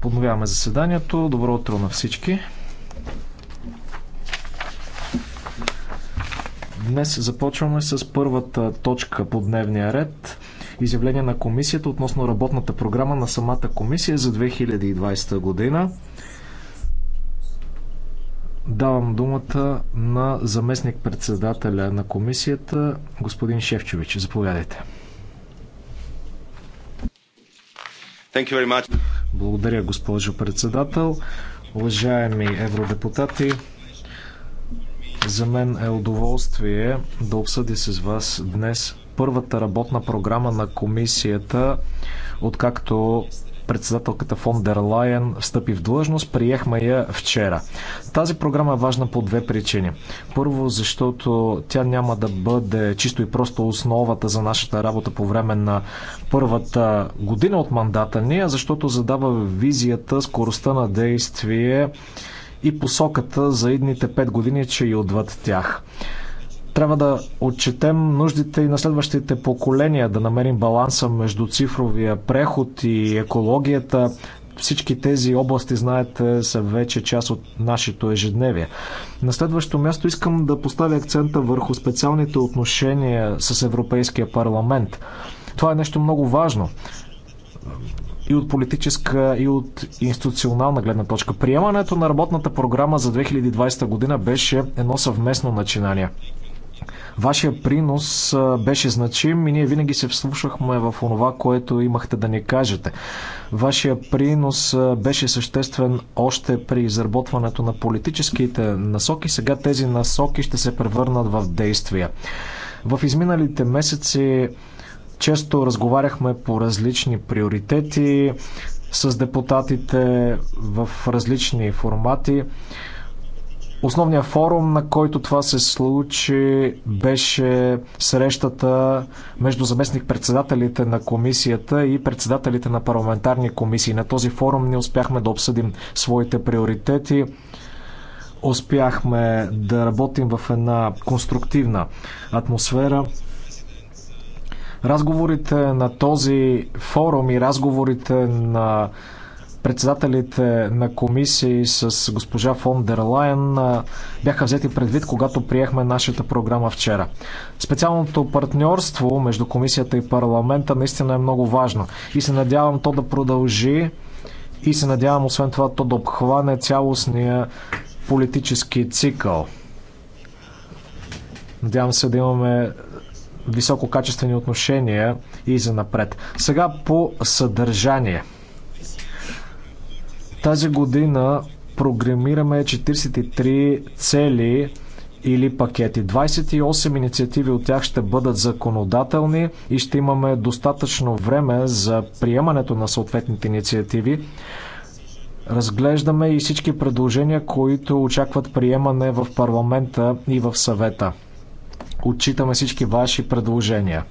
Подновяваме заседанието. Добро утро на всички. Днес започваме с първата точка по дневния ред. Изявление на комисията относно работната програма на самата комисия за 2020 година. Давам думата на заместник председателя на комисията, господин Шевчович. Заповядайте. Благодаря, госпожо председател. Уважаеми евродепутати, за мен е удоволствие да обсъдя с вас днес първата работна програма на комисията, откакто председателката фон дер Лайен встъпи в длъжност. Приехме я вчера. Тази програма е важна по две причини. Първо, защото тя няма да бъде чисто и просто основата за нашата работа по време на първата година от мандата ни, а защото задава визията, скоростта на действие и посоката за идните пет години, че и отвъд тях. Трябва да отчетем нуждите и на следващите поколения, да намерим баланса между цифровия преход и екологията. Всички тези области, знаете, са вече част от нашето ежедневие. На следващо място искам да поставя акцента върху специалните отношения с Европейския парламент. Това е нещо много важно и от политическа, и от институционална гледна точка. Приемането на работната програма за 2020 година беше едно съвместно начинание. Вашия принос беше значим и ние винаги се вслушахме в онова, което имахте да ни кажете. Вашия принос беше съществен още при изработването на политическите насоки. Сега тези насоки ще се превърнат в действия. В изминалите месеци често разговаряхме по различни приоритети с депутатите в различни формати. Основният форум, на който това се случи, беше срещата между заместник-председателите на комисията и председателите на парламентарни комисии. На този форум не успяхме да обсъдим своите приоритети. Успяхме да работим в една конструктивна атмосфера. Разговорите на този форум и разговорите на председателите на комисии с госпожа фон дер Лайен бяха взети предвид, когато приехме нашата програма вчера. Специалното партньорство между комисията и парламента наистина е много важно и се надявам то да продължи и се надявам освен това то да обхване цялостния политически цикъл. Надявам се да имаме висококачествени отношения и за напред. Сега по съдържание – тази година програмираме 43 цели или пакети. 28 инициативи от тях ще бъдат законодателни и ще имаме достатъчно време за приемането на съответните инициативи. Разглеждаме и всички предложения, които очакват приемане в парламента и в съвета. Отчитаме всички ваши предложения.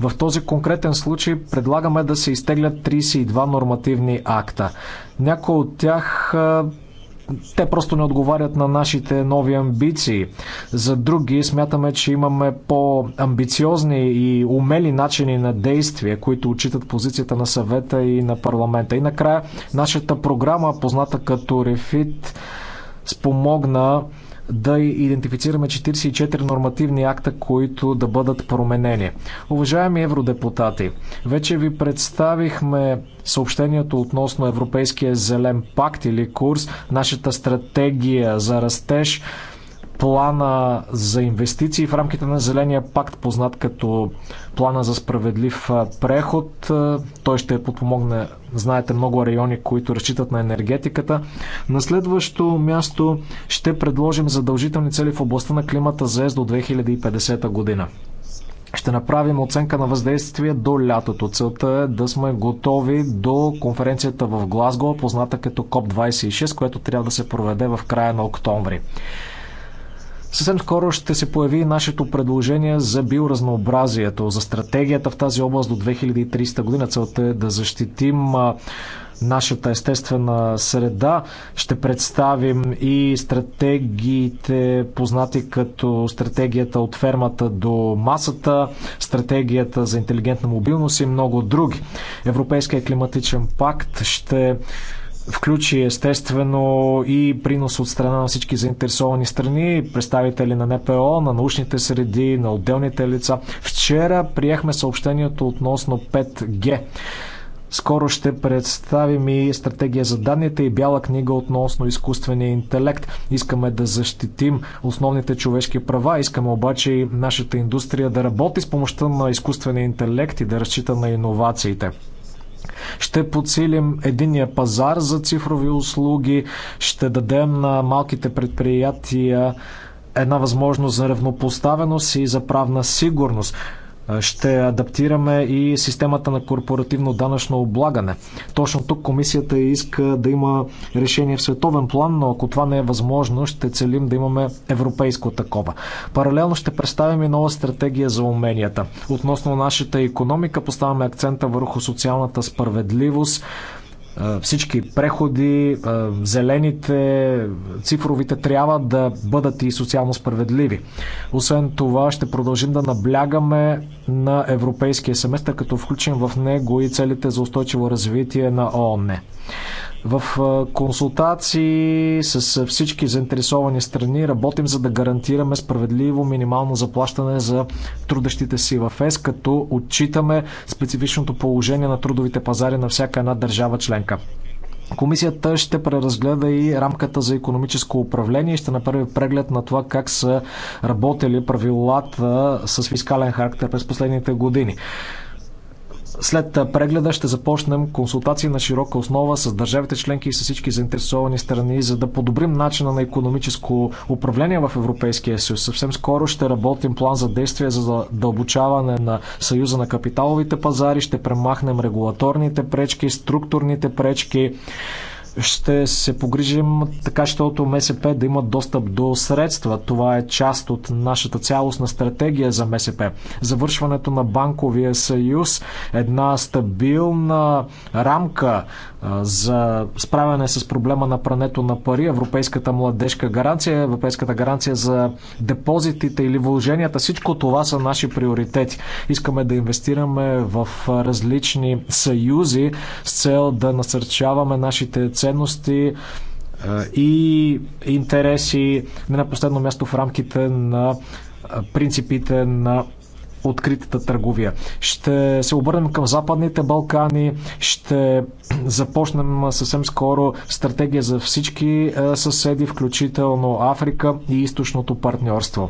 В този конкретен случай предлагаме да се изтеглят 32 нормативни акта. Някои от тях те просто не отговарят на нашите нови амбиции. За други смятаме, че имаме по-амбициозни и умели начини на действие, които отчитат позицията на съвета и на парламента. И накрая нашата програма, позната като Рефит, спомогна да идентифицираме 44 нормативни акта, които да бъдат променени. Уважаеми евродепутати, вече ви представихме съобщението относно Европейския зелен пакт или курс, нашата стратегия за растеж, плана за инвестиции в рамките на Зеления пакт, познат като плана за справедлив преход. Той ще подпомогне, знаете, много райони, които разчитат на енергетиката. На следващо място ще предложим задължителни цели в областта на климата за ЕС до 2050 година. Ще направим оценка на въздействие до лятото. Целта е да сме готови до конференцията в Глазго, позната като COP26, която трябва да се проведе в края на октомври. Съвсем скоро ще се появи нашето предложение за биоразнообразието, за стратегията в тази област до 2300 година. Целта е да защитим нашата естествена среда. Ще представим и стратегиите, познати като стратегията от фермата до масата, стратегията за интелигентна мобилност и много други. Европейския климатичен пакт ще включи естествено и принос от страна на всички заинтересовани страни, представители на НПО, на научните среди, на отделните лица. Вчера приехме съобщението относно 5G. Скоро ще представим и стратегия за данните и бяла книга относно изкуствения интелект. Искаме да защитим основните човешки права, искаме обаче и нашата индустрия да работи с помощта на изкуствения интелект и да разчита на иновациите. Ще подсилим единия пазар за цифрови услуги, ще дадем на малките предприятия една възможност за равнопоставеност и за правна сигурност. Ще адаптираме и системата на корпоративно данъчно облагане. Точно тук комисията иска да има решение в световен план, но ако това не е възможно, ще целим да имаме европейско такова. Паралелно ще представим и нова стратегия за уменията. Относно нашата економика поставяме акцента върху социалната справедливост, всички преходи, зелените, цифровите трябва да бъдат и социално справедливи. Освен това, ще продължим да наблягаме на европейския семестър, като включим в него и целите за устойчиво развитие на ООН. В консултации с всички заинтересовани страни работим за да гарантираме справедливо минимално заплащане за трудещите си в ЕС, като отчитаме специфичното положение на трудовите пазари на всяка една държава членка. Комисията ще преразгледа и рамката за економическо управление и ще направи преглед на това как са работили правилата с фискален характер през последните години. След прегледа ще започнем консултации на широка основа с държавите членки и с всички заинтересовани страни, за да подобрим начина на економическо управление в Европейския съюз. Съвсем скоро ще работим план за действие за дълбочаване на съюза на капиталовите пазари, ще премахнем регулаторните пречки, структурните пречки ще се погрижим така, защото МСП да има достъп до средства. Това е част от нашата цялостна стратегия за МСП. Завършването на банковия съюз, една стабилна рамка за справяне с проблема на прането на пари, Европейската младежка гаранция, Европейската гаранция за депозитите или вложенията. Всичко това са наши приоритети. Искаме да инвестираме в различни съюзи с цел да насърчаваме нашите ценности и интереси, не на последно място в рамките на принципите на откритата търговия. Ще се обърнем към Западните Балкани, ще започнем съвсем скоро стратегия за всички съседи, включително Африка и източното партньорство.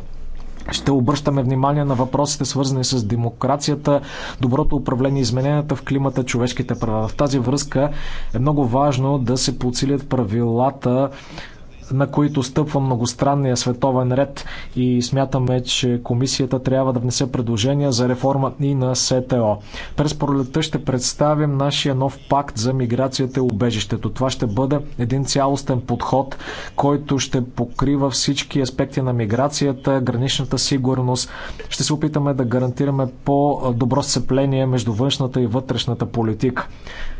Ще обръщаме внимание на въпросите, свързани с демокрацията, доброто управление, измененията в климата, човешките права. В тази връзка е много важно да се подсилят правилата на които стъпва многостранния световен ред и смятаме, че комисията трябва да внесе предложения за реформа и на СТО. През пролетта ще представим нашия нов пакт за миграцията и убежището. Това ще бъде един цялостен подход, който ще покрива всички аспекти на миграцията, граничната сигурност. Ще се опитаме да гарантираме по-добро сцепление между външната и вътрешната политика.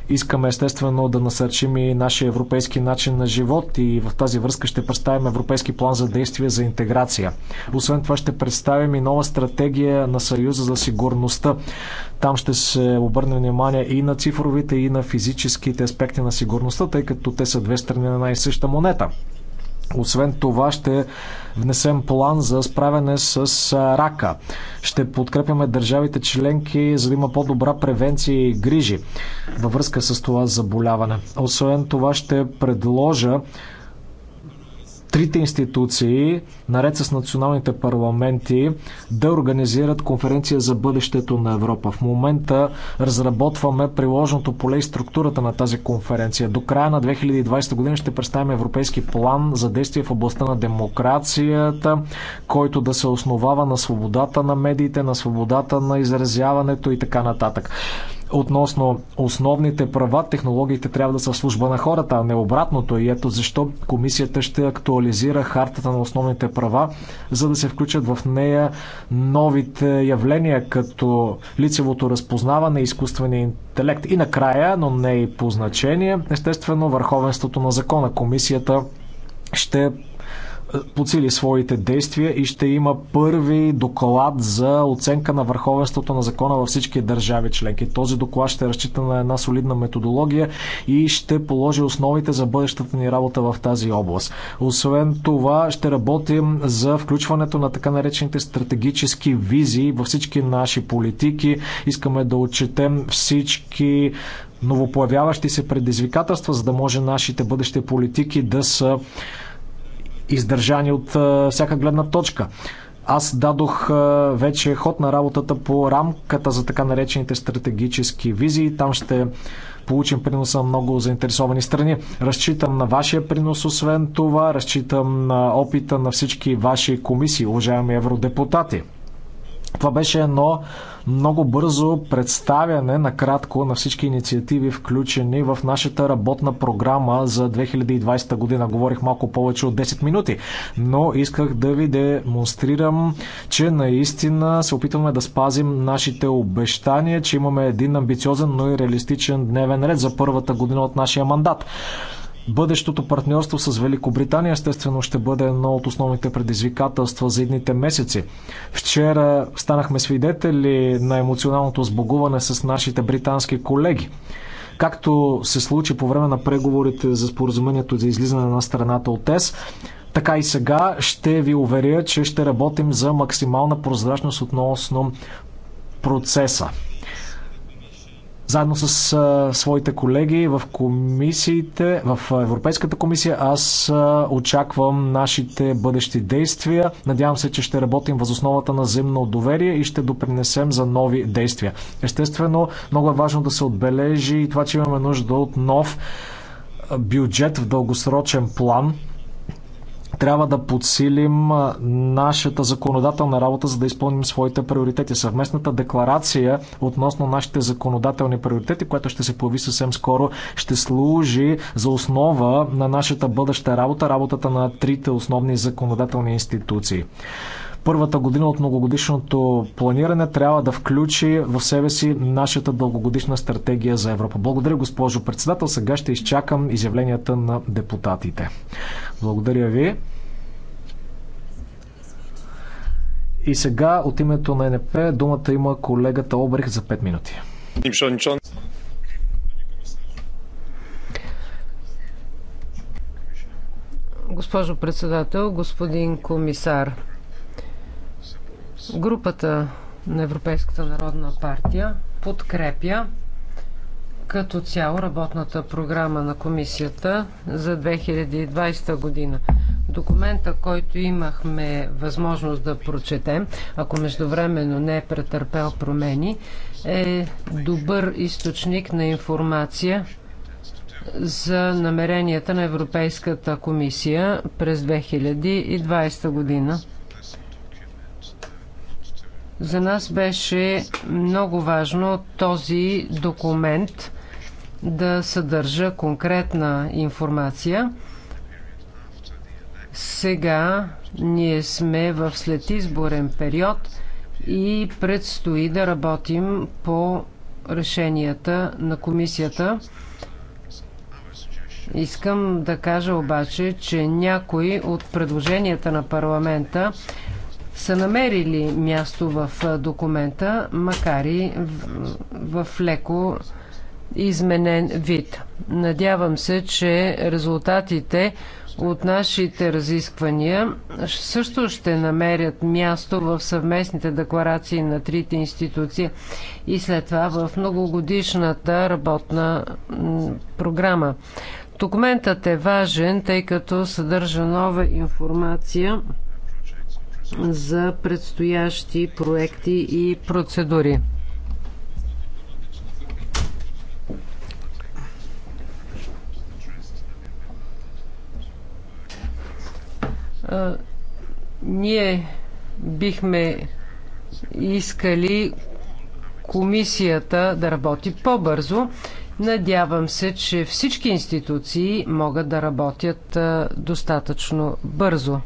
Искаме естествено да насърчим и нашия европейски начин на живот и в тази връзка ще представим Европейски план за действие за интеграция. Освен това ще представим и нова стратегия на Съюза за сигурността. Там ще се обърне внимание и на цифровите, и на физическите аспекти на сигурността, тъй като те са две страни на една и съща монета. Освен това ще внесем план за справяне с рака. Ще подкрепяме държавите членки, за да има по-добра превенция и грижи във връзка с това заболяване. Освен това ще предложа трите институции, наред с националните парламенти, да организират конференция за бъдещето на Европа. В момента разработваме приложното поле и структурата на тази конференция. До края на 2020 година ще представим европейски план за действие в областта на демокрацията, който да се основава на свободата на медиите, на свободата на изразяването и така нататък относно основните права, технологиите трябва да са в служба на хората, а не обратното. И ето защо комисията ще актуализира хартата на основните права, за да се включат в нея новите явления, като лицевото разпознаване, изкуствения интелект. И накрая, но не и по значение, естествено, върховенството на закона. Комисията ще подсили своите действия и ще има първи доклад за оценка на върховенството на закона във всички държави членки. Този доклад ще разчита на една солидна методология и ще положи основите за бъдещата ни работа в тази област. Освен това, ще работим за включването на така наречените стратегически визии във всички наши политики. Искаме да отчетем всички новопоявяващи се предизвикателства, за да може нашите бъдещи политики да са издържани от всяка гледна точка. Аз дадох вече ход на работата по рамката за така наречените стратегически визии. Там ще получим приноса на много заинтересовани страни. Разчитам на вашия принос, освен това, разчитам на опита на всички ваши комисии, уважаеми евродепутати. Това беше едно много бързо представяне накратко на всички инициативи, включени в нашата работна програма за 2020 година. Говорих малко повече от 10 минути, но исках да ви демонстрирам, че наистина се опитваме да спазим нашите обещания, че имаме един амбициозен, но и реалистичен дневен ред за първата година от нашия мандат. Бъдещото партньорство с Великобритания естествено ще бъде едно от основните предизвикателства за едните месеци. Вчера станахме свидетели на емоционалното сбогуване с нашите британски колеги. Както се случи по време на преговорите за споразумението за излизане на страната от ЕС, така и сега ще ви уверя, че ще работим за максимална прозрачност относно процеса заедно с а, своите колеги в комисиите, в Европейската комисия. Аз а, очаквам нашите бъдещи действия. Надявам се, че ще работим възосновата основата на взаимно доверие и ще допринесем за нови действия. Естествено, много е важно да се отбележи и това, че имаме нужда от нов бюджет в дългосрочен план трябва да подсилим нашата законодателна работа, за да изпълним своите приоритети. Съвместната декларация относно нашите законодателни приоритети, която ще се появи съвсем скоро, ще служи за основа на нашата бъдеща работа, работата на трите основни законодателни институции първата година от многогодишното планиране трябва да включи в себе си нашата дългогодишна стратегия за Европа. Благодаря, госпожо председател. Сега ще изчакам изявленията на депутатите. Благодаря ви. И сега от името на НП думата има колегата Обрих за 5 минути. Госпожо председател, господин комисар, групата на Европейската народна партия подкрепя като цяло работната програма на комисията за 2020 година. Документа, който имахме възможност да прочетем, ако междувременно не е претърпел промени, е добър източник на информация за намеренията на Европейската комисия през 2020 година. За нас беше много важно този документ да съдържа конкретна информация. Сега ние сме в следизборен период и предстои да работим по решенията на комисията. Искам да кажа обаче, че някои от предложенията на парламента са намерили място в документа, макар и в, в леко изменен вид. Надявам се, че резултатите от нашите разисквания също ще намерят място в съвместните декларации на трите институции и след това в многогодишната работна програма. Документът е важен, тъй като съдържа нова информация за предстоящи проекти и процедури. ние бихме искали комисията да работи по-бързо. Надявам се, че всички институции могат да работят достатъчно бързо.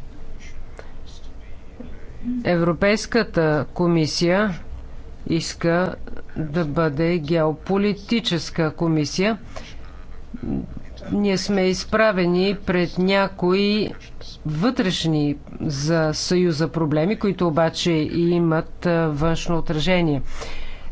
Европейската комисия иска да бъде геополитическа комисия ние сме изправени пред някои вътрешни за Съюза проблеми, които обаче имат външно отражение.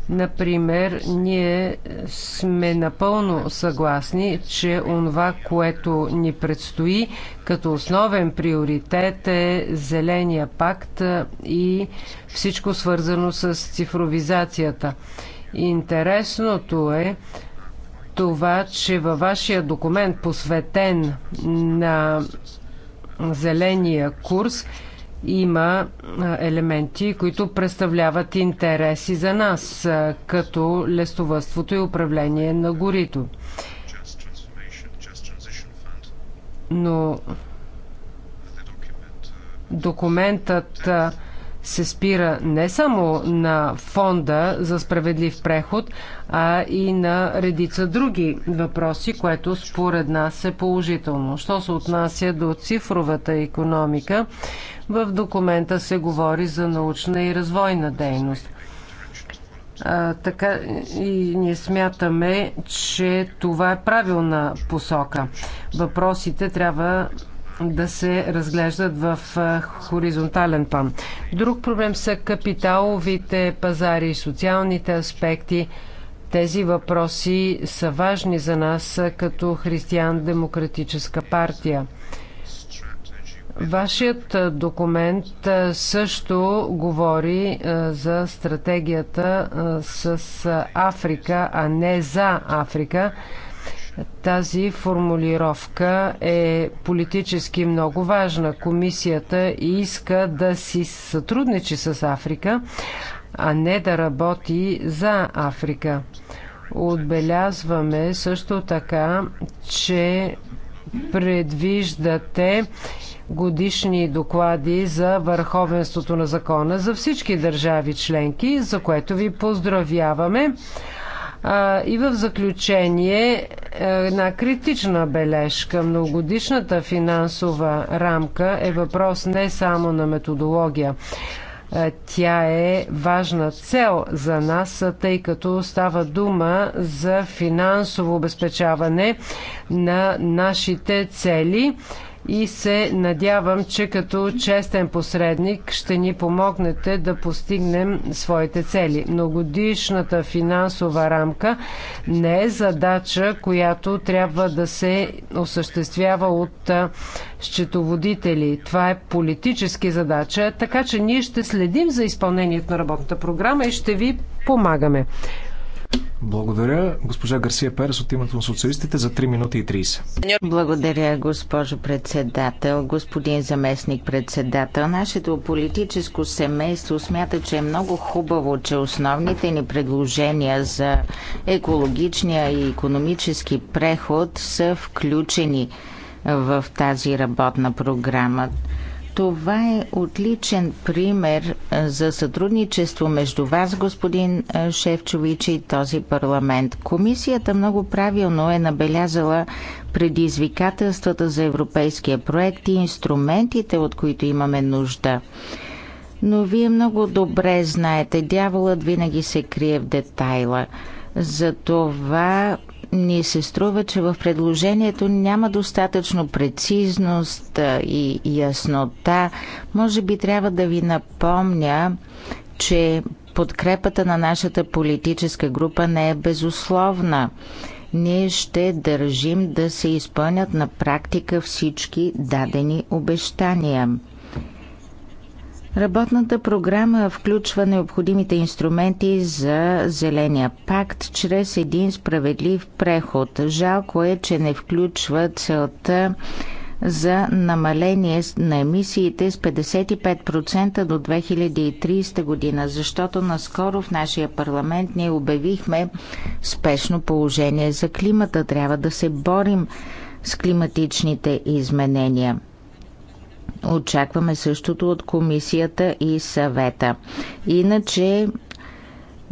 Например, ние сме напълно съгласни, че онова, което ни предстои като основен приоритет е Зеления пакт и всичко свързано с цифровизацията. Интересното е, това, че във вашия документ, посветен на зеления курс, има елементи, които представляват интереси за нас, като лестовътството и управление на горито. Но документът се спира не само на фонда за справедлив преход, а и на редица други въпроси, което според нас е положително. Що се отнася до цифровата економика, в документа се говори за научна и развойна дейност. А, така и ние смятаме, че това е правилна посока. Въпросите трябва да се разглеждат в хоризонтален план. Друг проблем са капиталовите пазари социалните аспекти. Тези въпроси са важни за нас като християн-демократическа партия. Вашият документ също говори за стратегията с Африка, а не за Африка. Тази формулировка е политически много важна. Комисията иска да си сътрудничи с Африка, а не да работи за Африка. Отбелязваме също така, че предвиждате годишни доклади за върховенството на закона за всички държави членки, за което ви поздравяваме. И в заключение е, една критична бележка. Многогодишната финансова рамка е въпрос не само на методология. Е, тя е важна цел за нас, тъй като става дума за финансово обезпечаване на нашите цели и се надявам, че като честен посредник ще ни помогнете да постигнем своите цели. Многодишната финансова рамка не е задача, която трябва да се осъществява от счетоводители. Това е политически задача, така че ние ще следим за изпълнението на работната програма и ще ви помагаме. Благодаря. Госпожа Гарсия Перес от името на социалистите за 3 минути и 30. Благодаря, госпожо председател, господин заместник председател. Нашето политическо семейство смята, че е много хубаво, че основните ни предложения за екологичния и економически преход са включени в тази работна програма. Това е отличен пример за сътрудничество между вас, господин Шевчович, и този парламент. Комисията много правилно е набелязала предизвикателствата за европейския проект и инструментите, от които имаме нужда. Но вие много добре знаете, дяволът винаги се крие в детайла. Затова ни се струва, че в предложението няма достатъчно прецизност и яснота. Може би трябва да ви напомня, че подкрепата на нашата политическа група не е безусловна. Ние ще държим да се изпълнят на практика всички дадени обещания. Работната програма включва необходимите инструменти за Зеления пакт чрез един справедлив преход. Жалко е, че не включва целта за намаление на емисиите с 55% до 2030 година, защото наскоро в нашия парламент ние обявихме спешно положение за климата. Трябва да се борим с климатичните изменения. Очакваме същото от комисията и съвета. Иначе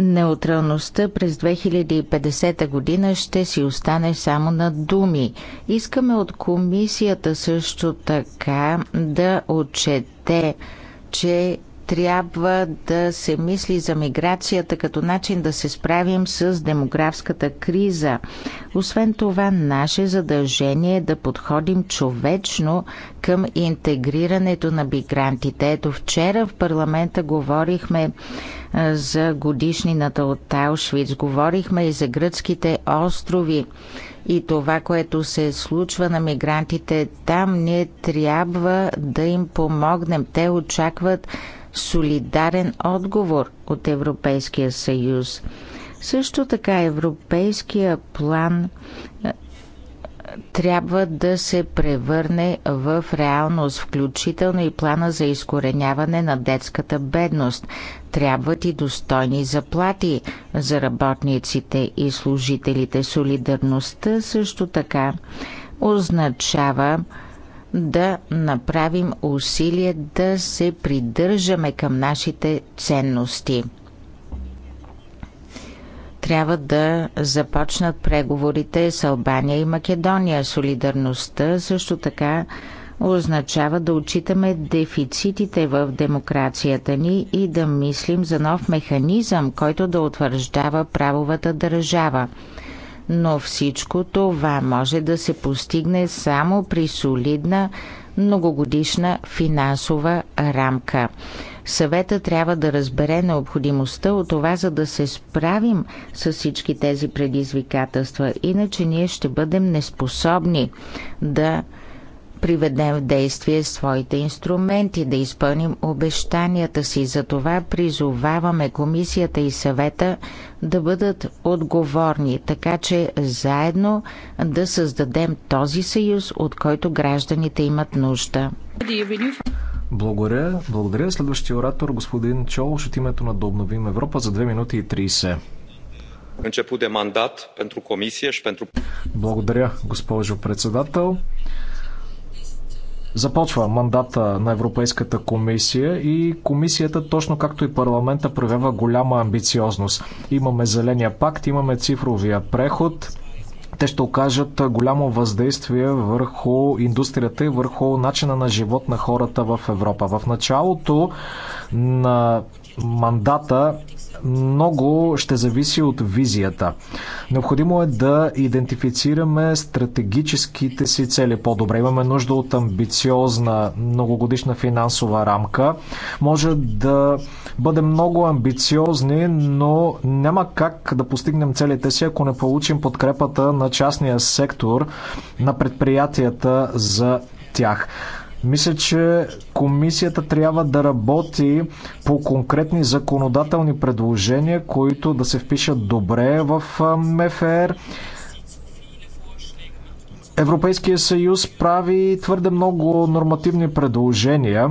Неутралността през 2050 година ще си остане само на думи. Искаме от комисията също така да отчете, че трябва да се мисли за миграцията като начин да се справим с демографската криза. Освен това, наше задължение е да подходим човечно към интегрирането на мигрантите. Ето вчера в парламента говорихме за годишнината от Аушвиц, говорихме и за гръцките острови и това, което се случва на мигрантите там, ние трябва да им помогнем. Те очакват солидарен отговор от Европейския съюз. Също така Европейския план е, трябва да се превърне в реалност, включително и плана за изкореняване на детската бедност. Трябват и достойни заплати за работниците и служителите. Солидарността също така означава да направим усилие да се придържаме към нашите ценности. Трябва да започнат преговорите с Албания и Македония. Солидарността също така означава да отчитаме дефицитите в демокрацията ни и да мислим за нов механизъм, който да утвърждава правовата държава но всичко това може да се постигне само при солидна многогодишна финансова рамка. Съвета трябва да разбере необходимостта от това, за да се справим с всички тези предизвикателства. Иначе ние ще бъдем неспособни да приведем в действие своите инструменти, да изпълним обещанията си. Затова призоваваме комисията и съвета да бъдат отговорни, така че заедно да създадем този съюз, от който гражданите имат нужда. Благодаря. Благодаря. Следващия оратор, господин Чолш, от името на Добновим Европа за 2 минути и 30 Благодаря, госпожо председател. Започва мандата на Европейската комисия и комисията, точно както и парламента, проявява голяма амбициозност. Имаме зеления пакт, имаме цифровия преход, те ще окажат голямо въздействие върху индустрията и върху начина на живот на хората в Европа. В началото на мандата много ще зависи от визията. Необходимо е да идентифицираме стратегическите си цели по-добре. Имаме нужда от амбициозна многогодишна финансова рамка. Може да бъдем много амбициозни, но няма как да постигнем целите си, ако не получим подкрепата на частния сектор, на предприятията за тях. Мисля, че комисията трябва да работи по конкретни законодателни предложения, които да се впишат добре в МФР. Европейския съюз прави твърде много нормативни предложения.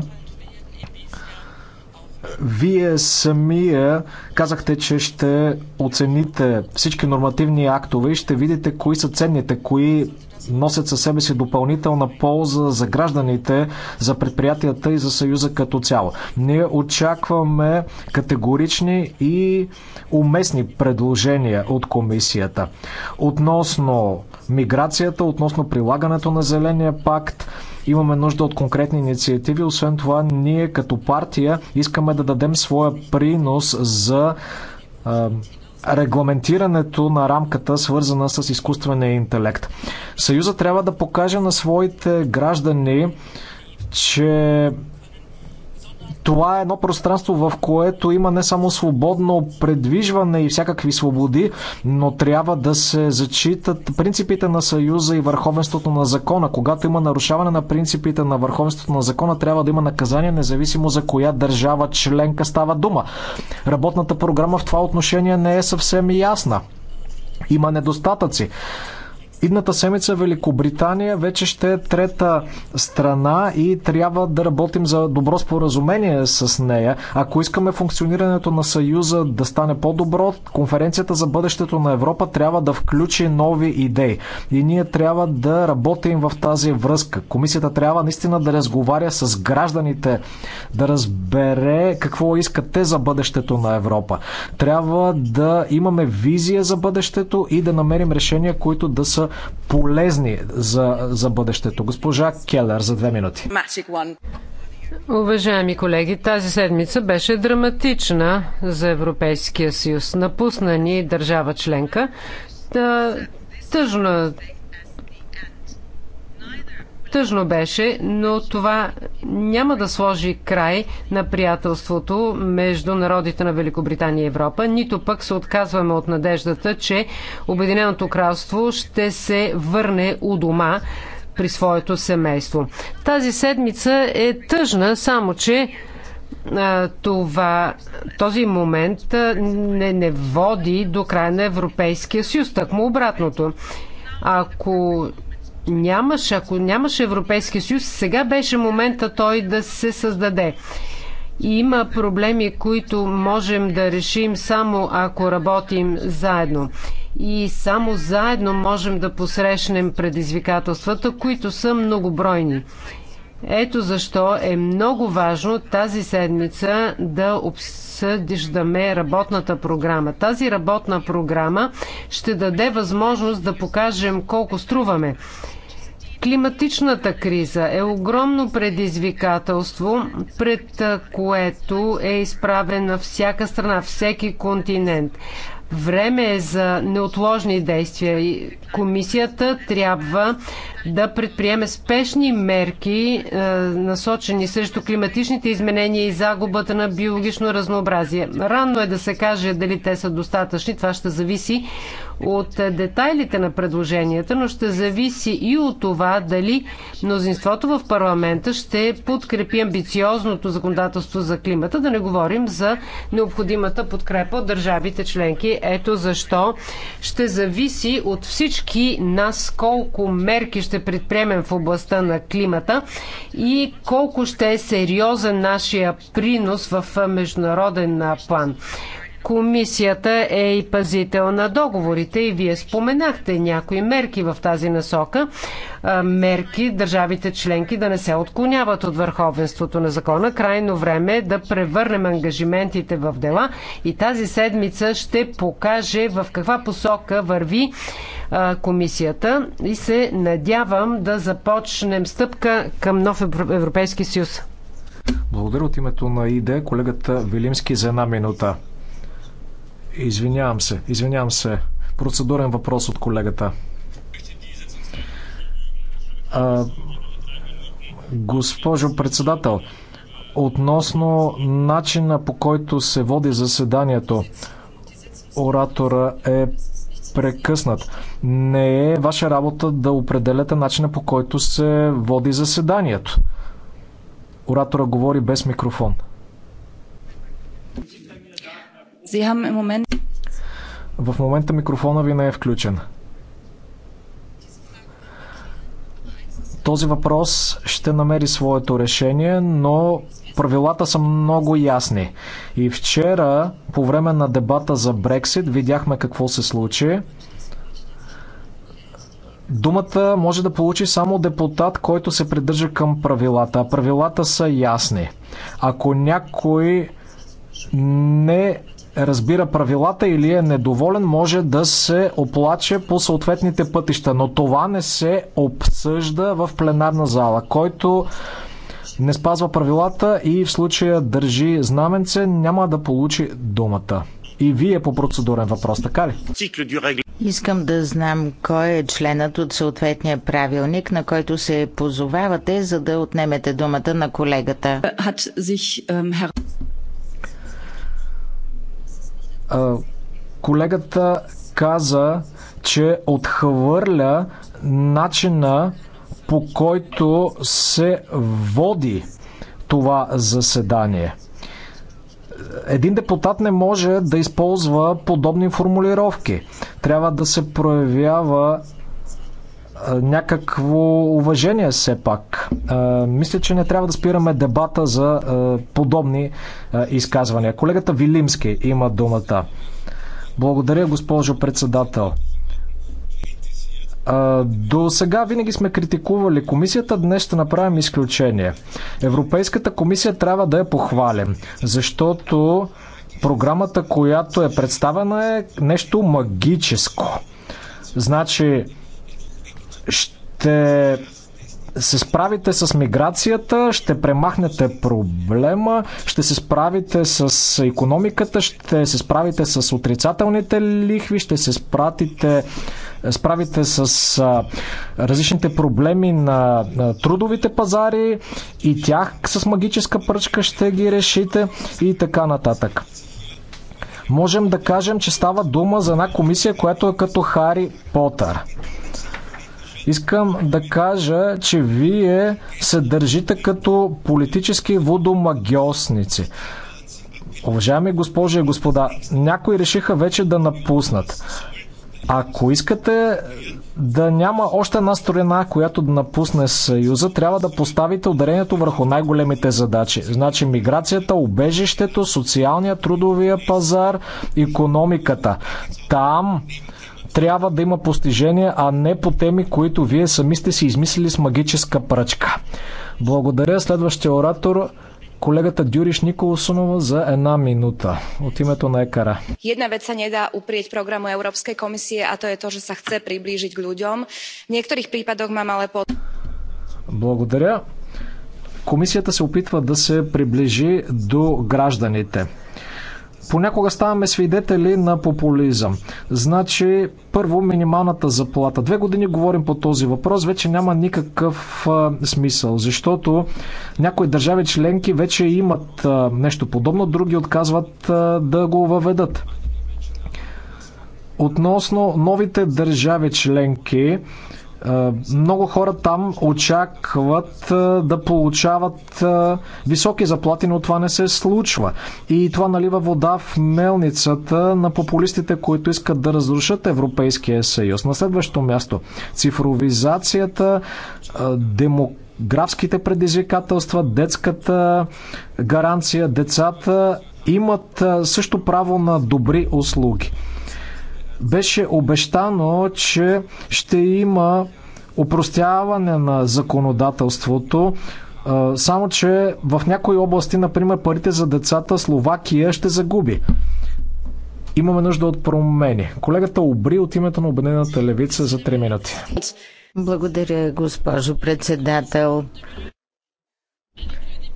Вие самия казахте, че ще оцените всички нормативни актове и ще видите кои са ценните, кои носят със себе си допълнителна полза за гражданите, за предприятията и за Съюза като цяло. Ние очакваме категорични и уместни предложения от комисията относно миграцията, относно прилагането на Зеления пакт, имаме нужда от конкретни инициативи. Освен това, ние като партия искаме да дадем своя принос за регламентирането на рамката, свързана с изкуствения интелект. Съюза трябва да покаже на своите граждани, че това е едно пространство, в което има не само свободно предвижване и всякакви свободи, но трябва да се зачитат принципите на Съюза и върховенството на закона. Когато има нарушаване на принципите на върховенството на закона, трябва да има наказание, независимо за коя държава членка става дума. Работната програма в това отношение не е съвсем ясна. Има недостатъци. Идната семица Великобритания вече ще е трета страна и трябва да работим за добро споразумение с нея. Ако искаме функционирането на Съюза да стане по-добро, конференцията за бъдещето на Европа трябва да включи нови идеи. И ние трябва да работим в тази връзка. Комисията трябва наистина да разговаря с гражданите, да разбере какво искат те за бъдещето на Европа. Трябва да имаме визия за бъдещето и да намерим решения, които да са полезни за, за бъдещето. Госпожа Келер за две минути. Уважаеми колеги, тази седмица беше драматична за Европейския съюз. Напусна ни държава членка. Тъжна Тъжно беше, но това няма да сложи край на приятелството между народите на Великобритания и Европа, нито пък се отказваме от надеждата, че Обединеното кралство ще се върне у дома при своето семейство. Тази седмица е тъжна, само че това, този момент не, не води до края на Европейския съюз, так му обратното. Ако нямаше, ако нямаше Европейския съюз, сега беше момента той да се създаде. Има проблеми, които можем да решим само ако работим заедно. И само заедно можем да посрещнем предизвикателствата, които са многобройни. Ето защо е много важно тази седмица да обсъдиждаме работната програма. Тази работна програма ще даде възможност да покажем колко струваме Климатичната криза е огромно предизвикателство, пред което е изправена всяка страна, всеки континент. Време е за неотложни действия. Комисията трябва да предприеме спешни мерки, насочени срещу климатичните изменения и загубата на биологично разнообразие. Рано е да се каже дали те са достатъчни. Това ще зависи от детайлите на предложенията, но ще зависи и от това дали мнозинството в парламента ще подкрепи амбициозното законодателство за климата, да не говорим за необходимата подкрепа от държавите членки. Ето защо ще зависи от всички нас колко мерки ще предприемем в областта на климата и колко ще е сериозен нашия принос в международен план. Комисията е и пазител на договорите и вие споменахте някои мерки в тази насока. Мерки държавите членки да не се отклоняват от върховенството на закона. Крайно време е да превърнем ангажиментите в дела и тази седмица ще покаже в каква посока върви комисията и се надявам да започнем стъпка към нов Европейски съюз. Благодаря от името на ИД колегата Вилимски за една минута. Извинявам се, извинявам се. Процедурен въпрос от колегата. А, госпожо председател, относно начина по който се води заседанието, оратора е прекъснат. Не е ваша работа да определяте начина по който се води заседанието. Оратора говори без микрофон. Moment... В момента микрофона ви не е включен. Този въпрос ще намери своето решение, но правилата са много ясни. И вчера, по време на дебата за Брексит, видяхме какво се случи. Думата може да получи само депутат, който се придържа към правилата. правилата са ясни. Ако някой не разбира правилата или е недоволен, може да се оплаче по съответните пътища. Но това не се обсъжда в пленарна зала. Който не спазва правилата и в случая държи знаменце, няма да получи думата. И вие по процедурен въпрос, така ли? Искам да знам кой е членът от съответния правилник, на който се позовавате, за да отнемете думата на колегата колегата каза, че отхвърля начина по който се води това заседание. Един депутат не може да използва подобни формулировки. Трябва да се проявява някакво уважение все пак. Мисля, че не трябва да спираме дебата за подобни изказвания. Колегата Вилимски има думата. Благодаря, госпожо председател. До сега винаги сме критикували комисията, днес ще направим изключение. Европейската комисия трябва да я похвалим, защото програмата, която е представена е нещо магическо. Значи, ще се справите с миграцията, ще премахнете проблема, ще се справите с економиката, ще се справите с отрицателните лихви, ще се спратите, справите с а, различните проблеми на, на трудовите пазари и тях с магическа пръчка ще ги решите и така нататък. Можем да кажем, че става дума за една комисия, която е като Хари Потър Искам да кажа, че вие се държите като политически водомагиосници. Уважаеми госпожи и господа, някои решиха вече да напуснат. Ако искате да няма още една страна, която да напусне Съюза, трябва да поставите ударението върху най-големите задачи. Значи миграцията, убежището, социалния трудовия пазар, економиката. Там трябва да има постижения, а не по теми, които вие сами сте си измислили с магическа пръчка. Благодаря. Следващия оратор колегата Дюриш Николсонова за една минута от името на ЕКАРА. Една веца не да уприят програму Европской комисии, а то е то, че се хце приближить к людям. В некоторых припадах мам але под... Благодаря. Комисията се опитва да се приближи до гражданите. Понякога ставаме свидетели на популизъм. Значи, първо, минималната заплата. Две години говорим по този въпрос, вече няма никакъв а, смисъл, защото някои държави членки вече имат а, нещо подобно, други отказват а, да го въведат. Относно новите държави членки, е, много хора там очакват е, да получават е, високи заплати, но това не се случва. И това налива вода в мелницата на популистите, които искат да разрушат Европейския съюз. На следващо място цифровизацията, демографските графските предизвикателства, детската гаранция, децата имат също право на добри услуги. Беше обещано, че ще има упростяване на законодателството, само че в някои области, например парите за децата, Словакия ще загуби. Имаме нужда от промени. Колегата Обри от името на Обединената левица за 3 минути. Благодаря, госпожо председател.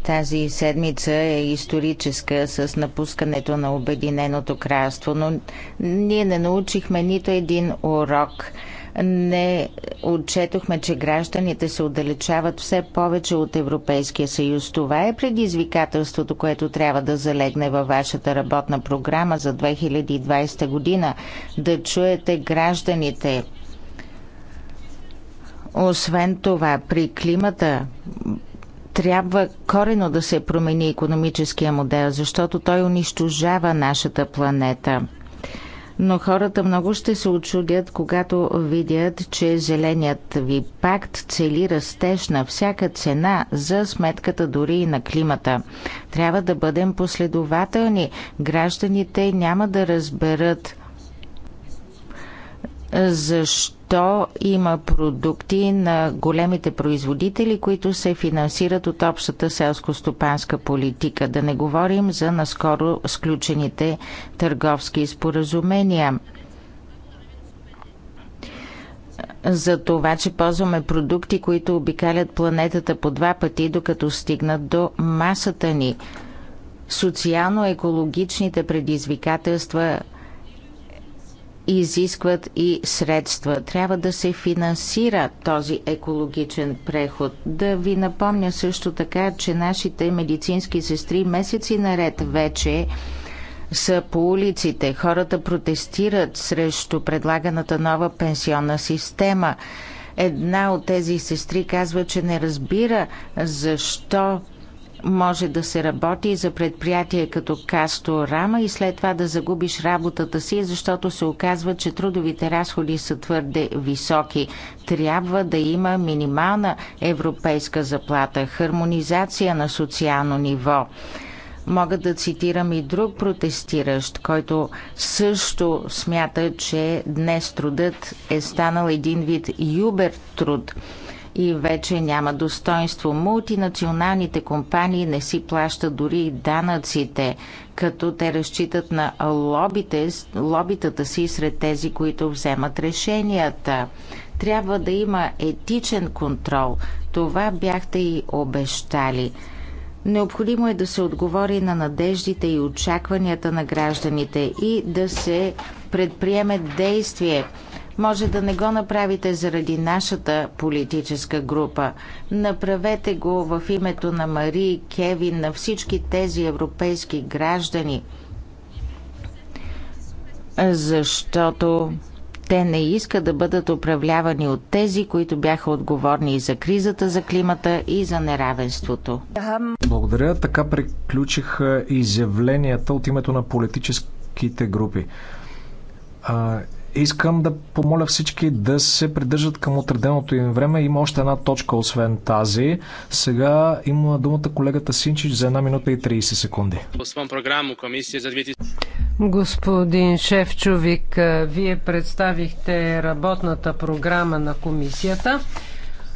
Тази седмица е историческа с напускането на Обединеното кралство, но ние не научихме нито един урок. Не отчетохме, че гражданите се отдалечават все повече от Европейския съюз. Това е предизвикателството, което трябва да залегне във вашата работна програма за 2020 година. Да чуете гражданите. Освен това, при климата трябва корено да се промени економическия модел, защото той унищожава нашата планета. Но хората много ще се очудят, когато видят, че зеленият ви пакт цели растеж на всяка цена за сметката дори и на климата. Трябва да бъдем последователни. Гражданите няма да разберат защо то има продукти на големите производители, които се финансират от общата селско-стопанска политика. Да не говорим за наскоро сключените търговски споразумения. За това, че ползваме продукти, които обикалят планетата по два пъти, докато стигнат до масата ни. Социално-екологичните предизвикателства – изискват и средства. Трябва да се финансира този екологичен преход. Да ви напомня също така, че нашите медицински сестри месеци наред вече са по улиците. Хората протестират срещу предлаганата нова пенсионна система. Една от тези сестри казва, че не разбира защо може да се работи за предприятие като Касто Рама и след това да загубиш работата си, защото се оказва, че трудовите разходи са твърде високи. Трябва да има минимална европейска заплата, хармонизация на социално ниво. Мога да цитирам и друг протестиращ, който също смята, че днес трудът е станал един вид юбер труд и вече няма достоинство. Мултинационалните компании не си плащат дори и данъците, като те разчитат на лобите, лобитата си сред тези, които вземат решенията. Трябва да има етичен контрол. Това бяхте и обещали. Необходимо е да се отговори на надеждите и очакванията на гражданите и да се предприеме действие – може да не го направите заради нашата политическа група. Направете го в името на Мари, Кевин, на всички тези европейски граждани. Защото те не искат да бъдат управлявани от тези, които бяха отговорни и за кризата, за климата и за неравенството. Благодаря. Така приключиха изявленията от името на политическите групи. Искам да помоля всички да се придържат към отреденото им време. Има още една точка, освен тази. Сега има думата колегата Синчич за една минута и 30 секунди. Господин Шефчовик, вие представихте работната програма на комисията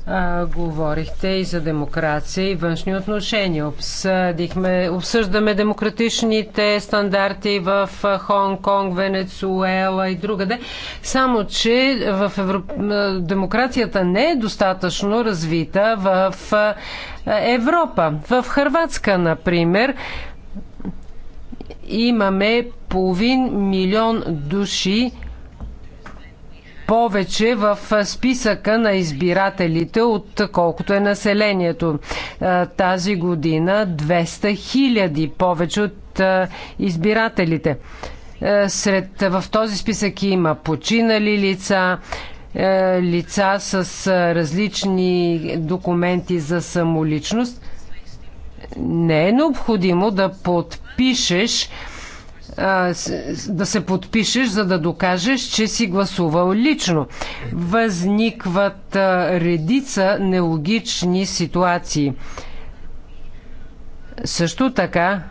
а, говорихте и за демокрация и външни отношения. Обсъдихме, обсъждаме демократичните стандарти в Хонг-Конг, Венецуела и другаде. Само, че в Европ... демокрацията не е достатъчно развита в Европа. В Хрватска, например, имаме половин милион души, повече в списъка на избирателите, отколкото е населението. Е, тази година 200 хиляди повече от е, избирателите. Е, сред, в този списък има починали лица, лица с различни документи за самоличност. Не е необходимо да подпишеш да се подпишеш, за да докажеш, че си гласувал лично. Възникват редица нелогични ситуации. Също така,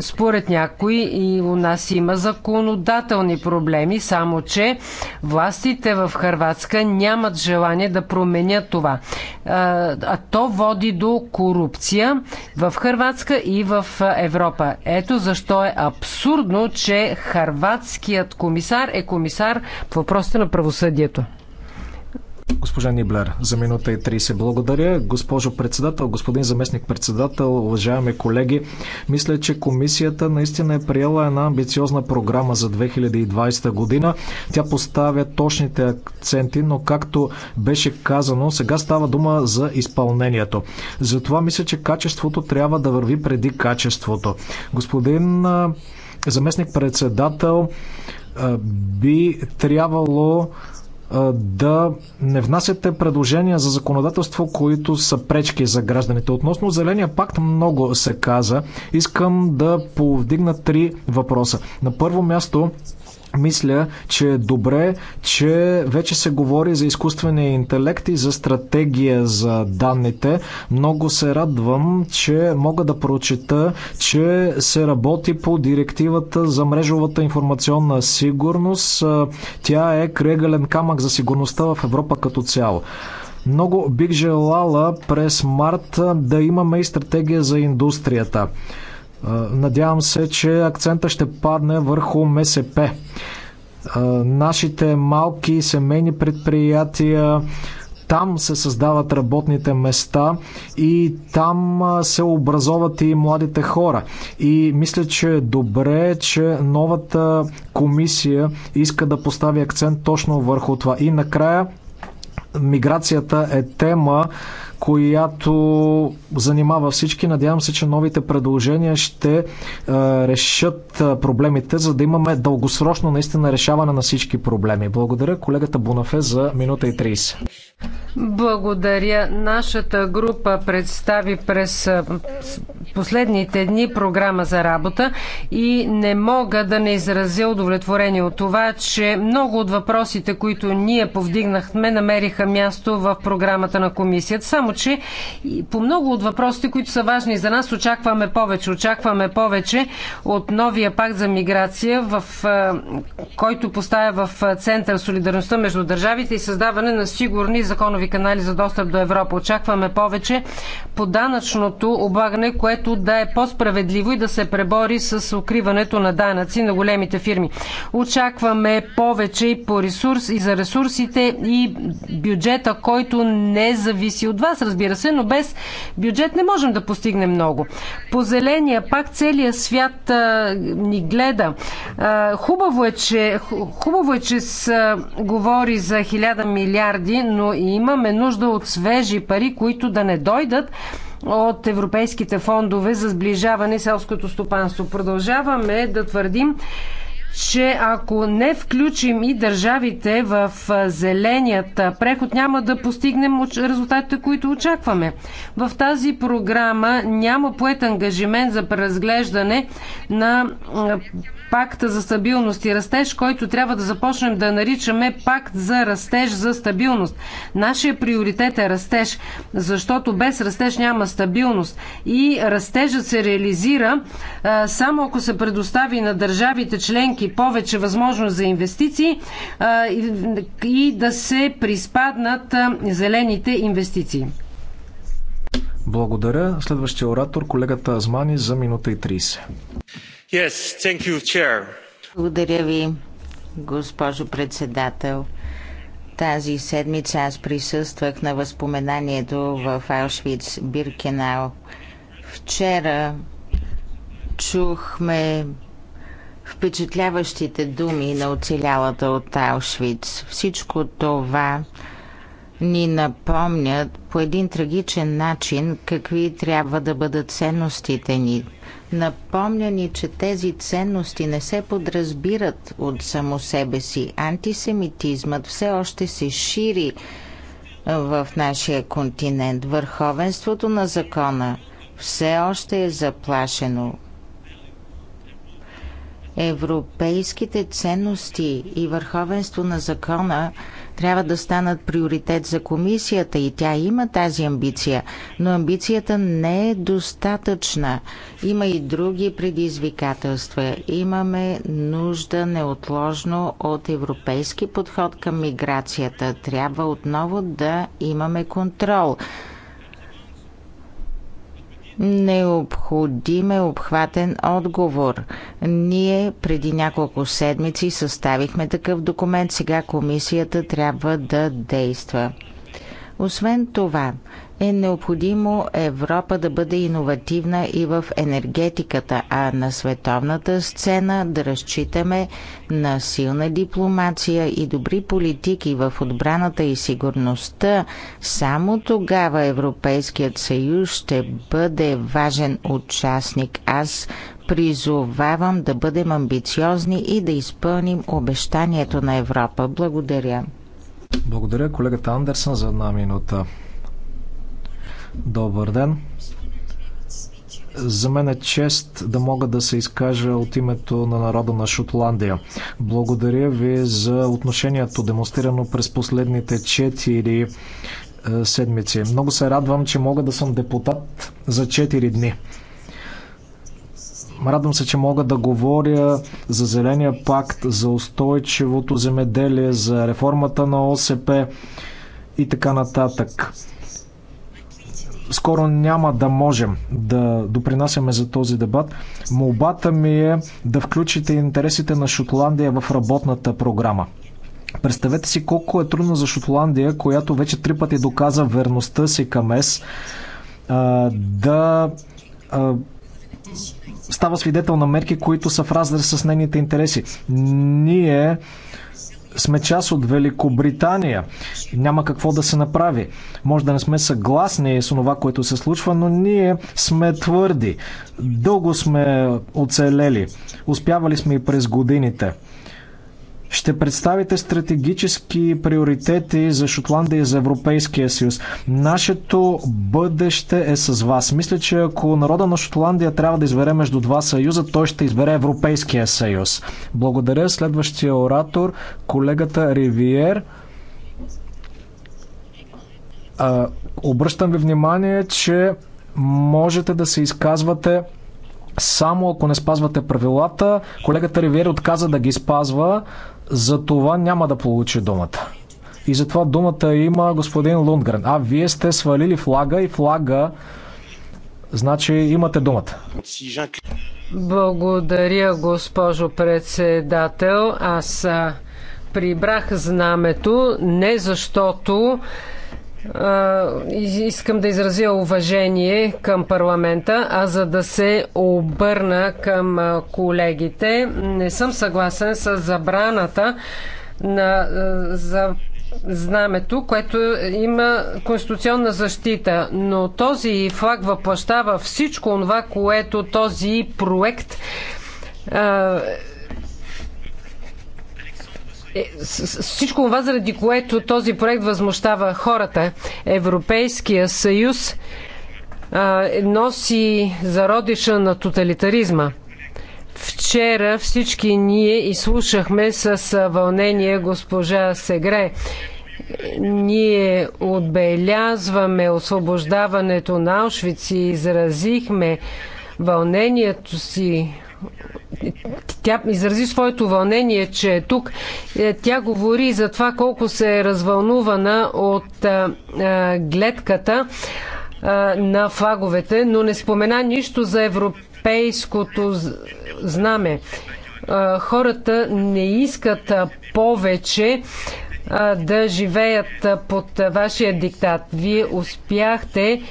според някои и у нас има законодателни проблеми, само че властите в Харватска нямат желание да променят това. А то води до корупция в Харватска и в Европа. Ето защо е абсурдно, че харватският комисар е комисар по въпросите на правосъдието. Госпожа Ниблер, за минута и 30. Благодаря. Госпожо председател, господин заместник председател, уважаеми колеги, мисля, че комисията наистина е приела една амбициозна програма за 2020 година. Тя поставя точните акценти, но както беше казано, сега става дума за изпълнението. Затова мисля, че качеството трябва да върви преди качеството. Господин заместник председател, би трябвало да не внасяте предложения за законодателство, които са пречки за гражданите. Относно Зеления пакт много се каза. Искам да повдигна три въпроса. На първо място мисля, че е добре, че вече се говори за изкуствения интелект и за стратегия за данните. Много се радвам, че мога да прочета, че се работи по директивата за мрежовата информационна сигурност. Тя е крегален камък за сигурността в Европа като цяло. Много бих желала през март да имаме и стратегия за индустрията. Надявам се, че акцента ще падне върху МСП. Нашите малки семейни предприятия, там се създават работните места и там се образоват и младите хора. И мисля, че е добре, че новата комисия иска да постави акцент точно върху това. И накрая миграцията е тема, която занимава всички. Надявам се, че новите предложения ще е, решат е, проблемите, за да имаме дългосрочно наистина решаване на всички проблеми. Благодаря колегата Бунафе за минута и 30. Благодаря. Нашата група представи през последните дни програма за работа и не мога да не изразя удовлетворение от това, че много от въпросите, които ние повдигнахме, намериха място в програмата на комисията. Само, че по много от въпросите, които са важни за нас, очакваме повече. Очакваме повече от новия пакт за миграция, в, който поставя в център солидарността между държавите и създаване на сигурна сигурни законови канали за достъп до Европа. Очакваме повече по данъчното облагане, което да е по-справедливо и да се пребори с укриването на данъци на големите фирми. Очакваме повече и по ресурс, и за ресурсите, и бюджета, който не зависи от вас, разбира се, но без бюджет не можем да постигнем много. По зеления пак целият свят а, ни гледа. А, хубаво, е, че, хубаво е, че се говори за 1000 милиарди, но и имаме нужда от свежи пари, които да не дойдат от европейските фондове за сближаване селското стопанство. Продължаваме да твърдим, че ако не включим и държавите в зеленият преход, няма да постигнем резултатите, които очакваме. В тази програма няма поет ангажимент за преразглеждане на пакта за стабилност и растеж, който трябва да започнем да наричаме пакт за растеж за стабилност. Нашия приоритет е растеж, защото без растеж няма стабилност. И растежът се реализира а, само ако се предостави на държавите членки повече възможност за инвестиции а, и, и да се приспаднат а, зелените инвестиции. Благодаря. Следващия оратор, колегата Азмани, за минута и 30. Благодаря ви, госпожо председател. Тази седмица аз присъствах на възпоменанието в Аушвиц Биркенау. Вчера чухме впечатляващите думи на оцелялата от Аушвиц. Всичко това ни напомнят по един трагичен начин какви трябва да бъдат ценностите ни. Напомня ни, че тези ценности не се подразбират от само себе си. Антисемитизмът все още се шири в нашия континент. Върховенството на закона все още е заплашено. Европейските ценности и върховенство на закона – трябва да станат приоритет за комисията и тя има тази амбиция, но амбицията не е достатъчна. Има и други предизвикателства. Имаме нужда неотложно от европейски подход към миграцията. Трябва отново да имаме контрол Необходим е обхватен отговор. Ние преди няколко седмици съставихме такъв документ, сега комисията трябва да действа. Освен това, е необходимо Европа да бъде иновативна и в енергетиката, а на световната сцена да разчитаме на силна дипломация и добри политики в отбраната и сигурността. Само тогава Европейският съюз ще бъде важен участник. Аз призовавам да бъдем амбициозни и да изпълним обещанието на Европа. Благодаря. Благодаря колегата Андерсън за една минута. Добър ден. За мен е чест да мога да се изкажа от името на народа на Шотландия. Благодаря ви за отношението, демонстрирано през последните четири е, седмици. Много се радвам, че мога да съм депутат за 4 дни. Радвам се, че мога да говоря за Зеления пакт, за устойчивото земеделие, за реформата на ОСП и така нататък скоро няма да можем да допринасяме за този дебат. Молбата ми е да включите интересите на Шотландия в работната програма. Представете си колко е трудно за Шотландия, която вече три пъти доказа верността си към ЕС, да става свидетел на мерки, които са в разрез с нейните интереси. Ние сме част от Великобритания. Няма какво да се направи. Може да не сме съгласни с това, което се случва, но ние сме твърди. Дълго сме оцелели. Успявали сме и през годините ще представите стратегически приоритети за Шотландия и за Европейския съюз. Нашето бъдеще е с вас. Мисля, че ако народа на Шотландия трябва да избере между два съюза, той ще избере Европейския съюз. Благодаря. Следващия оратор, колегата Ривиер. А, обръщам ви внимание, че можете да се изказвате само ако не спазвате правилата. Колегата Ривиер отказа да ги спазва за това няма да получи думата. И затова думата има господин Лундгрен. А, вие сте свалили флага и флага Значи имате думата. Благодаря, госпожо председател. Аз прибрах знамето не защото искам да изразя уважение към парламента, а за да се обърна към колегите, не съм съгласен с забраната на, за знамето, което има конституционна защита, но този флаг въплащава всичко това, което този проект е, всичко това, заради което този проект възмущава хората. Европейския съюз носи зародиша на тоталитаризма. Вчера всички ние изслушахме с вълнение госпожа Сегре. Ние отбелязваме освобождаването на Аушвици и изразихме вълнението си тя изрази своето вълнение, че е тук. Е, тя говори за това колко се е развълнувана от е, е, гледката на флаговете, но не спомена нищо за европейското знаме. Хората не искат повече да живеят под вашия диктат. Вие успяхте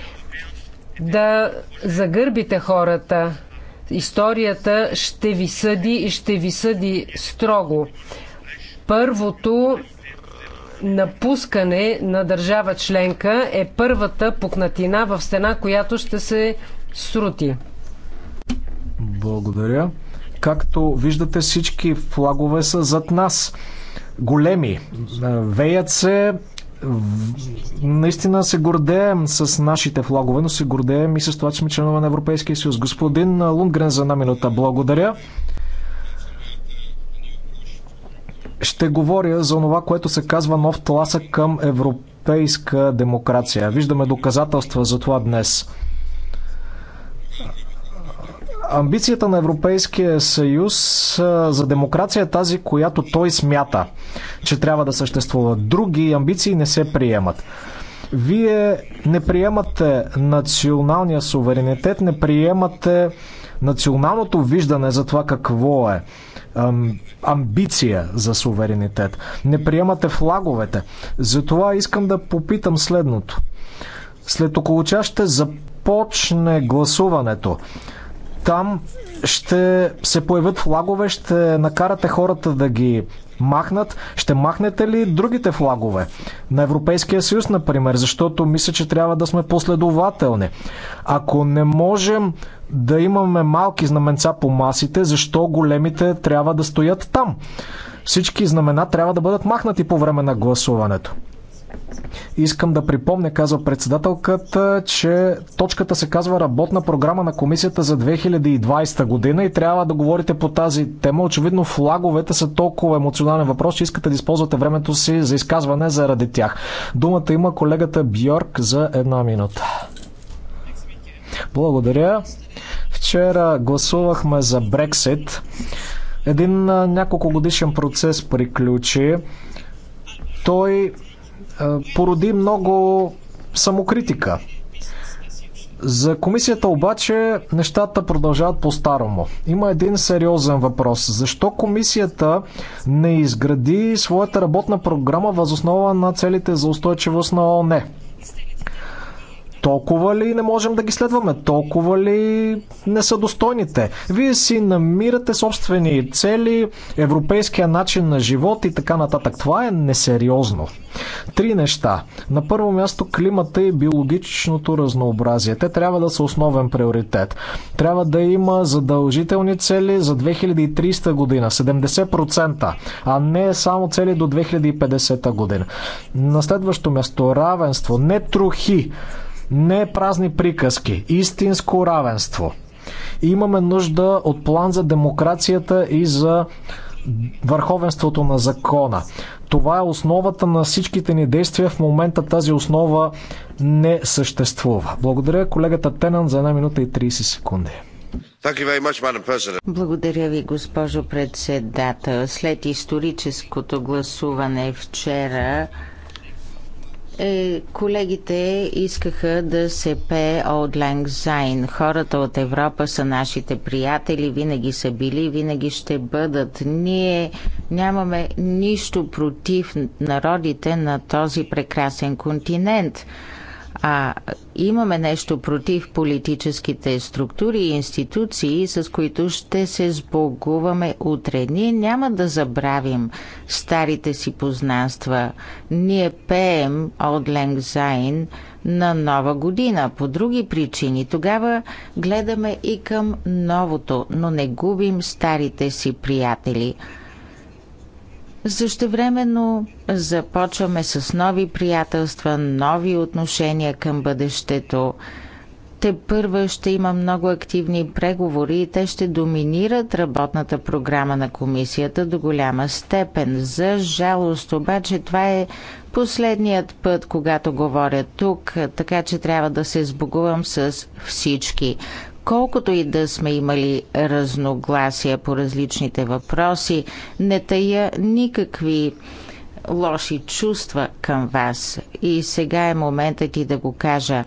да загърбите хората. Историята ще ви съди и ще ви съди строго. Първото напускане на държава членка е първата пукнатина в стена, която ще се срути. Благодаря. Както виждате, всички флагове са зад нас. Големи. Веят се, Наистина се гордеем с нашите флагове, но се гордеем и с това, че сме членове на Европейския съюз. Господин Лунгрен за една минута, благодаря. Ще говоря за това, което се казва нов тласък към европейска демокрация. Виждаме доказателства за това днес. Амбицията на Европейския съюз за демокрация е тази, която той смята, че трябва да съществува. Други амбиции не се приемат. Вие не приемате националния суверенитет, не приемате националното виждане за това какво е амбиция за суверенитет. Не приемате флаговете. Затова искам да попитам следното. След около час ще започне гласуването. Там ще се появят флагове, ще накарате хората да ги махнат. Ще махнете ли другите флагове? На Европейския съюз, например, защото мисля, че трябва да сме последователни. Ако не можем да имаме малки знаменца по масите, защо големите трябва да стоят там? Всички знамена трябва да бъдат махнати по време на гласуването. Искам да припомня, казва председателката, че точката се казва работна програма на комисията за 2020 година и трябва да говорите по тази тема. Очевидно флаговете са толкова емоционален въпрос, че искате да използвате времето си за изказване заради тях. Думата има колегата Бьорк за една минута. Благодаря. Вчера гласувахме за Брексит. Един няколко годишен процес приключи. Той породи много самокритика. За комисията обаче нещата продължават по-старому. Има един сериозен въпрос. Защо комисията не изгради своята работна програма възоснова на целите за устойчивост на ОНЕ? Толкова ли не можем да ги следваме? Толкова ли не са достойните? Вие си намирате собствени цели, европейския начин на живот и така нататък. Това е несериозно. Три неща. На първо място климата и биологичното разнообразие. Те трябва да са основен приоритет. Трябва да има задължителни цели за 2300 година. 70%, а не само цели до 2050 година. На следващо място равенство. Не трохи. Не празни приказки, истинско равенство. Имаме нужда от план за демокрацията и за върховенството на закона. Това е основата на всичките ни действия. В момента тази основа не съществува. Благодаря колегата Тенан за 1 минута и 30 секунди. Благодаря ви, госпожо председател. След историческото гласуване вчера е, колегите искаха да се пее от Лангзайн. Хората от Европа са нашите приятели, винаги са били винаги ще бъдат. Ние нямаме нищо против народите на този прекрасен континент. А имаме нещо против политическите структури и институции, с които ще се сбогуваме утре. Ние няма да забравим старите си познанства. Ние пеем от Ленгзайн на нова година. По други причини тогава гледаме и към новото, но не губим старите си приятели. Същевременно започваме с нови приятелства, нови отношения към бъдещето. Те първа ще има много активни преговори и те ще доминират работната програма на комисията до голяма степен. За жалост обаче това е последният път, когато говоря тук, така че трябва да се сбогувам с всички. Колкото и да сме имали разногласия по различните въпроси, не тая никакви лоши чувства към вас. И сега е моментът и да го кажа.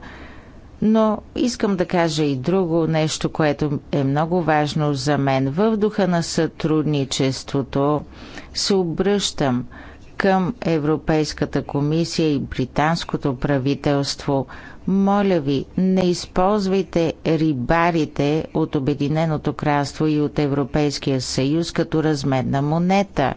Но искам да кажа и друго нещо, което е много важно за мен. В духа на сътрудничеството се обръщам към Европейската комисия и британското правителство – моля ви, не използвайте рибарите от Обединеното кралство и от Европейския съюз като разменна монета,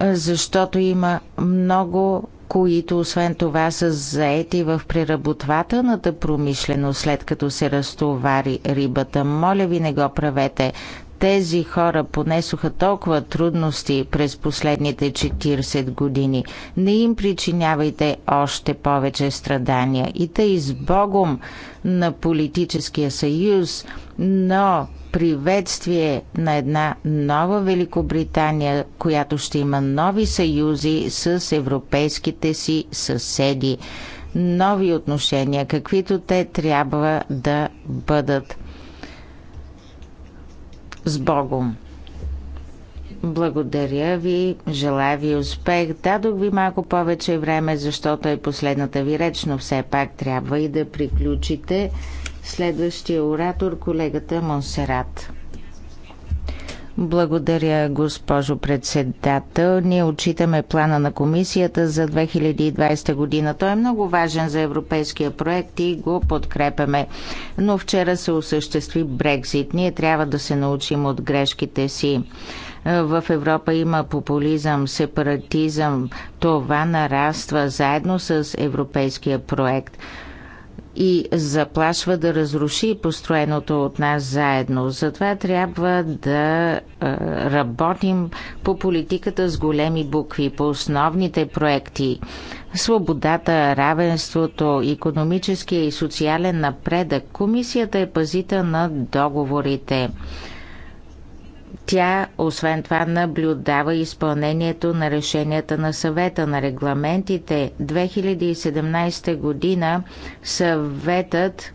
защото има много които освен това са заети в преработвателната промишленост, след като се разтовари рибата. Моля ви, не го правете. Тези хора понесоха толкова трудности през последните 40 години. Не им причинявайте още повече страдания. И тъй с Богом на политическия съюз, но приветствие на една нова Великобритания, която ще има нови съюзи с европейските си съседи. Нови отношения, каквито те трябва да бъдат. С Богом! Благодаря ви, желая ви успех. Дадох ви малко повече време, защото е последната ви реч, но все пак трябва и да приключите. Следващия оратор, колегата Монсерат. Благодаря, госпожо председател. Ние отчитаме плана на комисията за 2020 година. Той е много важен за европейския проект и го подкрепяме. Но вчера се осъществи Брекзит. Ние трябва да се научим от грешките си. В Европа има популизъм, сепаратизъм. Това нараства заедно с европейския проект и заплашва да разруши построеното от нас заедно. Затова трябва да работим по политиката с големи букви, по основните проекти. Свободата, равенството, економическия и социален напредък. Комисията е пазита на договорите. Тя, освен това, наблюдава изпълнението на решенията на съвета на регламентите. 2017 година съветът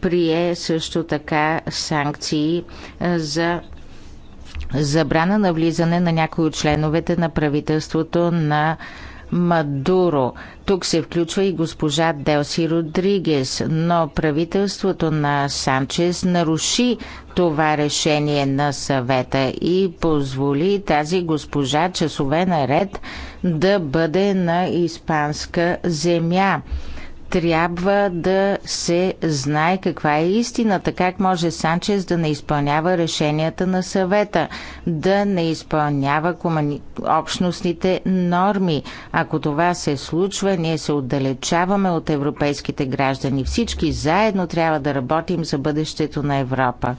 прие също така санкции за забрана на влизане на някои от членовете на правителството на Мадуро. Тук се включва и госпожа Делси Родригес, но правителството на Санчес наруши това решение на съвета и позволи тази госпожа часове наред да бъде на испанска земя трябва да се знае каква е истината, как може Санчес да не изпълнява решенията на съвета, да не изпълнява комуни... общностните норми. Ако това се случва, ние се отдалечаваме от европейските граждани. Всички заедно трябва да работим за бъдещето на Европа.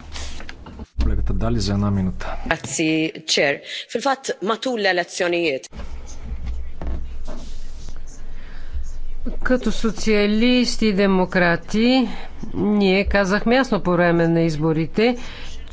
Колегата Дали за една минута. Като социалисти и демократи, ние казахме ясно по време на изборите,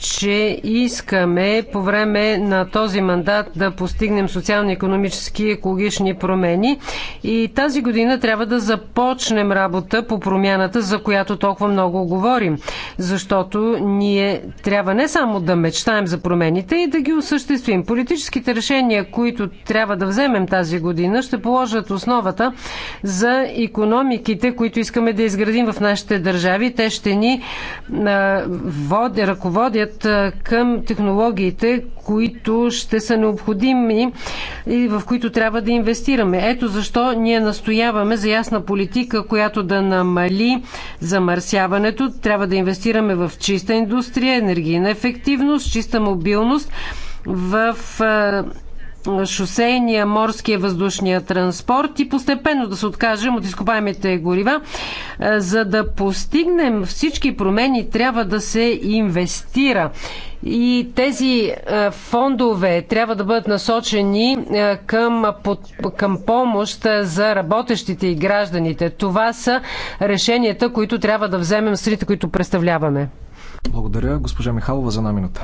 че искаме по време на този мандат да постигнем социални, економически и екологични промени. И тази година трябва да започнем работа по промяната, за която толкова много говорим. Защото ние трябва не само да мечтаем за промените и да ги осъществим. Политическите решения, които трябва да вземем тази година, ще положат основата за економиките, които искаме да изградим в нашите държави. Те ще ни води, ръководят насочат към технологиите, които ще са необходими и в които трябва да инвестираме. Ето защо ние настояваме за ясна политика, която да намали замърсяването. Трябва да инвестираме в чиста индустрия, енергийна ефективност, чиста мобилност, в шосейния, морския, въздушния транспорт и постепенно да се откажем от изкопаемите горива. Е, за да постигнем всички промени, трябва да се инвестира. И тези е, фондове трябва да бъдат насочени е, към, под, към помощ за работещите и гражданите. Това са решенията, които трябва да вземем средите, които представляваме. Благодаря, госпожа Михалова, за една минута.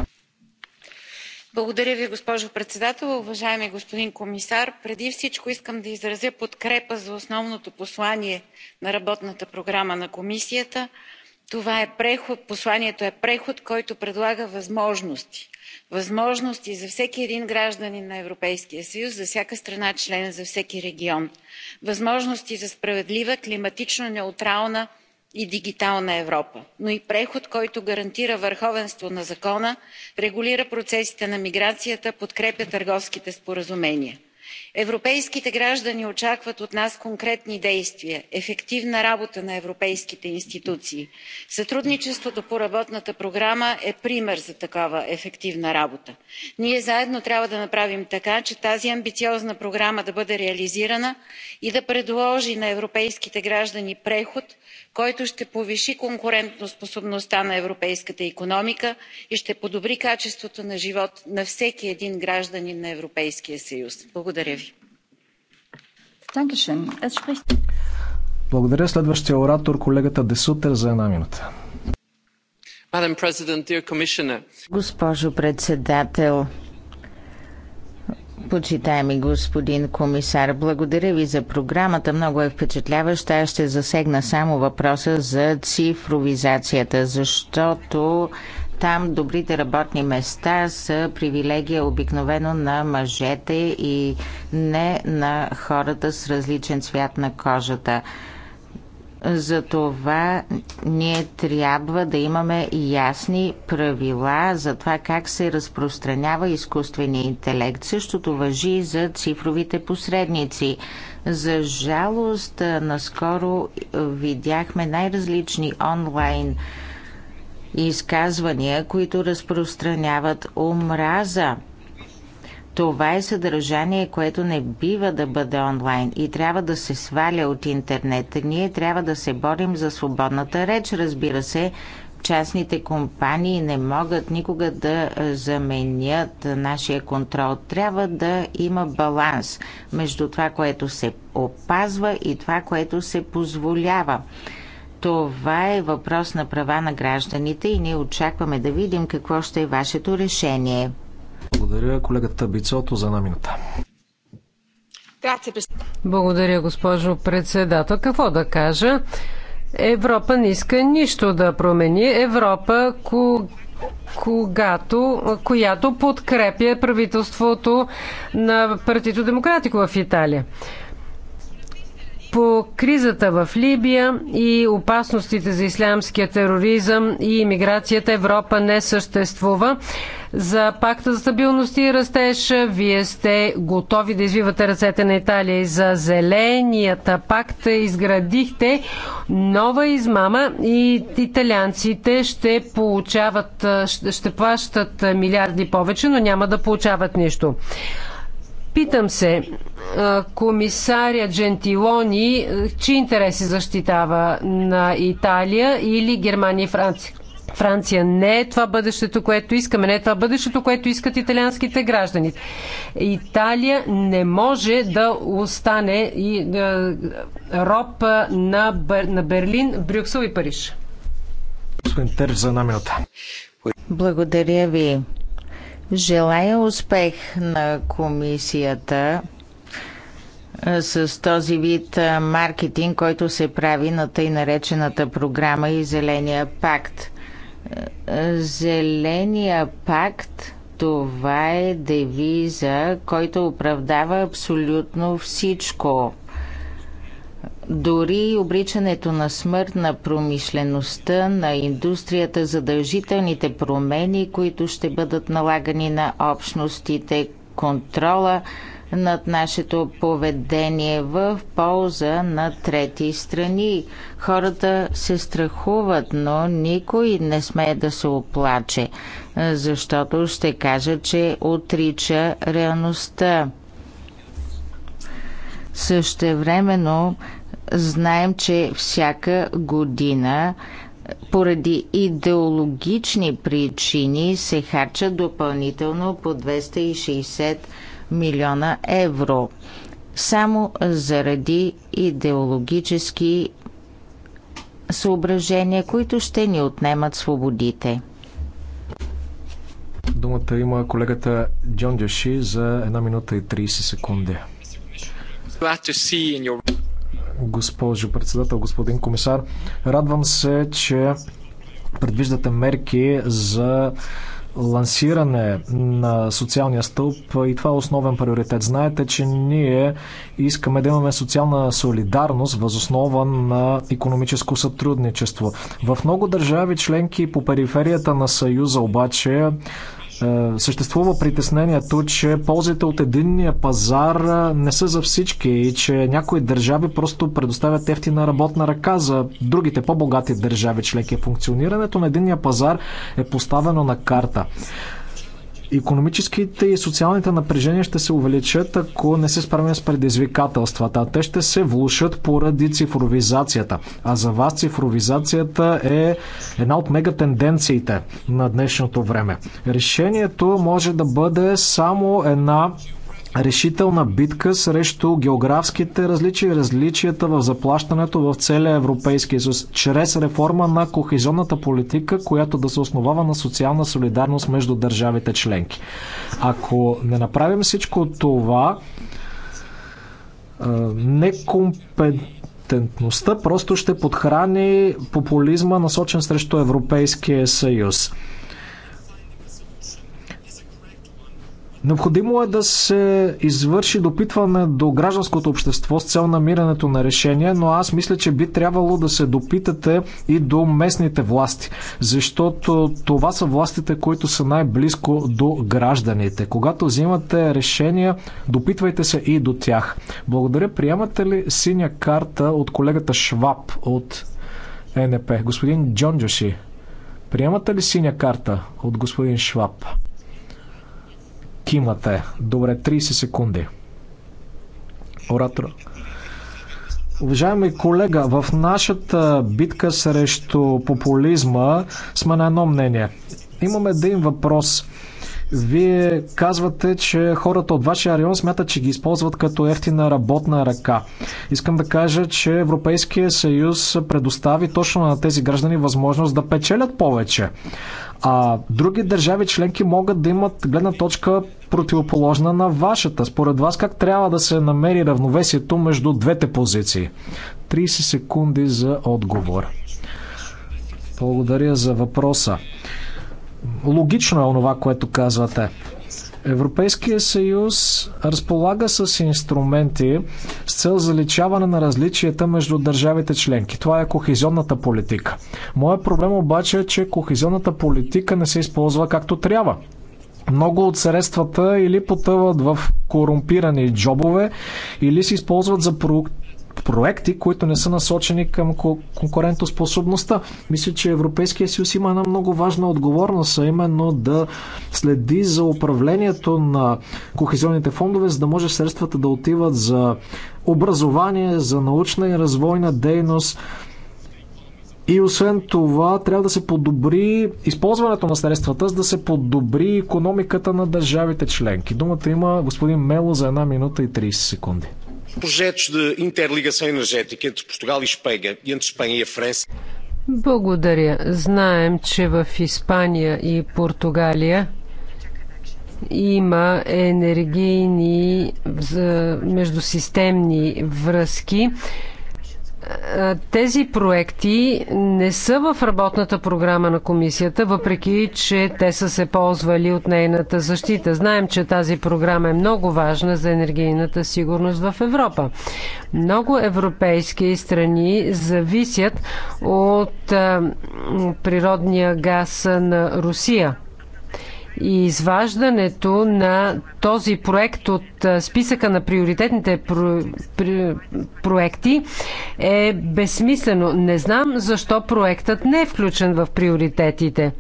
Благодаря ви, госпожо председател. Уважаеми господин комисар, преди всичко искам да изразя подкрепа за основното послание на работната програма на комисията. Това е преход, посланието е преход, който предлага възможности. Възможности за всеки един гражданин на Европейския съюз, за всяка страна член, за всеки регион. Възможности за справедлива, климатично неутрална и дигитална Европа, но и преход, който гарантира върховенство на закона, регулира процесите на миграцията, подкрепя търговските споразумения. Европейските граждани очакват от нас конкретни действия, ефективна работа на европейските институции. Сътрудничеството по работната програма е пример за такава ефективна работа. Ние заедно трябва да направим така, че тази амбициозна програма да бъде реализирана и да предложи на европейските граждани преход, който ще повиши конкурентоспособността на европейската икономика и ще подобри качеството на живот на всеки един гражданин на Европейския съюз. Благодаря ви. Благодаря. Следващия оратор, колегата Десутер, за една минута. Госпожо председател, Почитаеми господин комисар, благодаря ви за програмата. Много е впечатляваща. Аз ще засегна само въпроса за цифровизацията, защото там добрите работни места са привилегия обикновено на мъжете и не на хората с различен цвят на кожата. Затова ние трябва да имаме ясни правила за това как се разпространява изкуственият интелект. Същото въжи и за цифровите посредници. За жалост, наскоро видяхме най-различни онлайн изказвания, които разпространяват омраза. Това е съдържание, което не бива да бъде онлайн и трябва да се сваля от интернет. Ние трябва да се борим за свободната реч, разбира се. Частните компании не могат никога да заменят нашия контрол. Трябва да има баланс между това, което се опазва и това, което се позволява. Това е въпрос на права на гражданите и ние очакваме да видим какво ще е вашето решение. Благодаря колегата Бицото за една минута. Благодаря, госпожо председател. Какво да кажа? Европа не иска нищо да промени. Европа, когато, която подкрепя правителството на партито демократико в Италия по кризата в Либия и опасностите за ислямския тероризъм и иммиграцията Европа не съществува. За пакта за стабилност и растеж вие сте готови да извивате ръцете на Италия и за зеленият пакт изградихте нова измама и италианците ще получават, ще плащат милиарди повече, но няма да получават нищо. Питам се, комисаря Джентилони, чи интереси защитава на Италия или Германия и Франция? Франция не е това бъдещето, което искаме, не е това бъдещето, което искат италианските граждани. Италия не може да остане и да, роб на, Бер, на Берлин, Брюксел и Париж. Господин за Благодаря ви. Желая успех на комисията с този вид маркетинг, който се прави на тъй наречената програма и Зеления пакт. Зеления пакт това е девиза, който оправдава абсолютно всичко. Дори обричането на смърт на промишлеността, на индустрията, задължителните промени, които ще бъдат налагани на общностите, контрола над нашето поведение в полза на трети страни. Хората се страхуват, но никой не смее да се оплаче, защото ще кажа, че отрича реалността. Същевременно Знаем, че всяка година поради идеологични причини се харчат допълнително по 260 милиона евро. Само заради идеологически съображения, които ще ни отнемат свободите. Думата има колегата Джон Дюши за 1 минута и 30 секунди госпожо председател, господин комисар. Радвам се, че предвиждате мерки за лансиране на социалния стълб и това е основен приоритет. Знаете, че ние искаме да имаме социална солидарност възоснова на економическо сътрудничество. В много държави членки по периферията на Съюза обаче е, съществува притеснението, че ползите от единния пазар е, не са за всички и че някои държави просто предоставят ефтина работна ръка за другите по-богати държави членки. Функционирането на единния пазар е поставено на карта. Економическите и социалните напрежения ще се увеличат, ако не се справим с предизвикателствата. Те ще се влушат поради цифровизацията. А за вас цифровизацията е една от мегатенденциите на днешното време. Решението може да бъде само една решителна битка срещу географските различия, различията в заплащането в целия Европейския съюз, чрез реформа на кохезионната политика, която да се основава на социална солидарност между държавите членки. Ако не направим всичко това, некомпетентността просто ще подхрани популизма, насочен срещу Европейския съюз. Необходимо е да се извърши допитване до гражданското общество с цел намирането на решение, но аз мисля, че би трябвало да се допитате и до местните власти, защото това са властите, които са най-близко до гражданите. Когато взимате решения, допитвайте се и до тях. Благодаря. Приемате ли синя карта от колегата Шваб от ЕНП? Господин Джонджоши, приемате ли синя карта от господин Шваб? кимате. Добре, 30 секунди. Оратор. Уважаеми колега, в нашата битка срещу популизма сме на едно мнение. Имаме един въпрос – вие казвате, че хората от вашия район смятат, че ги използват като ефтина работна ръка. Искам да кажа, че Европейския съюз предостави точно на тези граждани възможност да печелят повече. А други държави членки могат да имат гледна точка противоположна на вашата. Според вас как трябва да се намери равновесието между двете позиции? 30 секунди за отговор. Благодаря за въпроса. Логично е онова, което казвате. Европейския съюз разполага с инструменти с цел заличаване на различията между държавите членки. Това е кохезионната политика. Моят проблем обаче е, че кохезионната политика не се използва както трябва. Много от средствата или потъват в корумпирани джобове, или се използват за проекти, които не са насочени към конкурентоспособността. Мисля, че Европейския съюз има една много важна отговорност, а именно да следи за управлението на кохезионните фондове, за да може средствата да отиват за образование, за научна и развойна дейност. И освен това, трябва да се подобри използването на средствата, за да се подобри економиката на държавите членки. Думата има господин Мело за една минута и 30 секунди. Projetos de interligação energética entre Portugal e Espanha e entre Espanha e França. Благодаря. Знаем, че в Испания и Португалия има енергийни междусистемни връзки е, тези проекти не са в работната програма на комисията, въпреки че те са се ползвали от нейната защита. Знаем, че тази програма е много важна за енергийната сигурност в Европа. Много европейски страни зависят от е, природния газ на Русия и изваждането на този проект от списъка на приоритетните про... при... проекти е безсмислено. Не знам защо проектът не е включен в приоритетите.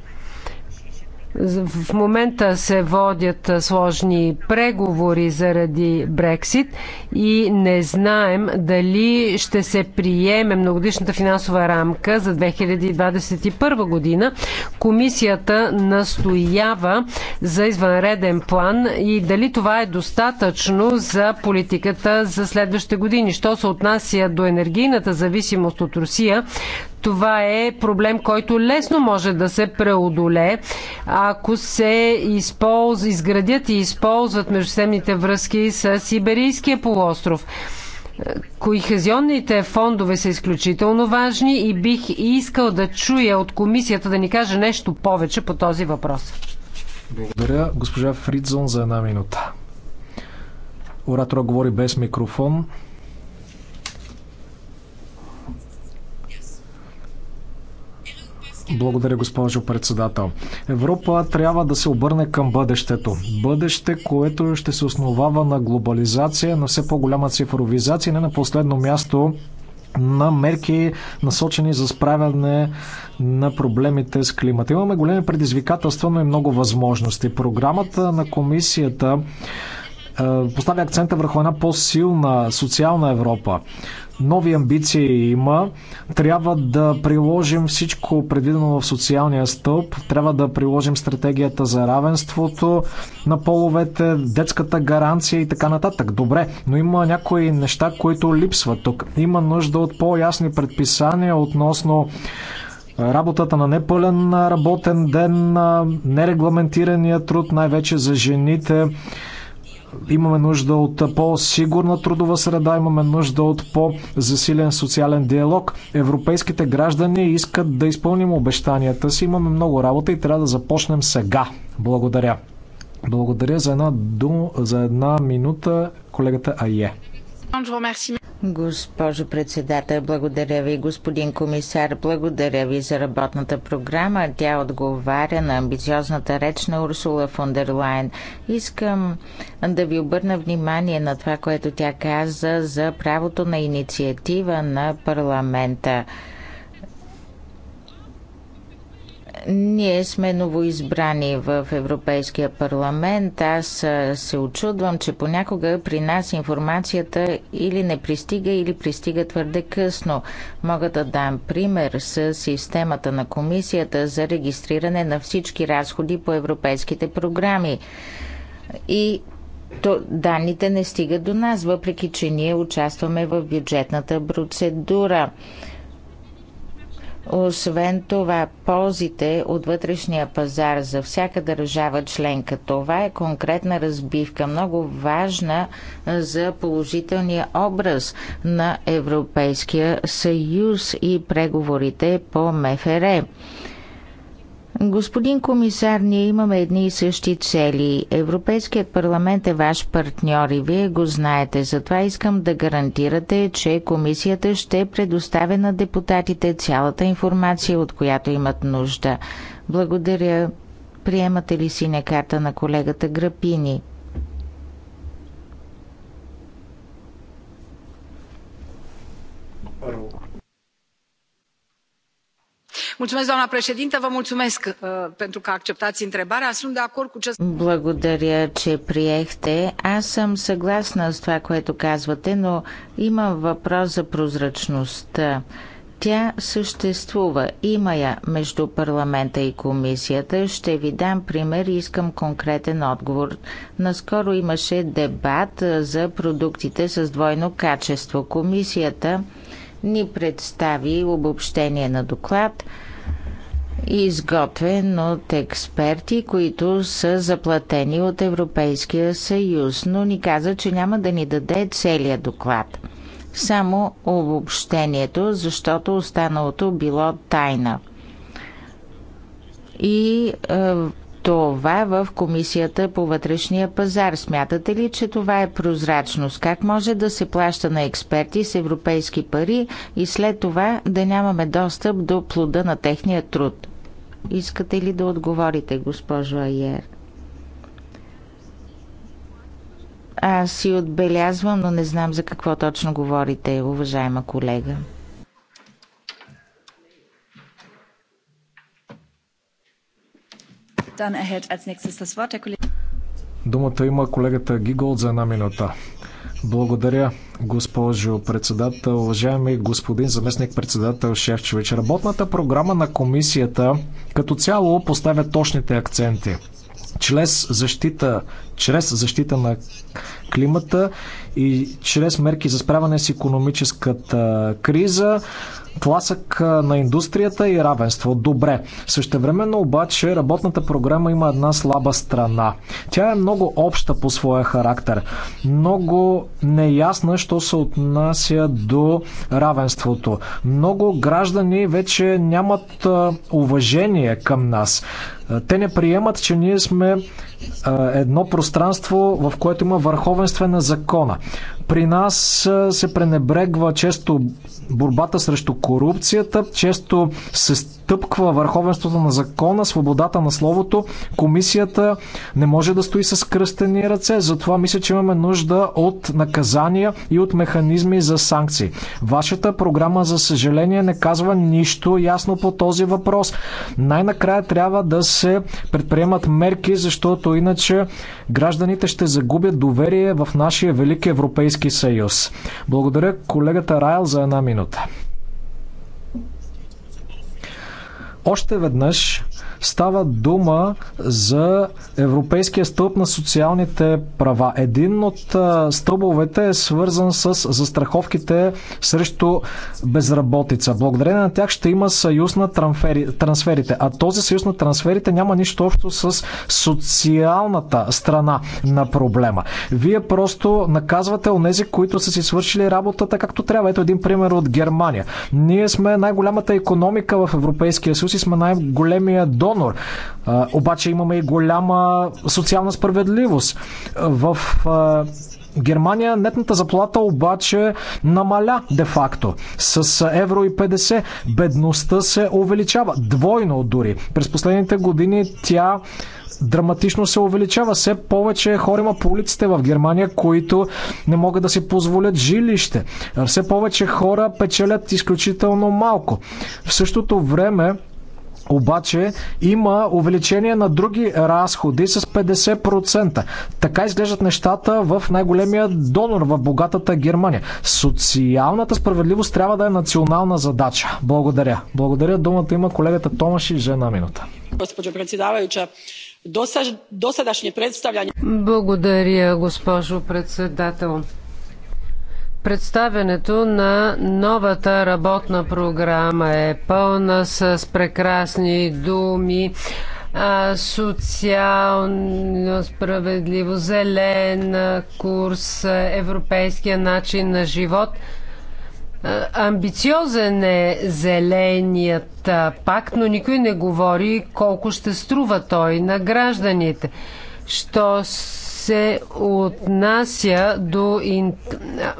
В момента се водят сложни преговори заради Брексит и не знаем дали ще се приеме многодишната финансова рамка за 2021 година. Комисията настоява за извънреден план и дали това е достатъчно за политиката за следващите години. Що се отнася до енергийната зависимост от Русия, това е проблем, който лесно може да се преодолее, ако се използ, изградят и използват междусемните връзки с Иберийския полуостров. Коихезионните фондове са изключително важни и бих искал да чуя от комисията да ни каже нещо повече по този въпрос. Благодаря, госпожа Фридзон, за една минута. Оратора говори без микрофон. Благодаря, госпожо председател. Европа трябва да се обърне към бъдещето. Бъдеще, което ще се основава на глобализация, на все по-голяма цифровизация, не на последно място на мерки, насочени за справяне на проблемите с климата. Имаме големи предизвикателства, но и много възможности. Програмата на комисията е, поставя акцента върху една по-силна социална Европа нови амбиции има. Трябва да приложим всичко предвидено в социалния стълб. Трябва да приложим стратегията за равенството на половете, детската гаранция и така нататък. Добре, но има някои неща, които липсват тук. Има нужда от по-ясни предписания относно работата на непълен работен ден, нерегламентирания труд, най-вече за жените Имаме нужда от по-сигурна трудова среда, имаме нужда от по-засилен социален диалог. Европейските граждани искат да изпълним обещанията си. Имаме много работа и трябва да започнем сега. Благодаря. Благодаря за една, дума, за една минута колегата Айе. Госпожо председател, благодаря ви. Господин комисар, благодаря ви за работната програма. Тя отговаря на амбициозната реч на Урсула фон дер Лайн. Искам да ви обърна внимание на това, което тя каза за правото на инициатива на парламента. Ние сме новоизбрани в Европейския парламент. Аз се очудвам, че понякога при нас информацията или не пристига, или пристига твърде късно. Мога да дам пример с системата на комисията за регистриране на всички разходи по европейските програми. И то данните не стигат до нас, въпреки че ние участваме в бюджетната процедура. Освен това, ползите от вътрешния пазар за всяка държава членка, това е конкретна разбивка, много важна за положителния образ на Европейския съюз и преговорите по МФР. Господин комисар, ние имаме едни и същи цели. Европейският парламент е ваш партньор и вие го знаете. Затова искам да гарантирате, че комисията ще предоставя на депутатите цялата информация, от която имат нужда. Благодаря. Приемате ли синя карта на колегата Грапини? doamnă președintă vă mulțumesc uh, pentru că acceptați întrebarea. Sunt de acord cu ce... Благодаря, че приехте. Аз съм съгласна с това, което казвате, но имам въпрос за прозрачността. Тя съществува. Има я между парламента и комисията. Ще ви дам пример и искам конкретен отговор. Наскоро имаше дебат за продуктите с двойно качество. Комисията ни представи обобщение на доклад – изготвен от експерти, които са заплатени от Европейския съюз, но ни каза, че няма да ни даде целият доклад. Само обобщението, защото останалото било тайна. И е, това е в Комисията по вътрешния пазар. Смятате ли, че това е прозрачност? Как може да се плаща на експерти с европейски пари и след това да нямаме достъп до плода на техния труд? Искате ли да отговорите, госпожо Айер? Аз си отбелязвам, но не знам за какво точно говорите, уважаема колега. Думата има колегата Гигол за една минута. Благодаря, госпожо председател. Уважаеми господин заместник председател Шефчович, работната програма на комисията като цяло поставя точните акценти. Чрез защита, чрез защита на климата и чрез мерки за справяне с економическата криза, тласък на индустрията и равенство. Добре. Същевременно обаче работната програма има една слаба страна. Тя е много обща по своя характер. Много неясна, що се отнася до равенството. Много граждани вече нямат уважение към нас. Те не приемат, че ние сме едно пространство, в което има върховенство на закона. При нас се пренебрегва често борбата срещу корупцията, често се стъпква върховенството на закона, свободата на словото, комисията не може да стои с кръстени ръце. Затова мисля, че имаме нужда от наказания и от механизми за санкции. Вашата програма, за съжаление, не казва нищо ясно по този въпрос. Най-накрая трябва да се предприемат мерки, защото иначе гражданите ще загубят доверие в нашия велики Европейски съюз. Благодаря колегата Райл за една минута. Още веднъж Става дума за Европейския стълб на социалните права. Един от стълбовете е свързан с застраховките срещу безработица. Благодарение на тях ще има съюз на трансферите. А този съюз на трансферите няма нищо общо с социалната страна на проблема. Вие просто наказвате онези, които са си свършили работата както трябва. Ето един пример от Германия. Ние сме най-голямата економика в Европейския съюз и сме най-големия донор. Обаче имаме и голяма социална справедливост. В Германия нетната заплата обаче намаля де-факто. С евро и 50 бедността се увеличава. Двойно дори. През последните години тя драматично се увеличава. Все повече хора има по улиците в Германия, които не могат да си позволят жилище. Все повече хора печелят изключително малко. В същото време обаче има увеличение на други разходи с 50%. Така изглеждат нещата в най-големия донор в богатата Германия. Социалната справедливост трябва да е национална задача. Благодаря. Благодаря. Думата има колегата Томаш и жена минута. Госпожо председавајуча, досадашње представљање... Благодаря, госпожо председател. Представянето на новата работна програма е пълна с прекрасни думи социална справедливост, зелен курс, европейския начин на живот. Амбициозен е зеленият пакт, но никой не говори колко ще струва той на гражданите. Що се отнася до,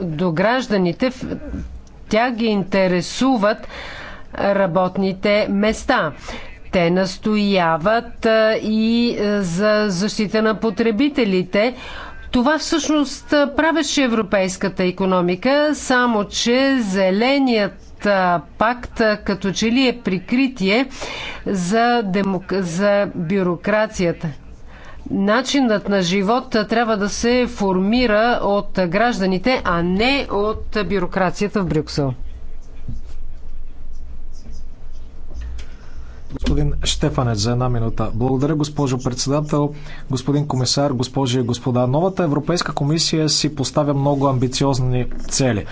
до гражданите, тя ги интересуват работните места. Те настояват и за защита на потребителите. Това всъщност правеше европейската економика, само че зеленият пакт като че ли е прикритие за, демок... за бюрокрацията начинът на живот трябва да се формира от гражданите, а не от бюрокрацията в Брюксел. Господин Штефанец за една минута. Благодаря, госпожо председател, господин комисар, госпожи и господа. Новата Европейска комисия си поставя много амбициозни цели.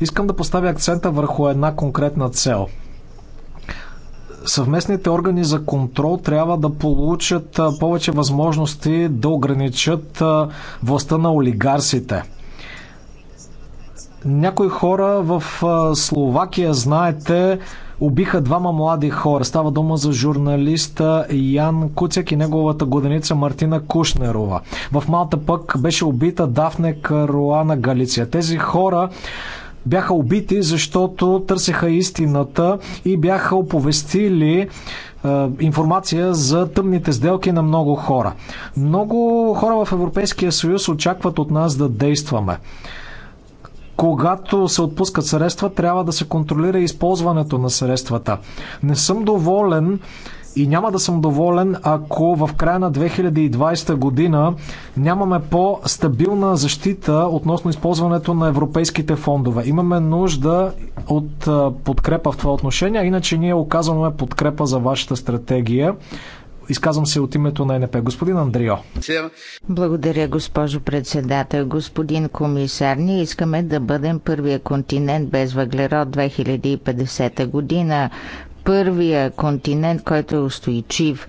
Искам да поставя акцента върху една конкретна цел – съвместните органи за контрол трябва да получат повече възможности да ограничат властта на олигарсите. Някои хора в Словакия, знаете, убиха двама млади хора. Става дума за журналиста Ян Куцяк и неговата годеница Мартина Кушнерова. В Малта пък беше убита Дафне Каруана Галиция. Тези хора бяха убити, защото търсеха истината и бяха оповестили е, информация за тъмните сделки на много хора. Много хора в Европейския съюз очакват от нас да действаме когато се отпускат средства, трябва да се контролира използването на средствата. Не съм доволен и няма да съм доволен, ако в края на 2020 година нямаме по-стабилна защита относно използването на европейските фондове. Имаме нужда от подкрепа в това отношение, иначе ние оказваме подкрепа за вашата стратегия. Изказвам се от името на НП. Господин Андрио. Благодаря, госпожо председател. Господин комисар, ние искаме да бъдем първия континент без въглерод 2050 година първия континент, който е устойчив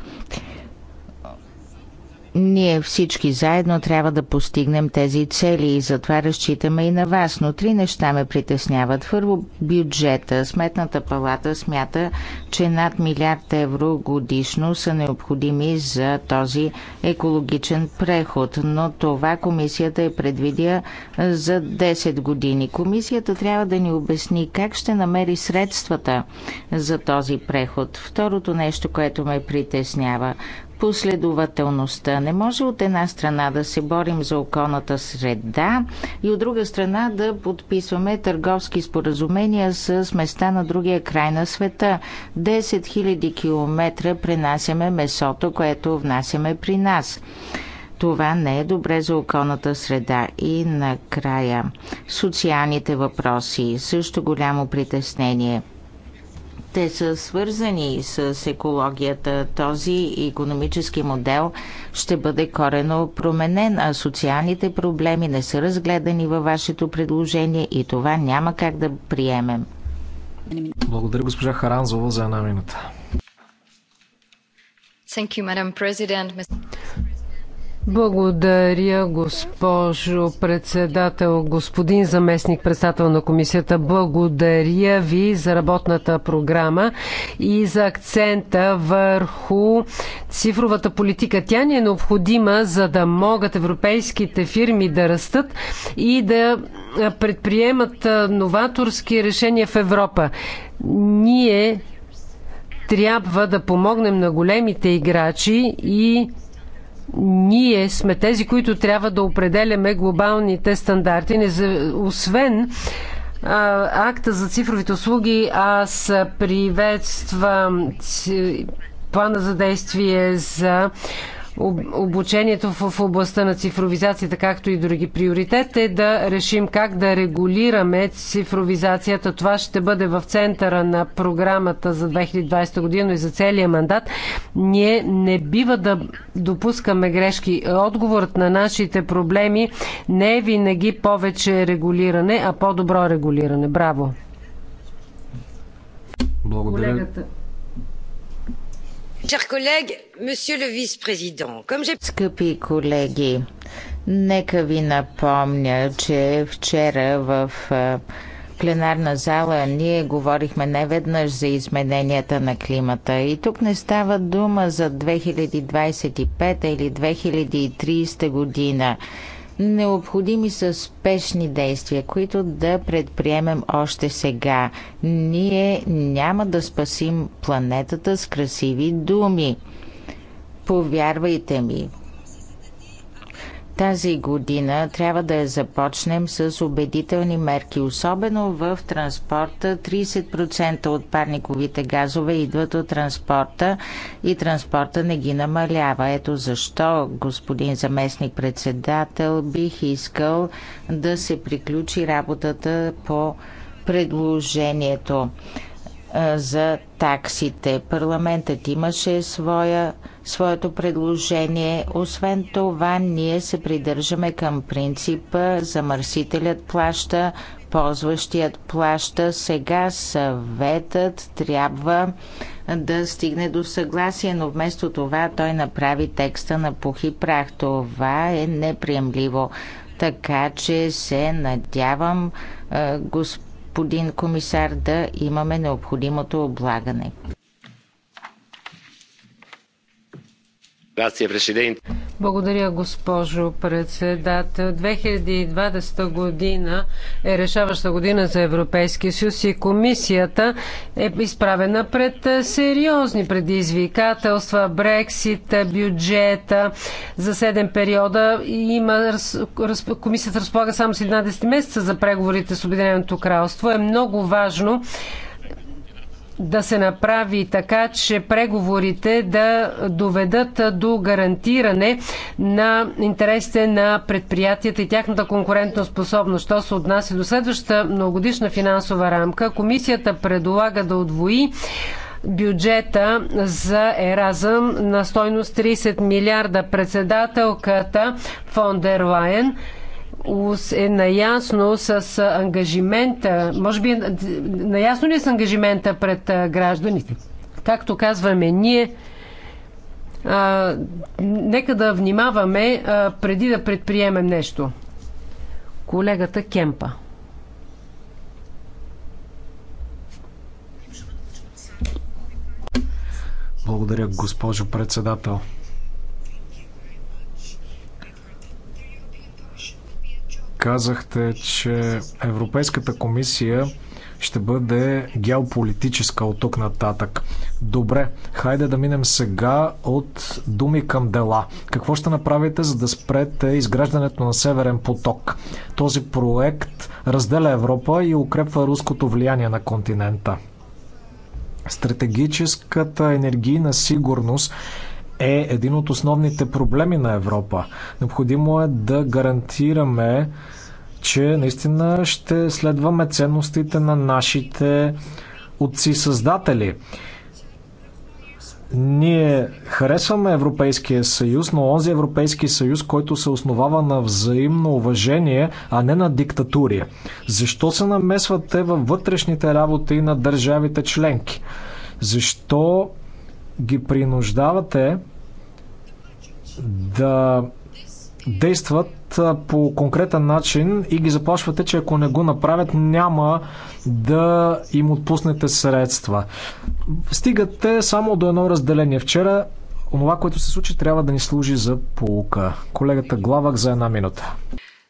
ние всички заедно трябва да постигнем тези цели и затова разчитаме и на вас, но три неща ме притесняват. Първо, бюджета. Сметната палата смята, че над милиард евро годишно са необходими за този екологичен преход, но това комисията е предвидя за 10 години. Комисията трябва да ни обясни как ще намери средствата за този преход. Второто нещо, което ме притеснява, последователността. Не може от една страна да се борим за околната среда и от друга страна да подписваме търговски споразумения с места на другия край на света. 10 000 км пренасяме месото, което внасяме при нас. Това не е добре за околната среда. И накрая социалните въпроси също голямо притеснение – те са свързани с екологията. Този економически модел ще бъде корено променен, а социалните проблеми не са разгледани във вашето предложение и това няма как да приемем. Благодаря госпожа Харанзова за една минута. Благодаря, госпожо председател, господин заместник председател на комисията. Благодаря ви за работната програма и за акцента върху цифровата политика. Тя ни е необходима, за да могат европейските фирми да растат и да предприемат новаторски решения в Европа. Ние трябва да помогнем на големите играчи и ние сме тези, които трябва да определяме глобалните стандарти. Освен акта за цифровите услуги, аз приветствам плана за действие за обучението в областта на цифровизацията, както и други приоритет, е да решим как да регулираме цифровизацията. Това ще бъде в центъра на програмата за 2020 година и за целия мандат. Ние не бива да допускаме грешки. Отговорът на нашите проблеми не е винаги повече регулиране, а по-добро регулиране. Браво! Благодаря. Колегата. Скъпи колеги, нека ви напомня, че вчера в пленарна зала ние говорихме неведнъж за измененията на климата. И тук не става дума за 2025 или 2030 година. Необходими са спешни действия, които да предприемем още сега. Ние няма да спасим планетата с красиви думи. Повярвайте ми, тази година трябва да я започнем с убедителни мерки, особено в транспорта. 30% от парниковите газове идват от транспорта и транспорта не ги намалява. Ето защо, господин заместник председател, бих искал да се приключи работата по предложението за таксите. Парламентът имаше своя своето предложение. Освен това, ние се придържаме към принципа замърсителят плаща, ползващият плаща. Сега съветът трябва да стигне до съгласие, но вместо това той направи текста на пух и прах. Това е неприемливо. Така че се надявам, господин комисар, да имаме необходимото облагане. Благодаря, госпожо председател. 2020 година е решаваща година за Европейския съюз и комисията е изправена пред е, сериозни предизвикателства. Брексит, е, бюджета за 7 периода. Има, комисията разполага само с 11 месеца за преговорите с Обединеното кралство. Е много важно да се направи така, че преговорите да доведат до гарантиране на интересите на предприятията и тяхната конкурентна способност. Що се отнася до следващата многогодишна финансова рамка, комисията предлага да отвои бюджета за Еразъм на стойност 30 милиарда. Председателката дер Лайен е наясно с ангажимента, може би е наясно ли е с ангажимента пред гражданите? Както казваме ние, а, нека да внимаваме а, преди да предприемем нещо. Колегата Кемпа. Благодаря, госпожо председател. казахте, че Европейската комисия ще бъде геополитическа от тук нататък. Добре, хайде да минем сега от думи към дела. Какво ще направите, за да спрете изграждането на Северен поток? Този проект разделя Европа и укрепва руското влияние на континента. Стратегическата енергийна сигурност е един от основните проблеми на Европа. Необходимо е да гарантираме че наистина ще следваме ценностите на нашите отци-създатели. Ние харесваме Европейския съюз, но онзи Европейски съюз, който се основава на взаимно уважение, а не на диктатури. Защо се намесвате във вътрешните работи на държавите членки? Защо ги принуждавате да действат по конкретен начин и ги заплашвате, че ако не го направят, няма да им отпуснете средства. Стигате само до едно разделение. Вчера онова, което се случи, трябва да ни служи за полука. Колегата Главак за една минута.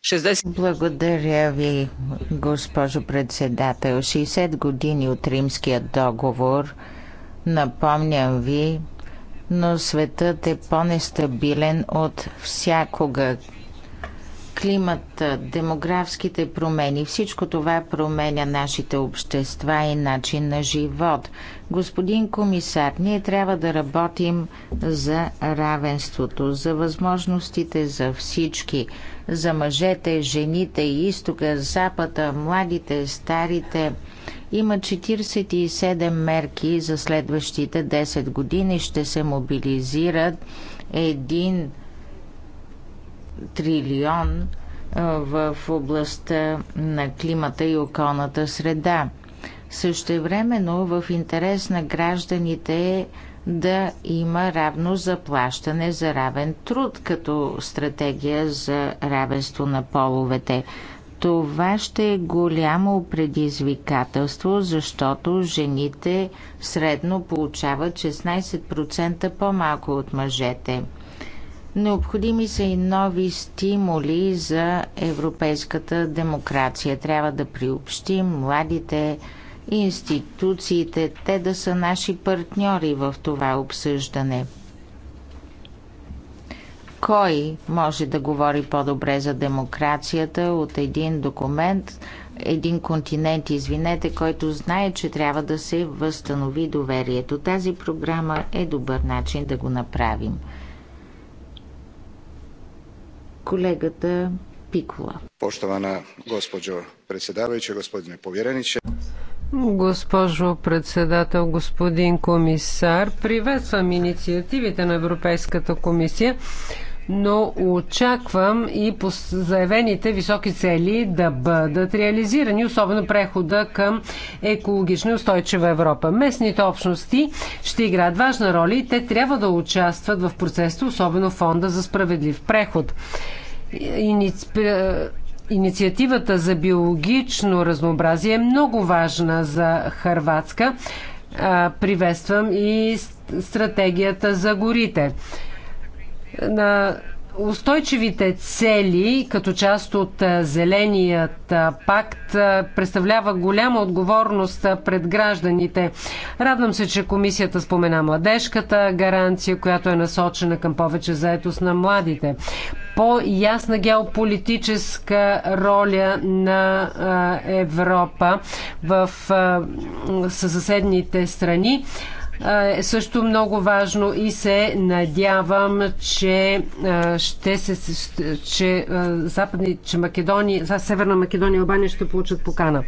60... Благодаря ви, госпожо председател. 60 години от Римския договор. Напомням ви, но светът е по-нестабилен от всякога климата, демографските промени, всичко това променя нашите общества и начин на живот. Господин комисар, ние трябва да работим за равенството, за възможностите за всички, за мъжете, жените, изтока, запада, младите, старите. Има 47 мерки за следващите 10 години. Ще се мобилизират един трилион е, в областта на климата и околната среда. Същевременно в интерес на гражданите е да има равно заплащане за равен труд като стратегия за равенство на половете. Това ще е голямо предизвикателство, защото жените средно получават 16% по-малко от мъжете – Необходими са и нови стимули за европейската демокрация. Трябва да приобщим младите институциите, те да са наши партньори в това обсъждане. Кой може да говори по-добре за демокрацията от един документ, един континент, извинете, който знае, че трябва да се възстанови доверието. Тази програма е добър начин да го направим колегата Пикова. Поштована госпожо председавайче, господине povjereniče. Госпожо председател, господин комисар, приветствам инициативите на Европейската комисия но очаквам и по заявените високи цели да бъдат реализирани, особено прехода към екологично устойчива Европа. Местните общности ще играят важна роля и те трябва да участват в процеса, особено фонда за справедлив преход. Инициативата за биологично разнообразие е много важна за Харватска. Приветствам и стратегията за горите на устойчивите цели като част от Зеленият пакт представлява голяма отговорност пред гражданите. Радвам се, че комисията спомена младежката гаранция, която е насочена към повече заетост на младите. По-ясна геополитическа роля на Европа в съседните страни е също много важно и се надявам, че ще се, че западни, че Македония, Северна Македония и Албания ще получат покана.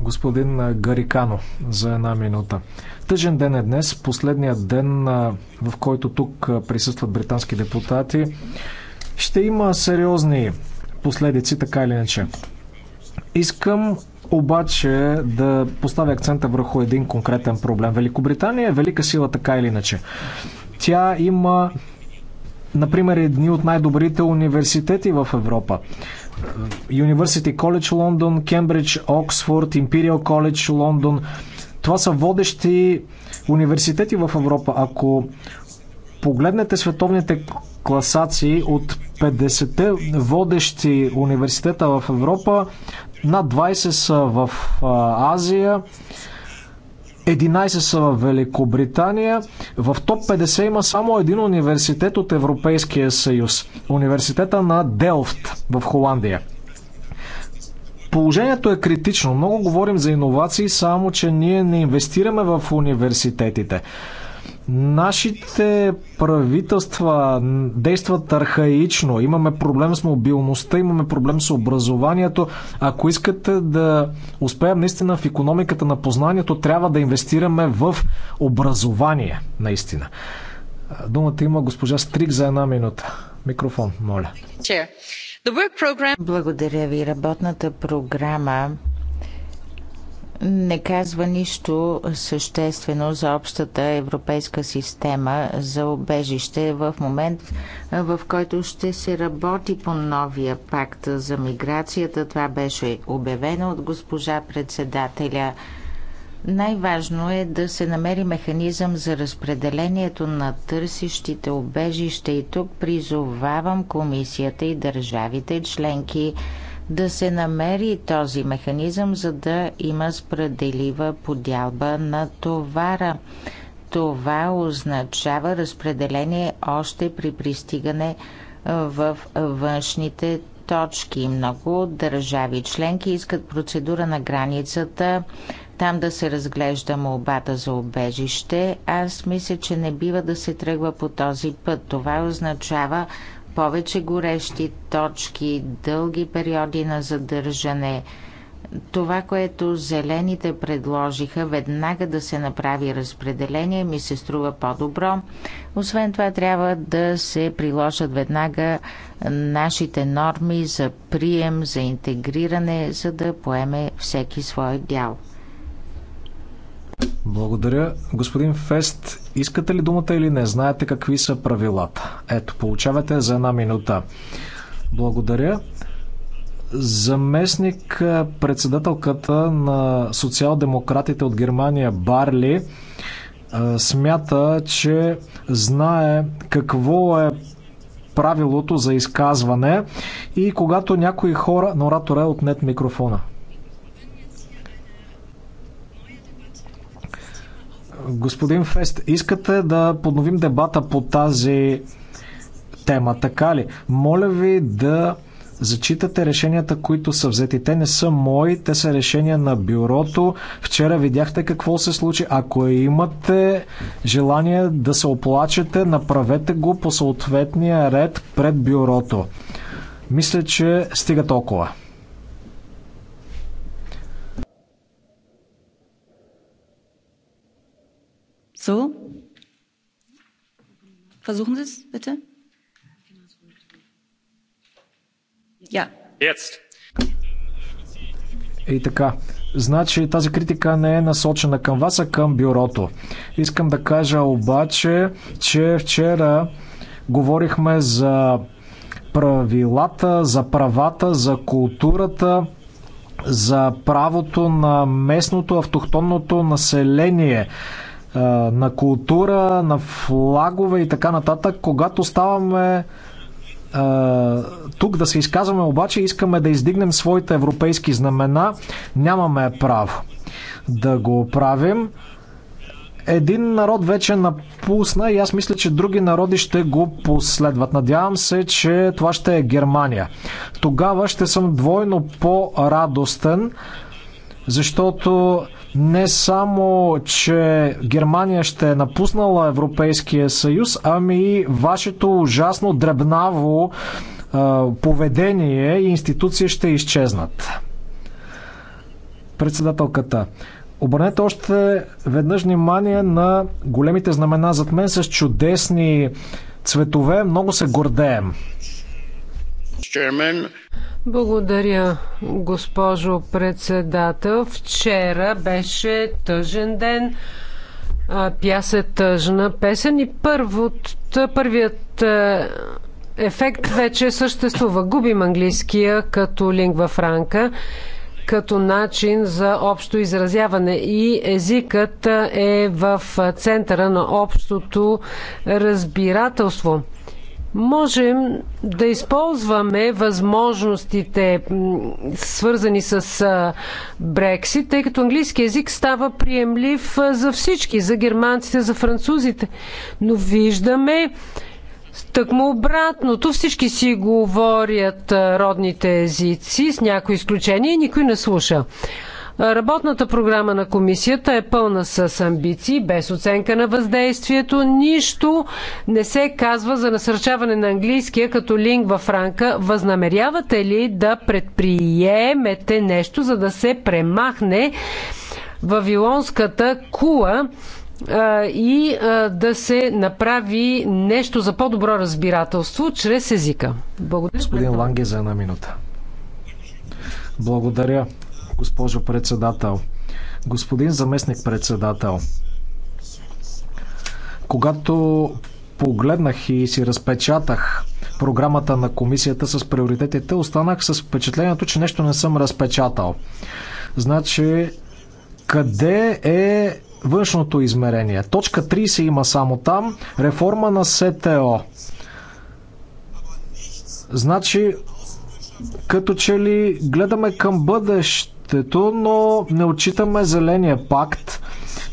Господин Гарикано, за една минута. Тъжен ден е днес, последният ден, в който тук присъстват британски депутати. Ще има сериозни последици, така или иначе. Искам обаче да поставя акцента върху един конкретен проблем. Великобритания е велика сила така или иначе. Тя има, например, едни от най-добрите университети в Европа. University College Лондон, Кембридж, Оксфорд, Imperial College Лондон. Това са водещи университети в Европа. Ако погледнете световните класации от 50-те водещи университета в Европа, над 20 са в Азия. 11 са в Великобритания. В топ 50 има само един университет от Европейския съюз. Университета на Делфт в Холандия. Положението е критично. Много говорим за иновации, само че ние не инвестираме в университетите. Нашите правителства действат архаично. Имаме проблем с мобилността, имаме проблем с образованието. Ако искате да успеем наистина в економиката на познанието, трябва да инвестираме в образование, наистина. Думата има госпожа Стрик за една минута. Микрофон, моля. Благодаря ви. Работната програма не казва нищо съществено за общата европейска система за обежище в момент, в който ще се работи по новия пакт за миграцията. Това беше обявено от госпожа председателя. Най-важно е да се намери механизъм за разпределението на търсещите обежище и тук призовавам комисията и държавите членки да се намери този механизъм, за да има справедлива подялба на товара. Това означава разпределение още при пристигане в външните точки. Много държави членки искат процедура на границата, там да се разглежда молбата за обежище. Аз мисля, че не бива да се тръгва по този път. Това означава повече горещи точки, дълги периоди на задържане. Това, което зелените предложиха, веднага да се направи разпределение, ми се струва по-добро. Освен това, трябва да се приложат веднага нашите норми за прием, за интегриране, за да поеме всеки свой дял. Благодаря. Господин Фест, искате ли думата или не? Знаете какви са правилата. Ето, получавате за една минута. Благодаря. Заместник председателката на социал-демократите от Германия Барли смята, че знае какво е правилото за изказване и когато някои хора... На оратора е отнет микрофона. Господин Фест, искате да подновим дебата по тази тема, така ли? Моля ви да зачитате решенията, които са взети. Те не са мои, те са решения на бюрото. Вчера видяхте какво се случи. Ако имате желание да се оплачете, направете го по съответния ред пред бюрото. Мисля, че стига толкова. So? Versuchen Sie es, bitte. Ja. Jetzt. И така. Значи тази критика не е насочена към вас, а към бюрото. Искам да кажа обаче, че вчера говорихме за правилата, за правата, за културата, за правото на местното автохтонното население на култура, на флагове и така нататък. Когато ставаме тук да се изказваме, обаче искаме да издигнем своите европейски знамена, нямаме право да го правим. Един народ вече напусна и аз мисля, че други народи ще го последват. Надявам се, че това ще е Германия. Тогава ще съм двойно по-радостен, защото не само, че Германия ще е напуснала Европейския съюз, ами и вашето ужасно дребнаво поведение и институции ще изчезнат. Председателката. Обърнете още веднъж внимание на големите знамена зад мен с чудесни цветове. Много се гордеем. Благодаря, госпожо председател. Вчера беше тъжен ден. Пяс е тъжна песен и първот, първият е, ефект вече съществува. Губим английския като лингва франка, като начин за общо изразяване и езикът е в центъра на общото разбирателство можем да използваме възможностите, свързани с Брексит, тъй като английски язик става приемлив за всички, за германците, за французите. Но виждаме тъкмо обратното. Всички си говорят родните езици, с някои изключения, и никой не слуша. Работната програма на комисията е пълна с амбиции, без оценка на въздействието. Нищо не се казва за насърчаване на английския като лингва франка. Възнамерявате ли да предприемете нещо, за да се премахне вавилонската кула и да се направи нещо за по-добро разбирателство чрез езика? Благодаря. Господин Ланге за една минута. Благодаря госпожо председател. Господин заместник председател, когато погледнах и си разпечатах програмата на комисията с приоритетите, останах с впечатлението, че нещо не съм разпечатал. Значи, къде е външното измерение? Точка 30 има само там. Реформа на СТО. Значи, като че ли гледаме към бъдещето становището, но не отчитаме зеления пакт.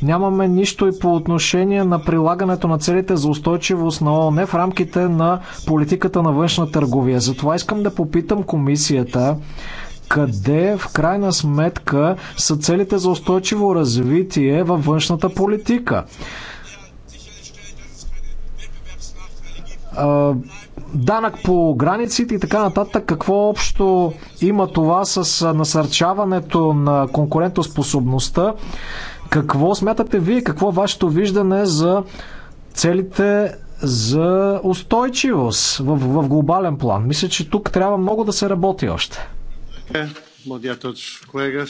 Нямаме нищо и по отношение на прилагането на целите за устойчивост на ООН в рамките на политиката на външна търговия. Затова искам да попитам комисията къде в крайна сметка са целите за устойчиво развитие във външната политика данък по границите и така нататък. Какво общо има това с насърчаването на конкурентоспособността? Какво смятате вие? Какво е вашето виждане за целите за устойчивост в, в глобален план? Мисля, че тук трябва много да се работи още. Благодаря, е, колега.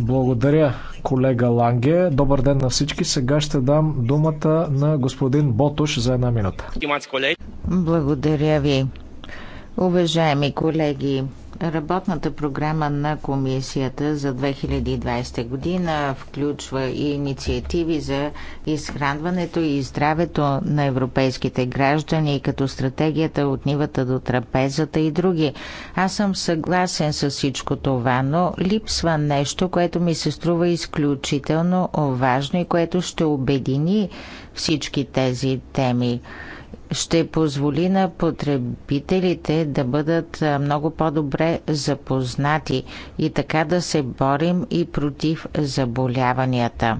Благодаря, колега Ланге. Добър ден на всички. Сега ще дам думата на господин Ботош за една минута. Благодаря ви. Уважаеми колеги, Работната програма на комисията за 2020 година включва и инициативи за изхранването и здравето на европейските граждани, като стратегията от нивата до трапезата и други. Аз съм съгласен с всичко това, но липсва нещо, което ми се струва изключително важно и което ще обедини всички тези теми ще позволи на потребителите да бъдат много по-добре запознати и така да се борим и против заболяванията.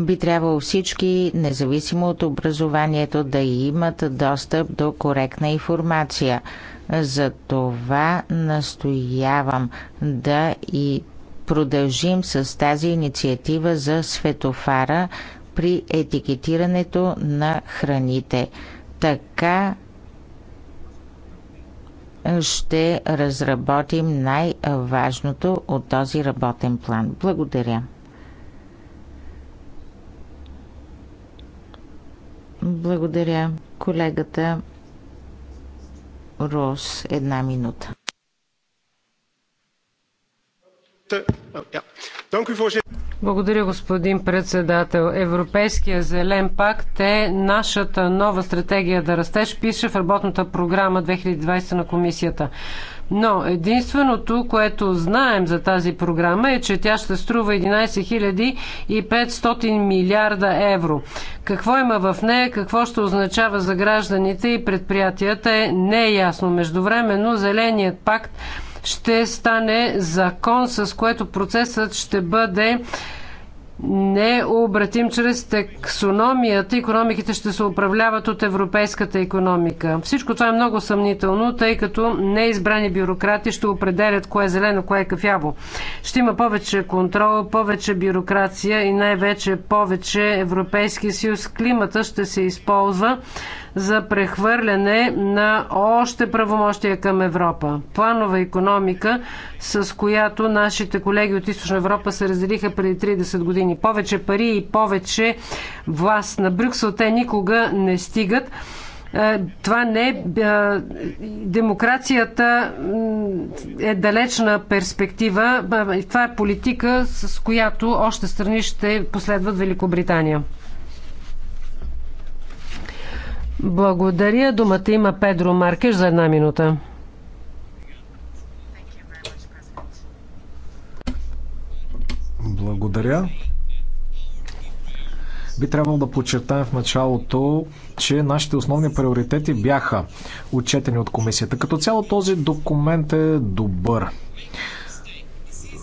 Би трябвало всички, независимо от образованието, да имат достъп до коректна информация. За това настоявам да и продължим с тази инициатива за светофара при етикетирането на храните. Така ще разработим най-важното от този работен план. Благодаря. Благодаря колегата Рос. Една минута. Благодаря, господин председател. Европейския зелен пакт е нашата нова стратегия да растеш, пише в работната програма 2020 на комисията. Но единственото, което знаем за тази програма е, че тя ще струва 11 500 милиарда евро. Какво има в нея, какво ще означава за гражданите и предприятията е неясно. Междувременно Зеленият пакт ще стане закон, с което процесът ще бъде необратим чрез тексономията. Економиките ще се управляват от европейската економика. Всичко това е много съмнително, тъй като неизбрани бюрократи ще определят кое е зелено, кое е кафяво. Ще има повече контрол, повече бюрокрация и най-вече повече Европейски съюз. Климата ще се използва за прехвърляне на още правомощия към Европа. Планова економика, с която нашите колеги от Източна Европа се разделиха преди 30 години. Повече пари и повече власт на Брюксел те никога не стигат е, това не е. Демокрацията е далечна перспектива. Е, това е политика, с която още страни ще последват Великобритания. Благодаря. Думата има Педро Маркеш за една минута. Благодаря. Би трябвало да подчертаем в началото, че нашите основни приоритети бяха отчетени от комисията. Като цяло този документ е добър.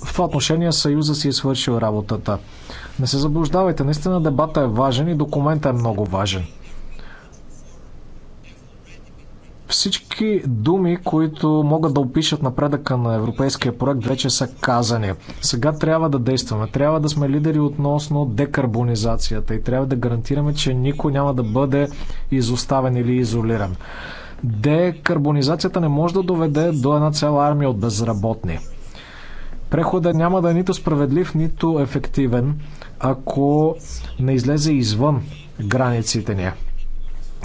В това отношение Съюза си е свършил работата. Не се заблуждавайте, наистина дебата е важен и документът е много важен. Всички думи, които могат да опишат напредъка на европейския проект, вече са казани. Сега трябва да действаме. Трябва да сме лидери относно декарбонизацията и трябва да гарантираме, че никой няма да бъде изоставен или изолиран. Декарбонизацията не може да доведе до една цяла армия от безработни. Преходът няма да е нито справедлив, нито ефективен, ако не излезе извън границите ни.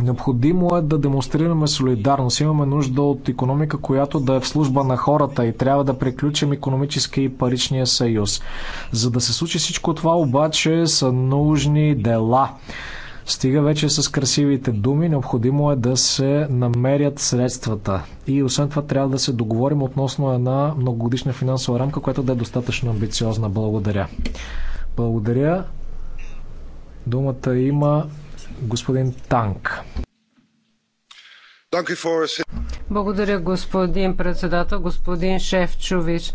Необходимо е да демонстрираме солидарност. Имаме нужда от економика, която да е в служба на хората и трябва да приключим економически и паричния съюз. За да се случи всичко това обаче са нужни дела. Стига вече с красивите думи, необходимо е да се намерят средствата. И освен това трябва да се договорим относно една многогодишна финансова рамка, която да е достатъчно амбициозна. Благодаря. Благодаря. Думата има Господин Танк. Благодаря, господин председател, господин Шефчович.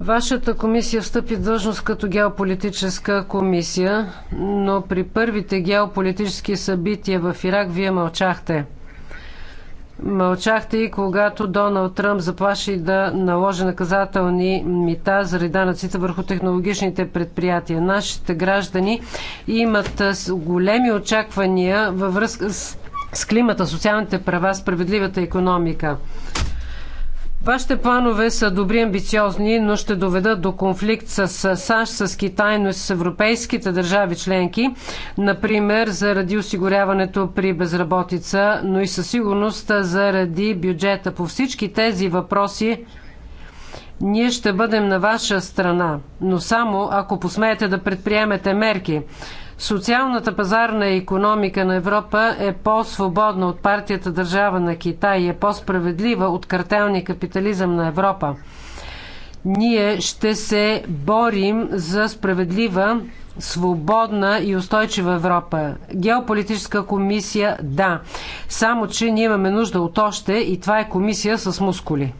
Вашата комисия встъпи в длъжност като геополитическа комисия, но при първите геополитически събития в Ирак вие мълчахте. Мълчахте и когато Доналд Тръмп заплаши да наложи наказателни мита заради данъците върху технологичните предприятия. Нашите граждани имат големи очаквания във връзка с, с климата, социалните права, справедливата економика. Вашите планове са добри, амбициозни, но ще доведат до конфликт с САЩ, с Китай, но и с европейските държави членки, например заради осигуряването при безработица, но и със сигурност заради бюджета. По всички тези въпроси ние ще бъдем на ваша страна, но само ако посмеете да предприемете мерки. Социалната пазарна економика на Европа е по-свободна от партията държава на Китай и е по-справедлива от картелния капитализъм на Европа. Ние ще се борим за справедлива, свободна и устойчива Европа. Геополитическа комисия – да. Само, че ние имаме нужда от още и това е комисия с мускули.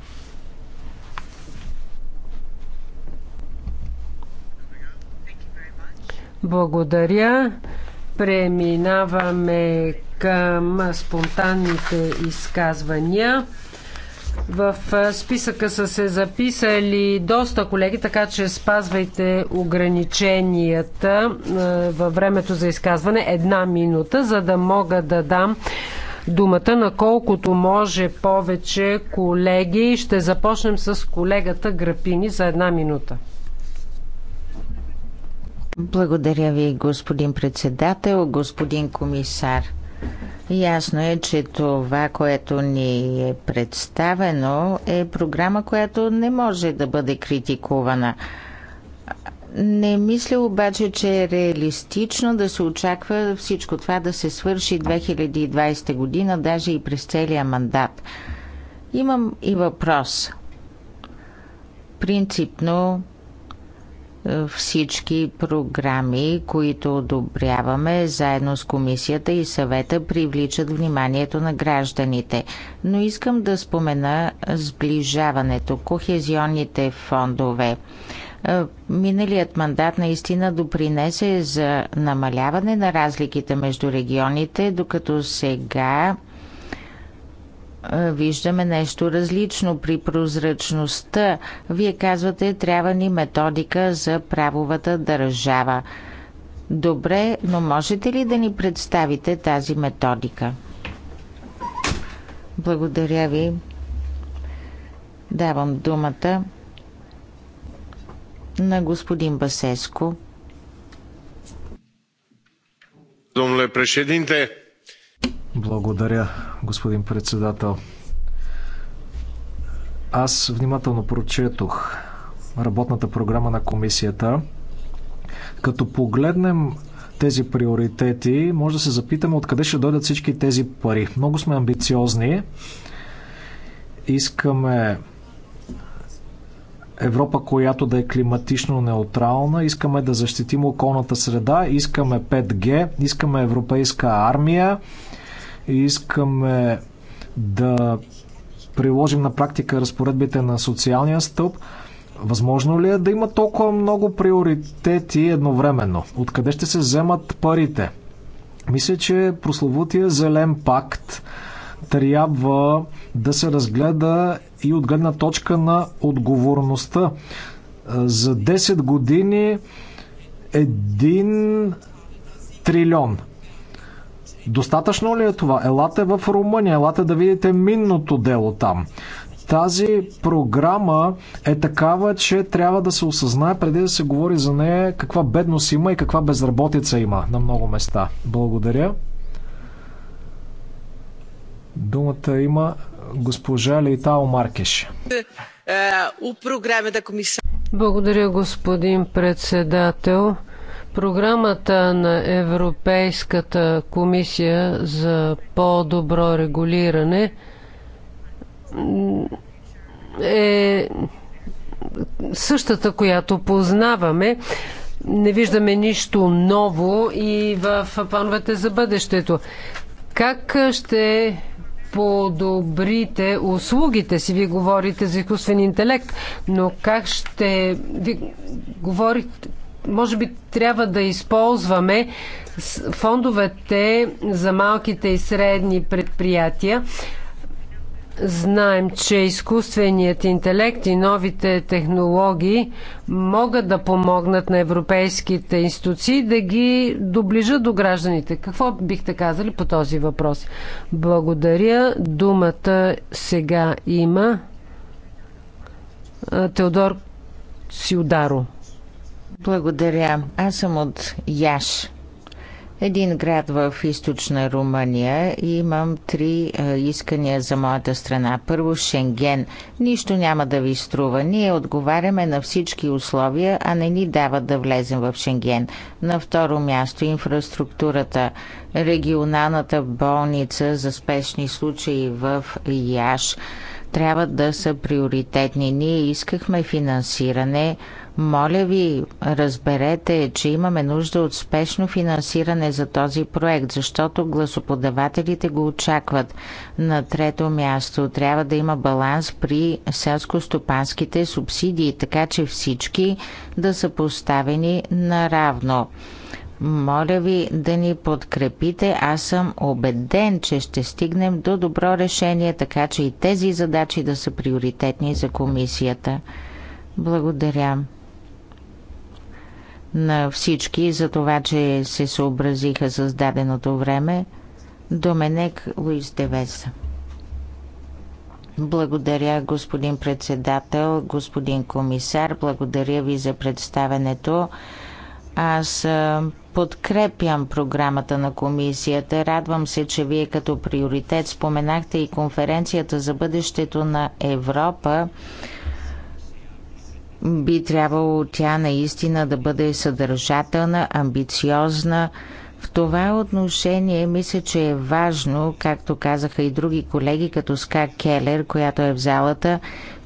Благодаря. Преминаваме към спонтанните изказвания. В списъка са се записали доста колеги, така че спазвайте ограниченията във времето за изказване една минута, за да мога да дам думата на колкото може повече колеги. Ще започнем с колегата Грапини за една минута. Благодаря ви, господин председател, господин комисар. Ясно е, че това, което ни е представено, е програма, която не може да бъде критикувана. Не мисля обаче, че е реалистично да се очаква всичко това да се свърши 2020 година, даже и през целия мандат. Имам и въпрос. Принципно, всички програми, които одобряваме заедно с комисията и съвета, привличат вниманието на гражданите. Но искам да спомена сближаването, кохезионните фондове. Е, миналият мандат наистина допринесе за намаляване на разликите между регионите, докато сега виждаме нещо различно при прозрачността. Вие казвате, трябва ни методика за правовата държава. Добре, но можете ли да ни представите тази методика? Благодаря ви. Давам думата на господин Басеско. Domnule președinte, благодаря, господин председател. Аз внимателно прочетох работната програма на комисията. Като погледнем тези приоритети, може да се запитаме откъде ще дойдат всички тези пари. Много сме амбициозни. Искаме Европа, която да е климатично неутрална, искаме да защитим околната среда, искаме 5G, искаме европейска армия, и искаме да приложим на практика разпоредбите на социалния стълб. Възможно ли е да има толкова много приоритети едновременно? Откъде ще се вземат парите? Мисля, че прословутия зелен пакт трябва да се разгледа и от гледна точка на отговорността. За 10 години 1 трилион Достатъчно ли е това? Елате в Румъния, елате да видите минното дело там. Тази програма е такава, че трябва да се осъзнае преди да се говори за нея каква бедност има и каква безработица има на много места. Благодаря. Думата има госпожа Лейтао Маркеш. Е, Благодаря, господин председател. Програмата на Европейската комисия за по-добро регулиране е същата, която познаваме. Не виждаме нищо ново и в плановете за бъдещето. Как ще подобрите услугите си. Вие говорите за изкуствен интелект, но как ще... Ви говорите, може би трябва да използваме фондовете за малките и средни предприятия. Знаем, че изкуственият интелект и новите технологии могат да помогнат на европейските институции да ги доближат до гражданите. Какво бихте казали по този въпрос? Благодаря. Думата сега има Теодор Сиударо. Благодаря. Аз съм от Яш. Един град в източна Румъния и имам три е, искания за моята страна. Първо Шенген. Нищо няма да ви струва. Ние отговаряме на всички условия, а не ни дават да влезем в Шенген. На второ място инфраструктурата. Регионалната болница за спешни случаи в Яш трябва да са приоритетни. Ние искахме финансиране моля ви, разберете, че имаме нужда от спешно финансиране за този проект, защото гласоподавателите го очакват. На трето място трябва да има баланс при селско-стопанските субсидии, така че всички да са поставени наравно. Моля ви да ни подкрепите. Аз съм убеден, че ще стигнем до добро решение, така че и тези задачи да са приоритетни за комисията. Благодаря на всички за това, че се съобразиха с даденото време. Доменек Луис Девеса. Благодаря, господин председател, господин комисар. Благодаря ви за представенето. Аз подкрепям програмата на комисията. Радвам се, че вие като приоритет споменахте и конференцията за бъдещето на Европа би трябвало тя наистина да бъде съдържателна, амбициозна. В това отношение мисля, че е важно, както казаха и други колеги, като Ска Келер, която е в залата,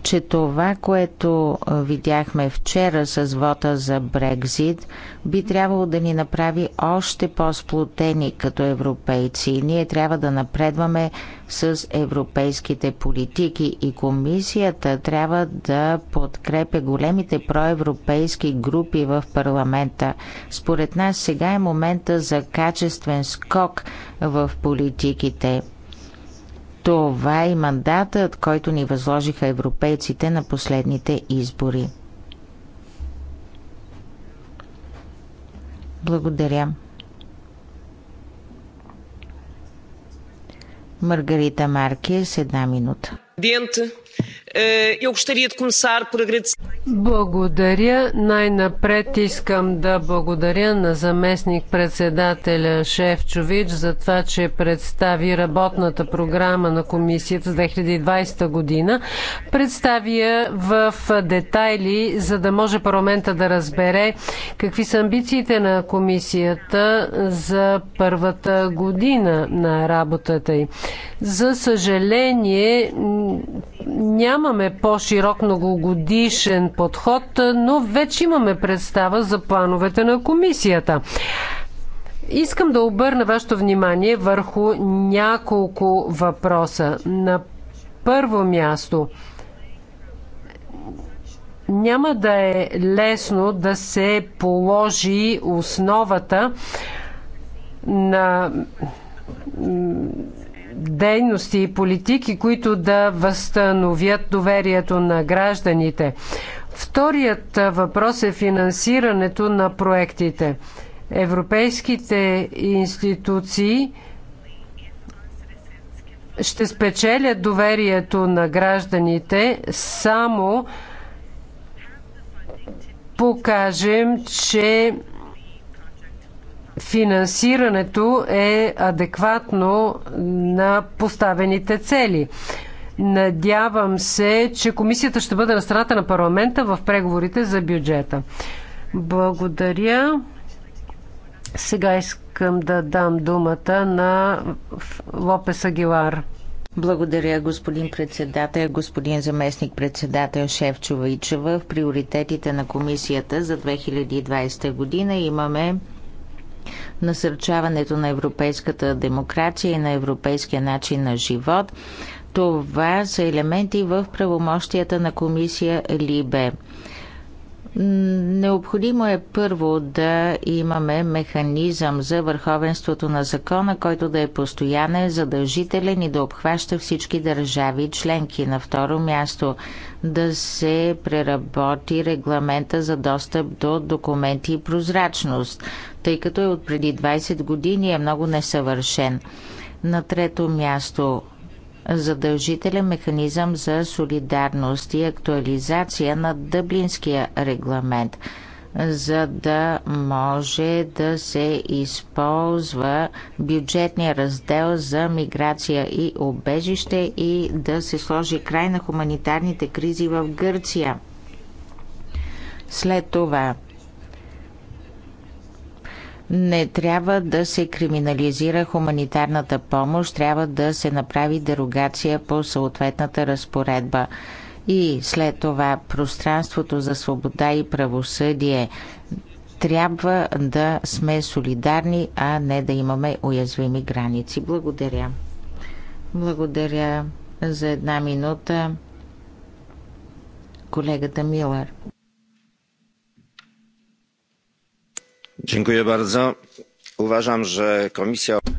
че това, което видяхме вчера с вота за Брекзит, би трябвало да ни направи още по-сплутени като европейци. Ние трябва да напредваме с европейските политики и комисията трябва да подкрепя големите проевропейски групи в парламента. Според нас сега е момента за качествен скок в политиките – това е мандатът, който ни възложиха европейците на последните избори. Благодаря. Маргарита с една минута. Е, благодаря. Най-напред искам да благодаря на заместник председателя Шефчович за това, че представи работната програма на комисията за 2020 година. Представи я в детайли, за да може парламента да разбере какви са амбициите на комисията за първата година на работата й. За съжаление, нямаме по-широк многогодишен подход, но вече имаме представа за плановете на комисията. Искам да обърна вашето внимание върху няколко въпроса. На първо място, няма да е лесно да се положи основата на дейности и политики, които да възстановят доверието на гражданите. Вторият въпрос е финансирането на проектите. Европейските институции ще спечелят доверието на гражданите само покажем, че финансирането е адекватно на поставените цели. Надявам се, че комисията ще бъде на страната на парламента в преговорите за бюджета. Благодаря. Сега искам да дам думата на Лопес Агилар. Благодаря, господин председател, господин заместник председател Шевчовичева. В приоритетите на комисията за 2020 година имаме насърчаването на европейската демокрация и на европейския начин на живот. Това са елементи в правомощията на комисия Либе. Необходимо е първо да имаме механизъм за върховенството на закона, който да е постоянен, задължителен и да обхваща всички държави и членки. На второ място да се преработи регламента за достъп до документи и прозрачност тъй като е от преди 20 години и е много несъвършен. На трето място задължителен механизъм за солидарност и актуализация на Дъблинския регламент, за да може да се използва бюджетния раздел за миграция и обежище и да се сложи край на хуманитарните кризи в Гърция. След това не трябва да се криминализира хуманитарната помощ, трябва да се направи дерогация по съответната разпоредба. И след това пространството за свобода и правосъдие трябва да сме солидарни, а не да имаме уязвими граници. Благодаря. Благодаря за една минута колегата Милър.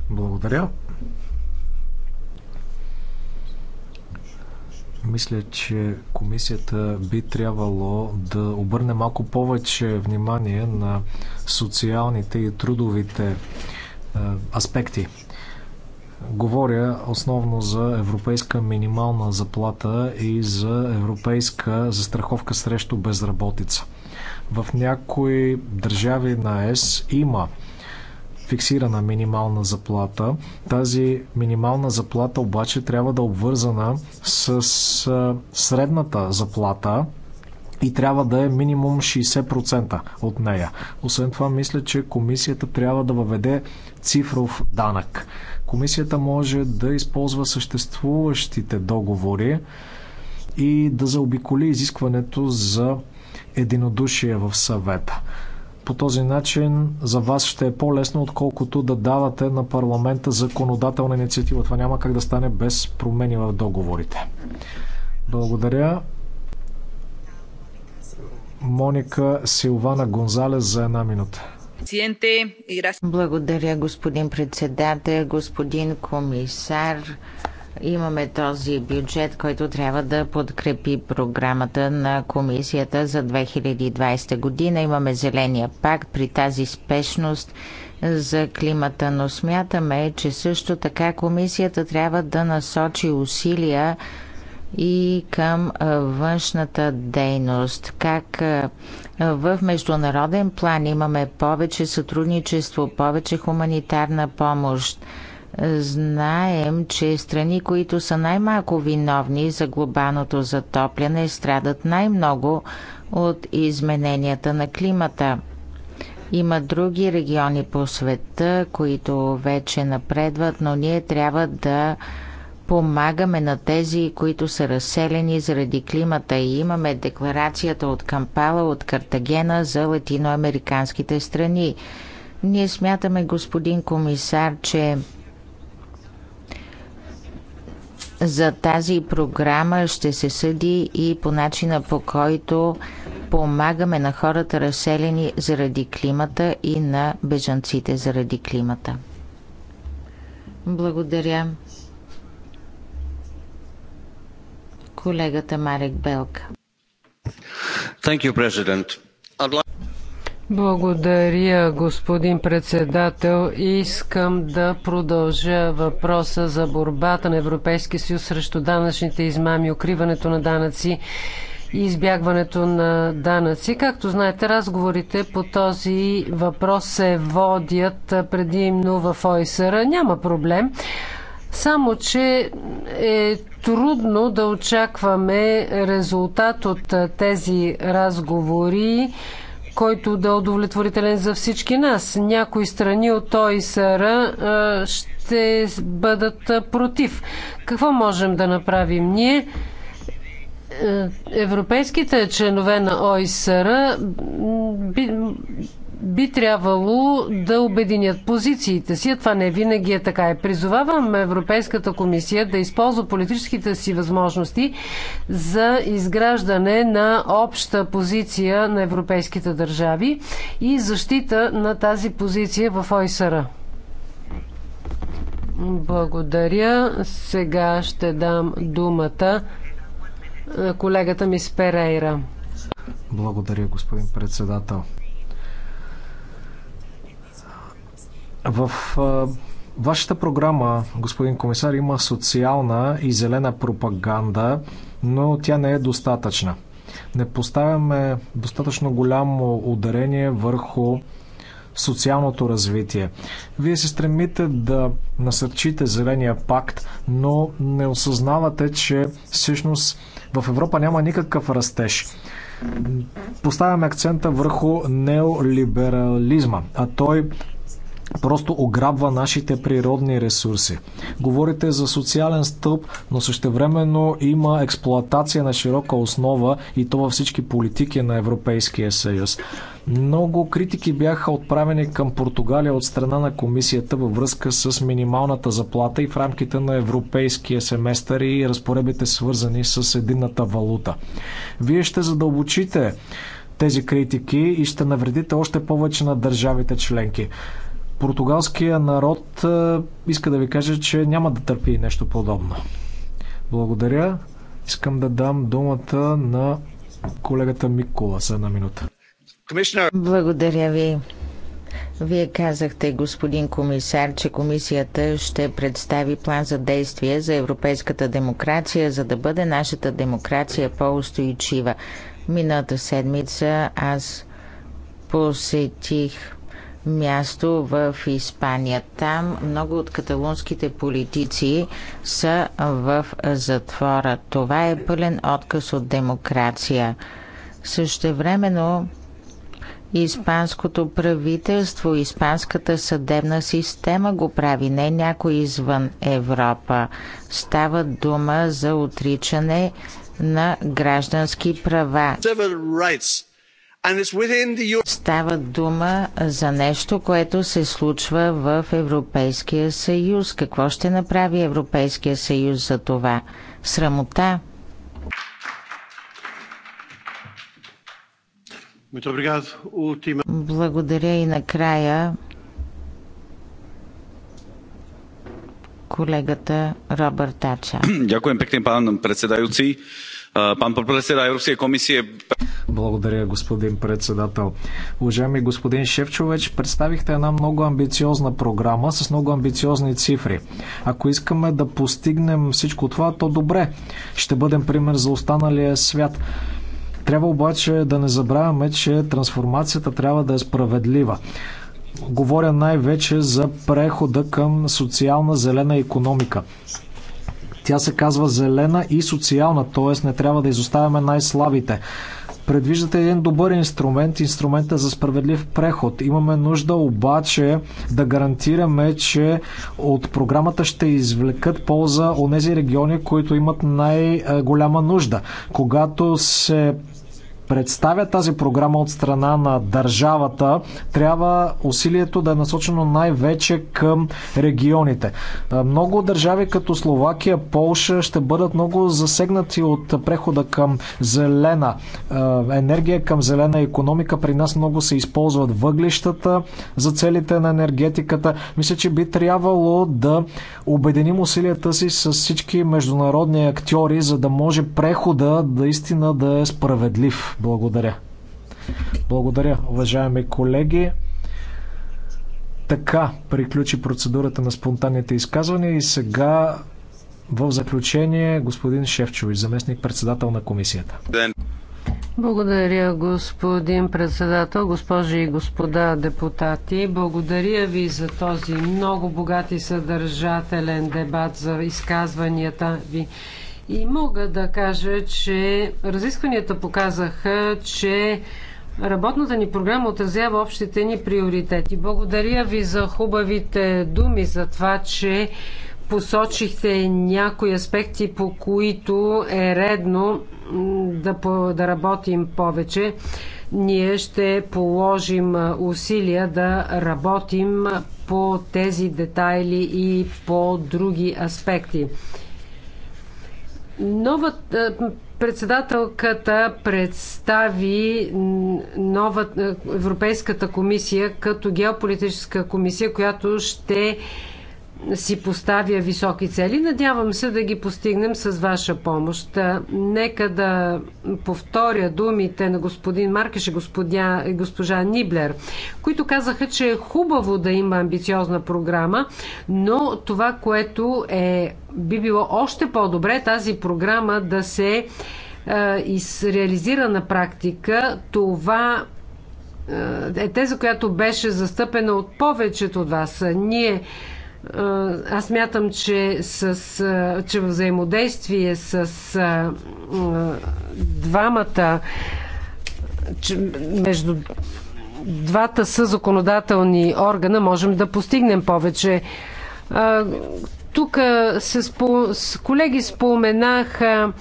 Благодаря. Мисля, че комисията би трябвало да обърне малко повече внимание на социалните и трудовите е, аспекти. Говоря основно за европейска минимална заплата и за европейска застраховка срещу безработица. В някои държави на ЕС има фиксирана минимална заплата. Тази минимална заплата обаче трябва да е обвързана с средната заплата и трябва да е минимум 60% от нея. Освен това, мисля, че комисията трябва да въведе цифров данък. Комисията може да използва съществуващите договори и да заобиколи изискването за единодушие в съвета. По този начин за вас ще е по-лесно, отколкото да давате на парламента законодателна инициатива. Това няма как да стане без промени в договорите. Благодаря. Моника Силвана Гонзалес за една минута. Благодаря, господин председател, господин комисар. Имаме този бюджет, който трябва да подкрепи програмата на комисията за 2020 година. Имаме зеления пакт при тази спешност за климата, но смятаме, че също така комисията трябва да насочи усилия и към външната дейност. Как в международен план имаме повече сътрудничество, повече хуманитарна помощ – Знаем, че страни, които са най-малко виновни за глобалното затопляне, страдат най-много от измененията на климата. Има други региони по света, които вече напредват, но ние трябва да помагаме на тези, които са разселени заради климата и имаме декларацията от Кампала, от Картагена за латиноамериканските страни. Ние смятаме, господин комисар, че за тази програма ще се съди и по начина по който помагаме на хората разселени заради климата и на бежанците заради климата. Благодаря. Колегата Марек Белка. Thank you, President. Благодаря, господин председател. Искам да продължа въпроса за борбата на Европейския съюз срещу данъчните измами, укриването на данъци и избягването на данъци. Както знаете, разговорите по този въпрос се водят предимно в ОИСР. Няма проблем. Само, че е трудно да очакваме резултат от тези разговори който да е удовлетворителен за всички нас. Някои страни от ОИСР ще бъдат против. Какво можем да направим ние? Европейските членове на ОИСР би трябвало да обединят позициите си, а това не винаги е така. И е, призовавам Европейската комисия да използва политическите си възможности за изграждане на обща позиция на европейските държави и защита на тази позиция в ОИСР. Благодаря. Сега ще дам думата на колегата ми Сперейра. Благодаря, господин председател. В вашата програма, господин комисар, има социална и зелена пропаганда, но тя не е достатъчна. Не поставяме достатъчно голямо ударение върху социалното развитие. Вие се стремите да насърчите зеления пакт, но не осъзнавате, че всъщност в Европа няма никакъв растеж. Поставяме акцента върху неолиберализма, а той просто ограбва нашите природни ресурси. Говорите за социален стълб, но същевременно има експлоатация на широка основа и то във всички политики на Европейския съюз. Много критики бяха отправени към Португалия от страна на комисията във връзка с минималната заплата и в рамките на европейския семестър и разпоребите, свързани с единната валута. Вие ще задълбочите тези критики и ще навредите още повече на държавите членки. Португалския народ иска да ви кажа, че няма да търпи нещо подобно. Благодаря. Искам да дам думата на колегата Микола за една минута. Благодаря ви. Вие казахте, господин комисар, че комисията ще представи план за действие за европейската демокрация, за да бъде нашата демокрация по-устойчива. Миналата седмица аз посетих място в Испания. Там много от каталунските политици са в затвора. Това е пълен отказ от демокрация. Същевременно Испанското правителство, испанската съдебна система го прави, не някой извън Европа. Става дума за отричане на граждански права. Става дума за нещо, което се случва в Европейския съюз. Какво ще направи Европейския съюз за това? Срамота. Благодаря и накрая колегата Робърт Тача. Дякуем пектен пан председаюци. Пан председател Европейския комисия. Благодаря, господин председател. Уважаеми господин Шевчович, представихте една много амбициозна програма с много амбициозни цифри. Ако искаме да постигнем всичко това, то добре. Ще бъдем пример за останалия свят. Трябва обаче да не забравяме, че трансформацията трябва да е справедлива. Говоря най-вече за прехода към социална зелена економика. Тя се казва зелена и социална, т.е. не трябва да изоставяме най-слабите. Предвиждате един добър инструмент, инструмента за справедлив преход. Имаме нужда обаче да гарантираме, че от програмата ще извлекат полза от тези региони, които имат най-голяма нужда. Когато се представя тази програма от страна на държавата, трябва усилието да е насочено най-вече към регионите. Много държави като Словакия, Полша ще бъдат много засегнати от прехода към зелена енергия, към зелена економика. При нас много се използват въглищата за целите на енергетиката. Мисля, че би трябвало да обединим усилията си с всички международни актьори, за да може прехода наистина истина да е справедлив. Благодаря. Благодаря, уважаеми колеги. Така приключи процедурата на спонтанните изказвания и сега в заключение господин Шевчови, заместник председател на комисията. Благодаря, господин председател, госпожи и господа депутати. Благодаря ви за този много богат и съдържателен дебат за изказванията ви. И мога да кажа, че разискванията показаха, че Работната ни програма отразява общите ни приоритети. Благодаря ви за хубавите думи, за това, че посочихте някои аспекти, по които е редно да, да работим повече. Ние ще положим усилия да работим по тези детайли и по други аспекти. Новата е, председателката представи нова е, Европейската комисия като геополитическа комисия, която ще си поставя високи цели. Надявам се да ги постигнем с ваша помощ. Нека да повторя думите на господин Маркеш и господя, госпожа Ниблер, които казаха, че е хубаво да има амбициозна програма, но това, което е, би било още по-добре, е тази програма да се е, изреализира на практика. Това е теза, която беше застъпена от повечето от вас. Ние аз мятам, че, с, че взаимодействие с двамата, че между двата са законодателни органа можем да постигнем повече. Тук се спо... колеги споменаха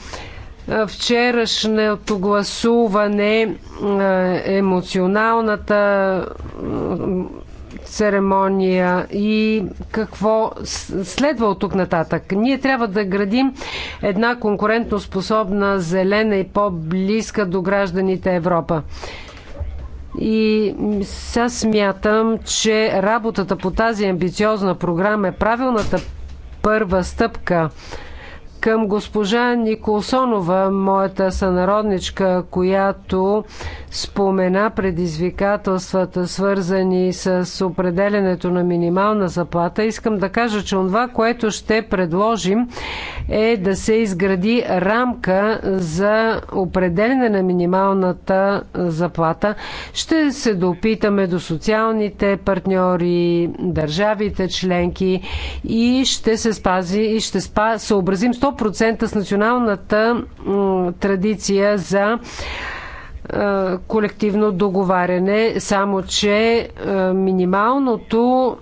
вчерашното гласуване, емоционалната церемония и какво следва от тук нататък. Ние трябва да градим една способна, зелена и по-близка до гражданите Европа. И сега смятам, че работата по тази амбициозна програма е правилната първа стъпка към госпожа Николсонова, моята сънародничка, която спомена предизвикателствата, свързани с определенето на минимална заплата. Искам да кажа, че това, което ще предложим е да се изгради рамка за определене на минималната заплата. Ще се допитаме до социалните партньори, държавите членки и ще се спази и ще спа, съобразим 100 100% с националната традиция за колективно договаряне, само че минималното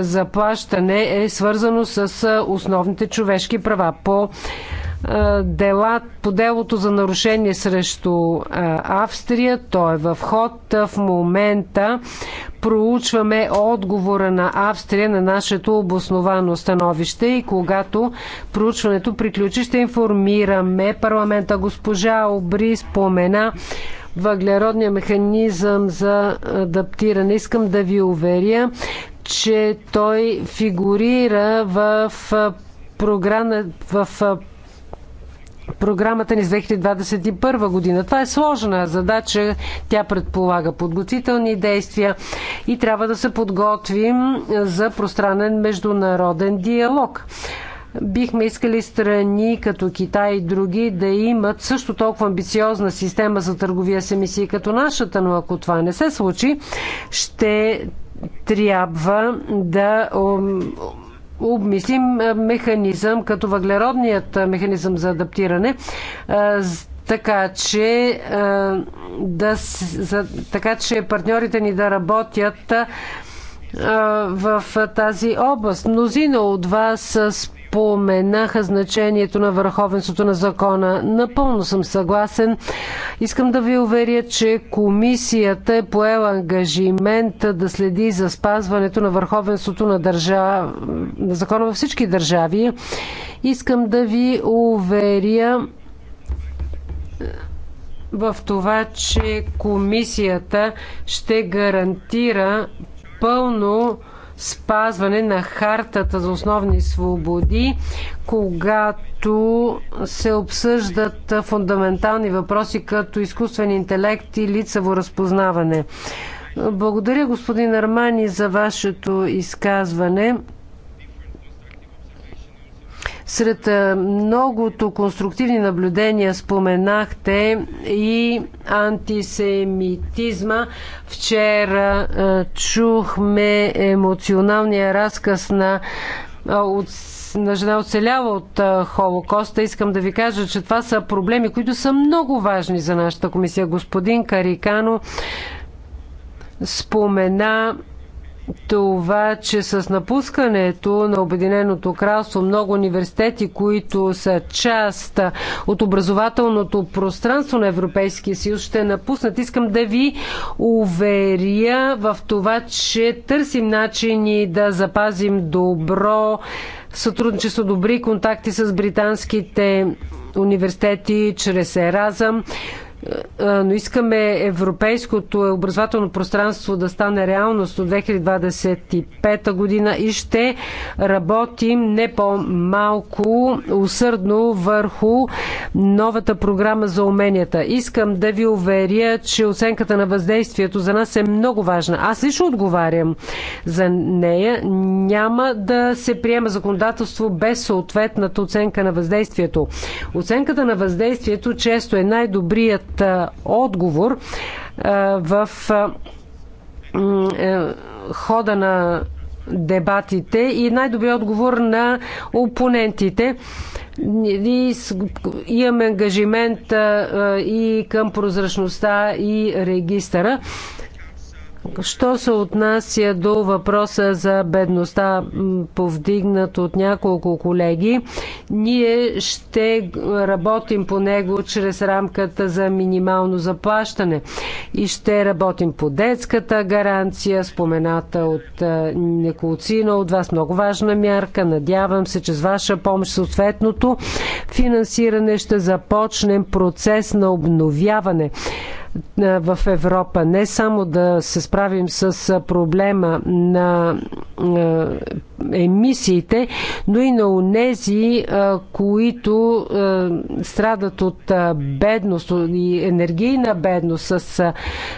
заплащане е свързано с основните човешки права. По е, дела, по делото за нарушение срещу е, Австрия. Той е в ход. В момента проучваме отговора на Австрия на нашето обосновано становище и когато проучването приключи, ще информираме парламента. Госпожа Обри спомена въглеродния механизъм за адаптиране. Искам да ви уверя, че той фигурира в е, програма в програмата ни с 2021 година. Това е сложна задача. Тя предполага подготвителни действия и трябва да се подготвим за пространен международен диалог. Бихме искали страни като Китай и други да имат също толкова амбициозна система за търговия с емисии като нашата, но ако това не се случи, ще трябва да обмислим механизъм, като въглеродният механизъм за адаптиране, така че, да, за, така че партньорите ни да работят в тази област. Мнозина от вас споменаха значението на върховенството на закона. Напълно съм съгласен. Искам да ви уверя, че комисията е поела ангажимент да следи за спазването на върховенството на, държав... на закона във всички държави. Искам да ви уверя в това, че комисията ще гарантира пълно спазване на хартата за основни свободи, когато се обсъждат фундаментални въпроси като изкуствен интелект и лицево разпознаване. Благодаря, господин Армани, за вашето изказване. Сред многото конструктивни наблюдения споменахте и антисемитизма. Вчера чухме емоционалния разказ на от на жена оцелява от Холокоста. Искам да ви кажа, че това са проблеми, които са много важни за нашата комисия. Господин Карикано спомена това, че с напускането на Обединеното кралство много университети, които са част от образователното пространство на Европейския съюз, ще напуснат. Искам да ви уверя в това, че търсим начини да запазим добро сътрудничество, добри контакти с британските университети чрез Еразъм но искаме европейското образователно пространство да стане реалност от 2025 година и ще работим не по-малко усърдно върху новата програма за уменията. Искам да ви уверя, че оценката на въздействието за нас е много важна. Аз лично отговарям за нея. Няма да се приема законодателство без съответната оценка на въздействието. Оценката на въздействието често е най-добрият отговор в е, хода на дебатите и най-добрият отговор на опонентите. И имаме ангажимент и към прозрачността и регистъра. Що се отнася до въпроса за бедността, повдигнат от няколко колеги, ние ще работим по него чрез рамката за минимално заплащане и ще работим по детската гаранция, спомената от е, Неколцина, от вас много важна мярка. Надявам се, че с ваша помощ съответното финансиране ще започнем процес на обновяване в Европа. Не само да се справим с проблема на емисиите, но и на унези, които страдат от бедност и енергийна бедност. С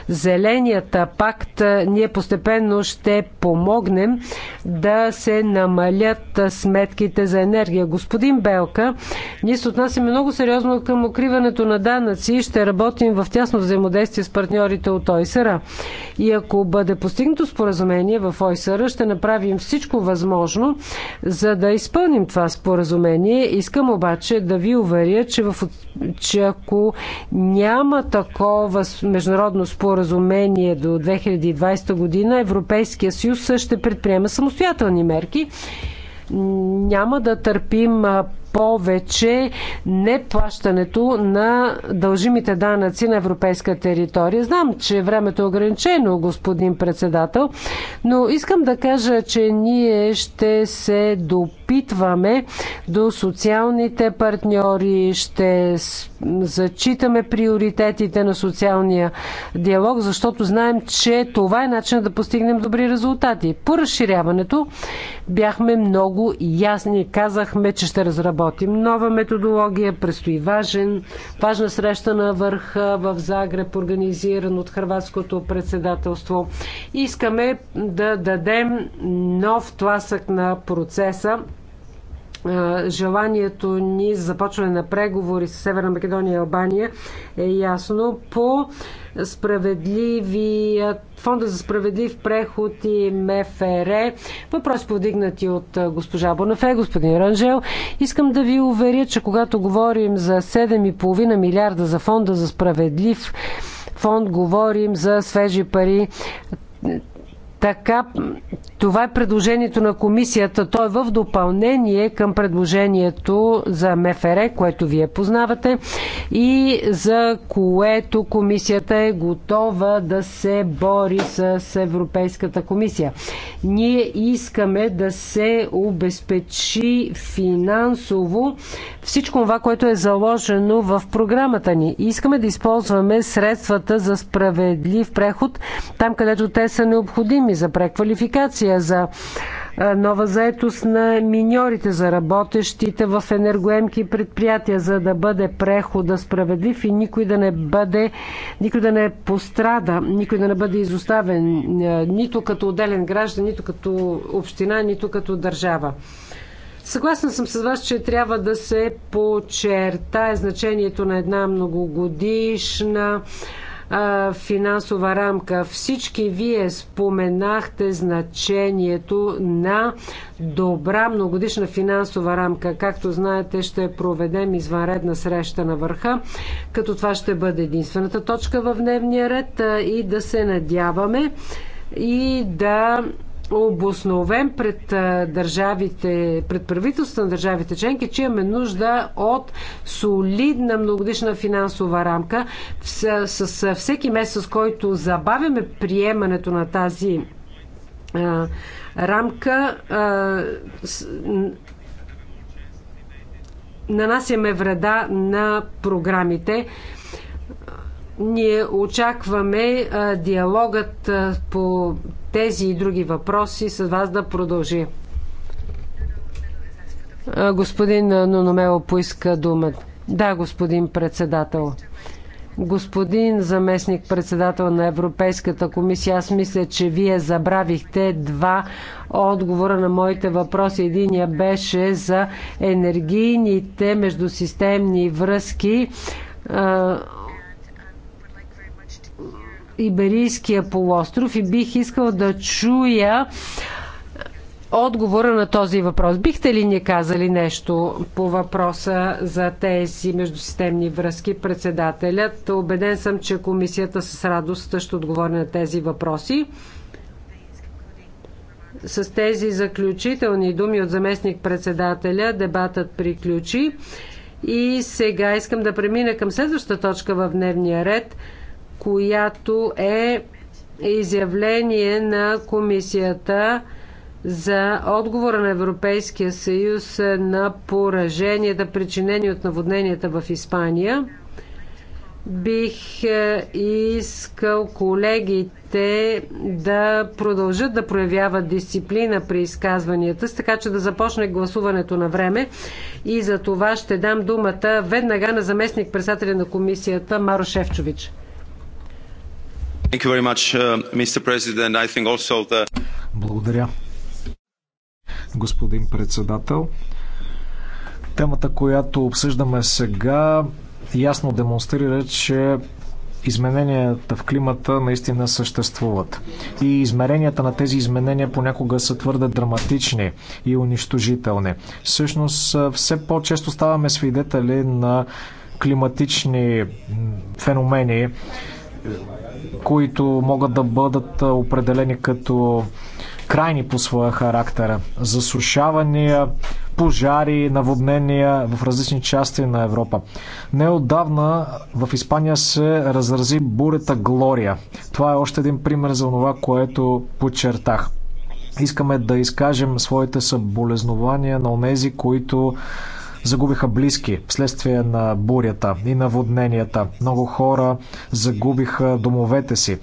Зеленият пакт ние постепенно ще помогнем да се намалят сметките за енергия. Господин Белка, ние се отнасяме много сериозно към укриването на данъци и ще работим в тясно взаимодействие с партньорите от ОИСРА. И ако бъде постигнато споразумение в ОИСРА, ще направим всичко възможно възможно, за да изпълним това споразумение. Искам обаче да ви уверя, че, в, че ако няма такова международно споразумение до 2020 година, Европейския съюз ще предприема самостоятелни мерки. Няма да търпим повече неплащането на дължимите данъци на европейска територия. Знам, че времето е ограничено, господин председател, но искам да кажа, че ние ще се допитваме до социалните партньори, ще зачитаме приоритетите на социалния диалог, защото знаем, че това е начин да постигнем добри резултати. По разширяването бяхме много ясни. Казахме, че ще разработим разработим нова методология. Предстои важен, важна среща на върха в Загреб, организиран от Хрватското председателство. Искаме да дадем нов тласък на процеса желанието ни за започване на преговори с Северна Македония и Албания е ясно по справедливият Фонда за справедлив преход и МФР. Въпрос повдигнати от госпожа Бонафе, господин Ранжел. Искам да ви уверя, че когато говорим за 7,5 милиарда за Фонда за справедлив фонд, говорим за свежи пари така, това е предложението на комисията. Той е в допълнение към предложението за МФР, което вие познавате и за което комисията е готова да се бори с Европейската комисия. Ние искаме да се обезпечи финансово всичко това, което е заложено в програмата ни. Искаме да използваме средствата за справедлив преход там, където те са необходими програми за преквалификация, за нова заетост на миньорите, за работещите в енергоемки предприятия, за да бъде прехода справедлив и никой да не бъде, никой да не пострада, никой да не бъде изоставен нито като отделен граждан, нито като община, нито като държава. Съгласна съм с вас, че трябва да се почертае значението на една многогодишна а, финансова рамка. Всички вие споменахте значението на добра многодишна финансова рамка. Както знаете, ще проведем извънредна среща на върха, като това ще бъде единствената точка в дневния ред и да се надяваме и да Обосновен пред държавите, пред правителството на държавите членки, че имаме нужда от солидна многодишна финансова рамка с, с, с всеки месец, с който забавяме приемането на тази а, рамка а, с, нанасяме вреда на програмите. Ние очакваме диалогът по тези и други въпроси с вас да продължи. Господин Нономело поиска дума. Да, господин председател. Господин заместник председател на Европейската комисия, аз мисля, че вие забравихте два отговора на моите въпроси. Единия беше за енергийните междусистемни връзки Иберийския полуостров и бих искал да чуя отговора на този въпрос. Бихте ли ни казали нещо по въпроса за тези междусистемни връзки? Председателят, убеден съм, че комисията с радост ще отговори на тези въпроси. С тези заключителни думи от заместник председателя дебатът приключи. И сега искам да премина към следващата точка в дневния ред – която е изявление на комисията за отговора на Европейския съюз на пораженията, причинени от наводненията в Испания. Бих е, искал колегите да продължат да проявяват дисциплина при изказванията, така че да започне гласуването на време. И за това ще дам думата веднага на заместник председателя на комисията Маро Шевчович. Uh, Благодаря. Господин председател, темата, която обсъждаме сега, ясно демонстрира, че измененията в климата наистина съществуват. И измеренията на тези изменения понякога са твърде драматични и унищожителни. Всъщност, все по-често ставаме свидетели на климатични феномени, които могат да бъдат определени като крайни по своя характер. Засушавания, пожари, наводнения в различни части на Европа. Неодавна в Испания се разрази бурята Глория. Това е още един пример за това, което подчертах. Искаме да изкажем своите съболезнования на онези, които загубиха близки вследствие на бурята и наводненията. Много хора загубиха домовете си.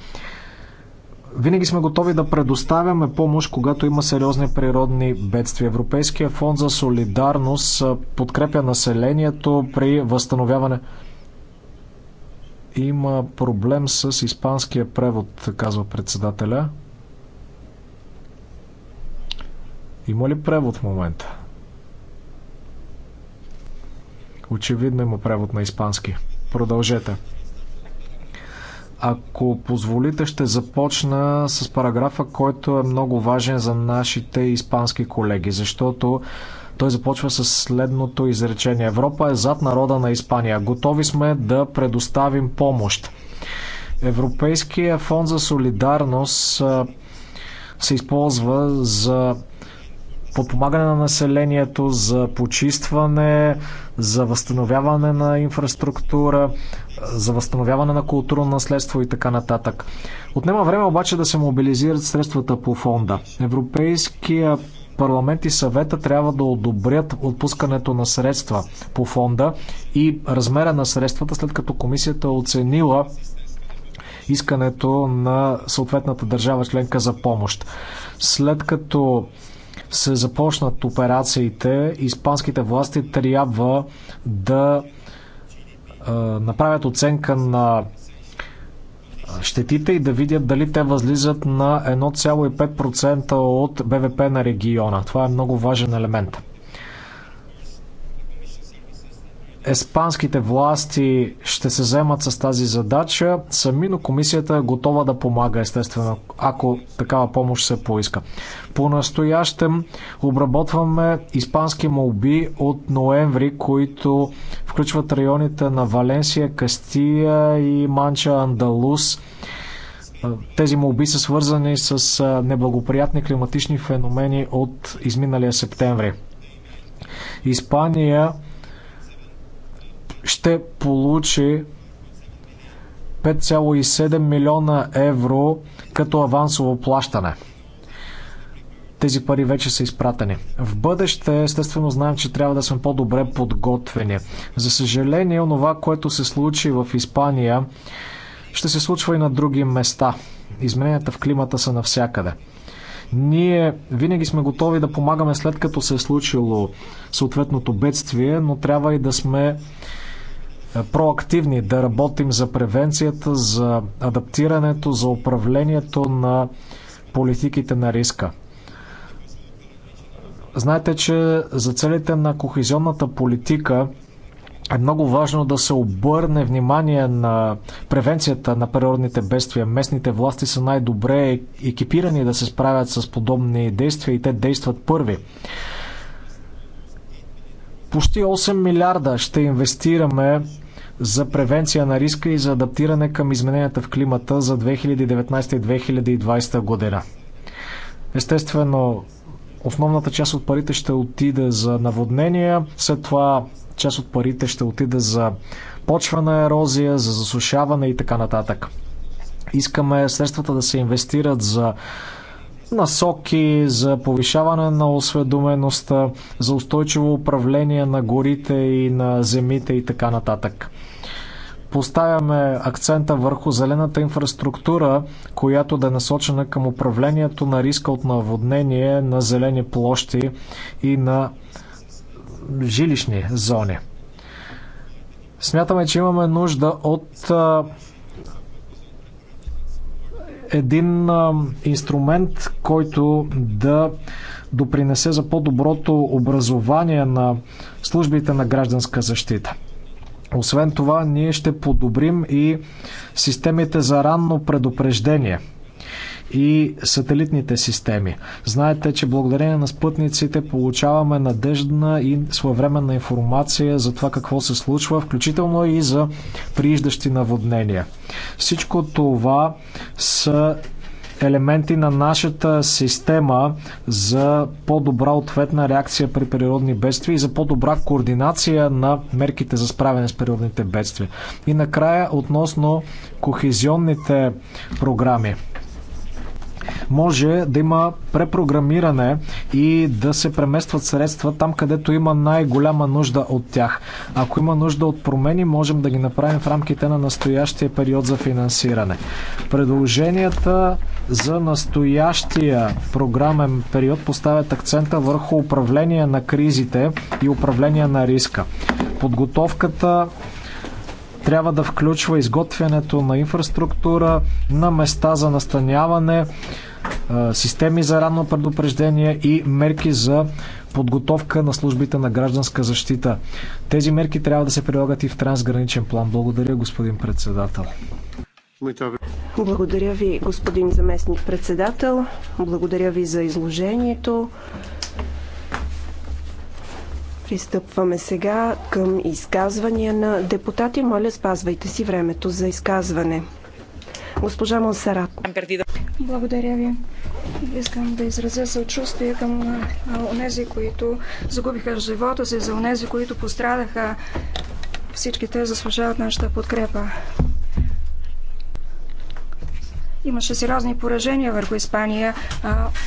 Винаги сме готови да предоставяме помощ, когато има сериозни природни бедствия. Европейския фонд за солидарност подкрепя населението при възстановяване. Има проблем с испанския превод, казва председателя. Има ли превод в момента? Очевидно има превод на испански. Продължете. Ако позволите, ще започна с параграфа, който е много важен за нашите испански колеги, защото той започва с следното изречение. Европа е зад народа на Испания. Готови сме да предоставим помощ. Европейския фонд за солидарност се използва за подпомагане на населението, за почистване, за възстановяване на инфраструктура, за възстановяване на културно наследство и така нататък. Отнема време обаче да се мобилизират средствата по фонда. Европейския парламент и съвета трябва да одобрят отпускането на средства по фонда и размера на средствата, след като комисията оценила искането на съответната държава членка за помощ. След като се започнат операциите, испанските власти трябва да направят оценка на щетите и да видят дали те възлизат на 1,5% от БВП на региона. Това е много важен елемент. еспанските власти ще се вземат с тази задача сами, но комисията е готова да помага, естествено, ако такава помощ се поиска. По-настоящем обработваме испански молби от ноември, които включват районите на Валенсия, Кастия и Манча Андалус. Тези молби са свързани с неблагоприятни климатични феномени от изминалия септември. Испания ще получи 5,7 милиона евро като авансово плащане. Тези пари вече са изпратени. В бъдеще, естествено, знаем, че трябва да сме по-добре подготвени. За съжаление, онова, което се случи в Испания, ще се случва и на други места. Измененията в климата са навсякъде. Ние винаги сме готови да помагаме след като се е случило съответното бедствие, но трябва и да сме проактивни, да работим за превенцията, за адаптирането, за управлението на политиките на риска. Знаете, че за целите на кохезионната политика е много важно да се обърне внимание на превенцията на природните бедствия. Местните власти са най-добре екипирани да се справят с подобни действия и те действат първи. Почти 8 милиарда ще инвестираме за превенция на риска и за адаптиране към измененията в климата за 2019 и 2020 година. Естествено, основната част от парите ще отиде за наводнения, след това част от парите ще отиде за почвена ерозия, за засушаване и така нататък. Искаме средствата да се инвестират за насоки за повишаване на осведомеността, за устойчиво управление на горите и на земите и така нататък. Поставяме акцента върху зелената инфраструктура, която да е насочена към управлението на риска от наводнение на зелени площи и на жилищни зони. Смятаме, че имаме нужда от един инструмент, който да допринесе за по-доброто образование на службите на гражданска защита. Освен това, ние ще подобрим и системите за ранно предупреждение – и сателитните системи. Знаете, че благодарение на спътниците получаваме надеждна и своевременна информация за това какво се случва, включително и за прииждащи наводнения. Всичко това са елементи на нашата система за по-добра ответна реакция при природни бедствия и за по-добра координация на мерките за справяне с природните бедствия. И накрая относно кохезионните програми може да има препрограмиране и да се преместват средства там, където има най-голяма нужда от тях. Ако има нужда от промени, можем да ги направим в рамките на настоящия период за финансиране. Предложенията за настоящия програмен период поставят акцента върху управление на кризите и управление на риска. Подготовката трябва да включва изготвянето на инфраструктура, на места за настаняване, е, системи за ранно предупреждение и мерки за подготовка на службите на гражданска защита. Тези мерки трябва да се прилагат и в трансграничен план. Благодаря, господин председател. Благодаря ви, господин заместник председател. Благодаря ви за изложението. Пристъпваме сега към изказвания на депутати. Моля, спазвайте си времето за изказване. Госпожа Монсерат. Благодаря ви. Искам да изразя съчувствие към онези, които загубиха живота си, за онези, които пострадаха. Всички те заслужават нашата подкрепа. Имаше сериозни поражения върху Испания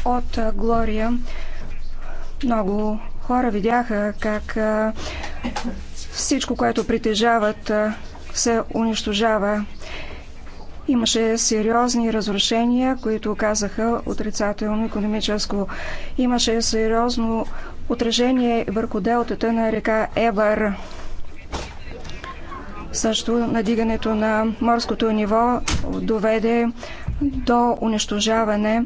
от Глория. Много хора видяха как всичко, което притежават, се унищожава. Имаше сериозни разрушения, които оказаха отрицателно економическо. Имаше сериозно отражение върху делтата на река Ебър. Също надигането на морското ниво доведе до унищожаване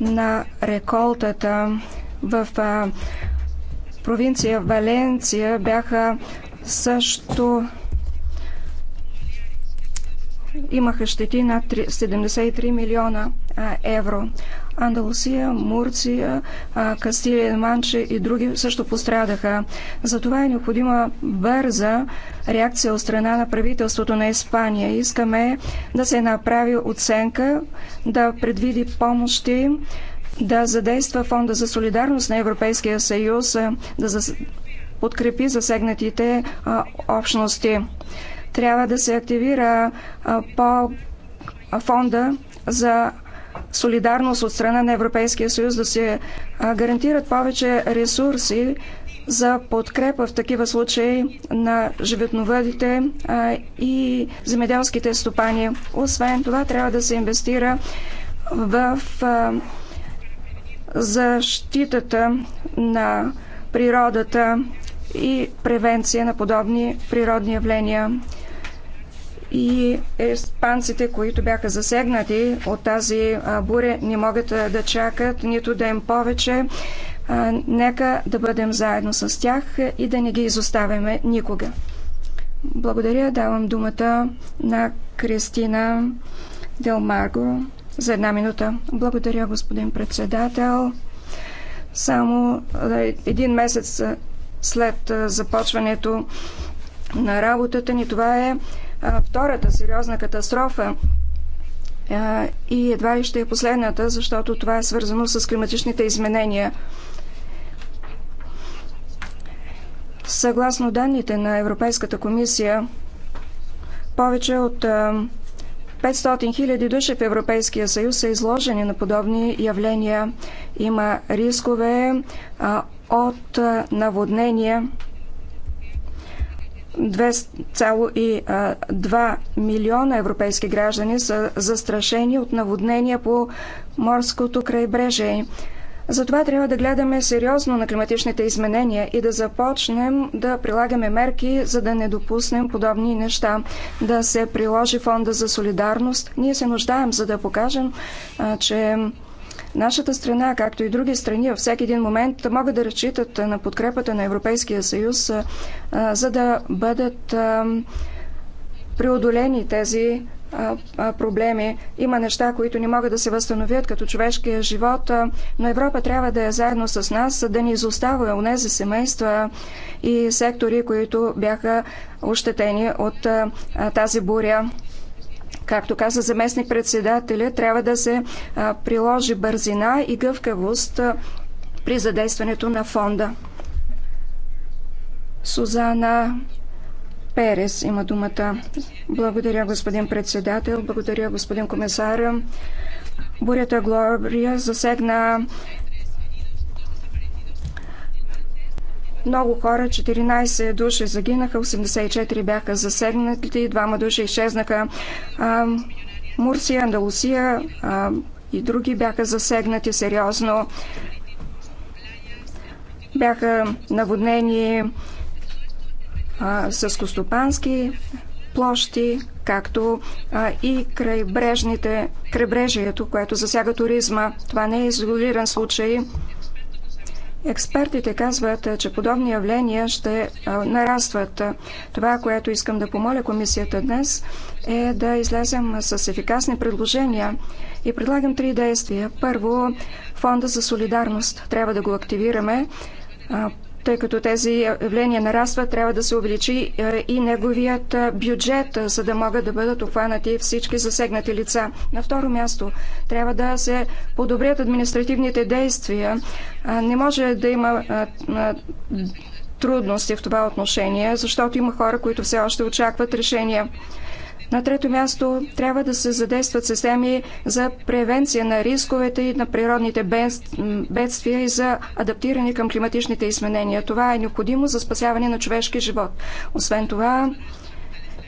на реколтата в провинция Валенция бяха също имаха щети над 73 милиона евро. Андалусия, Мурция, Кастилия, Манче и други също пострадаха. Затова е необходима бърза реакция от страна на правителството на Испания. Искаме да се направи оценка, да предвиди помощи да задейства Фонда за солидарност на Европейския съюз, да подкрепи засегнатите а, общности. Трябва да се активира а, по фонда за солидарност от страна на Европейския съюз, да се а, гарантират повече ресурси за подкрепа в такива случаи на животновъдите и земеделските стопани. Освен това, трябва да се инвестира в защитата на природата и превенция на подобни природни явления. И испанците, които бяха засегнати от тази буря, не могат да чакат нито да им повече. Нека да бъдем заедно с тях и да не ги изоставяме никога. Благодаря. Давам думата на Кристина Делмаго. За една минута. Благодаря, господин председател. Само един месец след започването на работата ни, това е втората сериозна катастрофа и едва ли ще е последната, защото това е свързано с климатичните изменения. Съгласно данните на Европейската комисия, повече от 500 хиляди души в Европейския съюз са изложени на подобни явления. Има рискове от наводнения. 2,2 милиона европейски граждани са застрашени от наводнения по морското крайбрежие. Затова трябва да гледаме сериозно на климатичните изменения и да започнем да прилагаме мерки, за да не допуснем подобни неща. Да се приложи фонда за солидарност. Ние се нуждаем, за да покажем, че Нашата страна, както и други страни, във всеки един момент могат да разчитат на подкрепата на Европейския съюз, за да бъдат преодолени тези проблеми. Има неща, които не могат да се възстановят като човешкия живот, но Европа трябва да е заедно с нас, да ни изостава у нези семейства и сектори, които бяха ощетени от тази буря. Както каза заместник председателя, трябва да се приложи бързина и гъвкавост при задействането на фонда. Сузана Перес има думата. Благодаря, господин председател. Благодаря, господин комисар. Бурята Глория засегна много хора, 14 души загинаха, 84 бяха засегнати, двама души изчезнаха. Мурсия, Андалусия и други бяха засегнати сериозно. Бяха наводнени съскостопански площи, както а, и крайбрежните, крайбрежието, което засяга туризма. Това не е изолиран случай. Експертите казват, че подобни явления ще нарастват. Това, което искам да помоля комисията днес, е да излезем с ефикасни предложения и предлагам три действия. Първо, фонда за солидарност. Трябва да го активираме. Тъй като тези явления нарастват, трябва да се увеличи е, и неговият е, бюджет, е, за да могат да бъдат обхванати всички засегнати лица. На второ място, трябва да се подобрят административните действия. Не може да има трудности в това отношение, защото има хора, които все още очакват решения. На трето място трябва да се задействат системи за превенция на рисковете и на природните бедствия и за адаптиране към климатичните изменения. Това е необходимо за спасяване на човешки живот. Освен това,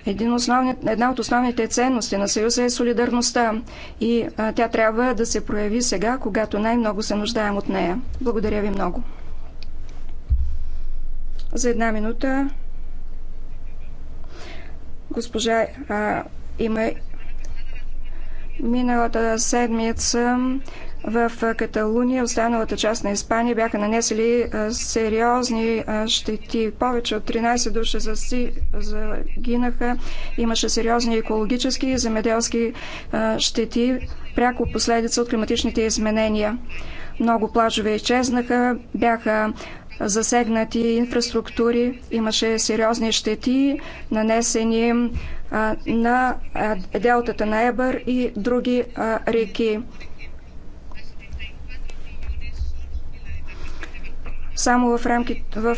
един основни, една от основните ценности на Съюза е солидарността и а, тя трябва да се прояви сега, когато най-много се нуждаем от нея. Благодаря ви много. За една минута Госпожа а, има миналата седмица в Каталуния, останалата част на Испания бяха нанесли сериозни щети. Повече от 13 души загинаха. Имаше сериозни екологически и земеделски щети, пряко последица от климатичните изменения. Много плажове изчезнаха, бяха засегнати инфраструктури, имаше сериозни щети, нанесени на делтата на Ебър и други реки. Само в, рамки, в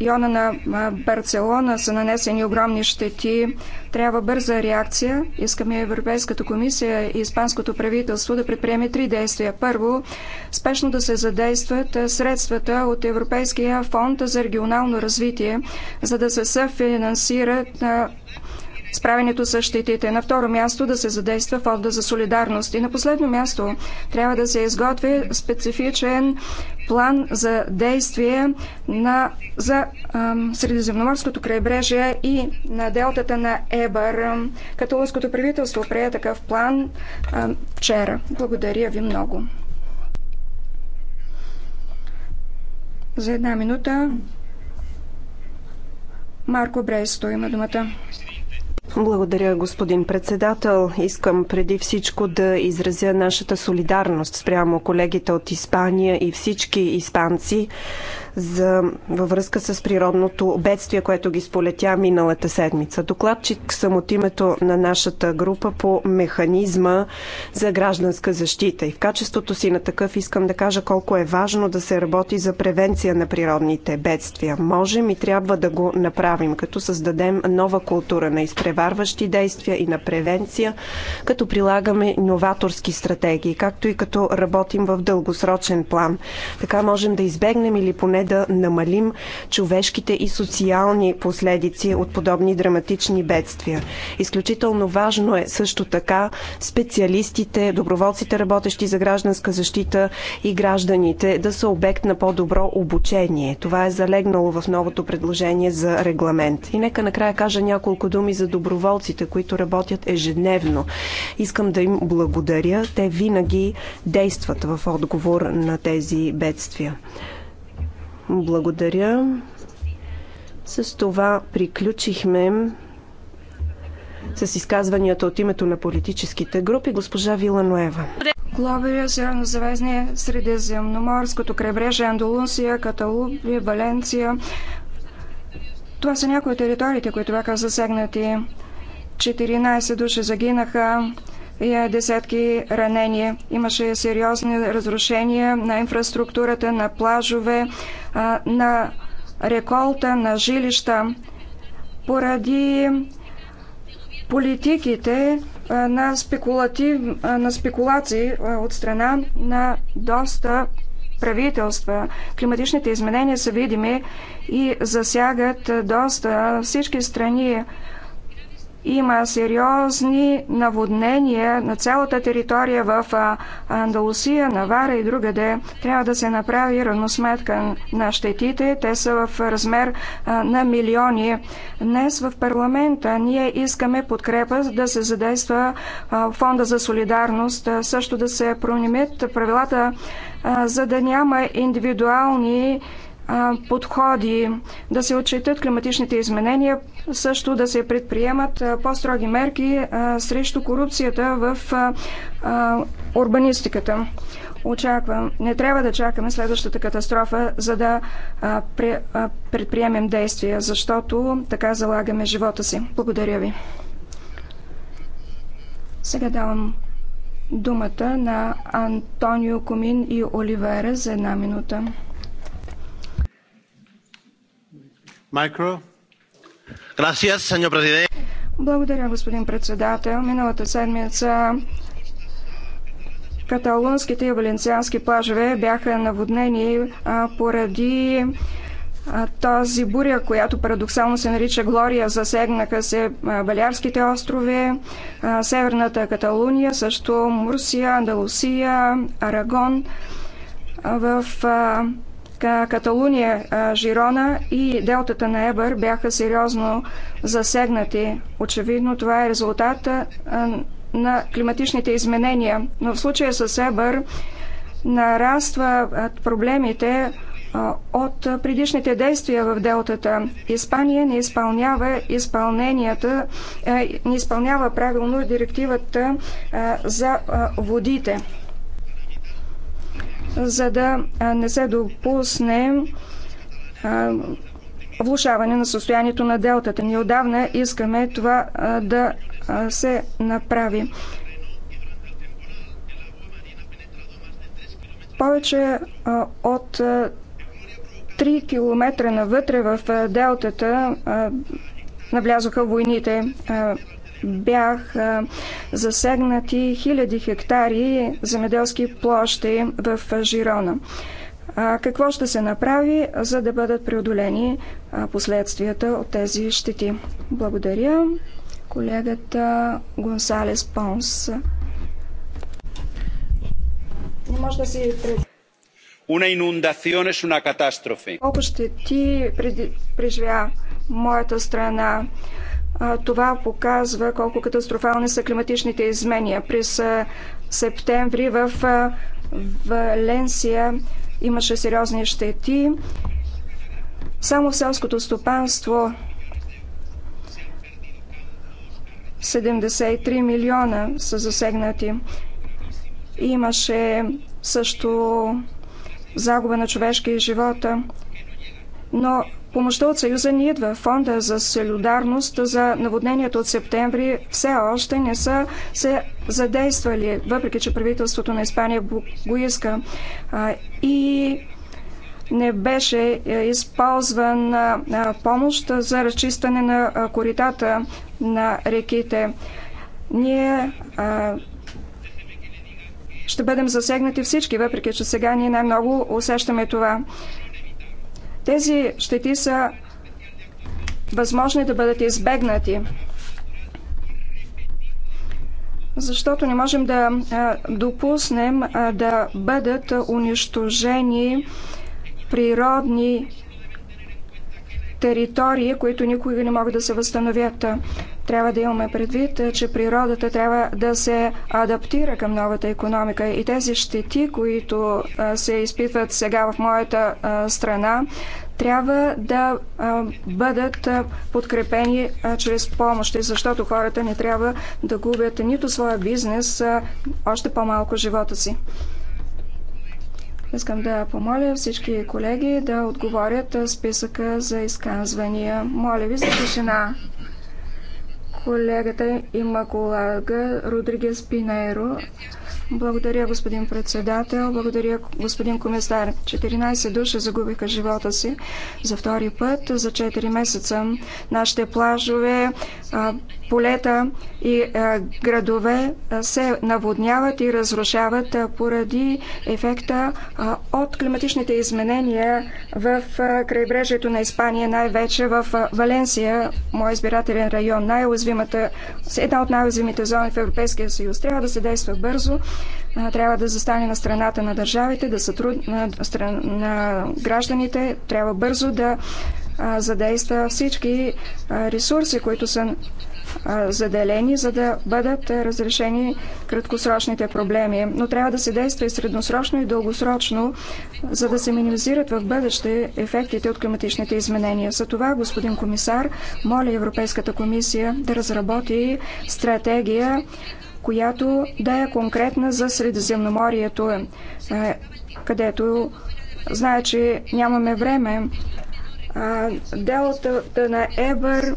района на Барселона са нанесени огромни щети. Трябва бърза реакция. Искаме Европейската комисия и Испанското правителство да предприеме три действия. Първо, спешно да се задействат средствата от Европейския фонд за регионално развитие, за да се съфинансират справянето с щетите. Е на второ място да се задейства фонда за солидарност. И на последно място трябва да се изготви специфичен план за действие на, за ам, Средиземноморското крайбрежие и на делтата на Ебър. Каталунското правителство прие такъв план ам, вчера. Благодаря ви много. За една минута Марко Брейсто има думата. Благодаря, господин председател. Искам преди всичко да изразя нашата солидарност спрямо колегите от Испания и всички испанци за, във връзка с природното бедствие, което ги сполетя миналата седмица. Докладчик съм от името на нашата група по механизма за гражданска защита. И в качеството си на такъв искам да кажа колко е важно да се работи за превенция на природните бедствия. Можем и трябва да го направим, като създадем нова култура на изпреварващи действия и на превенция, като прилагаме новаторски стратегии, както и като работим в дългосрочен план. Така можем да избегнем или поне да намалим човешките и социални последици от подобни драматични бедствия. Изключително важно е също така специалистите, доброволците, работещи за гражданска защита и гражданите да са обект на по-добро обучение. Това е залегнало в новото предложение за регламент. И нека накрая кажа няколко думи за доброволците, които работят ежедневно. Искам да им благодаря. Те винаги действат в отговор на тези бедствия. Благодаря. С това приключихме с изказванията от името на политическите групи. Госпожа Вилануева. Глобия, Северно Звездния, Средиземноморското крайбрежие, Андалусия, Каталубия, Валенция. Това са някои от териториите, които бяха засегнати. 14 души загинаха, и десетки ранения. Имаше сериозни разрушения на инфраструктурата, на плажове, на реколта, на жилища. Поради политиките на, спекулатив, на спекулации от страна на доста правителства. Климатичните изменения са видими и засягат доста всички страни. Има сериозни наводнения на цялата територия в Андалусия, Навара и другаде. Трябва да се направи равносметка на щетите. Те са в размер на милиони. Днес в парламента ние искаме подкрепа да се задейства фонда за солидарност, също да се пронимят правилата, за да няма индивидуални подходи, да се отчитат климатичните изменения, също да се предприемат по-строги мерки срещу корупцията в урбанистиката. Очаквам. Не трябва да чакаме следващата катастрофа, за да предприемем действия, защото така залагаме живота си. Благодаря ви. Сега давам думата на Антонио Комин и Оливера за една минута. Благодаря, господин председател. Миналата седмица каталунските и валенциански плажове бяха наводнени поради тази буря, която парадоксално се нарича Глория, засегнаха се Балярските острови, Северната Каталуния, също Мурсия, Андалусия, Арагон. В Каталуния, Жирона и делтата на Ебър бяха сериозно засегнати. Очевидно това е резултат на климатичните изменения. Но в случая с Ебър нараства проблемите от предишните действия в делтата. Испания не изпълнява изпълненията, не изпълнява правилно директивата за водите за да не се допусне влушаване на състоянието на делтата. Ние отдавна искаме това да се направи. Повече от 3 км навътре в делтата навлязоха войните бяха засегнати хиляди хектари земеделски площи в Жирона. Какво ще се направи, за да бъдат преодолени последствията от тези щети? Благодаря. Колегата Гонсалес Понс. Не може да си пред... Una inundación es una catástrofe. Колко ще ти преживя моята страна? Това показва колко катастрофални са климатичните изменения. През септември в Валенсия имаше сериозни щети. Само в селското стопанство 73 милиона са засегнати. Имаше също загуба на човешки живота, но Помощта от Съюза ни идва. Фонда за солидарност за наводнението от септември все още не са се задействали, въпреки че правителството на Испания го иска. И не беше е, използван помощ за разчистване на коритата на реките. Ние ще бъдем засегнати всички, въпреки че сега ние най-много усещаме това. Тези щети са възможни да бъдат избегнати, защото не можем да допуснем да бъдат унищожени природни територии, които никога не могат да се възстановят. Трябва да имаме предвид, че природата трябва да се адаптира към новата економика и тези щети, които се изпитват сега в моята страна, трябва да бъдат подкрепени чрез помощи, защото хората не трябва да губят нито своя бизнес, още по-малко живота си. Искам да помоля всички колеги да отговорят списъка за изказвания. Моля ви за тишина. Колегата Имаколага Родригес Пинейро благодаря, господин председател. Благодаря, господин комисар. 14 души загубиха живота си за втори път. За 4 месеца нашите плажове, полета и градове се наводняват и разрушават поради ефекта от климатичните изменения в крайбрежието на Испания, най-вече в Валенсия, мой избирателен район, най една от най-уязвимите зони в Европейския съюз. Трябва да се действа бързо трябва да застане на страната на държавите, да сътруд... на, на гражданите, трябва бързо да задейства всички ресурси, които са заделени, за да бъдат разрешени краткосрочните проблеми. Но трябва да се действа и средносрочно и дългосрочно, за да се минимизират в бъдеще ефектите от климатичните изменения. За това, господин комисар, моля Европейската комисия да разработи стратегия която да е конкретна за Средиземноморието, е, където знае, че нямаме време. Делтата на Ебър,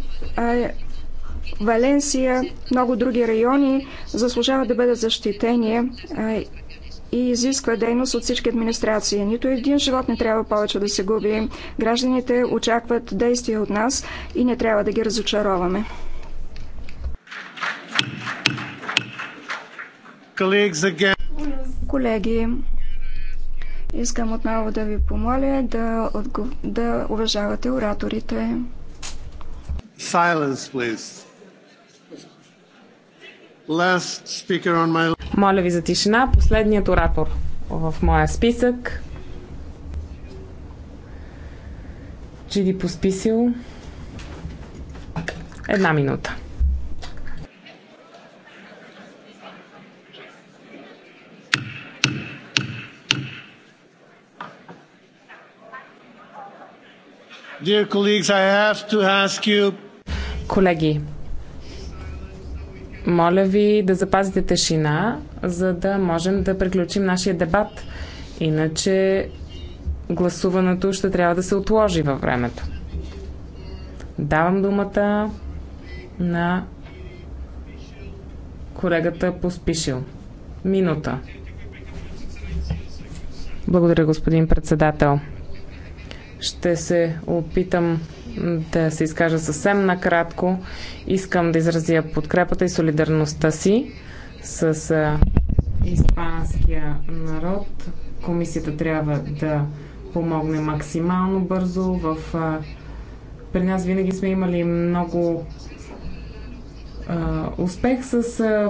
Валенсия, много други райони заслужават да бъдат защитени и изисква дейност от всички администрации. Нито един живот не трябва повече да се губи. Гражданите очакват действия от нас и не трябва да ги разочароваме. Колеги, искам отново да ви помоля да, отгов... да уважавате ораторите. Silence, please. Last speaker on my... Моля ви за тишина. Последният оратор в моя списък. Джиди Посписил. Една минута. Dear colleagues, I have to ask you... Колеги, моля ви да запазите тишина, за да можем да приключим нашия дебат. Иначе гласуването ще трябва да се отложи във времето. Давам думата на колегата Поспишил. Минута. Благодаря, господин председател. Ще се опитам да се изкажа съвсем накратко. Искам да изразя подкрепата и солидарността си с испанския народ. Комисията трябва да помогне максимално бързо. В, при нас винаги сме имали много успех с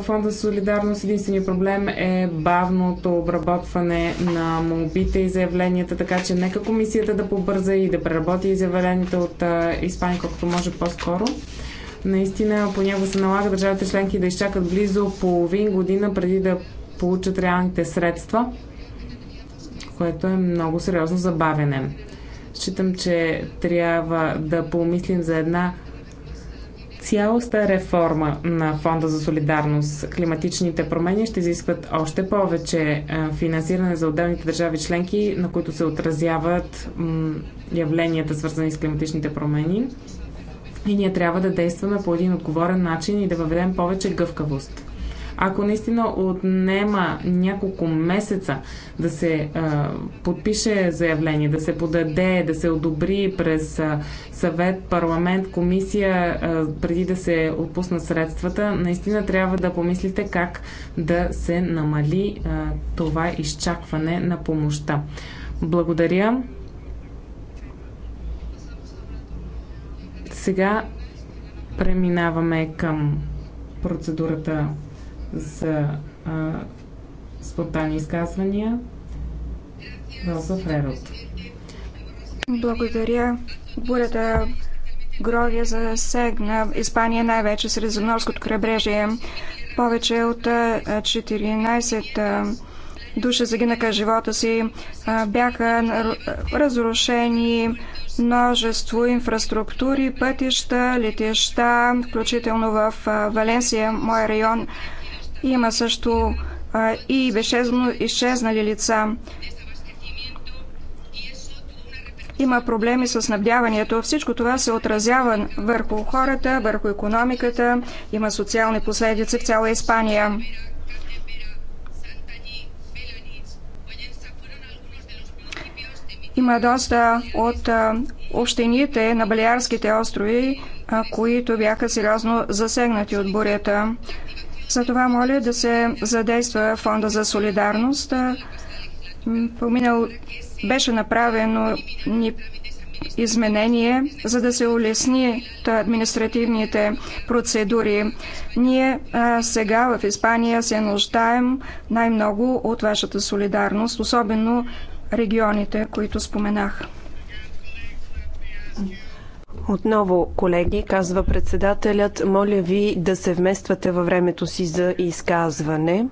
Фонда Солидарност. Единственият проблем е бавното обработване на молбите и заявленията, така че нека комисията да побърза и да преработи заявленията от Испания колкото може по-скоро. Наистина понякога се налага държавите членки да изчакат близо половин година преди да получат реалните средства, което е много сериозно забавене. Считам, че трябва да помислим за една цялостна реформа на Фонда за солидарност. Климатичните промени ще изискват още повече е, финансиране за отделните държави членки, на които се отразяват явленията, свързани с климатичните промени. И ние трябва да действаме по един отговорен начин и да въведем повече гъвкавост. Ако наистина отнема няколко месеца да се а, подпише заявление, да се подаде, да се одобри през а, съвет, парламент, комисия, а, преди да се отпуснат средствата, наистина трябва да помислите как да се намали а, това изчакване на помощта. Благодаря. Сега преминаваме към процедурата за а, спонтанни изказвания. Роза Фрерот. Благодаря. Бурята Гровия засегна Испания най-вече средиземноморското крайбрежие. Повече от 14 души загинаха живота си, бяха разрушени множество инфраструктури, пътища, летища, включително в Валенсия, мой район. Има също и безшезно изчезнали лица. Има проблеми с снабдяването. Всичко това се отразява върху хората, върху економиката. Има социални последици в цяла Испания. Има доста от общините на Балиарските острови, които бяха сериозно засегнати от бурята. Затова моля да се задейства фонда за солидарност. Поминал беше направено ни изменение, за да се улесни административните процедури. Ние а, сега в Испания се нуждаем най-много от вашата солидарност, особено регионите, които споменах. Отново, колеги, казва председателят, моля ви да се вмествате във времето си за изказване.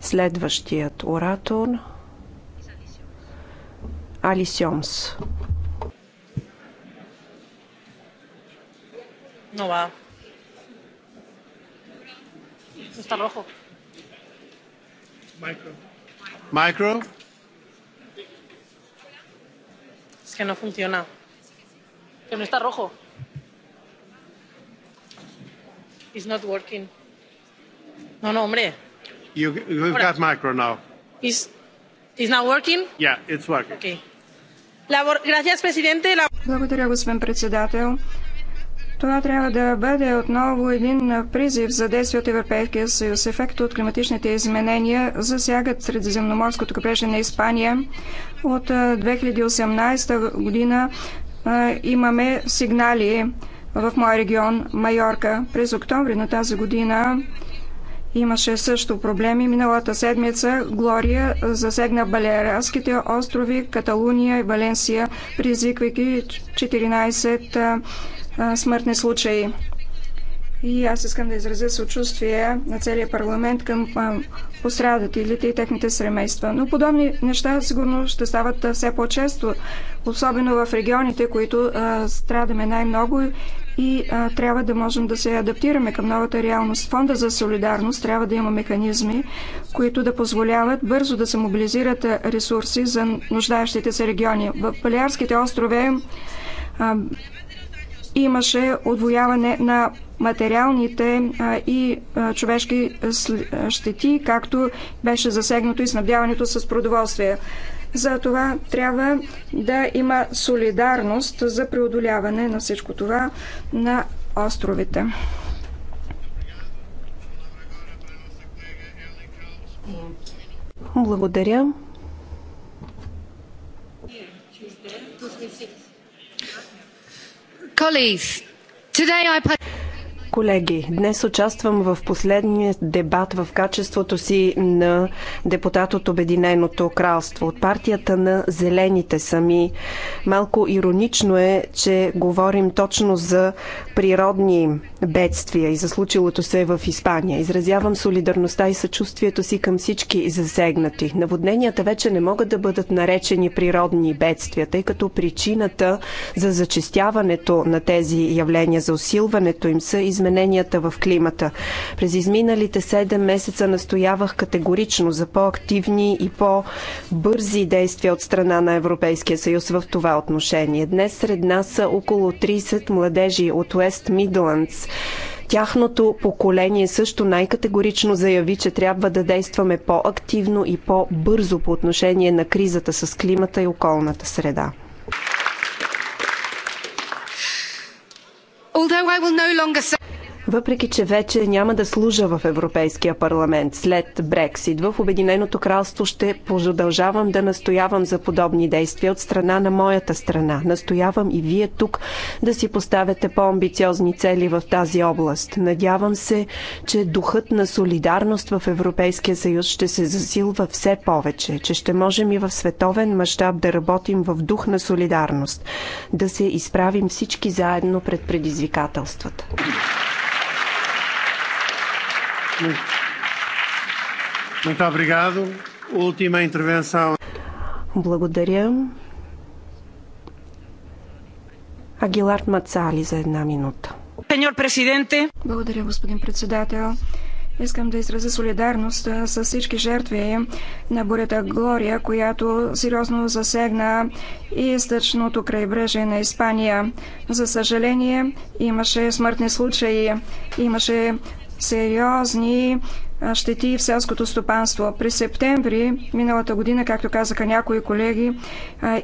Следващият оратор Али Сьомс. No va. Es que no funciona. Que no está rojo. It's not working. No, no, hombre. You, you've Ahora. got micro now. Is, is not working? Yeah, it's working. Okay. Labor... Gracias, presidente. La... Благодаря, господин председател. Това трябва да бъде отново един призив за действие от Европейския съюз. Ефектът от климатичните изменения засягат средиземноморското крепеше на Испания. От 2018 година имаме сигнали в моя регион Майорка. През октомври на тази година имаше също проблеми. Миналата седмица Глория засегна Балеарските острови, Каталуния и Валенсия, призвиквайки 14 смъртни случаи. И аз искам да изразя съчувствие на целия парламент към пострадателите и техните семейства. Но подобни неща сигурно ще стават все по-често, особено в регионите, които а, страдаме най-много и а, трябва да можем да се адаптираме към новата реалност. Фонда за солидарност трябва да има механизми, които да позволяват бързо да се мобилизират ресурси за нуждаещите се региони. В Палиарските острове а, имаше отвояване на материалните и човешки щети, както беше засегнато и снабдяването с продоволствие. За това трябва да има солидарност за преодоляване на всичко това на островите. Благодаря. Colleagues, today I... Колеги, днес участвам в последния дебат в качеството си на депутат от Обединеното кралство, от партията на Зелените сами. Малко иронично е, че говорим точно за природни бедствия и за случилото се в Испания. Изразявам солидарността и съчувствието си към всички засегнати. Наводненията вече не могат да бъдат наречени природни бедствия, тъй като причината за зачистяването на тези явления, за усилването им са и измененията в климата. През изминалите 7 месеца настоявах категорично за по-активни и по-бързи действия от страна на Европейския съюз в това отношение. Днес сред нас са около 30 младежи от Уест Мидландс. Тяхното поколение също най-категорично заяви, че трябва да действаме по-активно и по-бързо по отношение на кризата с климата и околната среда. Although I will no longer say въпреки, че вече няма да служа в Европейския парламент след Брексит, в Обединеното кралство ще продължавам да настоявам за подобни действия от страна на моята страна. Настоявам и вие тук да си поставяте по-амбициозни цели в тази област. Надявам се, че духът на солидарност в Европейския съюз ще се засилва все повече, че ще можем и в световен мащаб да работим в дух на солидарност, да се изправим всички заедно пред предизвикателствата. Благодаря. Агилард Мацали за една минута. Благодаря, господин председател. Искам да изразя солидарност с всички жертви на бурята Глория, която сериозно засегна и източното крайбрежие на Испания. За съжаление, имаше смъртни случаи, имаше сериозни щети в селското стопанство. През септември миналата година, както казаха някои колеги,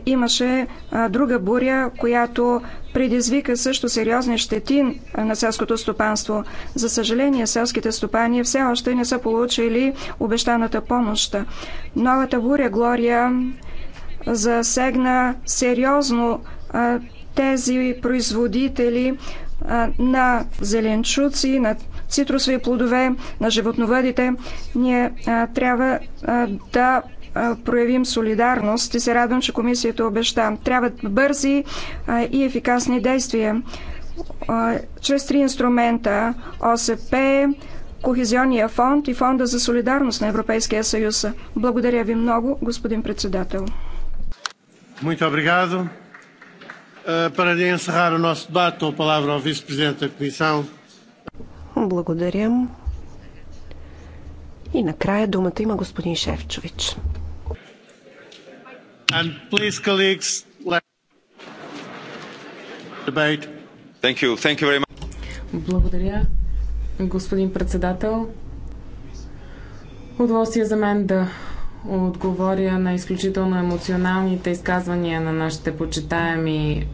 имаше друга буря, която предизвика също сериозни щети на селското стопанство. За съжаление, селските стопани все още не са получили обещаната помощ. Новата буря Глория засегна сериозно тези производители на зеленчуци, на цитрусови плодове, на животновъдите. Ние а, трябва а, да проявим солидарност и се радвам, че комисията обеща. Трябват бързи а, и ефикасни действия. А, чрез три инструмента ОСП, Кохезионния фонд и Фонда за солидарност на Европейския съюз. Благодаря ви много, господин председател. Muito obrigado. Para encerrar o nosso debate, dou a palavra ao Vice-Presidente da Comissão, благодаря. И накрая думата има господин Шевчович. Please, Thank you. Thank you Благодаря, господин председател. Удоволствие за мен да отговоря на изключително емоционалните изказвания на нашите почитаеми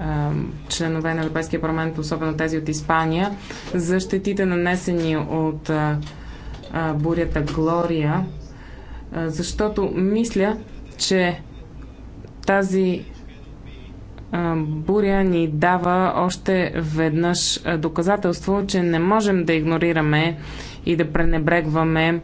членове на Европейския парламент, особено тези от Испания, за щетите нанесени от бурята Глория, защото мисля, че тази буря ни дава още веднъж доказателство, че не можем да игнорираме и да пренебрегваме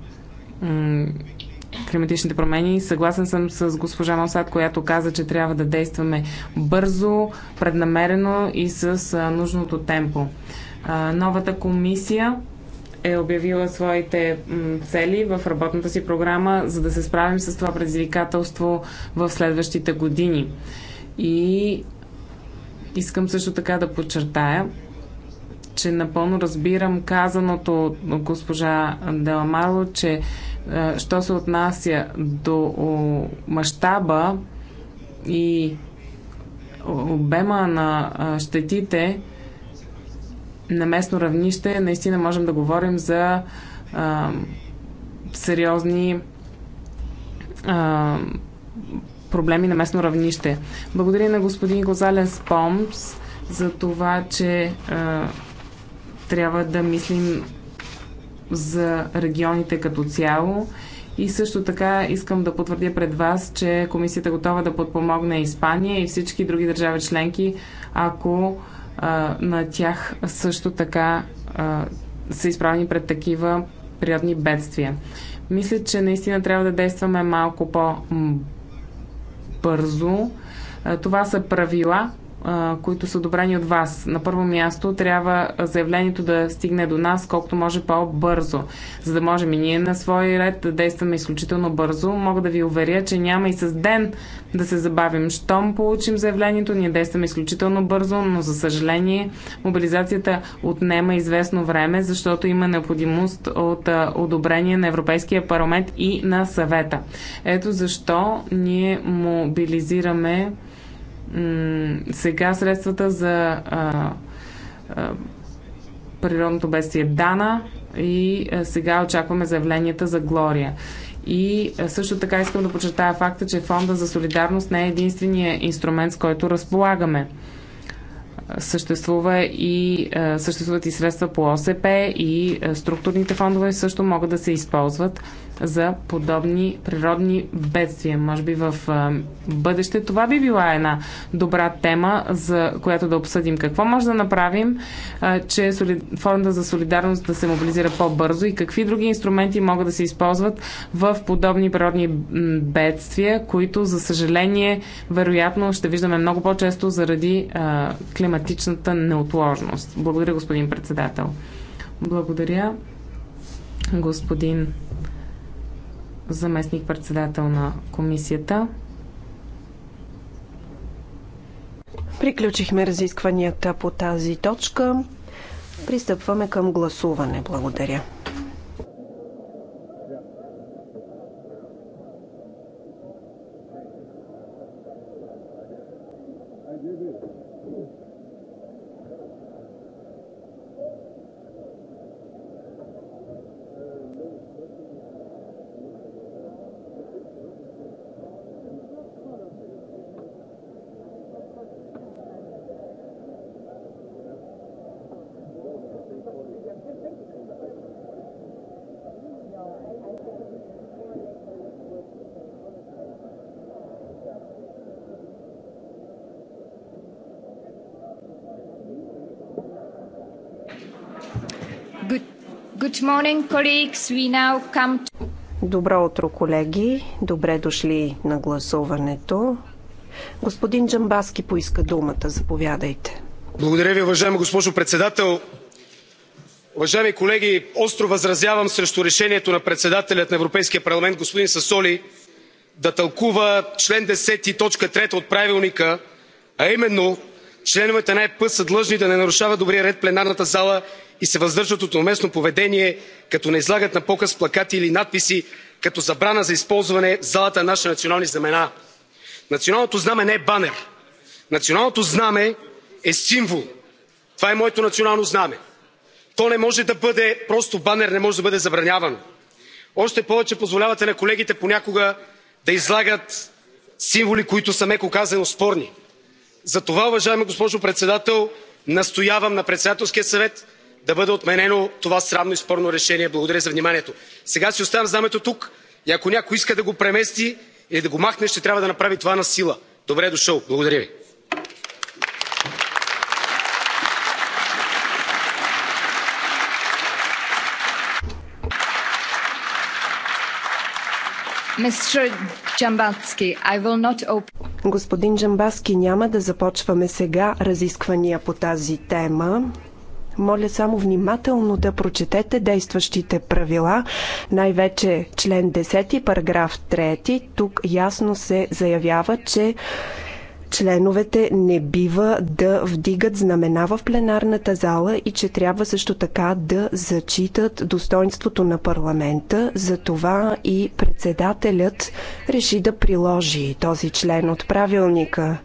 климатичните промени. Съгласен съм с госпожа Мосад, която каза, че трябва да действаме бързо, преднамерено и с нужното темпо. Новата комисия е обявила своите цели в работната си програма, за да се справим с това предизвикателство в следващите години. И искам също така да подчертая, че напълно разбирам казаното от госпожа Деламаро, че е, що се отнася до мащаба и обема на щетите на местно равнище, наистина можем да говорим за а, сериозни а, проблеми на местно равнище. Благодаря на господин Гозален Спомс за това, че а, трябва да мислим за регионите като цяло. И също така искам да потвърдя пред вас, че комисията е готова да подпомогне Испания и всички други държави членки, ако а, на тях също така а, са изправени пред такива природни бедствия. Мисля, че наистина трябва да действаме малко по-бързо. Това са правила, които са одобрени от вас. На първо място трябва заявлението да стигне до нас колкото може по-бързо, за да можем и ние на свой ред да действаме изключително бързо. Мога да ви уверя, че няма и с ден да се забавим. Щом получим заявлението, ние действаме изключително бързо, но за съжаление мобилизацията отнема известно време, защото има необходимост от одобрение на Европейския парламент и на съвета. Ето защо ние мобилизираме сега средствата за а, а, природното бедствие Дана и а, сега очакваме заявленията за Глория. И също така искам да подчертая факта, че Фонда за солидарност не е единствения инструмент, с който разполагаме. Съществува и, съществуват и средства по ОСП и структурните фондове също могат да се използват за подобни природни бедствия. Може би в бъдеще това би била една добра тема, за която да обсъдим какво може да направим, че Фонда за солидарност да се мобилизира по-бързо и какви други инструменти могат да се използват в подобни природни бедствия, които, за съжаление, вероятно ще виждаме много по-често заради климатичната неотложност. Благодаря, господин председател. Благодаря, господин заместник-председател на комисията. Приключихме разискванията по тази точка. Пристъпваме към гласуване. Благодаря. Morning, Добро утро, колеги. Добре дошли на гласуването. Господин Джамбаски поиска думата. Заповядайте. Благодаря ви, уважаема госпожо председател. Уважаеми колеги, остро възразявам срещу решението на председателят на Европейския парламент господин Сасоли да тълкува член 10, точка 3 от правилника, а именно членовете на ЕП са длъжни да не нарушават добрия ред в пленарната зала и се въздържат от неуместно поведение като не излагат на показ плакати или надписи като забрана за използване в залата на наши национални знамена. националното знаме не е банер. националното знаме е символ. това е моето национално знаме. то не може да бъде просто банер не може да бъде забранявано. още повече позволявате на колегите понякога да излагат символи които са меко казано спорни. затова уважаема госпожо председател настоявам на председателския съвет да бъде отменено това срамно и спорно решение. благодаря за вниманието. сега си оставям знамето тук и ако някой иска да го премести или да го махне ще трябва да направи това на сила. добре е дошъл! благодаря ви. Господин Джамбазки, няма да започваме сега разисквания по тази тема. Моля само внимателно да прочетете действащите правила, най-вече член 10, параграф 3. Тук ясно се заявява, че членовете не бива да вдигат знамена в пленарната зала и че трябва също така да зачитат достоинството на парламента. Затова и председателят реши да приложи този член от правилника.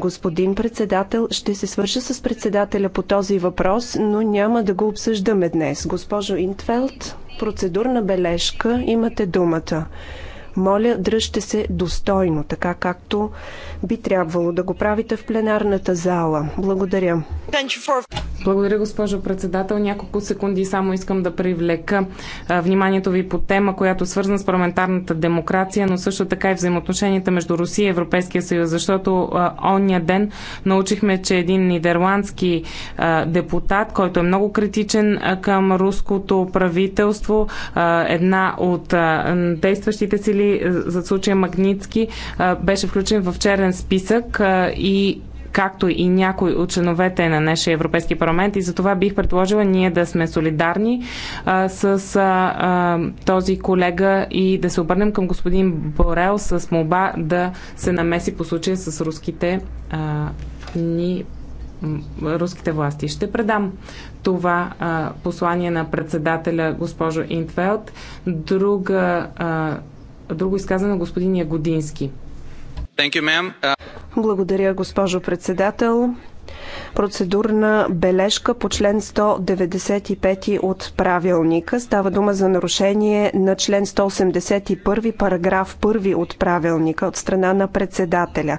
Господин председател, ще се свърша с председателя по този въпрос, но няма да го обсъждаме днес. Госпожо Интфелд, процедурна бележка, имате думата. Моля, дръжте се достойно, така както би трябвало да го правите в пленарната зала. Благодаря. Благодаря, госпожо председател. Няколко секунди само искам да привлека вниманието ви по тема, която е свързана с парламентарната демокрация, но също така и взаимоотношенията между Русия и Европейския съюз, защото оня ден научихме, че един нидерландски депутат, който е много критичен към руското правителство, една от действащите сили за случая Магницки беше включен в черен списък и както и някои от членовете на нашия Европейски парламент и за това бих предложила ние да сме солидарни а, с а, а, този колега и да се обърнем към господин Борел с молба да се намеси по случая с руските а, ни руските власти. Ще предам това а, послание на председателя госпожо Интфелд. Друга а, друго изказване на господин Ягодински. Uh, Благодаря, госпожо председател процедурна бележка по член 195 от правилника. Става дума за нарушение на член 181, параграф 1 от правилника от страна на председателя.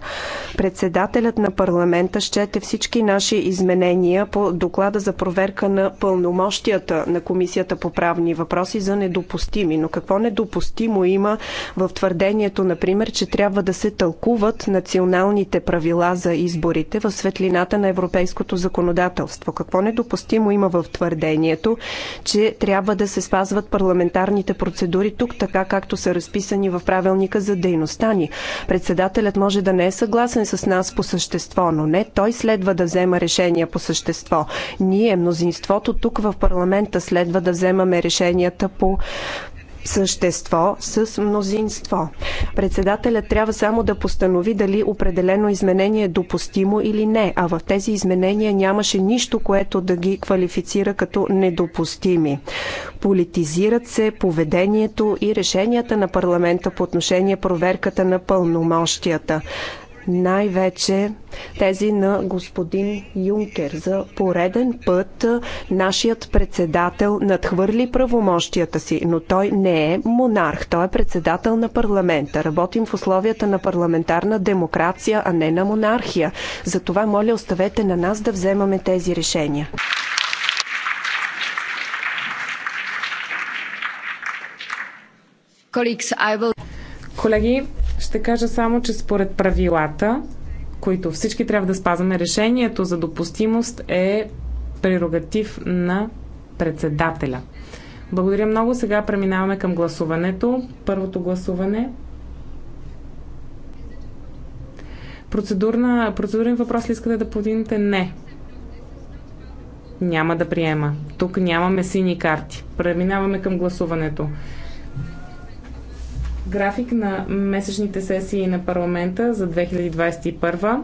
Председателят на парламента щете всички наши изменения по доклада за проверка на пълномощията на Комисията по правни въпроси за недопустими. Но какво недопустимо има в твърдението, например, че трябва да се тълкуват националните правила за изборите в светлината на Европейския европейското законодателство? Какво недопустимо има в твърдението, че трябва да се спазват парламентарните процедури тук, така както са разписани в правилника за дейността ни? Председателят може да не е съгласен с нас по същество, но не той следва да взема решения по същество. Ние, мнозинството тук в парламента, следва да вземаме решенията по същество с мнозинство. Председателят трябва само да постанови дали определено изменение е допустимо или не, а в тези изменения нямаше нищо, което да ги квалифицира като недопустими. Политизират се поведението и решенията на парламента по отношение проверката на пълномощията най-вече тези на господин Юнкер. За пореден път нашият председател надхвърли правомощията си, но той не е монарх, той е председател на парламента. Работим в условията на парламентарна демокрация, а не на монархия. Затова, моля, оставете на нас да вземаме тези решения. Колеги, ще кажа само, че според правилата, които всички трябва да спазваме, решението за допустимост е прерогатив на председателя. Благодаря много. Сега преминаваме към гласуването. Първото гласуване. Процедурна, процедурен въпрос ли искате да подигнете? Не. Няма да приема. Тук нямаме сини карти. Преминаваме към гласуването график на месечните сесии на парламента за 2021.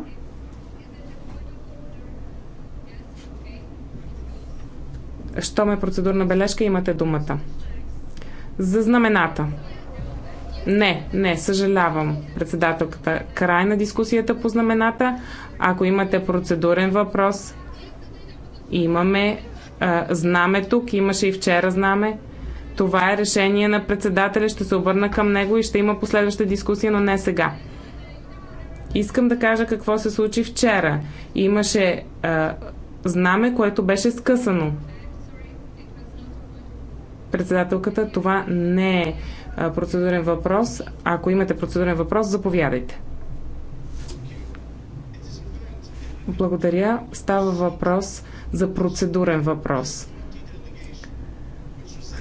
Щом е процедурна бележка, имате думата. За знамената. Не, не, съжалявам, председателката. Край на дискусията по знамената. Ако имате процедурен въпрос, имаме а, знаме тук, имаше и вчера знаме. Това е решение на председателя. Ще се обърна към него и ще има последваща дискусия, но не сега. Искам да кажа какво се случи вчера. Имаше а, знаме, което беше скъсано. Председателката, това не е процедурен въпрос. Ако имате процедурен въпрос, заповядайте. Благодаря. Става въпрос за процедурен въпрос.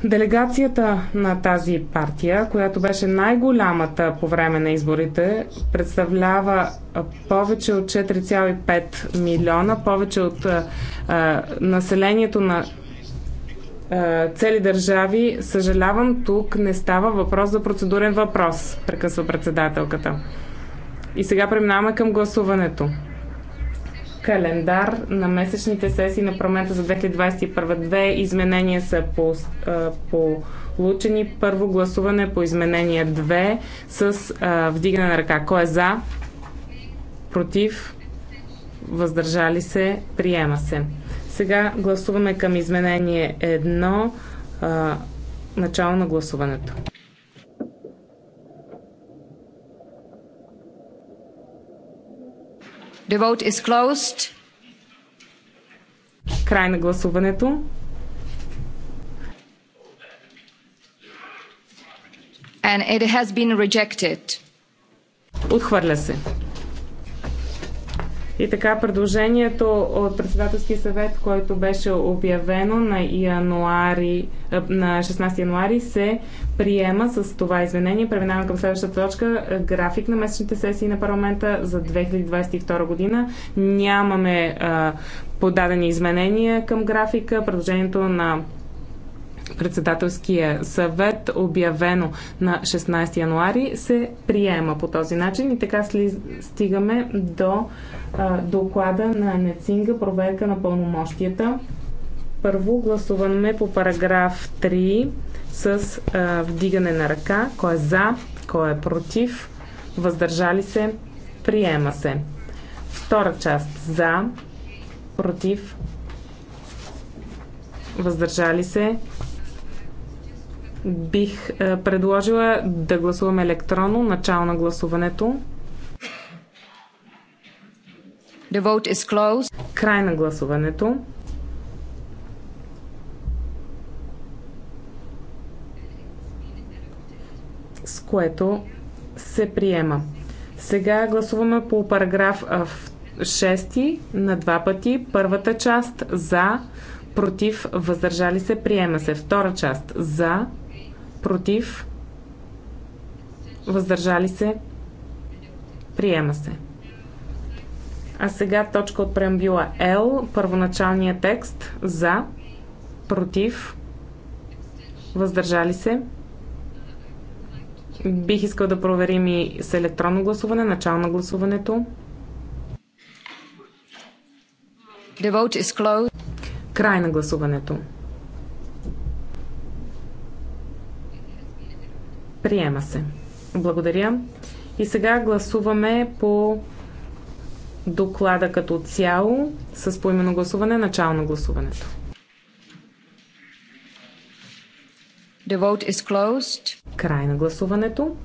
Делегацията на тази партия, която беше най-голямата по време на изборите, представлява повече от 4,5 милиона, повече от а, населението на а, цели държави. Съжалявам, тук не става въпрос за процедурен въпрос, прекъсва председателката. И сега преминаваме към гласуването календар на месечните сесии на парламента за 2021. Две изменения са по, по получени. Първо гласуване по изменение 2 с а, вдигане на ръка. Кой е за? Против? Въздържали се? Приема се. Сега гласуваме към изменение 1. А, начало на гласуването. The vote is closed. Край на гласуването. And it has been rejected. Отхвърля се. И така предложението от председателски съвет, който беше обявено на, януари, на 16 януари, се приема с това изменение. Преминаваме към следващата точка. График на месечните сесии на парламента за 2022 година. Нямаме а, подадени изменения към графика. Предложението на председателския съвет, обявено на 16 януари, се приема по този начин и така стигаме до а, доклада на Нецинга, проверка на пълномощията. Първо гласуваме по параграф 3 с а, вдигане на ръка. Кой е за, кой е против, въздържали се, приема се. Втора част за, против, въздържали се. Бих а, предложила да гласуваме електронно, начало на гласуването. The vote is closed. Край на гласуването. с което се приема. Сега гласуваме по параграф 6 на два пъти. Първата част за, против, въздържали се, приема се. Втора част за, против, въздържали се, приема се. А сега точка от преамбюла L, първоначалния текст за, против, въздържали се, Бих искал да проверим и с електронно гласуване, начало на гласуването. The vote is closed. Край на гласуването. Приема се. Благодаря. И сега гласуваме по доклада като цяло с поименно гласуване, начало на гласуването. The vote is closed. Край на гласуването.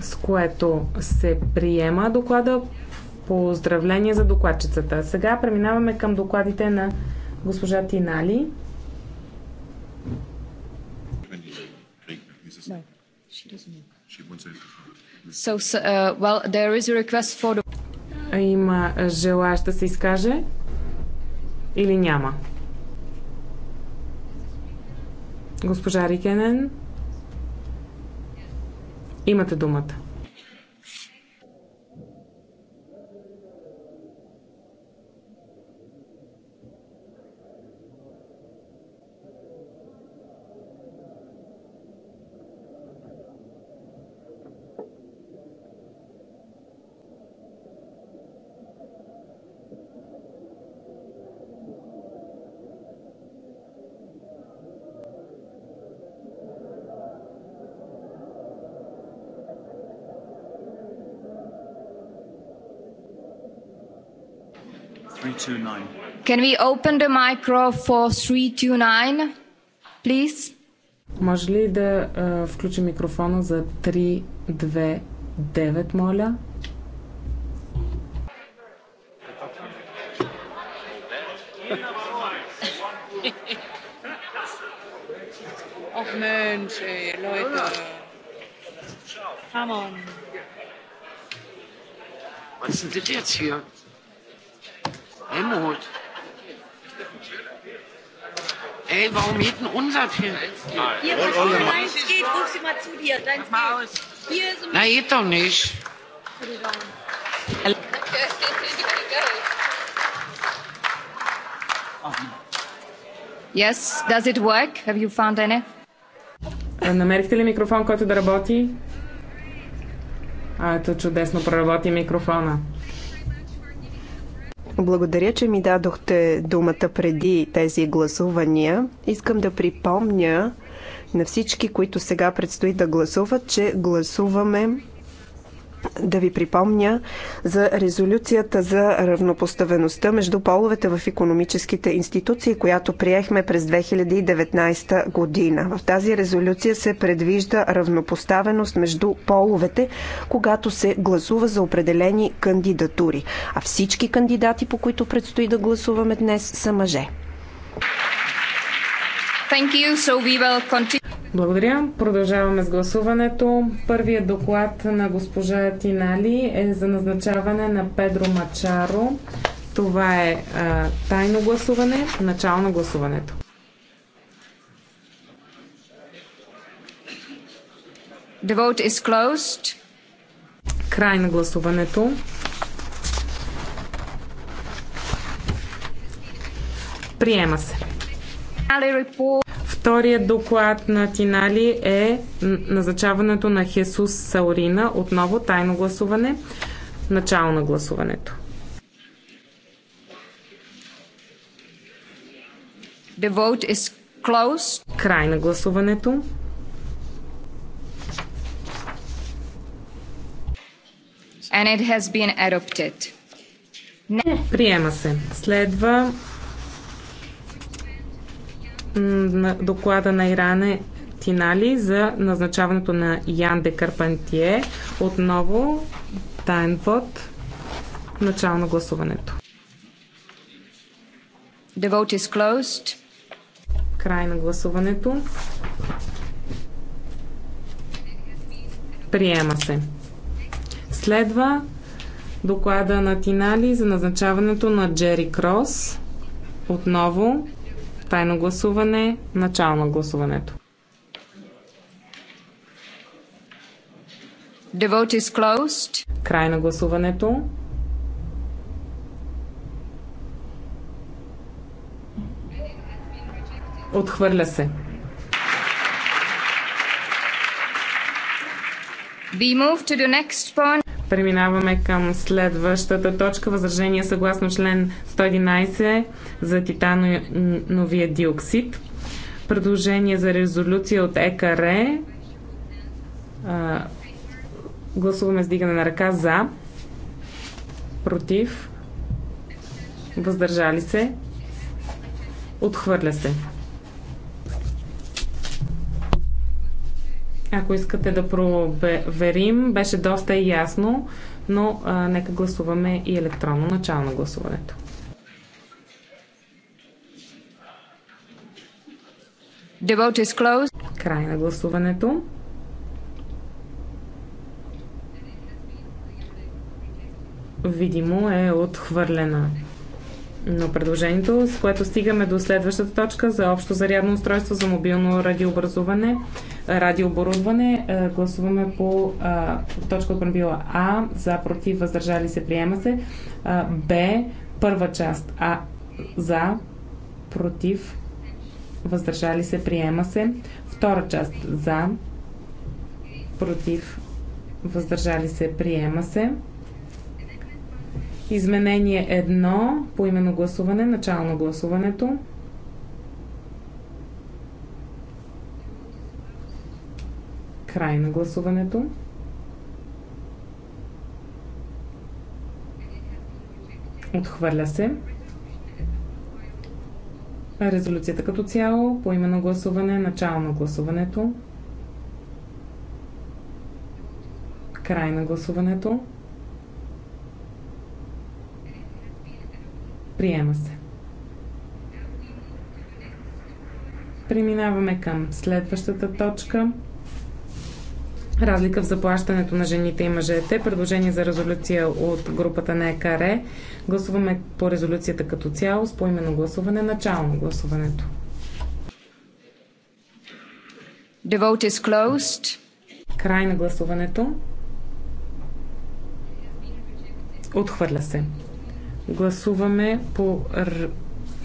С което се приема доклада. Поздравление за докладчицата. Сега преминаваме към докладите на госпожа Тинали. So, uh, well, there is a request for the... Има желаща да се изкаже или няма? Госпожа Рикенен, имате думата. Can we open the micro for 329, please? Може ли да а, включи микрофона за 329, моля? Ach Mensch, ey, Leute. Come on. Was ist denn das jetzt hier? Helmut. Helmut. Ey, warum geht denn unser Tier? Hier, was oh, oh, deins geht, ruf sie mal zu dir. Deins mal aus. Hier ist ein Na, geht doch nicht. Yes, does it work? Have you found any? Намерихте ли микрофон, който да работи? А, ето чудесно проработи микрофона. Благодаря, че ми дадохте думата преди тези гласувания. Искам да припомня на всички, които сега предстои да гласуват, че гласуваме да ви припомня за резолюцията за равнопоставеността между половете в економическите институции, която приехме през 2019 година. В тази резолюция се предвижда равнопоставеност между половете, когато се гласува за определени кандидатури. А всички кандидати, по които предстои да гласуваме днес, са мъже. So Благодаря. Продължаваме с гласуването. Първият доклад на госпожа Тинали е за назначаване на Педро Мачаро. Това е а, тайно гласуване, начало на гласуването. The vote is closed. Край на гласуването. Приема се. Вторият доклад на Тинали е назначаването на Хесус Саурина. Отново тайно гласуване. Начало на гласуването. The vote is closed. Край на гласуването. And it has been adopted. Приема се. Следва доклада на Иране Тинали за назначаването на Ян де Карпантие. Отново Тайн вод. Начало на гласуването. The vote is closed. Край на гласуването. Приема се. Следва доклада на Тинали за назначаването на Джери Крос. Отново Тайно гласуване. Начало на гласуването. The vote is closed. Край на гласуването. Отхвърля се. We move to the next point. Преминаваме към следващата точка. Възражение съгласно член 111 за титановия диоксид. Предложение за резолюция от ЕКР. Гласуваме с дигане на ръка за, против, въздържали се, отхвърля се. Ако искате да проверим, беше доста ясно, но а, нека гласуваме и електронно начало на гласуването. The vote is closed. Край на гласуването. Видимо е отхвърлена на предложението, с което стигаме до следващата точка за общо зарядно устройство за мобилно радиообразуване, радиооборудване. Е, гласуваме по а, е, точка от правила А, за, против, въздържали се, приема се. А, е, Б, първа част А, за, против, въздържали се, приема се. Втора част за, против, въздържали се, приема се. Изменение 1 по именно гласуване, начало на гласуването. Край на гласуването. Отхвърля се резолюцията като цяло, по именно гласуване, начало на гласуването, край на гласуването. Приема се. Преминаваме към следващата точка разлика в заплащането на жените и мъжете. Предложение за резолюция от групата на ЕКАРЕ. Гласуваме по резолюцията като цяло с поименно гласуване. Начало на гласуването. The vote is closed. Край на гласуването. Отхвърля се. Гласуваме по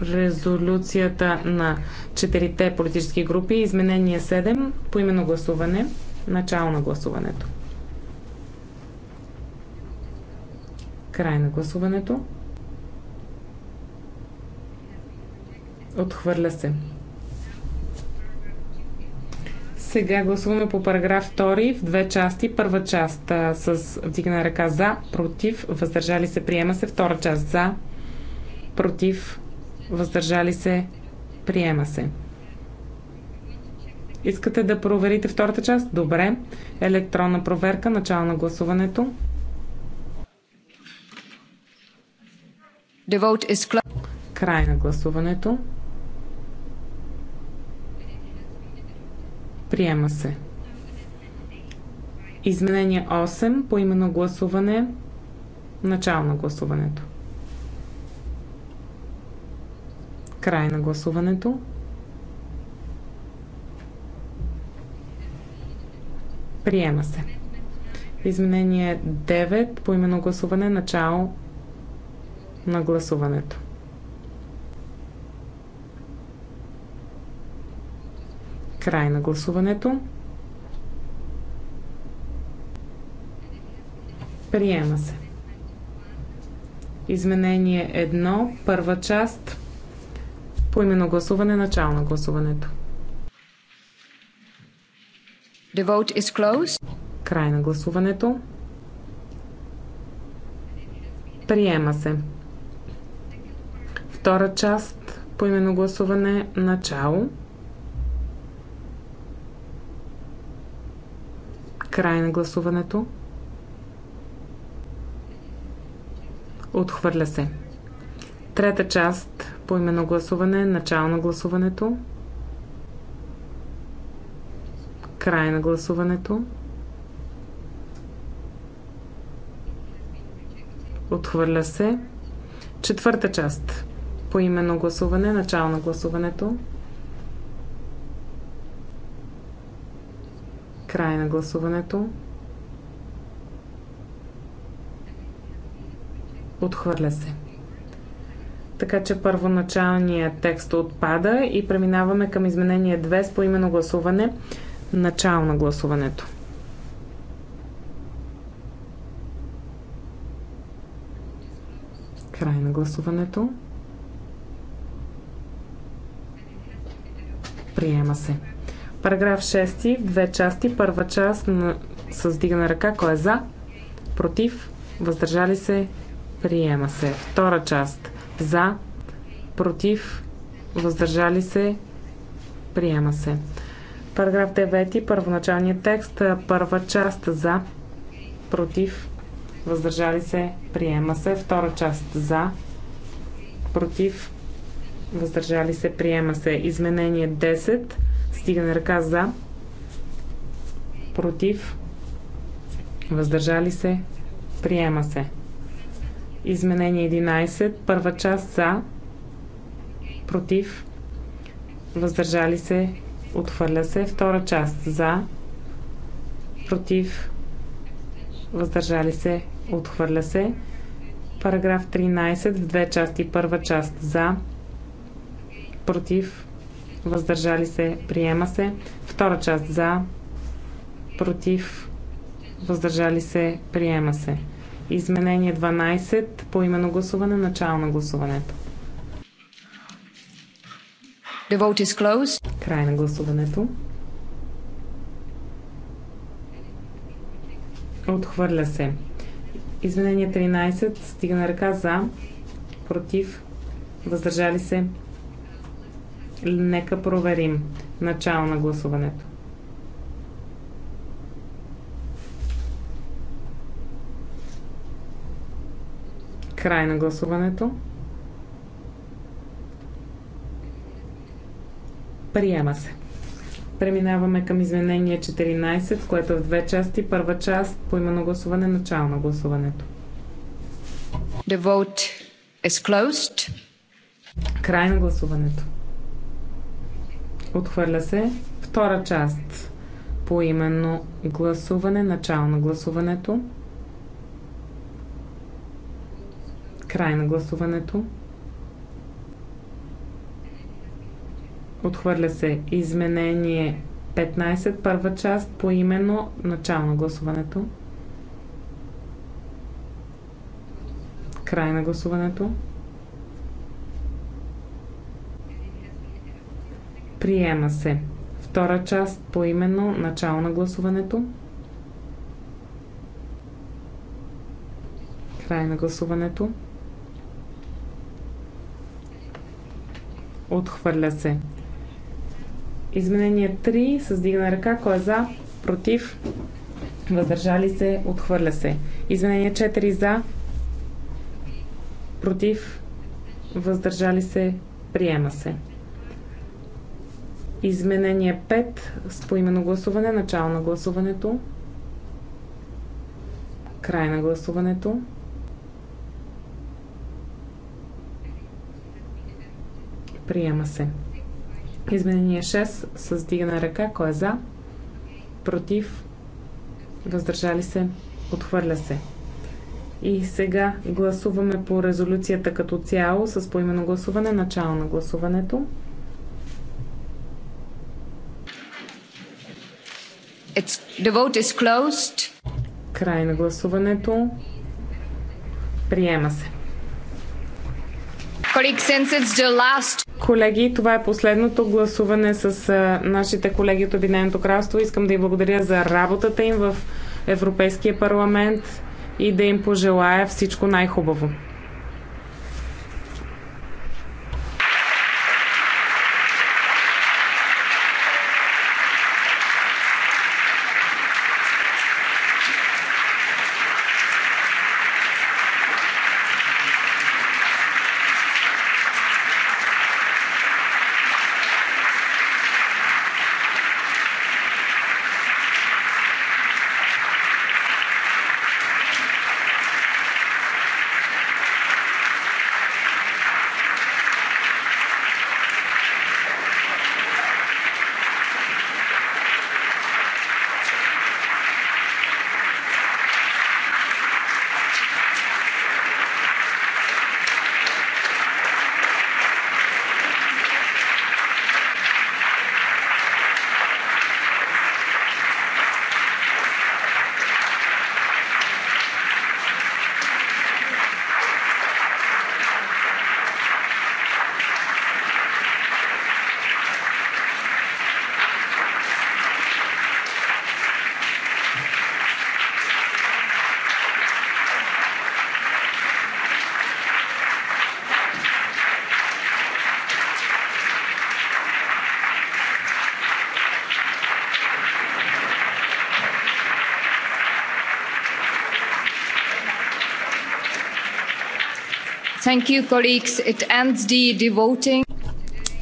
резолюцията на четирите политически групи. Изменение 7 по именно гласуване. Начало на гласуването. Край на гласуването. Отхвърля се. Сега гласуваме по параграф 2 в две части. Първа част а, с вдигна ръка за, против, въздържали се, приема се. Втора част за, против, въздържали се, приема се. Искате да проверите втората част? Добре. Електронна проверка, начало на гласуването. The vote is Край на гласуването. Приема се. Изменение 8 по именно гласуване. Начало на гласуването. Край на гласуването. Приема се. Изменение 9 по именно гласуване. Начало на гласуването. Край на гласуването. Приема се. Изменение 1, първа част. По именно гласуване, начало на гласуването. The vote is closed. Край на гласуването. Приема се. Втора част по именно гласуване начало. Край на гласуването. Отхвърля се. Трета част по именно гласуване начало на гласуването. Край на гласуването. Отхвърля се. Четвърта част. По именно гласуване, начало на гласуването. Край на гласуването. Отхвърля се. Така че първоначалният текст отпада и преминаваме към изменение 2 с поименно гласуване. Начало на гласуването. Край на гласуването. Приема се. Параграф 6. Две части. Първа част на... с дигана ръка. Кой е за? Против? Въздържали се? Приема се. Втора част. За? Против? Въздържали се? Приема се. Параграф 9. Първоначалният текст. Първа част за. Против. Въздържали се. Приема се. Втора част за. Против. Въздържали се. Приема се. Изменение 10. Стигане ръка за. Против. Въздържали се. Приема се. Изменение 11. Първа част за. Против. Въздържали се. Отхвърля се. Втора част. За. Против. Въздържали се. Отхвърля се. Параграф 13 в две части. Първа част. За. Против. Въздържали се. Приема се. Втора част. За. Против. Въздържали се. Приема се. Изменение 12 по именно гласуване. Начало на гласуването. The vote is closed. Край на гласуването. Отхвърля се. Изменение 13. Стигна ръка за. Против. Въздържали се. Нека проверим. Начало на гласуването. Край на гласуването. Приема се. Преминаваме към изменение 14, което е в две части. Първа част по именно гласуване, начало на гласуването. The vote is closed. Край на гласуването. Отхвърля се. Втора част по именно гласуване, начало на гласуването. Край на гласуването. Отхвърля се. Изменение 15, първа част, по именно начало на гласуването. Край на гласуването. Приема се. Втора част по именно начало на гласуването. Край на гласуването. Отхвърля се. Изменение 3 с дигна ръка. Кой е за? Против? Въздържали се? Отхвърля се. Изменение 4 за? Против? Въздържали се? Приема се. Изменение 5 с поименно гласуване. Начало на гласуването. Край на гласуването. Приема се. Изменение 6 с дигана ръка. Кой е за? Против? Въздържали се? Отхвърля се. И сега гласуваме по резолюцията като цяло с поименно гласуване, начало на гласуването. It's, the vote is closed. Край на гласуването. Приема се. Колеги, това е последното гласуване с нашите колеги от Обединеното кралство. Искам да им благодаря за работата им в Европейския парламент и да им пожелая всичко най-хубаво.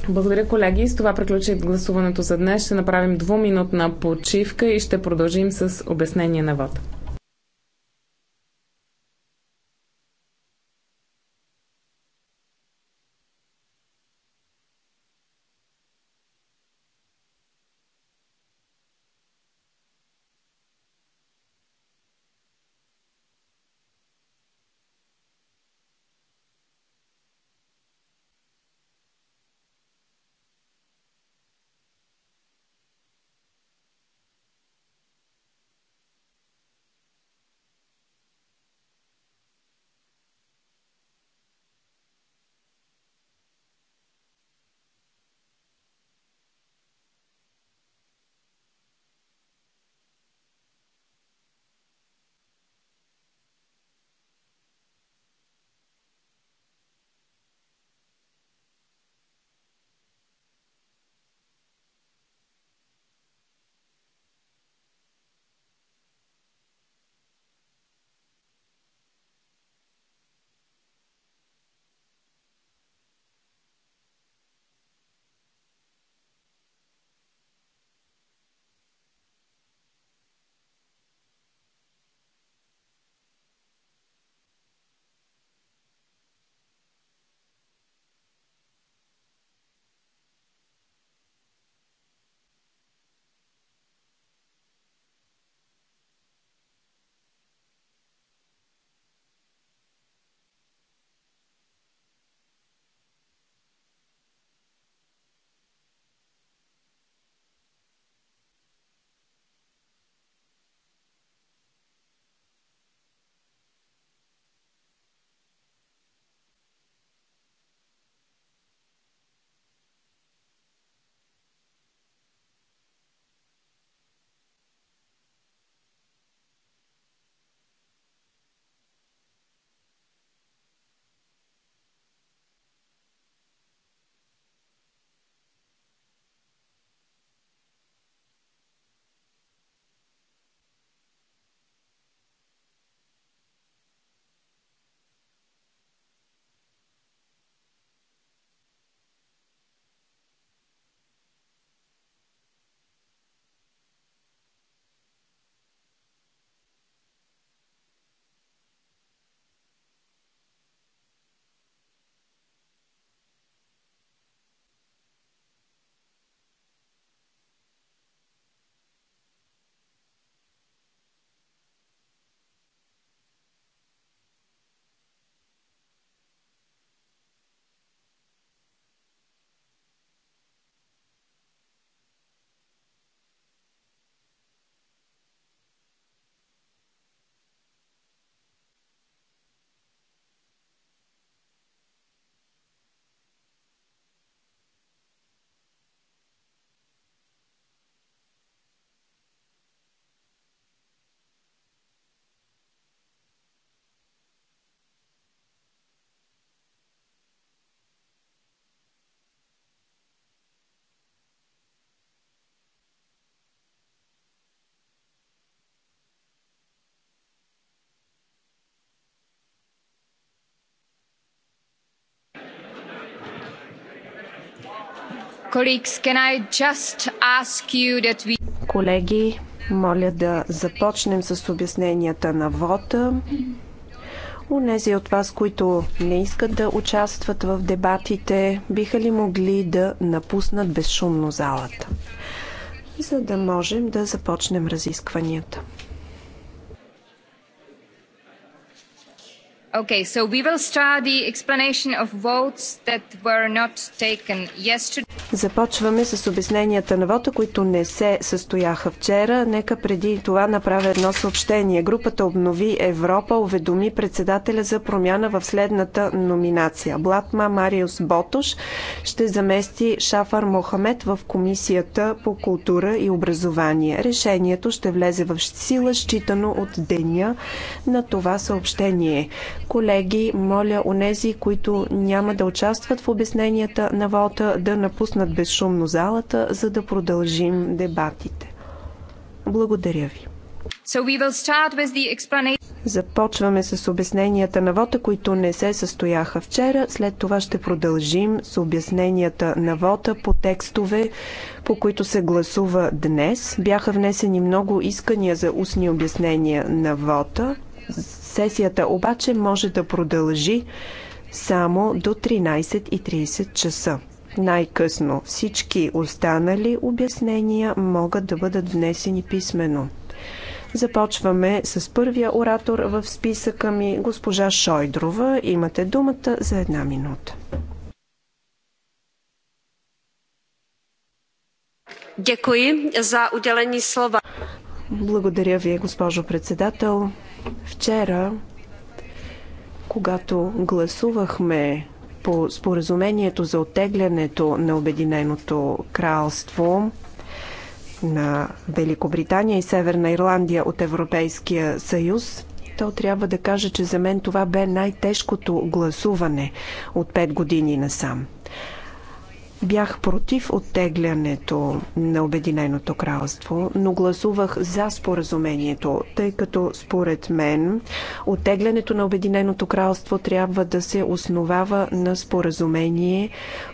Благодаря, колеги. С това приключи гласуването за днес. Ще направим двуминутна почивка и ще продължим с обяснение на вод. Колеги, моля да започнем с обясненията на вота. Унези от вас, които не искат да участват в дебатите, биха ли могли да напуснат безшумно залата, за да можем да започнем разискванията. Okay, so we will start the explanation of votes that were not taken yesterday. Започваме с обясненията на вота, които не се състояха вчера. Нека преди това направя едно съобщение. Групата Обнови Европа уведоми председателя за промяна в следната номинация. Блатма Мариус Ботош ще замести Шафар Мохамед в Комисията по култура и образование. Решението ще влезе в сила, считано от деня на това съобщение. Колеги, моля онези, които няма да участват в обясненията на вота, да напуснат безшумно залата, за да продължим дебатите. Благодаря ви. Започваме с обясненията на вота, които не се състояха вчера. След това ще продължим с обясненията на вота по текстове, по които се гласува днес. Бяха внесени много искания за устни обяснения на вота Сесията обаче може да продължи само до 13.30 часа. Най-късно всички останали обяснения могат да бъдат внесени писменно. Започваме с първия оратор в списъка ми, госпожа Шойдрова. Имате думата за една минута. за уделени слова. Благодаря ви, госпожо председател. Вчера, когато гласувахме по споразумението за оттеглянето на Обединеното кралство на Великобритания и Северна Ирландия от Европейския съюз, то трябва да кажа, че за мен това бе най-тежкото гласуване от 5 години насам. Бях против оттеглянето на Обединеното кралство, но гласувах за споразумението, тъй като според мен оттеглянето на Обединеното кралство трябва да се основава на споразумение,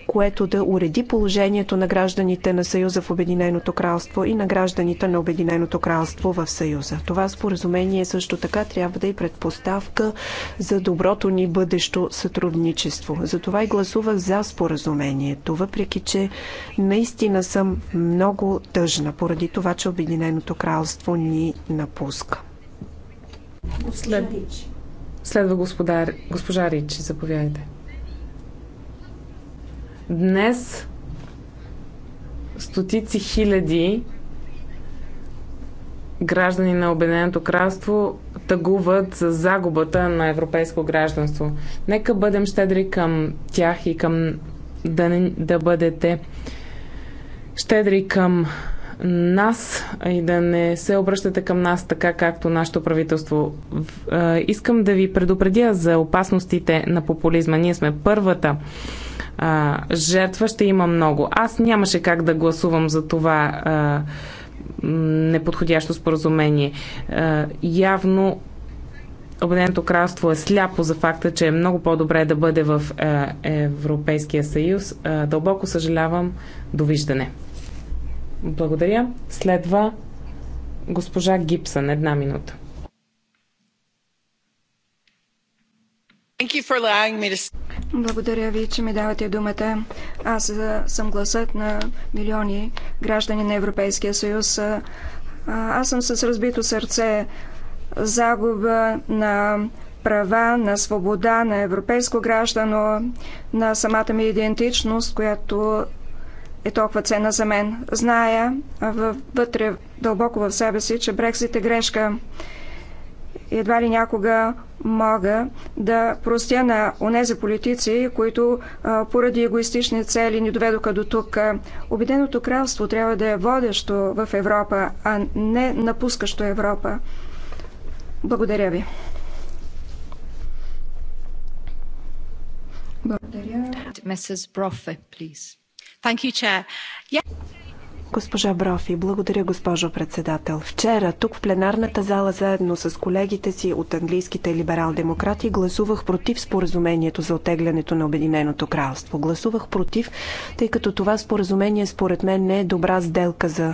което да уреди положението на гражданите на Съюза в Обединеното кралство и на гражданите на Обединеното кралство в Съюза. Това споразумение също така трябва да е предпоставка за доброто ни бъдещо сътрудничество. Затова и гласувах за споразумението, въпреки че наистина съм много тъжна поради това, че Обединеното кралство ни напуска. След... Следва господар... госпожа Рич, заповядайте. Днес стотици хиляди граждани на Обединеното кралство тъгуват за загубата на европейско гражданство. Нека бъдем щедри към тях и към да, не, да бъдете щедри към нас и да не се обръщате към нас така, както нашето правителство. Искам да ви предупредя за опасностите на популизма. Ние сме първата а, жертва, ще има много. Аз нямаше как да гласувам за това а, неподходящо споразумение. А, явно Обединеното кралство е сляпо за факта, че е много по-добре да бъде в е, Европейския съюз. дълбоко съжалявам. Довиждане. Благодаря. Следва госпожа Гипсън Една минута. Благодаря ви, че ми давате думата. Аз съм гласът на милиони граждани на Европейския съюз. Аз съм с разбито сърце загуба на права, на свобода, на европейско граждано, на самата ми идентичност, която е толкова ценна за мен. Зная вътре дълбоко в себе си, че Брексит е грешка. Едва ли някога мога да простя на онези политици, които поради егоистични цели ни доведоха до тук. Обеденото кралство трябва да е водещо в Европа, а не напускащо Европа. Благодаря ви. Благодаря. Mrs. Брофе, please. Госпожа Брофи, благодаря госпожо председател. Вчера тук в пленарната зала заедно с колегите си от английските либерал-демократи гласувах против споразумението за отеглянето на Обединеното кралство. Гласувах против, тъй като това споразумение според мен не е добра сделка за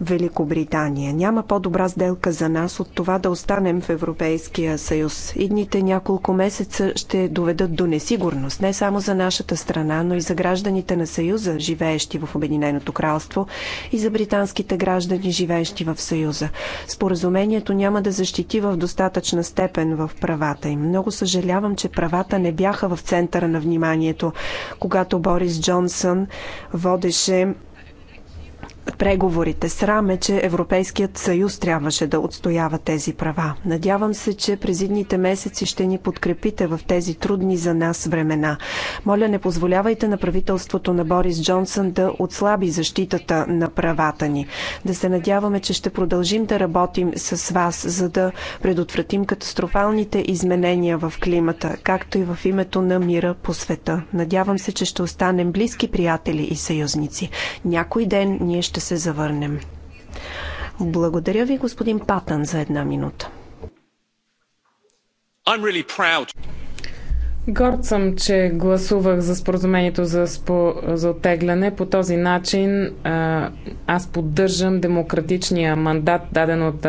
Великобритания. Няма по-добра сделка за нас от това да останем в Европейския съюз. Идните няколко месеца ще доведат до несигурност не само за нашата страна, но и за гражданите на Съюза, живеещи в Обединеното кралство и за британските граждани, живеещи в Съюза. Споразумението няма да защити в достатъчна степен в правата им. Много съжалявам, че правата не бяха в центъра на вниманието, когато Борис Джонсън водеше преговорите. Сраме, че Европейският съюз трябваше да отстоява тези права. Надявам се, че през идните месеци ще ни подкрепите в тези трудни за нас времена. Моля, не позволявайте на правителството на Борис Джонсън да отслаби защитата на правата ни. Да се надяваме, че ще продължим да работим с вас, за да предотвратим катастрофалните изменения в климата, както и в името на мира по света. Надявам се, че ще останем близки приятели и съюзници. Някой ден ние ще ще се завърнем. Благодаря ви, господин Патън, за една минута. I'm really proud. Горд съм, че гласувах за споразумението за, спо, за оттегляне. По този начин аз поддържам демократичния мандат, даден от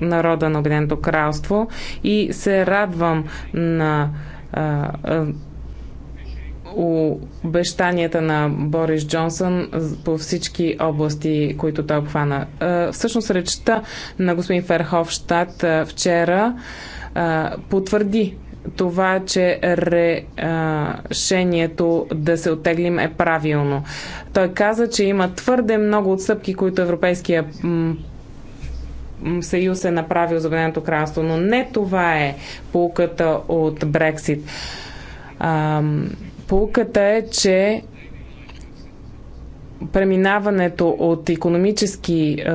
народа на Обединеното кралство и се радвам на а, обещанията на Борис Джонсън по всички области, които той обхвана. Всъщност речта на господин Ферховщад вчера потвърди това, че решението да се оттеглим е правилно. Той каза, че има твърде много отстъпки, които Европейския съюз е направил за Обединеното кралство, но не това е полуката от Брексит. Полуката е, че преминаването от економически е,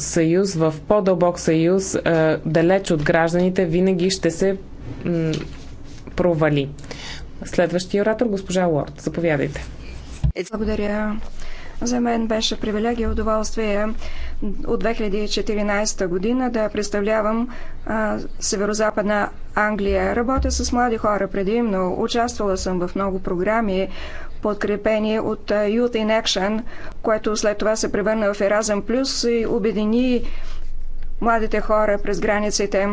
съюз в по-дълбок съюз, е, далеч от гражданите, винаги ще се м, провали. Следващия оратор, госпожа Лорд. Заповядайте. Благодаря. За мен беше привилегия и удоволствие от 2014 година да представлявам а, Северо-Западна Англия. Работя с млади хора предимно. Участвала съм в много програми, подкрепени от Youth in Action, което след това се превърна в Еразъм Плюс и обедини младите хора през границите.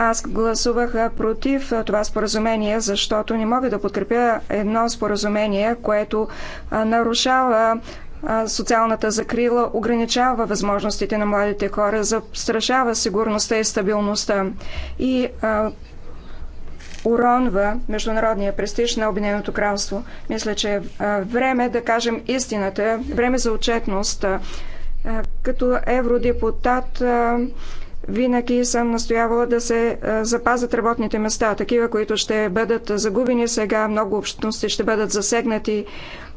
Аз гласувах против това споразумение, защото не мога да подкрепя едно споразумение, което нарушава социалната закрила, ограничава възможностите на младите хора, застрашава сигурността и стабилността и а, уронва международния престиж на Обединеното кралство. Мисля, че е време да кажем истината, време за отчетност. А, като евродепутат а, винаги съм настоявала да се запазят работните места, такива, които ще бъдат загубени сега, много общности ще бъдат засегнати.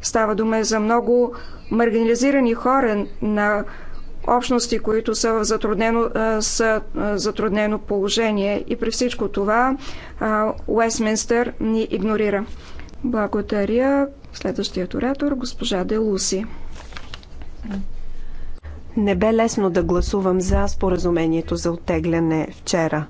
Става дума за много маргинализирани хора на общности, които са в затруднено, са затруднено положение. И при всичко това Уестминстър ни игнорира. Благодаря. Следващият оратор, госпожа Делуси. Не бе лесно да гласувам за споразумението за оттегляне вчера,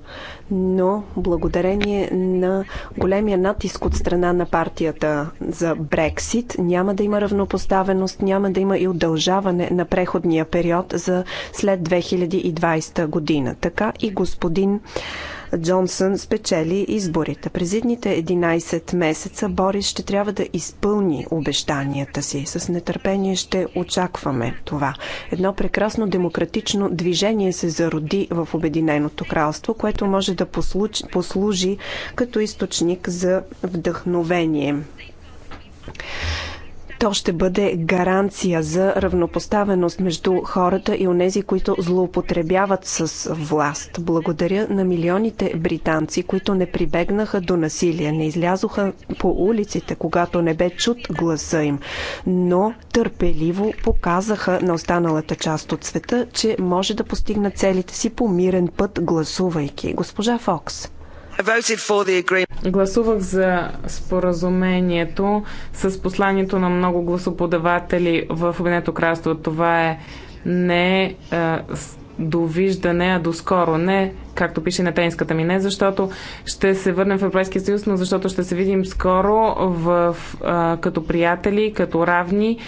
но благодарение на големия натиск от страна на партията за Брексит няма да има равнопоставеност, няма да има и удължаване на преходния период за след 2020 година. Така и господин Джонсън спечели изборите. През едните 11 месеца Борис ще трябва да изпълни обещанията си. С нетърпение ще очакваме това. Едно прекрасно демократично движение се зароди в Обединеното кралство, което може да послужи, послужи като източник за вдъхновение. То ще бъде гаранция за равнопоставеност между хората и онези, които злоупотребяват с власт. Благодаря на милионите британци, които не прибегнаха до насилие, не излязоха по улиците, когато не бе чут гласа им, но търпеливо показаха на останалата част от света, че може да постигна целите си по мирен път, гласувайки. Госпожа Фокс. Гласувах за споразумението с посланието на много гласоподаватели в Обединеното кралство. Това е не е, довиждане, а доскоро. Не, както пише на тенската ми, не защото ще се върнем в Европейския съюз, но защото ще се видим скоро в, а, е, като приятели, като равни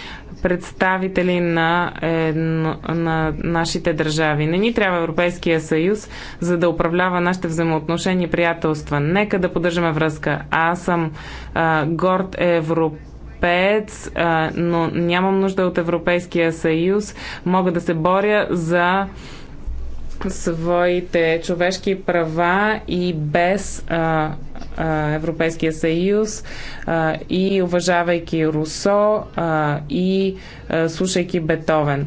представители на, е, на нашите държави. Не ни трябва Европейския съюз, за да управлява нашите взаимоотношения и приятелства. Нека да поддържаме връзка. Аз съм а, горд европейски европеец, но нямам нужда от Европейския съюз. Мога да се боря за своите човешки права и без Европейския съюз и уважавайки Русо и слушайки Бетовен.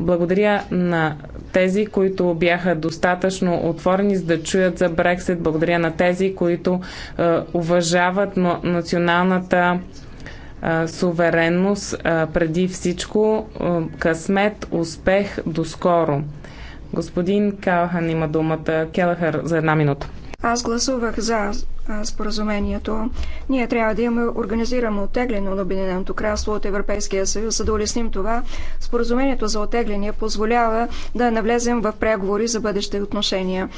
Благодаря на тези, които бяха достатъчно отворени за да чуят за Брексит. Благодаря на тези, които уважават националната суверенност преди всичко. късмет, успех, доскоро. Господин Калхан има думата. Келахър за една минута. Аз гласувах за споразумението. Ние трябва да имаме организирано оттегляне на Обединеното кралство от Европейския съюз, за да улесним това. Споразумението за оттегляне позволява да навлезем в преговори за бъдещи отношения.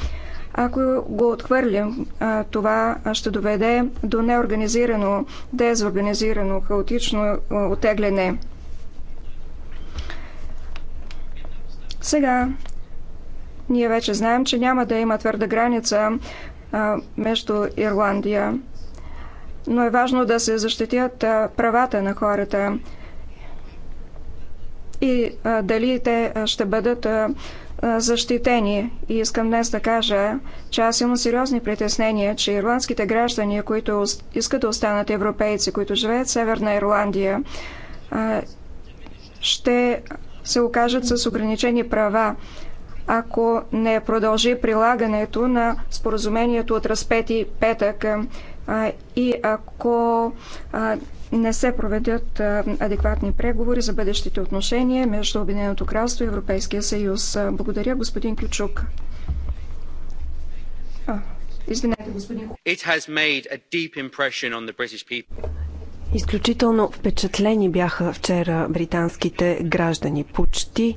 Ако го отхвърлим, това ще доведе до неорганизирано, дезорганизирано, хаотично отегляне. Сега ние вече знаем, че няма да има твърда граница между Ирландия. Но е важно да се защитят правата на хората и дали те ще бъдат защитени. И искам днес да кажа, че аз имам сериозни притеснения, че ирландските граждани, които искат да останат европейци, които живеят в Северна Ирландия, ще се окажат с ограничени права ако не продължи прилагането на споразумението от разпети петък и ако не се проведат адекватни преговори за бъдещите отношения между Обединеното кралство и Европейския съюз. Благодаря, господин Ключук. извинете, господин. Изключително впечатлени бяха вчера британските граждани. Почти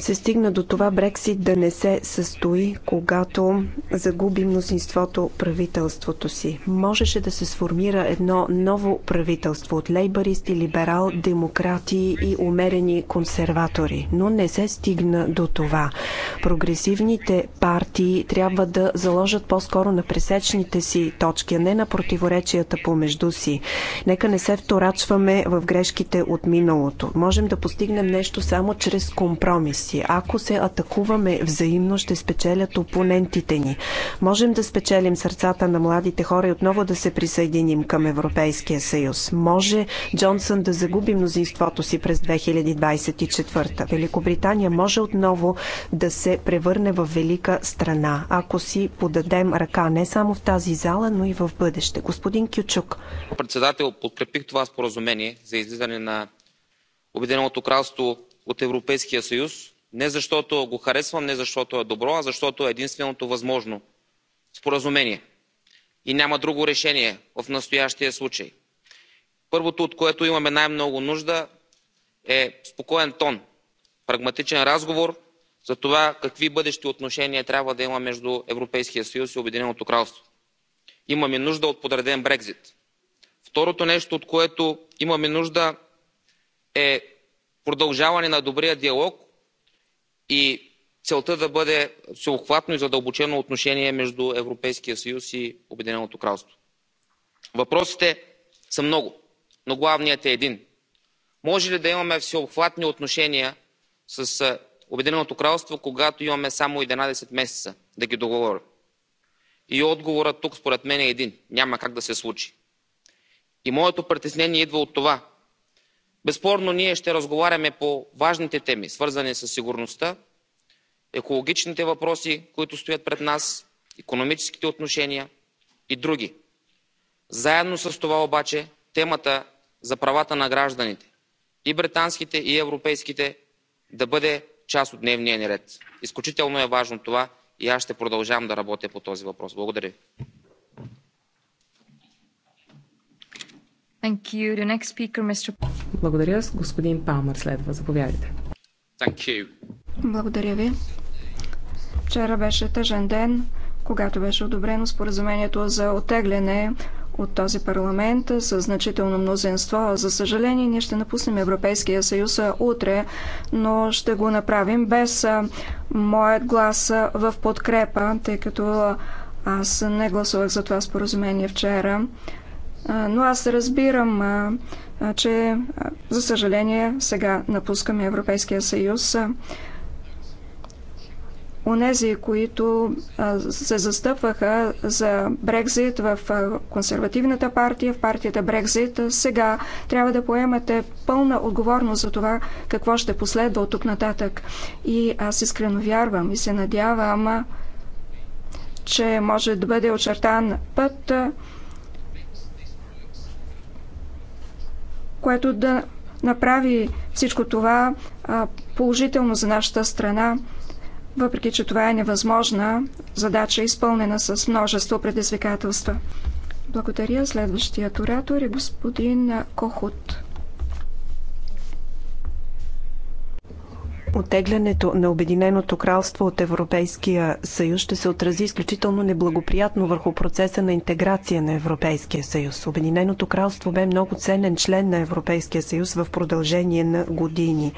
се стигна до това Брексит да не се състои, когато загуби мнозинството правителството си. Можеше да се сформира едно ново правителство от лейбаристи, либерал, демократи и умерени консерватори, но не се стигна до това. Прогресивните партии трябва да заложат по-скоро на пресечните си точки, а не на противоречията помежду си. Нека не се вторачваме в грешките от миналото. Можем да постигнем нещо само чрез компромис си. Ако се атакуваме взаимно, ще спечелят опонентите ни. Можем да спечелим сърцата на младите хора и отново да се присъединим към Европейския съюз. Може Джонсън да загуби мнозинството си през 2024. Великобритания може отново да се превърне в велика страна, ако си подадем ръка не само в тази зала, но и в бъдеще. Господин Кючук. Председател, подкрепих това споразумение за излизане на Обединеното кралство от Европейския съюз, не защото го харесвам, не защото е добро, а защото е единственото възможно споразумение. И няма друго решение в настоящия случай. Първото, от което имаме най-много нужда, е спокоен тон, прагматичен разговор за това какви бъдещи отношения трябва да има между Европейския съюз и Обединеното кралство. Имаме нужда от подреден Брекзит. Второто нещо, от което имаме нужда, е продължаване на добрия диалог, и целта да бъде всеобхватно и задълбочено отношение между Европейския съюз и Обединеното кралство. Въпросите са много, но главният е един. Може ли да имаме всеобхватни отношения с Обединеното кралство, когато имаме само 11 месеца да ги договорим? И отговорът тук според мен е един. Няма как да се случи. И моето притеснение идва от това, безспорно ние ще разговаряме по важните теми свързани с сигурността екологичните въпроси които стоят пред нас економическите отношения и други. заедно с това обаче темата за правата на гражданите и британските и европейските да бъде част от дневния ни ред. изключително е важно това и аз ще продължавам да работя по този въпрос. благодаря ви. Speaker, Благодаря. Господин Палмър следва. Заповядайте. Благодаря ви. Вчера беше тъжен ден, когато беше одобрено споразумението за отегляне от този парламент с значително мнозинство. За съжаление, ние ще напуснем Европейския съюз утре, но ще го направим без моят глас в подкрепа, тъй като аз не гласувах за това споразумение вчера но аз разбирам, че за съжаление сега напускаме Европейския съюз. Онези, които се застъпваха за Брекзит в консервативната партия, в партията Брекзит, сега трябва да поемате пълна отговорност за това какво ще последва от тук нататък. И аз искрено вярвам и се надявам, че може да бъде очертан път, което да направи всичко това положително за нашата страна, въпреки че това е невъзможна задача, изпълнена с множество предизвикателства. Благодаря. Следващият оратор е господин Кохот. Отеглянето на Обединеното кралство от Европейския съюз ще се отрази изключително неблагоприятно върху процеса на интеграция на Европейския съюз. Обединеното кралство бе много ценен член на Европейския съюз в продължение на години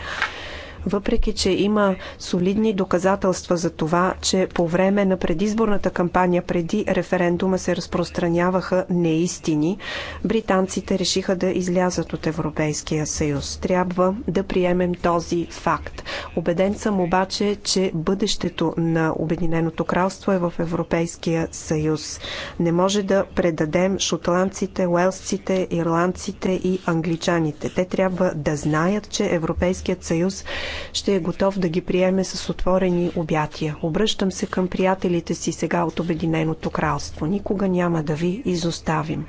въпреки че има солидни доказателства за това, че по време на предизборната кампания преди референдума се разпространяваха неистини, британците решиха да излязат от Европейския съюз. Трябва да приемем този факт. Обеден съм обаче, че бъдещето на Обединеното кралство е в Европейския съюз. Не може да предадем шотландците, уелсците, ирландците и англичаните. Те трябва да знаят, че Европейският съюз ще е готов да ги приеме с отворени обятия. Обръщам се към приятелите си сега от Обединеното кралство. Никога няма да ви изоставим.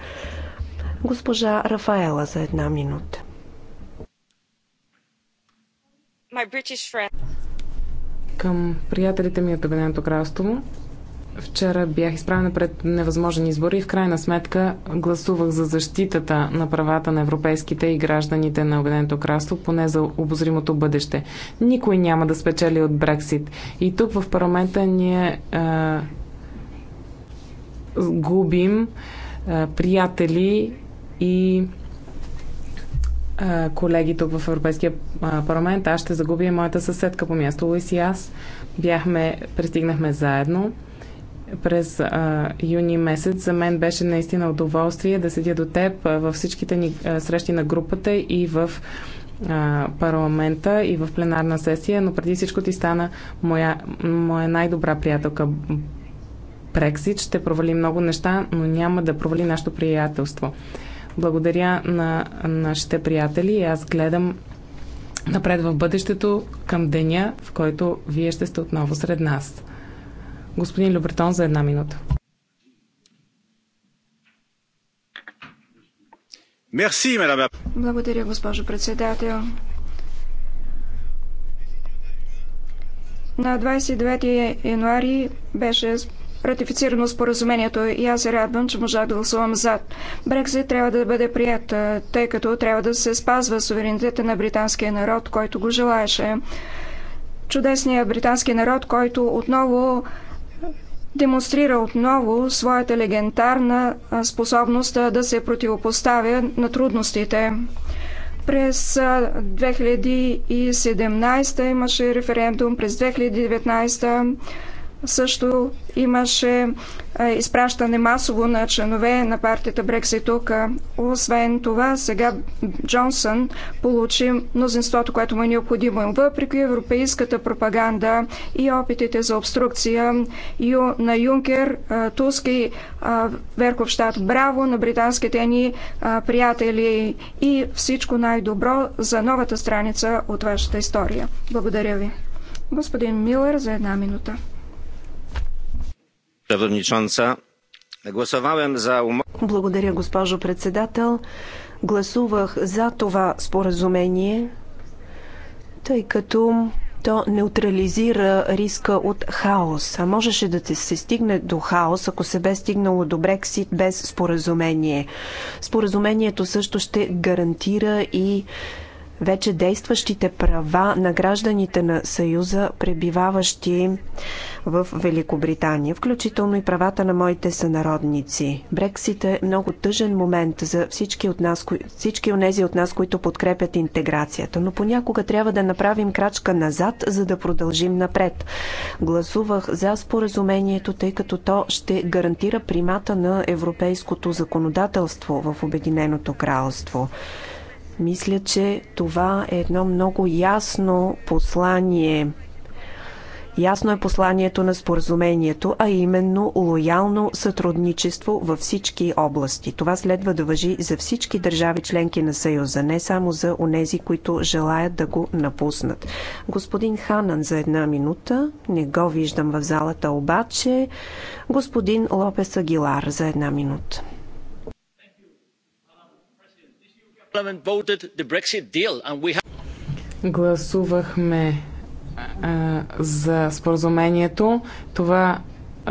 Госпожа Рафаела за една минута. Към приятелите ми от Обединеното кралство Вчера бях изправена пред невъзможен избор и в крайна сметка гласувах за защитата на правата на европейските и гражданите на Обединеното кралство, поне за обозримото бъдеще. Никой няма да спечели от Брексит. И тук в парламента ние е, губим е, приятели и колеги тук в Европейския парламент. Аз ще загубя моята съседка по място, Луис и аз. Бяхме, пристигнахме заедно през а, юни месец. За мен беше наистина удоволствие да седя до теб а, във всичките ни а, срещи на групата и в а, парламента и в пленарна сесия, но преди всичко ти стана моя, моя най-добра приятелка. Прексит ще провали много неща, но няма да провали нашето приятелство. Благодаря на нашите приятели и аз гледам напред в бъдещето към деня, в който вие ще сте отново сред нас господин Любертон за една минута. Благодаря, госпожо председател. На 29 януари беше ратифицирано споразумението и аз се радвам, че можах да гласувам зад. Брекзит трябва да бъде прият, тъй като трябва да се спазва суверенитета на британския народ, който го желаеше. Чудесният британски народ, който отново демонстрира отново своята легендарна способност да се противопоставя на трудностите. През 2017 имаше референдум, през 2019 също имаше изпращане масово на членове на партията Брексит тук. Освен това, сега Джонсън получи мнозинството, което му е необходимо. Въпреки европейската пропаганда и опитите за обструкция на Юнкер, Туски, Верховщад, браво на британските ни приятели и всичко най-добро за новата страница от вашата история. Благодаря ви. Господин Милър за една минута. Um- Благодаря, госпожо председател. Гласувах за това споразумение, тъй като то неутрализира риска от хаос. А можеше да се стигне до хаос, ако се бе стигнало до Брексит без споразумение. Споразумението също ще гарантира и вече действащите права на гражданите на Съюза, пребиваващи в Великобритания, включително и правата на моите сънародници. Брексит е много тъжен момент за всички от нас, всички от нези от нас, които подкрепят интеграцията, но понякога трябва да направим крачка назад, за да продължим напред. Гласувах за споразумението, тъй като то ще гарантира примата на европейското законодателство в Обединеното кралство. Мисля, че това е едно много ясно послание. Ясно е посланието на споразумението, а именно лоялно сътрудничество във всички области. Това следва да въжи за всички държави членки на Съюза, не само за онези, които желаят да го напуснат. Господин Ханан за една минута, не го виждам в залата обаче. Господин Лопес Агилар за една минута. Гласувахме а, за споразумението. Това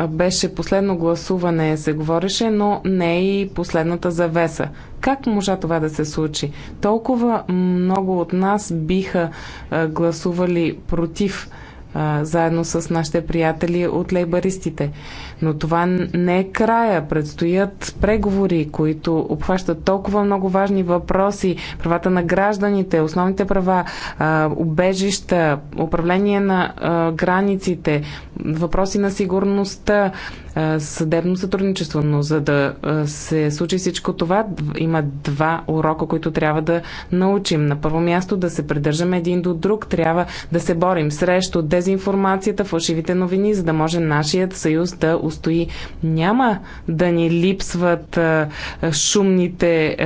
беше последно гласуване, се говореше, но не и последната завеса. Как можа това да се случи? Толкова много от нас биха а, гласували против а, заедно с нашите приятели от лейбаристите. Но това не е края. Предстоят преговори, които обхващат толкова много важни въпроси. Правата на гражданите, основните права, убежища, управление на границите, въпроси на сигурността, съдебно сътрудничество. Но за да се случи всичко това, има два урока, които трябва да научим. На първо място да се придържаме един до друг, трябва да се борим срещу дезинформацията, фалшивите новини, за да може нашият съюз да устои. Няма да ни липсват шумните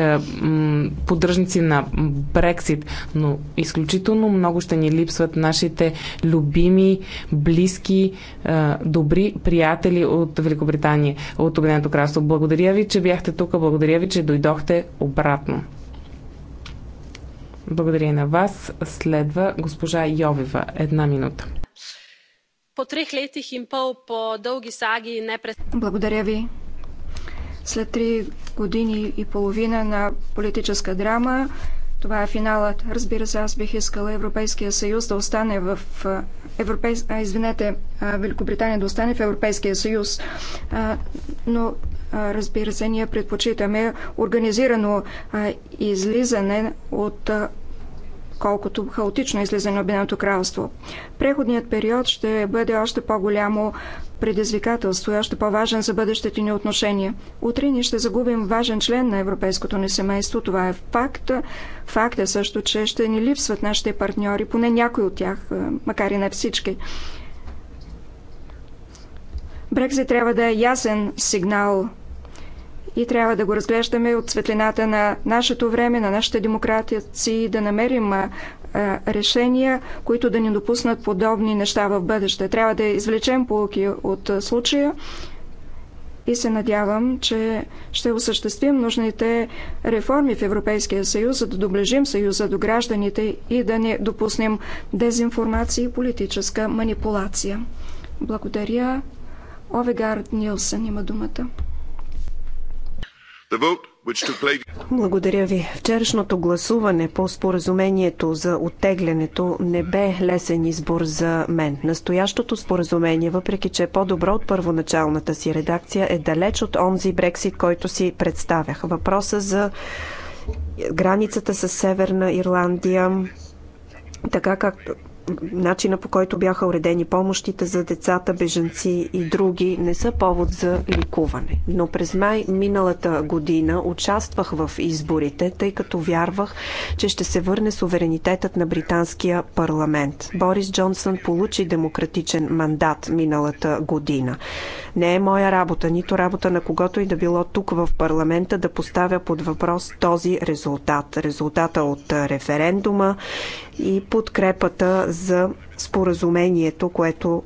поддръжници на Брексит, но изключително много ще ни липсват нашите любими, близки, добри приятели от Великобритания, от Обединеното кралство. Благодаря ви, че бяхте тук, благодаря ви, че дойдохте обратно. Благодаря и на вас. Следва госпожа Йовева. Една минута. Благодаря ви. След три години и половина на политическа драма, това е финалът. Разбира се, аз бих искала Европейския съюз да остане в... Европейс... А, извинете, Великобритания да остане в Европейския съюз. А, но, а, разбира се, ние предпочитаме организирано а, излизане от а, колкото хаотично излиза на Обединеното кралство. Преходният период ще бъде още по-голямо предизвикателство и още по-важен за бъдещите ни отношения. Утре ни ще загубим важен член на европейското ни семейство. Това е факт. Факт е също, че ще ни липсват нашите партньори, поне някой от тях, макар и не всички. Брекзит трябва да е ясен сигнал и трябва да го разглеждаме от светлината на нашето време, на нашите демокрации, да намерим решения, които да ни допуснат подобни неща в бъдеще. Трябва да извлечем полуки от случая и се надявам, че ще осъществим нужните реформи в Европейския съюз, за да доближим съюза до гражданите и да не допуснем дезинформация и политическа манипулация. Благодаря. Овегард Нилсън има думата. Благодаря ви. Вчерашното гласуване по споразумението за оттеглянето не бе лесен избор за мен. Настоящото споразумение, въпреки че е по-добро от първоначалната си редакция, е далеч от онзи Брексит, който си представях. Въпроса за границата с Северна Ирландия, така както начина по който бяха уредени помощите за децата, бежанци и други не са повод за ликуване. Но през май миналата година участвах в изборите, тъй като вярвах, че ще се върне суверенитетът на британския парламент. Борис Джонсън получи демократичен мандат миналата година. Не е моя работа, нито работа на когото и да било тук в парламента да поставя под въпрос този резултат. Резултата от референдума и подкрепата за споразумението, което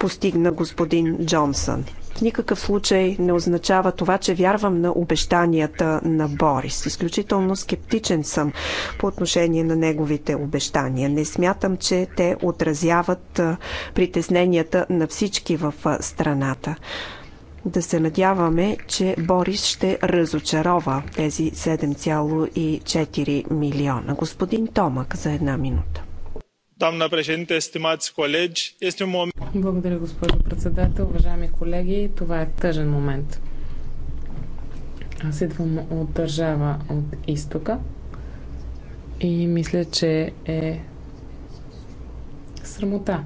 постигна господин Джонсън. В никакъв случай не означава това, че вярвам на обещанията на Борис. Изключително скептичен съм по отношение на неговите обещания. Не смятам, че те отразяват притесненията на всички в страната. Да се надяваме, че Борис ще разочарова тези 7,4 милиона. Господин Томак за една минута. Дамна președinte, stimați колеги, este un moment... Благодаря, госпожо председател. Уважаеми колеги, това е тъжен момент. Аз идвам от държава от изтока и мисля, че е срамота,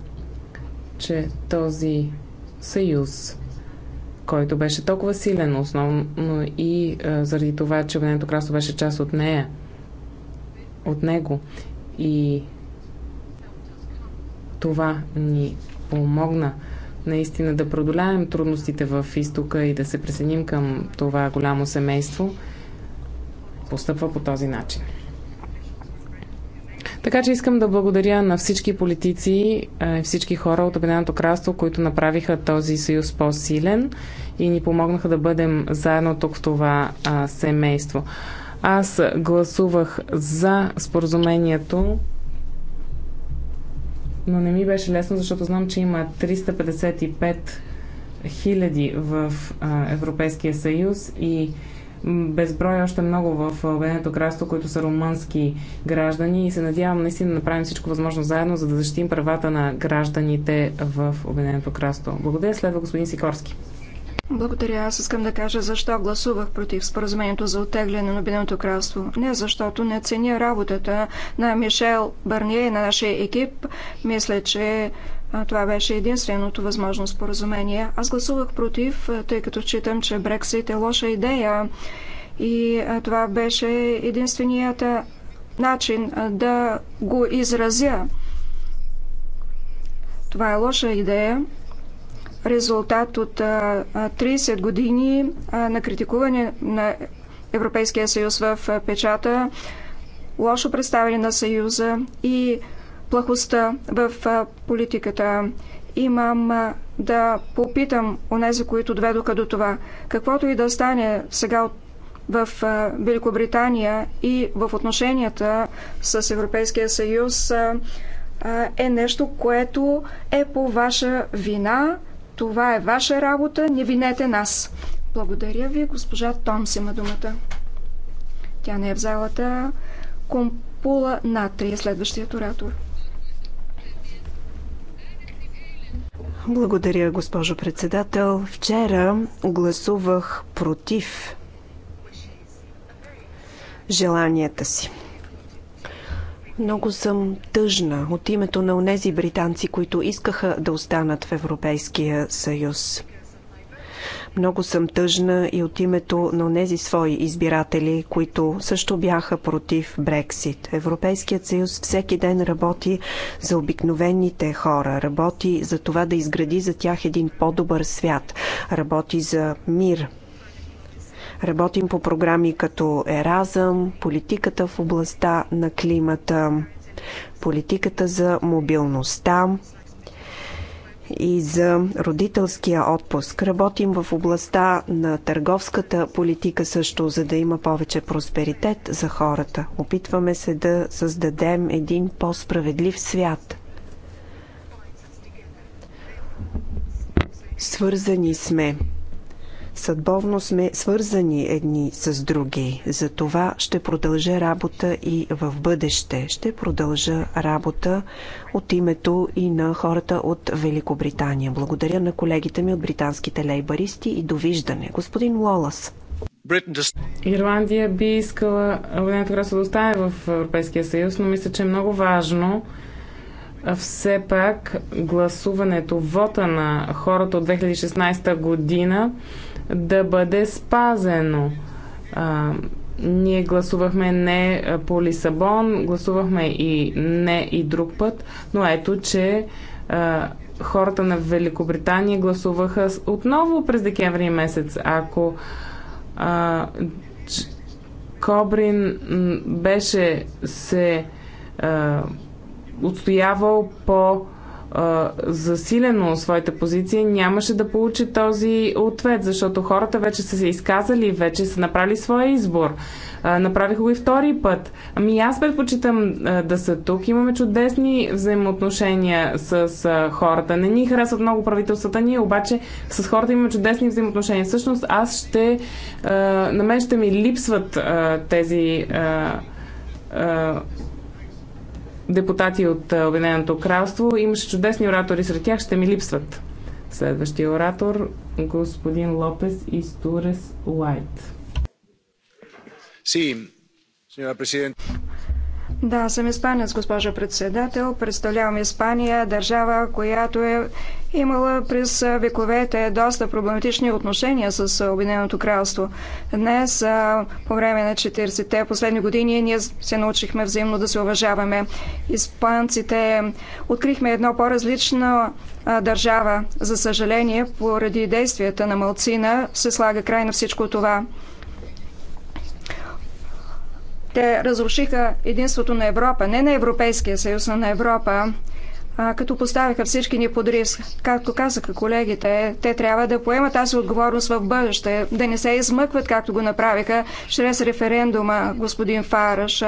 че този съюз който беше толкова силен, основно и а, заради това, че Обединеното кралство беше част от нея, от него. И това ни помогна наистина да продоляем трудностите в изтока и да се присъединим към това голямо семейство, постъпва по този начин. Така че искам да благодаря на всички политици и всички хора от Обединеното кралство, които направиха този съюз по-силен и ни помогнаха да бъдем заедно тук в това а, семейство. Аз гласувах за споразумението, но не ми беше лесно, защото знам, че има 355 хиляди в а, Европейския съюз и безброй още много в Обединеното кралство, които са румънски граждани и се надявам наистина да направим всичко възможно заедно, за да защитим правата на гражданите в Обединеното кралство. Благодаря. Следва господин Сикорски. Благодаря. Аз искам да кажа защо гласувах против споразумението за оттегляне на Обединеното кралство. Не защото не ценя работата на Мишел Бърние и на нашия екип. Мисля, че това беше единственото възможно споразумение. Аз гласувах против, тъй като считам, че Брексит е лоша идея и това беше единственият начин да го изразя. Това е лоша идея. Резултат от 30 години на критикуване на Европейския съюз в печата, лошо представяне на съюза и плахостта в политиката. Имам да попитам онези, които доведоха до това. Каквото и да стане сега в Великобритания и в отношенията с Европейския съюз е нещо, което е по ваша вина. Това е ваша работа. Не винете нас. Благодаря ви. Госпожа Томс има думата. Тя не е в залата. Компула на 3 е следващият оратор. Благодаря, госпожо председател. Вчера гласувах против желанията си. Много съм тъжна от името на онези британци, които искаха да останат в Европейския съюз. Много съм тъжна и от името на тези свои избиратели, които също бяха против Брексит. Европейският съюз всеки ден работи за обикновените хора, работи за това да изгради за тях един по-добър свят, работи за мир, Работим по програми като Еразъм, политиката в областта на климата, политиката за мобилността, и за родителския отпуск. Работим в областта на търговската политика също, за да има повече просперитет за хората. Опитваме се да създадем един по-справедлив свят. Свързани сме Съдбовно сме свързани едни с други. За това ще продължа работа и в бъдеще. Ще продължа работа от името и на хората от Великобритания. Благодаря на колегите ми от британските лейбаристи и довиждане. Господин Лолас. Ирландия би искала Обединеното кралство да остане в Европейския съюз, но мисля, че е много важно все пак гласуването, вота на хората от 2016 година да бъде спазено. А, ние гласувахме не по Лисабон, гласувахме и не и друг път, но ето, че а, хората на Великобритания гласуваха отново през декември месец. Ако а, Кобрин беше се а, отстоявал по засилено своите позиции, нямаше да получи този ответ, защото хората вече са се изказали, вече са направили своя избор. Направих го и втори път. Ами аз предпочитам да са тук. Имаме чудесни взаимоотношения с хората. Не ни харесват много правителствата ни, обаче с хората имаме чудесни взаимоотношения. Всъщност аз ще... На мен ще ми липсват тези депутати от Обединеното кралство. Имаше чудесни оратори сред тях, ще ми липсват. Следващия оратор господин Лопес Истурес Уайт. Си, президент. Да, съм испанец, госпожа председател. Представлявам Испания, държава, която е имала през вековете доста проблематични отношения с Обединеното кралство. Днес, по време на 40-те последни години, ние се научихме взаимно да се уважаваме. Испанците открихме едно по различно държава. За съжаление, поради действията на малцина се слага край на всичко това. Те разрушиха единството на Европа, не на Европейския съюз, а на Европа като поставяха всички ни под риск. Както казаха колегите, те трябва да поемат тази отговорност в бъдеще, да не се измъкват, както го направиха чрез референдума, господин Фараш.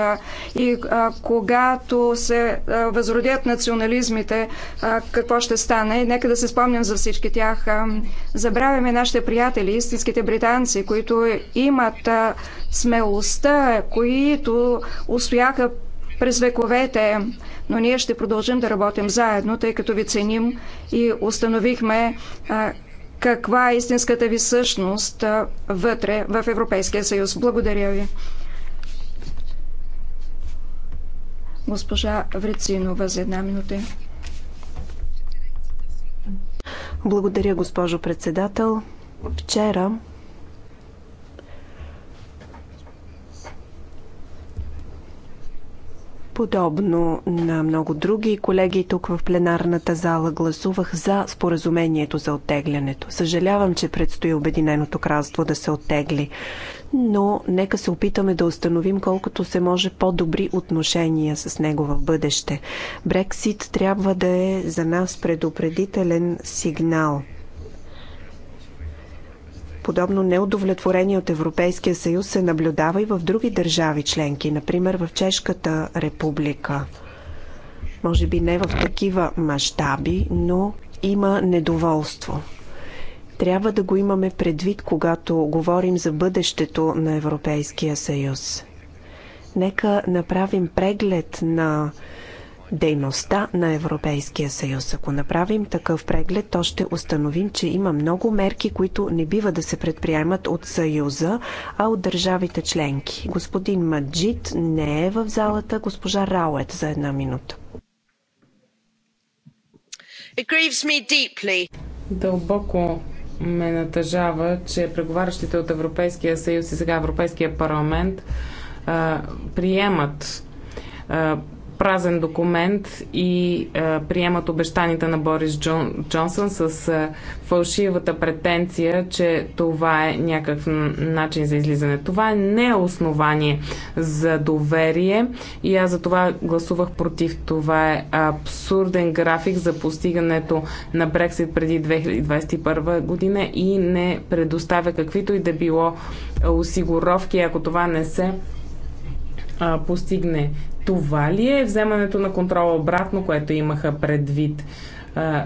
И а, когато се а, възродят национализмите, а, какво ще стане? Нека да се спомням за всички тях. забравяме нашите приятели, истинските британци, които имат смелостта, които устояха през вековете но ние ще продължим да работим заедно, тъй като ви ценим и установихме каква е истинската ви същност вътре в Европейския съюз. Благодаря ви. Госпожа Врецинова за една минута. Благодаря, госпожо председател. Вчера Подобно на много други колеги тук в пленарната зала гласувах за споразумението за оттеглянето. Съжалявам, че предстои Обединеното кралство да се оттегли, но нека се опитаме да установим колкото се може по-добри отношения с него в бъдеще. Брексит трябва да е за нас предупредителен сигнал – подобно неудовлетворение от Европейския съюз се наблюдава и в други държави членки, например в Чешката република. Може би не в такива мащаби, но има недоволство. Трябва да го имаме предвид, когато говорим за бъдещето на Европейския съюз. Нека направим преглед на дейността на Европейския съюз. Ако направим такъв преглед, то ще установим, че има много мерки, които не бива да се предприемат от съюза, а от държавите членки. Господин Маджит, не е в залата, госпожа Раует за една минута. Дълбоко ме натъжава, че преговарящите от Европейския съюз и сега Европейския парламент а, приемат а, празен документ и а, е, приемат обещаните на Борис Джон, Джонсън с а, е, фалшивата претенция, че това е някакъв начин за излизане. Това е не е основание за доверие и аз за това гласувах против. Това е абсурден график за постигането на Брексит преди 2021 година и не предоставя каквито и да било осигуровки, ако това не се постигне. Това ли е вземането на контрола обратно, което имаха предвид? А,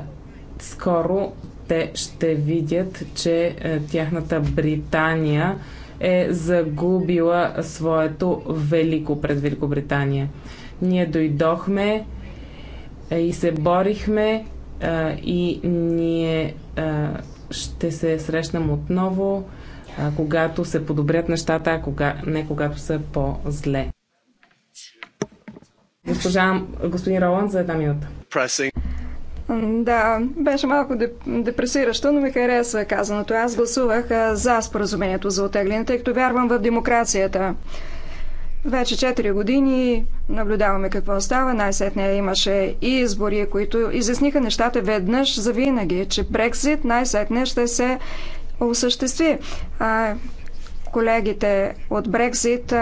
скоро те ще видят, че а, тяхната Британия е загубила своето велико пред Великобритания. Ние дойдохме и се борихме а, и ние а, ще се срещнем отново, а, когато се подобрят нещата, а кога, не когато са по-зле. Госпожа, господин Роланд за една минута. Да, беше малко депресиращо, но ми хареса казаното. Аз гласувах за споразумението за отегляне, тъй като вярвам в демокрацията. Вече 4 години наблюдаваме какво става. Най-сетне имаше и избори, които изясниха нещата веднъж за винаги, че Брексит най-сетне ще се осъществи. колегите от Брекзит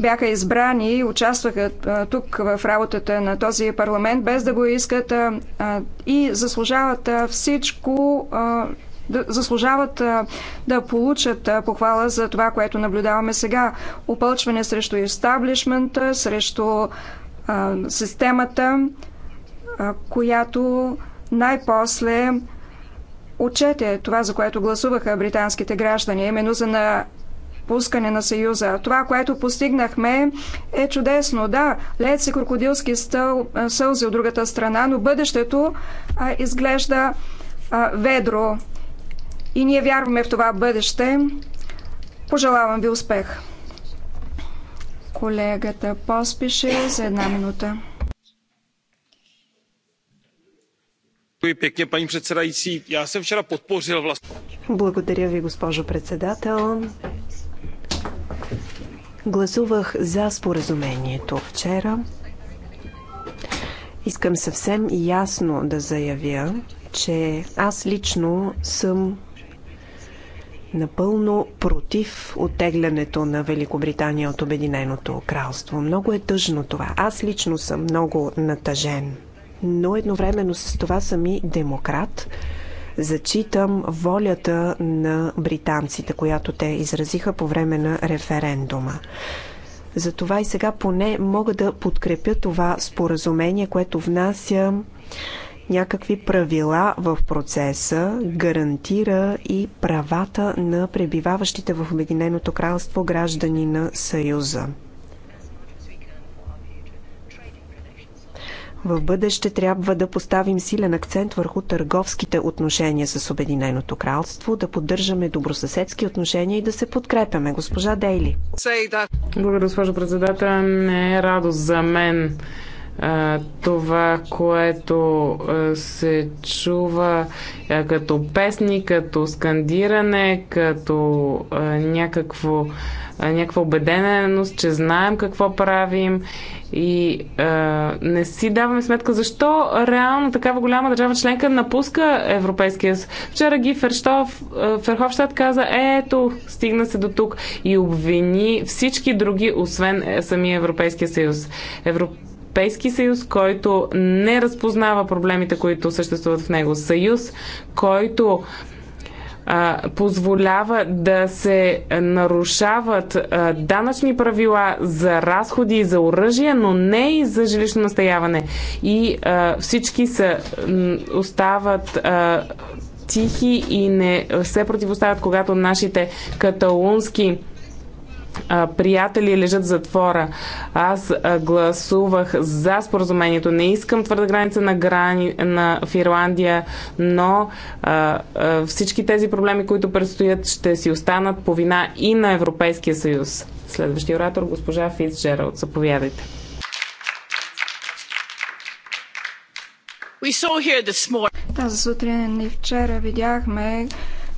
бяха избрани и участваха тук в работата на този парламент, без да го искат и заслужават всичко, заслужават да получат похвала за това, което наблюдаваме сега. Опълчване срещу естаблишмента, срещу системата, която най-после отчете това, за което гласуваха британските граждани, именно за на напускане на Съюза. Това, което постигнахме е чудесно. Да, лед се крокодилски стъл, сълзи от другата страна, но бъдещето а, изглежда а, ведро. И ние вярваме в това бъдеще. Пожелавам ви успех. Колегата поспише за една минута. Благодаря ви, госпожо председател. Гласувах за споразумението вчера. Искам съвсем ясно да заявя, че аз лично съм напълно против оттеглянето на Великобритания от Обединеното кралство. Много е тъжно това. Аз лично съм много натъжен. Но едновременно с това съм и демократ. Зачитам волята на британците, която те изразиха по време на референдума. Затова и сега поне мога да подкрепя това споразумение, което внася някакви правила в процеса, гарантира и правата на пребиваващите в Обединеното кралство граждани на Съюза. В бъдеще трябва да поставим силен акцент върху търговските отношения с Обединеното кралство, да поддържаме добросъседски отношения и да се подкрепяме. Госпожа Дейли. Благодаря, госпожо председател. Не е радост за мен а, това, което а, се чува а, като песни, като скандиране, като а, някакво, а, някаква убеденост, че знаем какво правим и а, не си даваме сметка защо реално такава голяма държава членка напуска Европейския съюз. Вчера Ги Ферховщад каза, ето, стигна се до тук и обвини всички други, освен е, самия Европейския съюз. Европ... Европейски съюз, който не разпознава проблемите, които съществуват в него. Съюз, който позволява да се нарушават данъчни правила за разходи и за оръжие, но не и за жилищно настояване. И всички са, остават тихи и не се противоставят, когато нашите каталунски а, приятели лежат в затвора. Аз а, гласувах за споразумението. Не искам твърда граница на, грани, на в Ирландия, но а, а, всички тези проблеми, които предстоят, ще си останат по вина и на Европейския съюз. Следващия оратор, госпожа Фитс Джералд. Заповядайте. Тази сутрин и вчера видяхме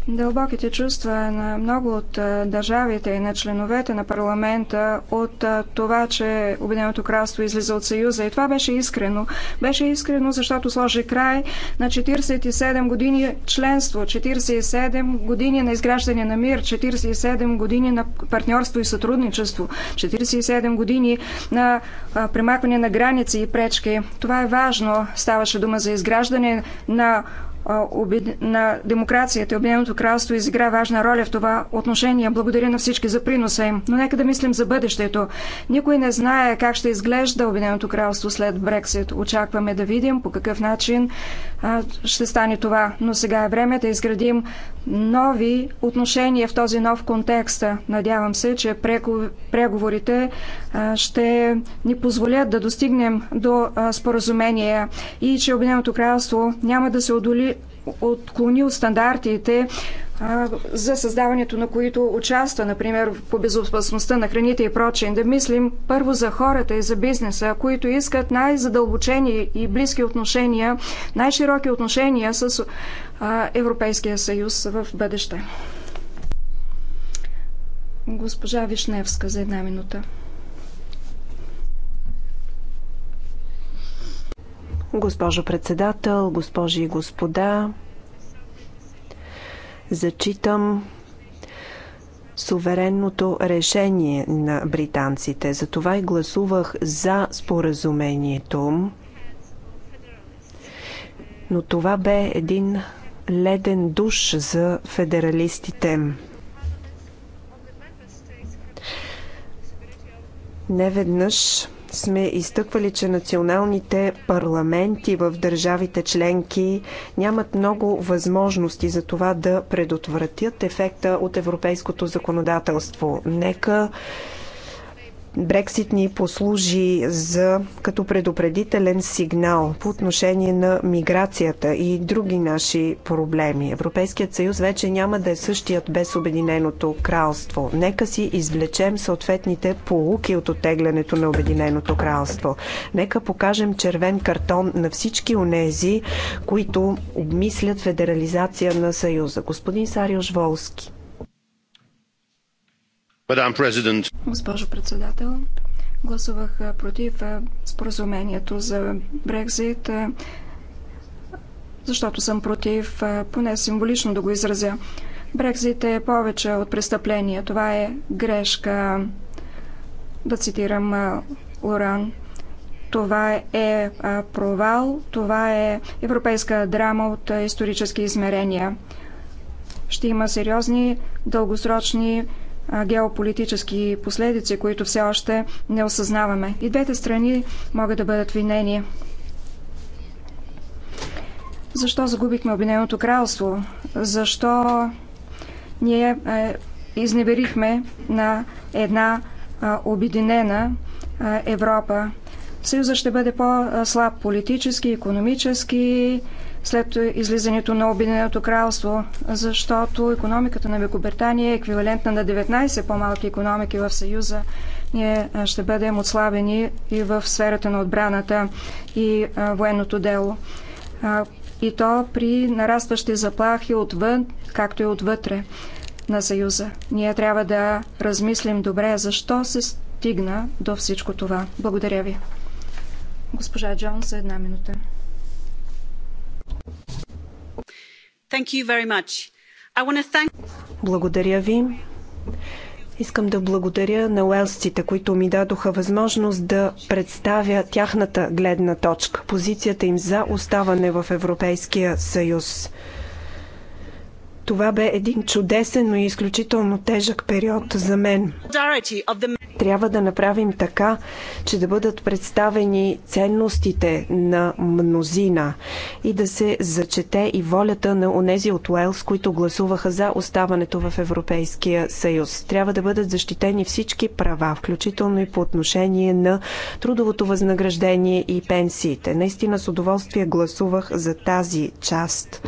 Дълбоките чувства на много от държавите и на членовете на парламента от това, че Обединеното кралство излиза от Съюза. И това беше искрено. Беше искрено, защото сложи край на 47 години членство, 47 години на изграждане на мир, 47 години на партньорство и сътрудничество, 47 години на примахване на граници и пречки. Това е важно. Ставаше дума за изграждане на на демокрацията и Обединеното кралство изигра важна роля в това отношение. Благодаря на всички за приноса им. Но нека да мислим за бъдещето. Никой не знае как ще изглежда Обединеното кралство след Брексит. Очакваме да видим по какъв начин ще стане това. Но сега е време да изградим нови отношения в този нов контекст. Надявам се, че преговорите ще ни позволят да достигнем до споразумение и че Обединеното кралство няма да се отклони от стандартите, за създаването на които участва, например, по безопасността на храните и прочее. Да мислим първо за хората и за бизнеса, които искат най-задълбочени и близки отношения, най-широки отношения с Европейския съюз в бъдеще. Госпожа Вишневска за една минута. Госпожо председател, госпожи и господа, Зачитам суверенното решение на британците. Затова и гласувах за споразумението. Но това бе един леден душ за федералистите. Неведнъж сме изтъквали, че националните парламенти в държавите членки нямат много възможности за това да предотвратят ефекта от европейското законодателство. Нека Брексит ни послужи за, като предупредителен сигнал по отношение на миграцията и други наши проблеми. Европейският съюз вече няма да е същият без Обединеното кралство. Нека си извлечем съответните полуки от отеглянето на Обединеното кралство. Нека покажем червен картон на всички онези, които обмислят федерализация на съюза. Господин Сариош Волски. Госпожо председател, гласувах против споразумението за Брекзит, защото съм против, поне символично да го изразя. Брекзит е повече от престъпление. Това е грешка, да цитирам Лоран. Това е провал, това е европейска драма от исторически измерения. Ще има сериозни дългосрочни геополитически последици, които все още не осъзнаваме. И двете страни могат да бъдат винени. Защо загубихме Обединеното кралство? Защо ние е, изневерихме на една е, обединена е, Европа? Съюзът ще бъде по-слаб политически, економически, след излизането на Обединеното кралство, защото економиката на Великобритания е еквивалентна на 19 по-малки економики в Съюза. Ние ще бъдем отслабени и в сферата на отбраната и военното дело. И то при нарастващи заплахи отвън, както и отвътре на Съюза. Ние трябва да размислим добре защо се стигна до всичко това. Благодаря ви. Госпожа Джонс една минута. Благодаря ви. Искам да благодаря на уелсците, които ми дадоха възможност да представя тяхната гледна точка, позицията им за оставане в Европейския съюз. Това бе един чудесен, но и изключително тежък период за мен. Трябва да направим така, че да бъдат представени ценностите на мнозина и да се зачете и волята на онези от Уелс, които гласуваха за оставането в Европейския съюз. Трябва да бъдат защитени всички права, включително и по отношение на трудовото възнаграждение и пенсиите. Наистина с удоволствие гласувах за тази част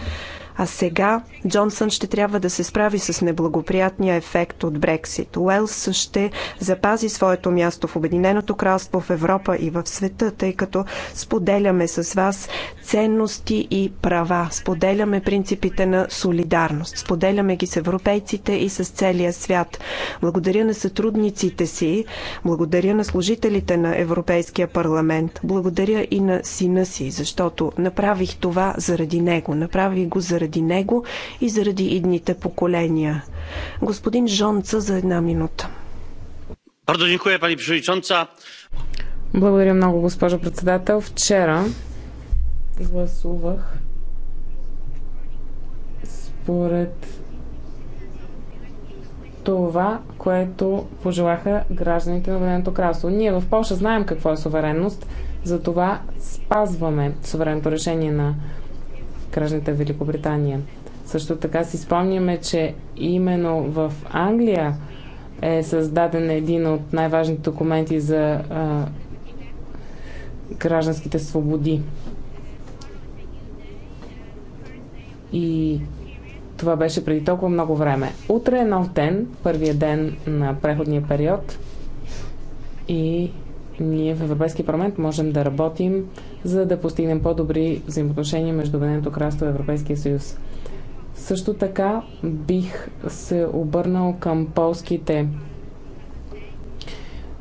а сега Джонсън ще трябва да се справи с неблагоприятния ефект от Брексит. Уелс ще запази своето място в Обединеното кралство в Европа и в света, тъй като споделяме с вас ценности и права. Споделяме принципите на солидарност. Споделяме ги с европейците и с целия свят. Благодаря на сътрудниците си, благодаря на служителите на Европейския парламент, благодаря и на сина си, защото направих това заради него. Направих го заради заради него и заради идните поколения. Господин Жонца за една минута. Благодаря много, госпожо председател. Вчера гласувах според това, което пожелаха гражданите на Обединеното кралство. Ние в Польша знаем какво е суверенност, затова спазваме суверенното решение на кръжната Великобритания. Също така си спомняме, че именно в Англия е създаден един от най-важните документи за а, гражданските свободи. И това беше преди толкова много време. Утре е нов ден, първия ден на преходния период. И ние в Европейския парламент можем да работим за да постигнем по-добри взаимоотношения между Обединеното кралство и Европейския съюз. Също така бих се обърнал към полските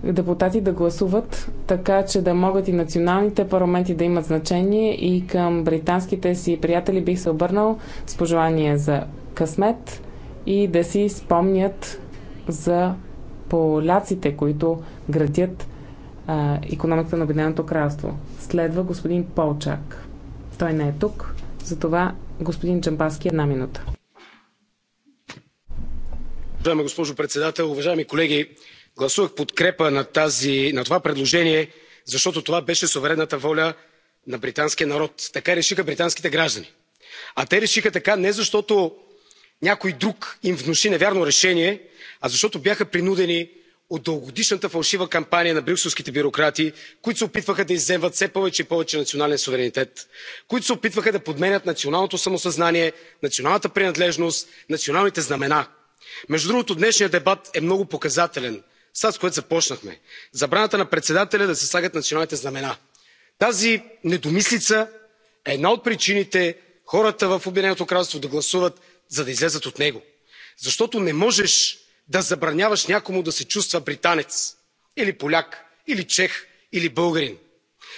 депутати да гласуват, така че да могат и националните парламенти да имат значение и към британските си приятели бих се обърнал с пожелание за късмет и да си спомнят за поляците, които градят а, економиката на Обединеното кралство. Следва господин Полчак. Той не е тук, затова господин Джамбаски една минута. Уважаема госпожо председател, уважаеми колеги, гласувах подкрепа на, тази, на това предложение, защото това беше суверенната воля на британския народ. Така решиха британските граждани. А те решиха така не защото някой друг им внуши невярно решение, а защото бяха принудени от дългогодишната фалшива кампания на брюкселските бюрократи които се опитваха да изземват все повече и повече национален суверенитет които се опитваха да подменят националното самосъзнание националната принадлежност националните знамена. между другото днешният дебат е много показателен това с което започнахме забраната на председателя да се слагат националните знамена. тази недомислица е една от причините хората в обединеното кралство да гласуват за да излязат от него защото не можеш да забраняваш някому да се чувства британец или поляк или чех или българин.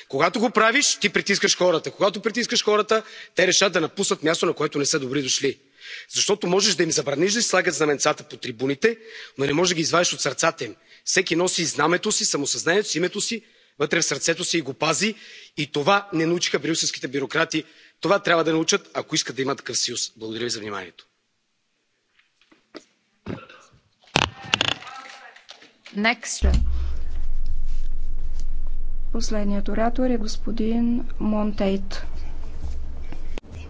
Когато го правиш, ти притискаш хората. Когато притискаш хората, те решат да напуснат място, на което не са добри дошли. Защото можеш да им забраниш да слагат знаменцата по трибуните, но не можеш да ги извадиш от сърцата им. Всеки носи знамето си, самосъзнанието си, името си вътре в сърцето си и го пази. И това не научиха брюкселските бюрократи. Това трябва да научат, ако искат да имат такъв съюз. Благодаря ви за вниманието. Next. Последният оратор е господин Монтейт.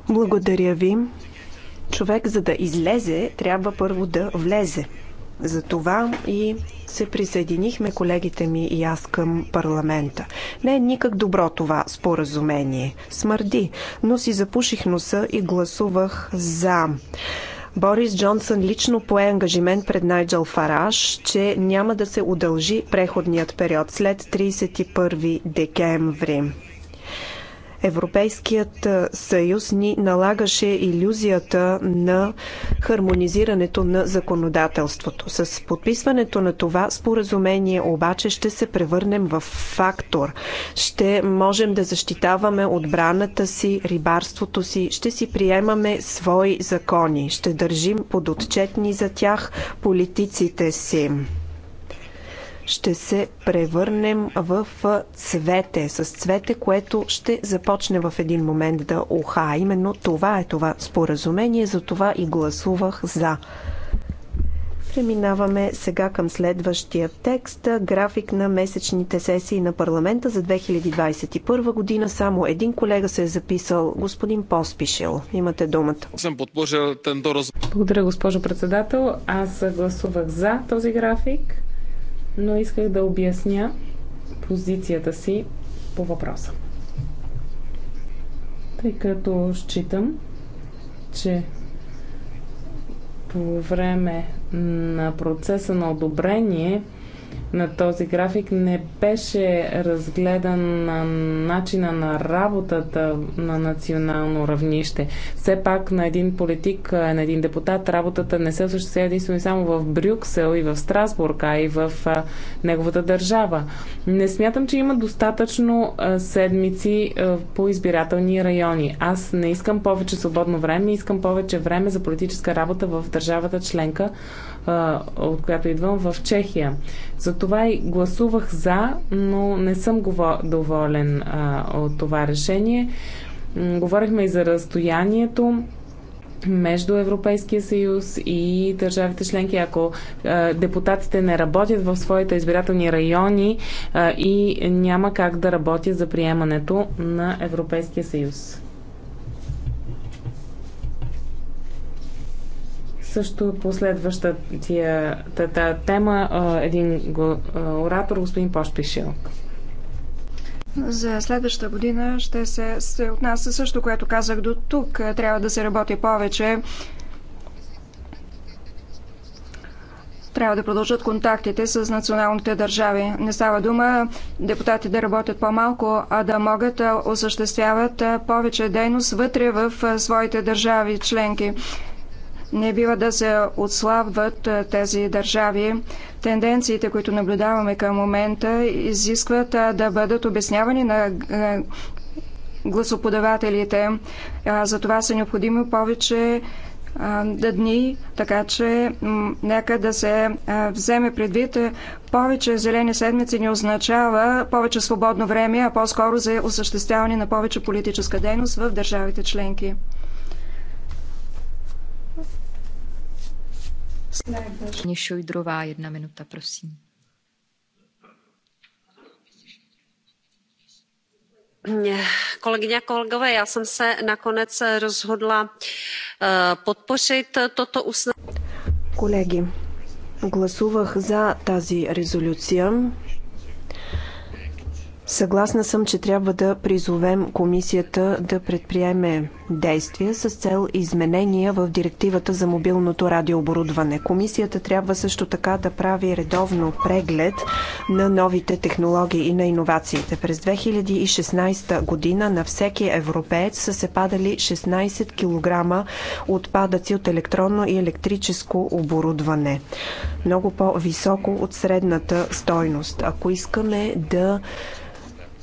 Благодаря ви. Човек, за да излезе, трябва първо да влезе. Затова и се присъединихме колегите ми и аз към парламента. Не е никак добро това споразумение. Смърди, но си запуших носа и гласувах за. Борис Джонсън лично пое ангажимент пред Найджел Фараш, че няма да се удължи преходният период след 31 декември. Европейският съюз ни налагаше иллюзията на хармонизирането на законодателството. С подписването на това споразумение обаче ще се превърнем в фактор. Ще можем да защитаваме отбраната си, рибарството си, ще си приемаме свои закони, ще държим под отчетни за тях политиците си ще се превърнем в цвете, с цвете, което ще започне в един момент да уха. Именно това е това споразумение, за това и гласувах за. Преминаваме сега към следващия текст. График на месечните сесии на парламента за 2021 година. Само един колега се е записал. Господин Поспишел, имате думата. Съм подпожил Благодаря, госпожо председател. Аз гласувах за този график но исках да обясня позицията си по въпроса. Тъй като считам, че по време на процеса на одобрение на този график не беше разгледан на начина на работата на национално равнище. Все пак на един политик, на един депутат работата не се осъществява единствено и само в Брюксел и в Страсбург, а и в неговата държава. Не смятам, че има достатъчно седмици по избирателни райони. Аз не искам повече свободно време, искам повече време за политическа работа в държавата членка, от която идвам, в Чехия. Затова и гласувах за, но не съм доволен от това решение. Говорихме и за разстоянието между Европейския съюз и държавите членки. Ако а, депутатите не работят в своите избирателни райони а, и няма как да работят за приемането на Европейския съюз. също последващата тема един оратор, господин Пошпишил. За следващата година ще се, се отнася също, което казах до тук. Трябва да се работи повече. Трябва да продължат контактите с националните държави. Не става дума депутати да работят по-малко, а да могат да осъществяват повече дейност вътре в своите държави членки. Не бива да се отслабват е, тези държави. Тенденциите, които наблюдаваме към момента, изискват е, да бъдат обяснявани на е, гласоподавателите. За това са необходими повече дни, така че нека да се вземе предвид повече зелени седмици не означава повече свободно време, а по-скоро за осъществяване на повече политическа дейност в държавите членки. Paní Šojdrová, jedna minuta, prosím. kolegyně a kolegové já jsem se nakonec rozhodla podpořit toto usnesení. Колеги, гласувах за тази резолюция, Съгласна съм, че трябва да призовем комисията да предприеме действия с цел изменения в директивата за мобилното радиооборудване. Комисията трябва също така да прави редовно преглед на новите технологии и на иновациите. През 2016 година на всеки европеец са се падали 16 кг отпадъци от електронно и електрическо оборудване. Много по-високо от средната стойност. Ако искаме да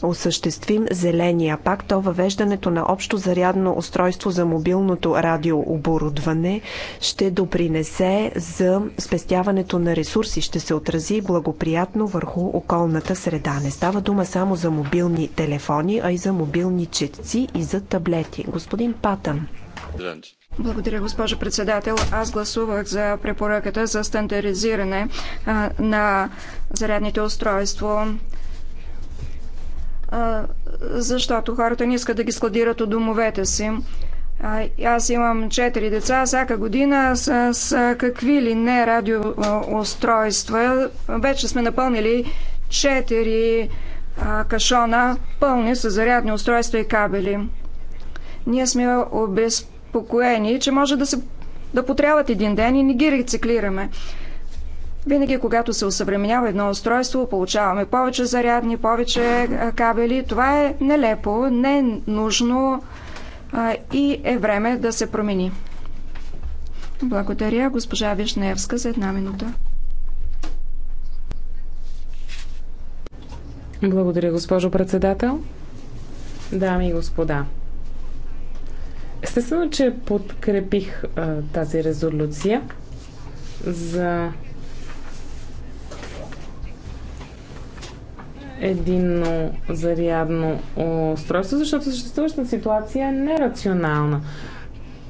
осъществим зеления пакт, то въвеждането на общо зарядно устройство за мобилното радиооборудване ще допринесе за спестяването на ресурси, ще се отрази благоприятно върху околната среда. Не става дума само за мобилни телефони, а и за мобилни четци и за таблети. Господин Патън. Благодаря, госпожо председател. Аз гласувах за препоръката за стандаризиране на зарядните устройства защото хората не искат да ги складират от домовете си. Аз имам четири деца всяка година с, с какви ли не радиоустройства. Вече сме напълнили четири кашона, пълни с зарядни устройства и кабели. Ние сме обезпокоени, че може да, се, да потребват един ден и не ги рециклираме. Винаги, когато се усъвременява едно устройство, получаваме повече зарядни, повече кабели. Това е нелепо, не е нужно и е време да се промени. Благодаря, госпожа Вишневска, за една минута. Благодаря, госпожо председател. Дами и господа, естествено, че подкрепих а, тази резолюция за единно зарядно устройство, защото съществуващата ситуация е нерационална.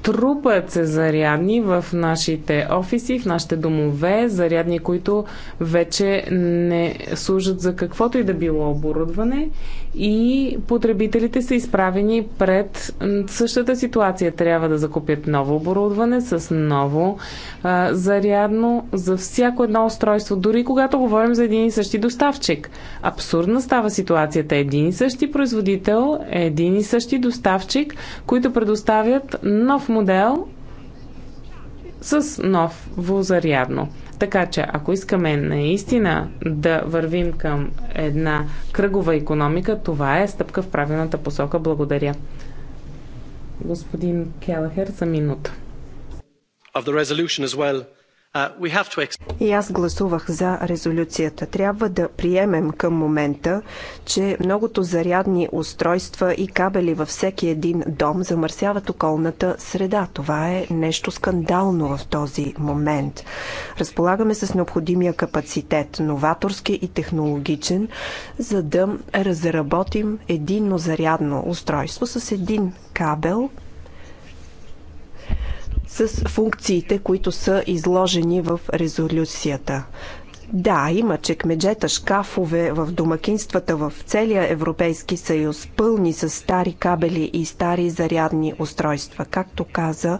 Трупат се зарядни в нашите офиси, в нашите домове, зарядни, които вече не служат за каквото и да било оборудване и потребителите са изправени пред същата ситуация. Трябва да закупят ново оборудване с ново а, зарядно за всяко едно устройство, дори когато говорим за един и същи доставчик. Абсурдна става ситуацията. Един и същи производител, един и същи доставчик, които предоставят нов модел с нов зарядно. Така че, ако искаме наистина да вървим към една кръгова економика, това е стъпка в правилната посока. Благодаря. Господин Келахер, за минута. Of the resolution as well. Uh, и аз гласувах за резолюцията. Трябва да приемем към момента, че многото зарядни устройства и кабели във всеки един дом замърсяват околната среда. Това е нещо скандално в този момент. Разполагаме с необходимия капацитет, новаторски и технологичен, за да разработим единно зарядно устройство с един кабел, с функциите, които са изложени в резолюцията. Да, има чекмеджета, шкафове в домакинствата в целия Европейски съюз, пълни с стари кабели и стари зарядни устройства. Както каза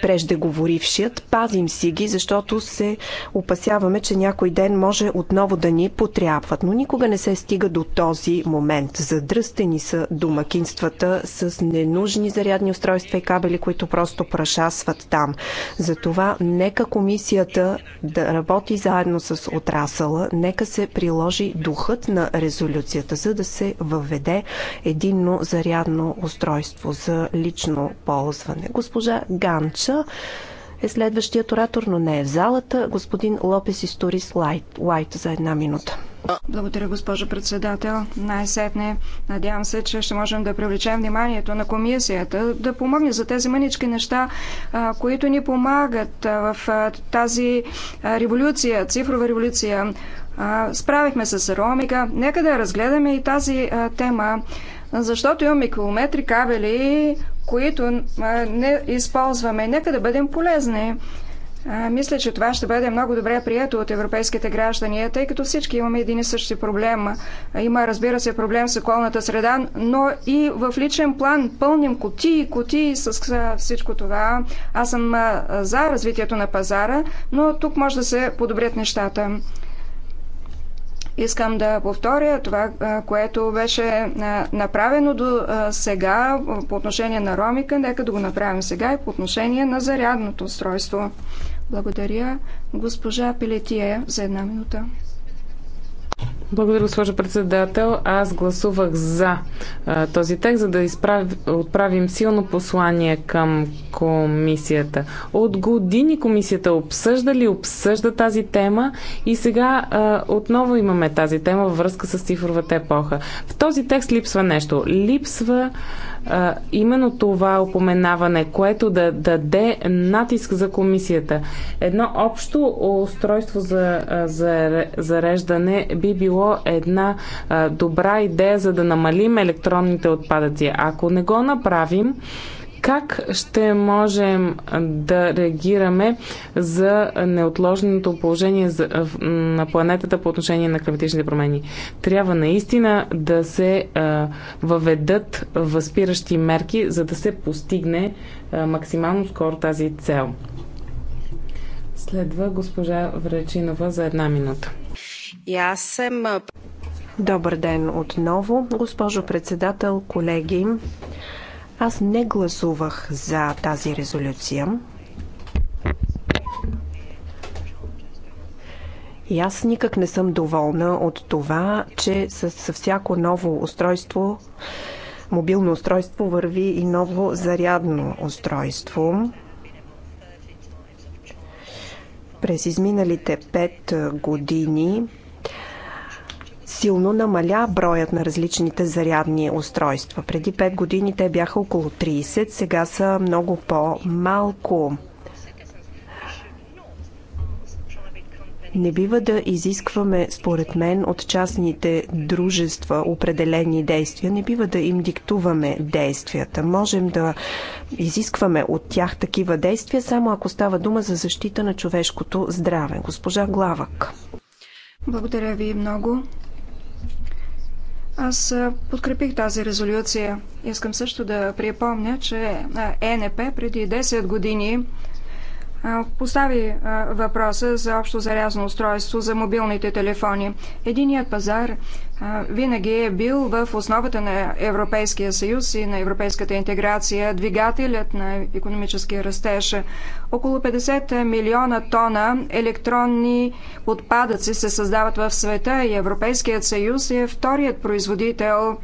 преждеговорившият. Пазим си ги, защото се опасяваме, че някой ден може отново да ни потрябват. Но никога не се стига до този момент. Задръстени са домакинствата с ненужни зарядни устройства и кабели, които просто прашасват там. Затова нека комисията да работи заедно с отрасъла, нека се приложи духът на резолюцията, за да се въведе единно зарядно устройство за лично ползване. Госпожа Ганча часа е следващият оратор, но не е в залата. Господин Лопес Историс Лайт, Лайт за една минута. Благодаря, госпожо председател. Най-сетне надявам се, че ще можем да привлечем вниманието на комисията, да помогне за тези мънички неща, които ни помагат в тази революция, цифрова революция. Справихме се с ромика. Нека да разгледаме и тази тема, защото имаме километри кабели, които не използваме. Нека да бъдем полезни. Мисля, че това ще бъде много добре прието от европейските граждани, тъй като всички имаме един и същи проблем. Има, разбира се, проблем с околната среда, но и в личен план пълним кутии и кутии с всичко това. Аз съм за развитието на пазара, но тук може да се подобрят нещата. Искам да повторя това, което беше направено до сега по отношение на ромика. Нека да го направим сега и по отношение на зарядното устройство. Благодаря госпожа Пелетие за една минута. Благодаря, госпожо председател. Аз гласувах за а, този текст, за да изправ... отправим силно послание към комисията. От години комисията обсъжда ли обсъжда тази тема и сега а, отново имаме тази тема във връзка с цифровата епоха. В този текст липсва нещо. Липсва а, именно това опоменаване, което да даде натиск за комисията. Едно общо устройство за, за зареждане би било било една а, добра идея, за да намалим електронните отпадъци. Ако не го направим, как ще можем да реагираме за неотложното положение на планетата по отношение на климатичните промени. Трябва наистина да се въведат възпиращи мерки, за да се постигне максимално скоро тази цел. Следва госпожа Вречинова за една минута. Добър ден отново, госпожо председател, колеги. Аз не гласувах за тази резолюция. И аз никак не съм доволна от това, че с всяко ново устройство, мобилно устройство, върви и ново зарядно устройство. През изминалите 5 години силно намаля броят на различните зарядни устройства. Преди 5 години те бяха около 30, сега са много по-малко. Не бива да изискваме, според мен, от частните дружества определени действия. Не бива да им диктуваме действията. Можем да изискваме от тях такива действия, само ако става дума за защита на човешкото здраве. Госпожа Главък. Благодаря ви много. Аз подкрепих тази резолюция. Искам също да припомня, че е ЕНП преди 10 години постави въпроса за общо зарязно устройство за мобилните телефони. Единият пазар винаги е бил в основата на Европейския съюз и на европейската интеграция, двигателят на економическия растеж. Около 50 милиона тона електронни отпадъци се създават в света и Европейският съюз е вторият производител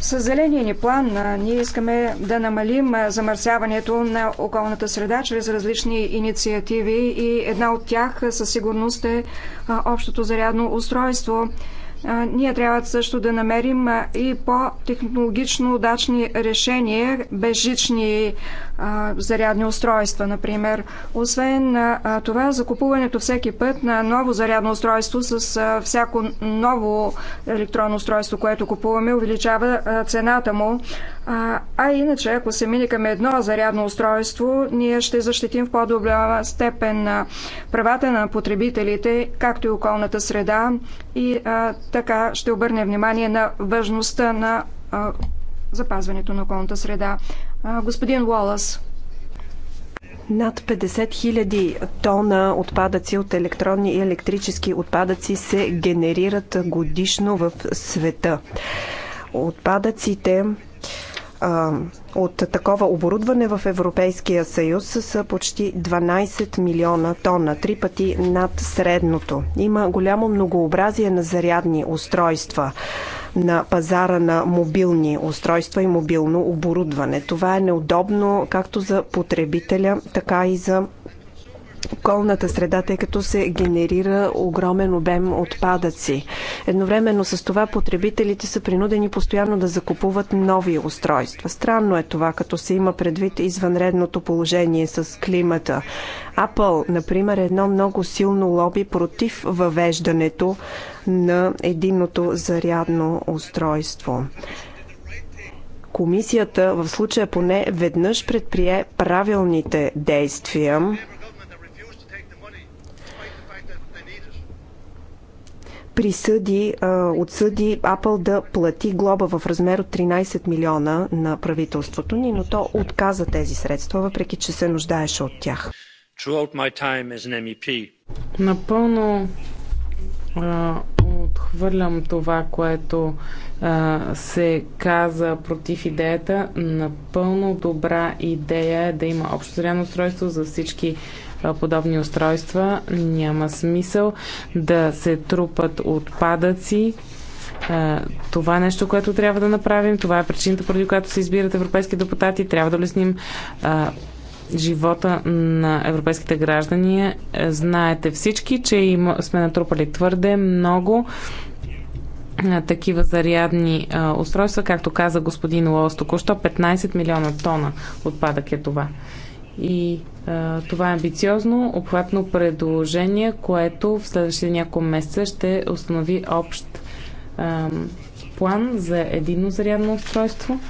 с зеления ни план ние искаме да намалим замърсяването на околната среда чрез различни инициативи и една от тях със сигурност е общото зарядно устройство. Ние трябва също да намерим и по-технологично удачни решения, безжични зарядни устройства, например. Освен а, това, закупуването всеки път на ново зарядно устройство с а, всяко ново електронно устройство, което купуваме, увеличава а, цената му. А, а иначе, ако се мине към едно зарядно устройство, ние ще защитим в по-добра степен на правата на потребителите, както и околната среда и а, така ще обърне внимание на важността на а, запазването на околната среда господин Уолас. Над 50 000 тона отпадъци от електронни и електрически отпадъци се генерират годишно в света. Отпадъците а, от такова оборудване в Европейския съюз са почти 12 милиона тона, три пъти над средното. Има голямо многообразие на зарядни устройства на пазара на мобилни устройства и мобилно оборудване. Това е неудобно както за потребителя, така и за околната среда, тъй като се генерира огромен обем отпадъци. Едновременно с това потребителите са принудени постоянно да закупуват нови устройства. Странно е това, като се има предвид извънредното положение с климата. Apple, например, е едно много силно лоби против въвеждането на единното зарядно устройство комисията в случая поне веднъж предприе правилните действия присъди, отсъди Apple да плати глоба в размер от 13 милиона на правителството ни, но то отказа тези средства, въпреки че се нуждаеше от тях. E Напълно а, отхвърлям това, което а, се каза против идеята. Напълно добра идея е да има общо зряно устройство за всички е, подобни устройства. Няма смисъл да се трупат отпадъци. Е, това е нещо, което трябва да направим. Това е причината, поради която се избират европейски депутати. Трябва да лесним е, живота на европейските граждани. Знаете всички, че сме натрупали твърде много такива зарядни а, устройства, както каза господин Лос, току-що, 15 милиона тона отпадък е това. И а, това е амбициозно, обхватно предложение, което в следващите няколко месеца ще установи общ а, план за едино зарядно устройство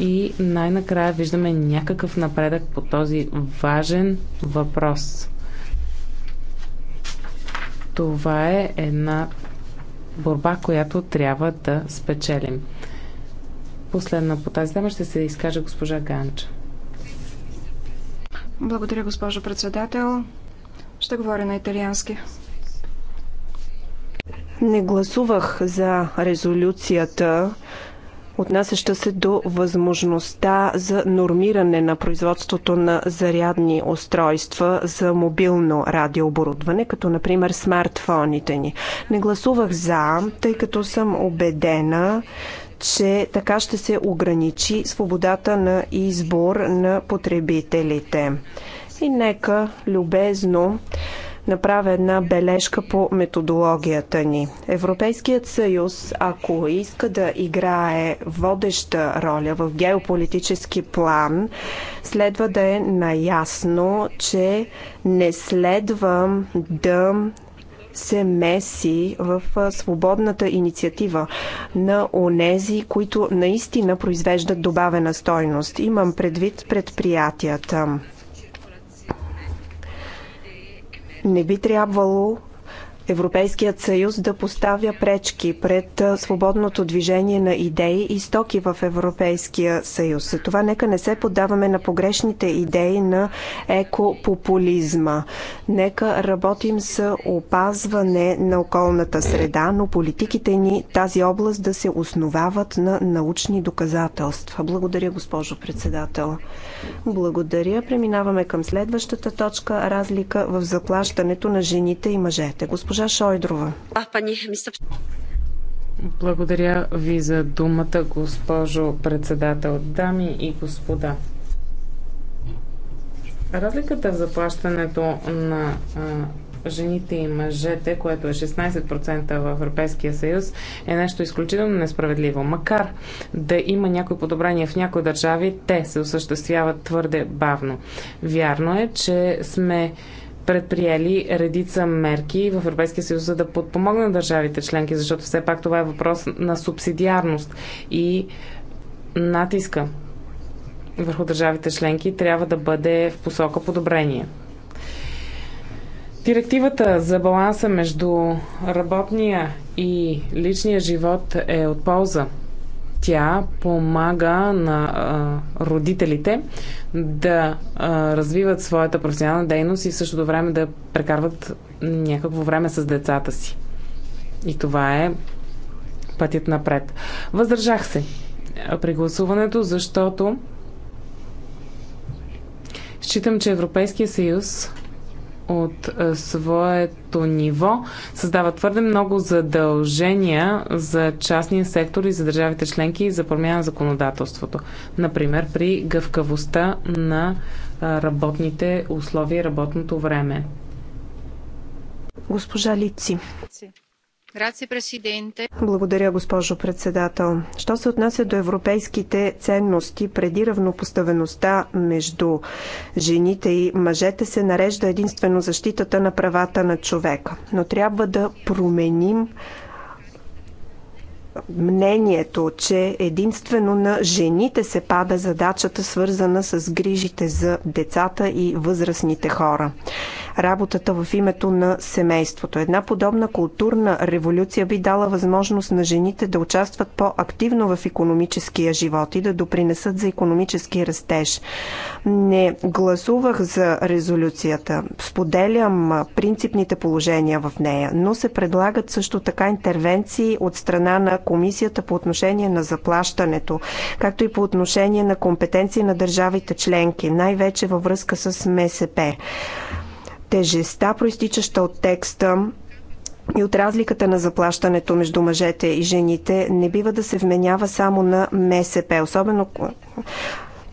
и най-накрая виждаме някакъв напредък по този важен въпрос. Това е една борба, която трябва да спечелим. Последна по тази тема ще се изкаже госпожа Ганча. Благодаря, госпожо председател. Ще говоря на италиански. Не гласувах за резолюцията, отнасяща се до възможността за нормиране на производството на зарядни устройства за мобилно радиооборудване, като например смартфоните ни. Не гласувах за, тъй като съм убедена, че така ще се ограничи свободата на избор на потребителите. И нека любезно направя една бележка по методологията ни. Европейският съюз, ако иска да играе водеща роля в геополитически план, следва да е наясно, че не следва да се меси в свободната инициатива на онези, които наистина произвеждат добавена стойност. Имам предвид предприятията. Не би трябвало Европейският съюз да поставя пречки пред свободното движение на идеи и стоки в Европейския съюз. Затова нека не се поддаваме на погрешните идеи на екопопулизма. Нека работим с опазване на околната среда, но политиките ни тази област да се основават на научни доказателства. Благодаря, госпожо председател. Благодаря. Преминаваме към следващата точка разлика в заплащането на жените и мъжете. Госпожа госпожа Шойдрова. Благодаря ви за думата, госпожо председател. Дами и господа, разликата в заплащането на жените и мъжете, което е 16% в Европейския съюз, е нещо изключително несправедливо. Макар да има някои подобрения в някои държави, те се осъществяват твърде бавно. Вярно е, че сме предприели редица мерки в Европейския съюз, за да подпомогнат държавите членки, защото все пак това е въпрос на субсидиарност и натиска върху държавите членки трябва да бъде в посока подобрение. Директивата за баланса между работния и личния живот е от полза тя помага на а, родителите да а, развиват своята професионална дейност и в същото време да прекарват някакво време с децата си. И това е пътят напред. Въздържах се при гласуването, защото считам, че Европейския съюз от е, своето ниво създава твърде много задължения за частния сектор и за държавите членки и за промяна на законодателството. Например, при гъвкавостта на е, работните условия и работното време. Госпожа Лици. Благодаря, госпожо председател. Що се отнася до европейските ценности, преди равнопоставеността между жените и мъжете се нарежда единствено защитата на правата на човека. Но трябва да променим мнението, че единствено на жените се пада задачата, свързана с грижите за децата и възрастните хора работата в името на семейството. Една подобна културна революция би дала възможност на жените да участват по-активно в економическия живот и да допринесат за економически растеж. Не гласувах за резолюцията. Споделям принципните положения в нея, но се предлагат също така интервенции от страна на комисията по отношение на заплащането, както и по отношение на компетенции на държавите членки, най-вече във връзка с МСП тежеста, проистичаща от текста и от разликата на заплащането между мъжете и жените, не бива да се вменява само на МСП, особено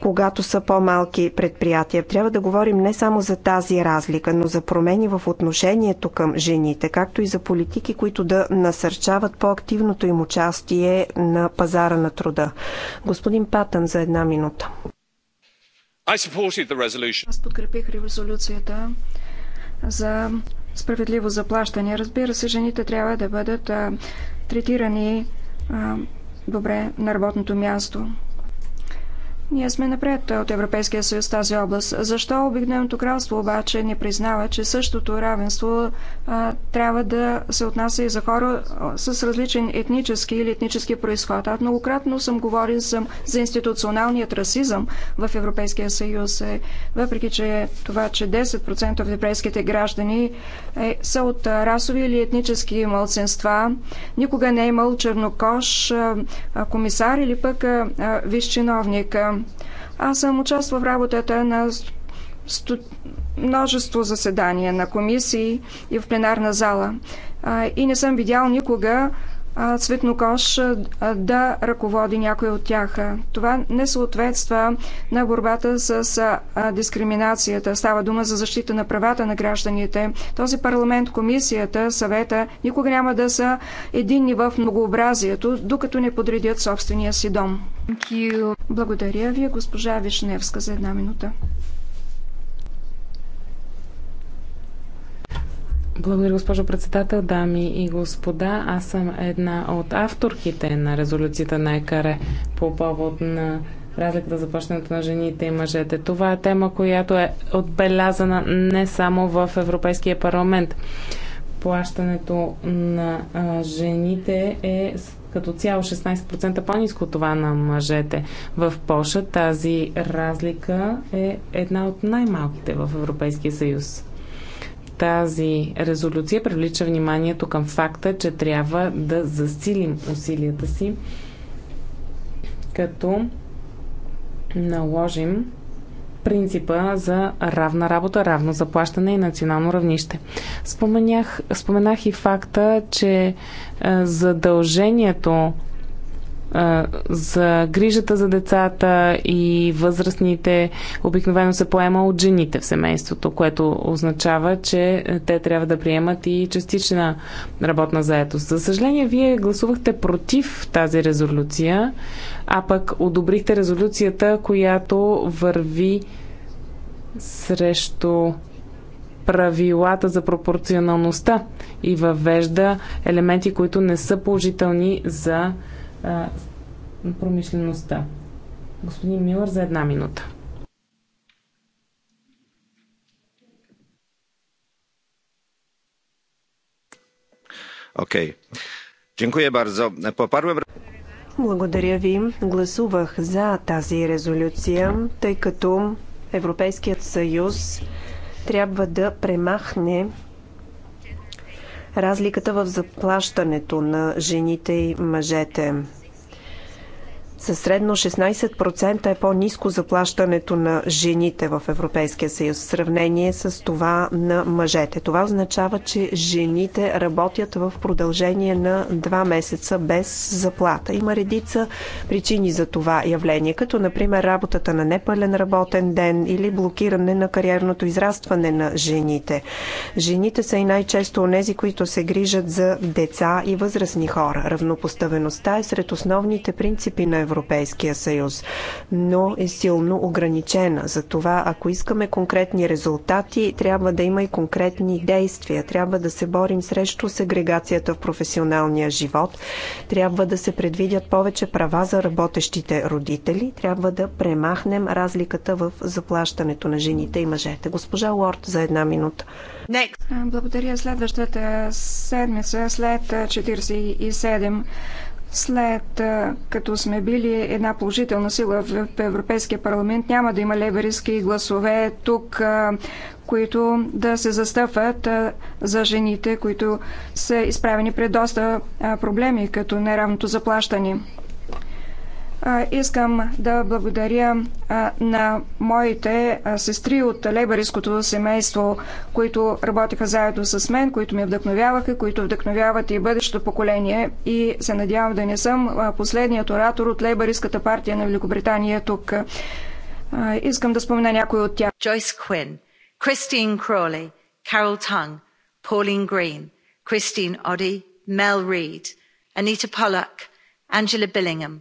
когато са по-малки предприятия. Трябва да говорим не само за тази разлика, но за промени в отношението към жените, както и за политики, които да насърчават по-активното им участие на пазара на труда. Господин Патън за една минута. Аз подкрепих резолюцията за справедливо заплащане. Разбира се, жените трябва да бъдат третирани добре на работното място. Ние сме напред от Европейския съюз в тази област. Защо Обикновеното кралство обаче не признава, че същото равенство а, трябва да се отнася и за хора с различен етнически или етнически происход? Аз многократно съм говорил за, за институционалният расизъм в Европейския съюз, е, въпреки че това, че 10% от европейските граждани е, са от расови или етнически малцинства, никога не е имал чернокож, а, комисар или пък а, висш чиновник аз съм участвал в работата на сто... множество заседания на комисии и в пленарна зала и не съм видял никога Цветнокош да ръководи някой от тях. Това не съответства на борбата с дискриминацията. Става дума за защита на правата на гражданите. Този парламент, комисията, съвета никога няма да са единни в многообразието, докато не подредят собствения си дом. Благодаря ви, госпожа Вишневска, за една минута. Благодаря, госпожо председател, дами и господа. Аз съм една от авторките на резолюцията на ЕКАРЕ по повод на разликата за плащането на жените и мъжете. Това е тема, която е отбелязана не само в Европейския парламент. Плащането на жените е като цяло 16% по-низко от това на мъжете. В Польша тази разлика е една от най-малките в Европейския съюз тази резолюция привлича вниманието към факта, че трябва да засилим усилията си, като наложим принципа за равна работа, равно заплащане и национално равнище. Споменях, споменах и факта, че е, задължението за грижата за децата и възрастните обикновено се поема от жените в семейството, което означава, че те трябва да приемат и частична работна заетост. За съжаление, вие гласувахте против тази резолюция, а пък одобрихте резолюцията, която върви срещу правилата за пропорционалността и въвежда елементи, които не са положителни за а, промишлеността. Господин Милър за една минута. Окей. Дякую бързо. Благодаря ви. Гласувах за тази резолюция, тъй като Европейският съюз трябва да премахне разликата в заплащането на жените и мъжете. Със средно 16% е по-низко заплащането на жените в Европейския съюз в сравнение с това на мъжете. Това означава, че жените работят в продължение на два месеца без заплата. Има редица причини за това явление, като например работата на непълен работен ден или блокиране на кариерното израстване на жените. Жените са и най-често онези, които се грижат за деца и възрастни хора. Равнопоставеността е сред основните принципи на Европейския съюз, но е силно ограничена. Затова, ако искаме конкретни резултати, трябва да има и конкретни действия. Трябва да се борим срещу сегрегацията в професионалния живот. Трябва да се предвидят повече права за работещите родители. Трябва да премахнем разликата в заплащането на жените и мъжете. Госпожа Лорд за една минута. Next. Благодаря. Следващата седмица, след 47 след като сме били една положителна сила в Европейския парламент, няма да има левериски гласове тук, които да се застъпват за жените, които са изправени пред доста проблеми, като неравното заплащане. Искам да благодаря на моите сестри от лебариското семейство, които работеха заедно с мен, които ме вдъхновяваха, които вдъхновяват и бъдещето поколение. И се надявам да не съм последният оратор от лебариската партия на Великобритания тук. Искам да спомена някой от тях. Джойс Куин, Кристин Кроли, Карол Танг, Pauline Грин, Кристин Оди, Мел Рид, Анита Полък, Анджела Billingham,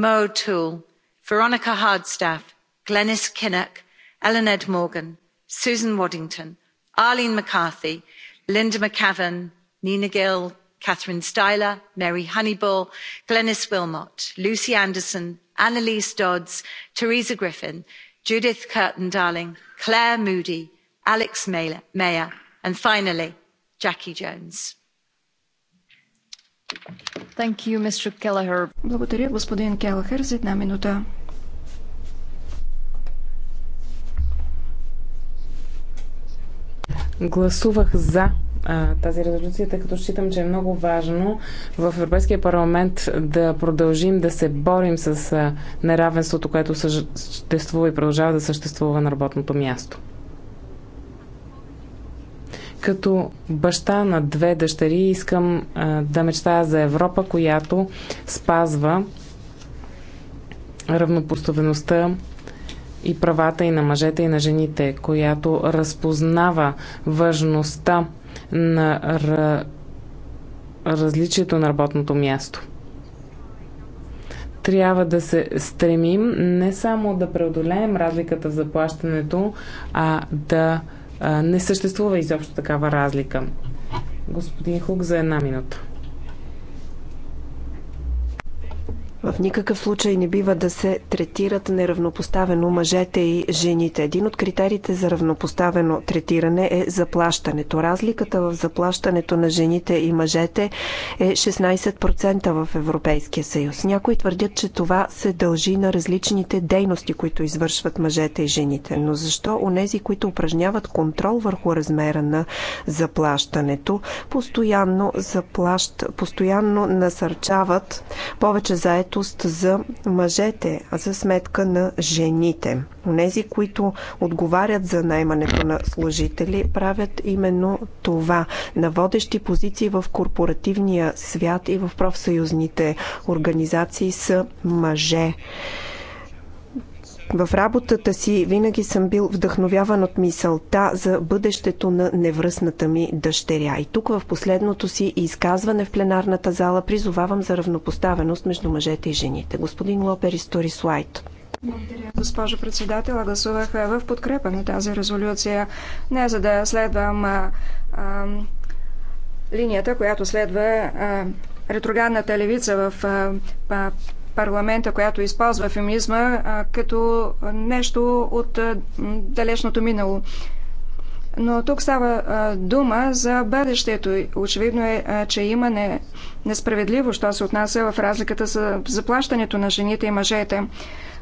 mo o'toole veronica hardstaff glenis kinnock ellen morgan susan waddington arlene mccarthy linda mcavan nina gill catherine styler mary honeyball glenis willmott lucy anderson Annalise dodds teresa griffin judith curtin darling claire moody alex mayer and finally jackie jones. Благодаря, господин Келахер, за една минута. Гласувах за тази резолюция, тъй като считам, че е много важно в Европейския парламент да продължим да се борим с неравенството, което съществува и продължава да съществува на работното място. Като баща на две дъщери искам а, да мечтая за Европа, която спазва равнопоставеността и правата и на мъжете и на жените, която разпознава важността на различието на работното място. Трябва да се стремим не само да преодолеем разликата в заплащането, а да не съществува изобщо такава разлика. Господин Хук за една минута. В никакъв случай не бива да се третират неравнопоставено мъжете и жените. Един от критериите за равнопоставено третиране е заплащането. Разликата в заплащането на жените и мъжете е 16% в Европейския съюз. Някои твърдят, че това се дължи на различните дейности, които извършват мъжете и жените. Но защо онези, които упражняват контрол върху размера на заплащането, постоянно, заплащ, постоянно насърчават повече заед заетост за мъжете, а за сметка на жените. Онези, които отговарят за наймането на служители, правят именно това. На водещи позиции в корпоративния свят и в профсъюзните организации са мъже. В работата си винаги съм бил вдъхновяван от мисълта за бъдещето на невръстната ми дъщеря. И тук в последното си изказване в пленарната зала призовавам за равнопоставеност между мъжете и жените. Господин Лопер Историс Слайд. Благодаря, госпожо председател. Гласувах в подкрепа на тази резолюция. Не за да следвам а, а, линията, която следва а, ретроградната левица в а, а, парламента, която използва феминизма като нещо от далечното минало. Но тук става дума за бъдещето. Очевидно е, че има не, несправедливо, що се отнася в разликата за заплащането на жените и мъжете.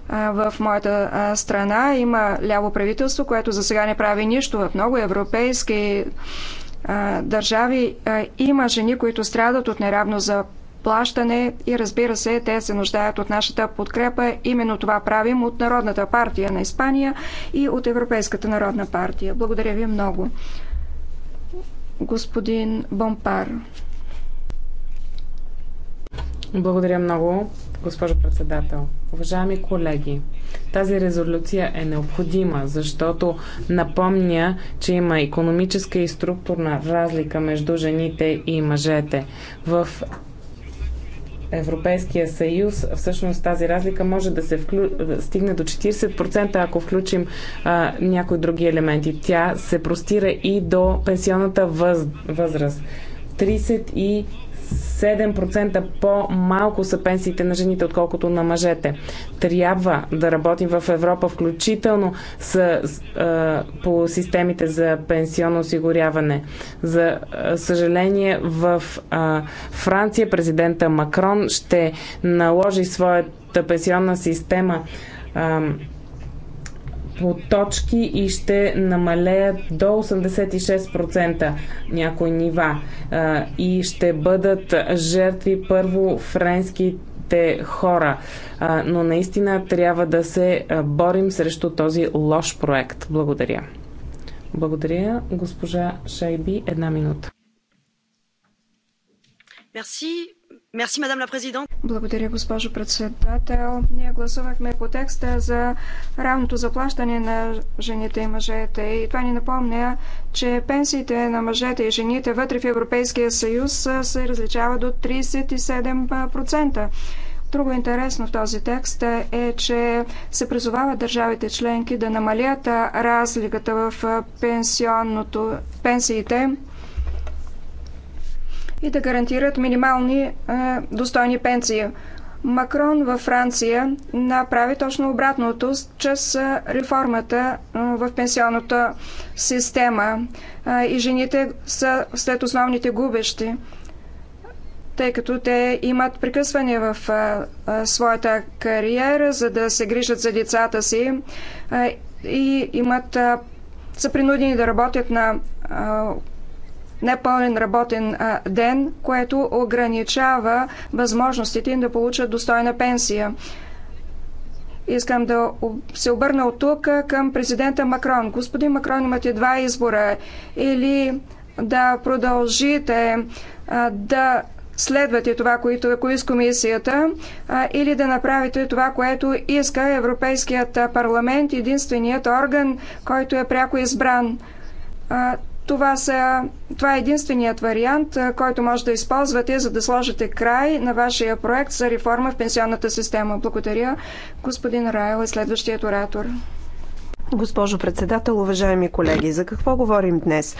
В моята страна има ляво правителство, което за сега не прави нищо. В много европейски държави има жени, които страдат от неравно за плащане и разбира се, те се нуждаят от нашата подкрепа. Именно това правим от Народната партия на Испания и от Европейската народна партия. Благодаря ви много. Господин Бомпар. Благодаря много, госпожо председател. Уважаеми колеги, тази резолюция е необходима, защото напомня, че има економическа и структурна разлика между жените и мъжете. В Европейския съюз, всъщност тази разлика може да се вклю... стигне до 40%, ако включим а, някои други елементи. Тя се простира и до пенсионната въз... възраст. 30 7% по-малко са пенсиите на жените, отколкото на мъжете. Трябва да работим в Европа, включително с, а, по системите за пенсионно осигуряване. За съжаление, в а, Франция президента Макрон ще наложи своята пенсионна система. А, по точки и ще намалеят до 86% някои нива и ще бъдат жертви първо френските хора. А, но наистина трябва да се борим срещу този лош проект. Благодаря. Благодаря, госпожа Шайби. Една минута. Merci, благодаря, госпожо председател. Ние гласувахме по текста за равното заплащане на жените и мъжете. И това ни напомня, че пенсиите на мъжете и жените вътре в Европейския съюз се различават до 37%. Друго интересно в този текст е, че се призовава държавите членки да намалят разликата в пенсионното, пенсиите и да гарантират минимални е, достойни пенсии. Макрон във Франция направи точно обратното чрез е, реформата е, в пенсионната система. И жените са след основните губещи, тъй като те имат прекъсване в своята кариера, за да се грижат за децата си и имат са принудени да работят на Непълен работен ден, което ограничава възможностите им да получат достойна пенсия. Искам да се обърна от тук към президента Макрон. Господин Макрон, имате два избора. Или да продължите да следвате това, което е коис комисията, или да направите това, което иска Европейският парламент, единственият орган, който е пряко избран. Това, са, това е единственият вариант, който може да използвате, за да сложите край на вашия проект за реформа в пенсионната система. Благодаря. Господин Райл е следващият оратор. Госпожо председател, уважаеми колеги, за какво говорим днес?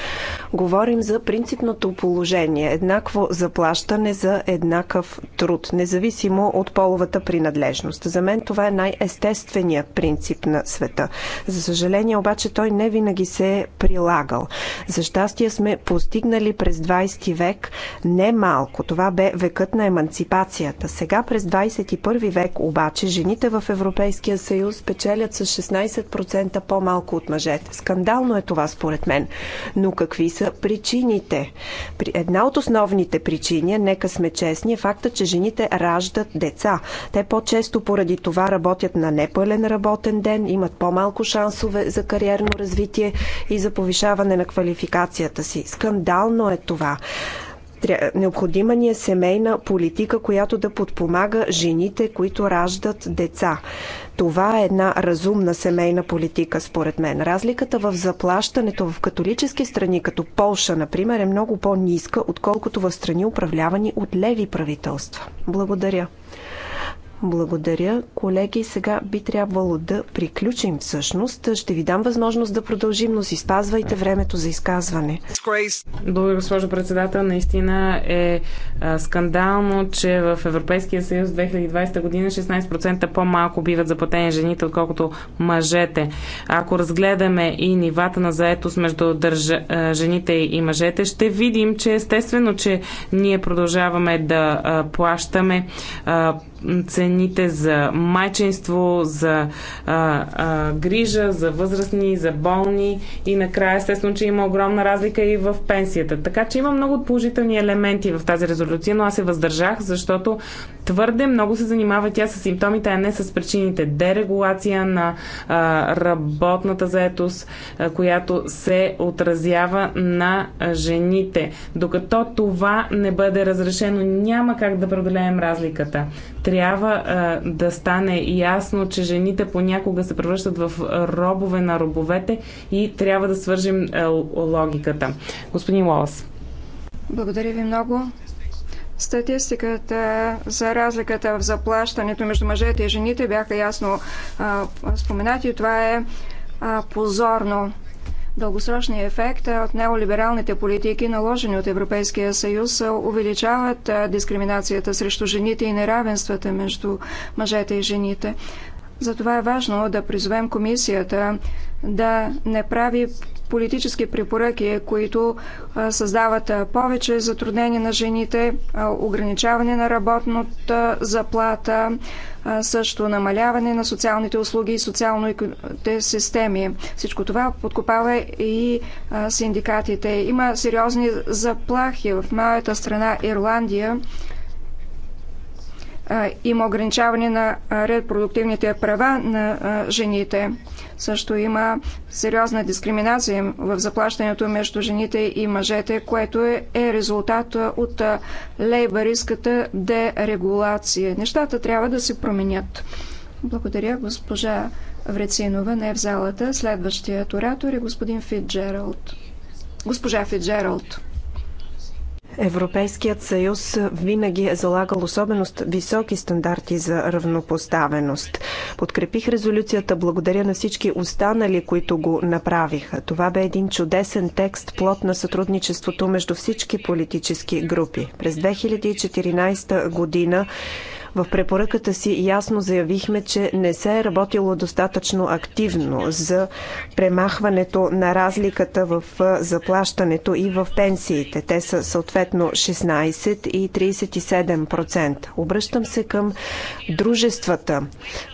Говорим за принципното положение еднакво заплащане за еднакъв труд, независимо от половата принадлежност. За мен това е най-естественият принцип на света. За съжаление обаче той не винаги се е прилагал. За щастие сме постигнали през 20 век не малко. Това бе векът на еманципацията. Сега през 21 век обаче жените в Европейския съюз печелят с 16% са по-малко от мъжете. Скандално е това според мен. Но какви са причините? При Една от основните причини, нека сме честни, е факта, че жените раждат деца. Те по-често поради това работят на непълен работен ден, имат по-малко шансове за кариерно развитие и за повишаване на квалификацията си. Скандално е това. Необходима ни е семейна политика, която да подпомага жените, които раждат деца. Това е една разумна семейна политика, според мен. Разликата в заплащането в католически страни, като Полша, например, е много по-ниска, отколкото в страни управлявани от леви правителства. Благодаря. Благодаря, колеги. Сега би трябвало да приключим всъщност. Ще ви дам възможност да продължим, но си спазвайте времето за изказване. Благодаря, госпожо председател. Наистина е скандално, че в Европейския съюз 2020 година 16% по-малко биват заплатени жените, отколкото мъжете. Ако разгледаме и нивата на заетост между държа... жените и мъжете, ще видим, че естествено, че ние продължаваме да плащаме цени жените, за майчинство, за а, а, грижа, за възрастни, за болни и накрая естествено, че има огромна разлика и в пенсията. Така че има много положителни елементи в тази резолюция, но аз се въздържах, защото твърде много се занимава тя с симптомите, а не с причините. Дерегулация на а, работната заетост, а, която се отразява на жените. Докато това не бъде разрешено, няма как да преодолеем разликата. Трябва а, да стане ясно, че жените понякога се превръщат в робове на робовете и трябва да свържим а, логиката. Господин Лолас. Благодаря ви много. Статистиката за разликата в заплащането между мъжете и жените бяха ясно а, споменати. Това е а, позорно. Дългосрочният ефект от неолибералните политики, наложени от Европейския съюз, увеличават дискриминацията срещу жените и неравенствата между мъжете и жените. Затова е важно да призовем комисията да не прави политически препоръки, които създават повече затруднения на жените, ограничаване на работната заплата, също намаляване на социалните услуги и социалните системи. Всичко това подкопава и синдикатите. Има сериозни заплахи в моята страна Ирландия има ограничаване на репродуктивните права на жените. Също има сериозна дискриминация в заплащането между жените и мъжете, което е, е резултат от лейбариската дерегулация. Нещата трябва да се променят. Благодаря госпожа Врецинова, не е в залата. Следващият оратор е господин Фитджералд. Госпожа Фитджералд. Европейският съюз винаги е залагал особено високи стандарти за равнопоставеност. Подкрепих резолюцията благодаря на всички останали, които го направиха. Това бе един чудесен текст, плод на сътрудничеството между всички политически групи. През 2014 година в препоръката си ясно заявихме, че не се е работило достатъчно активно за премахването на разликата в заплащането и в пенсиите. Те са съответно 16 и 37%. Обръщам се към дружествата,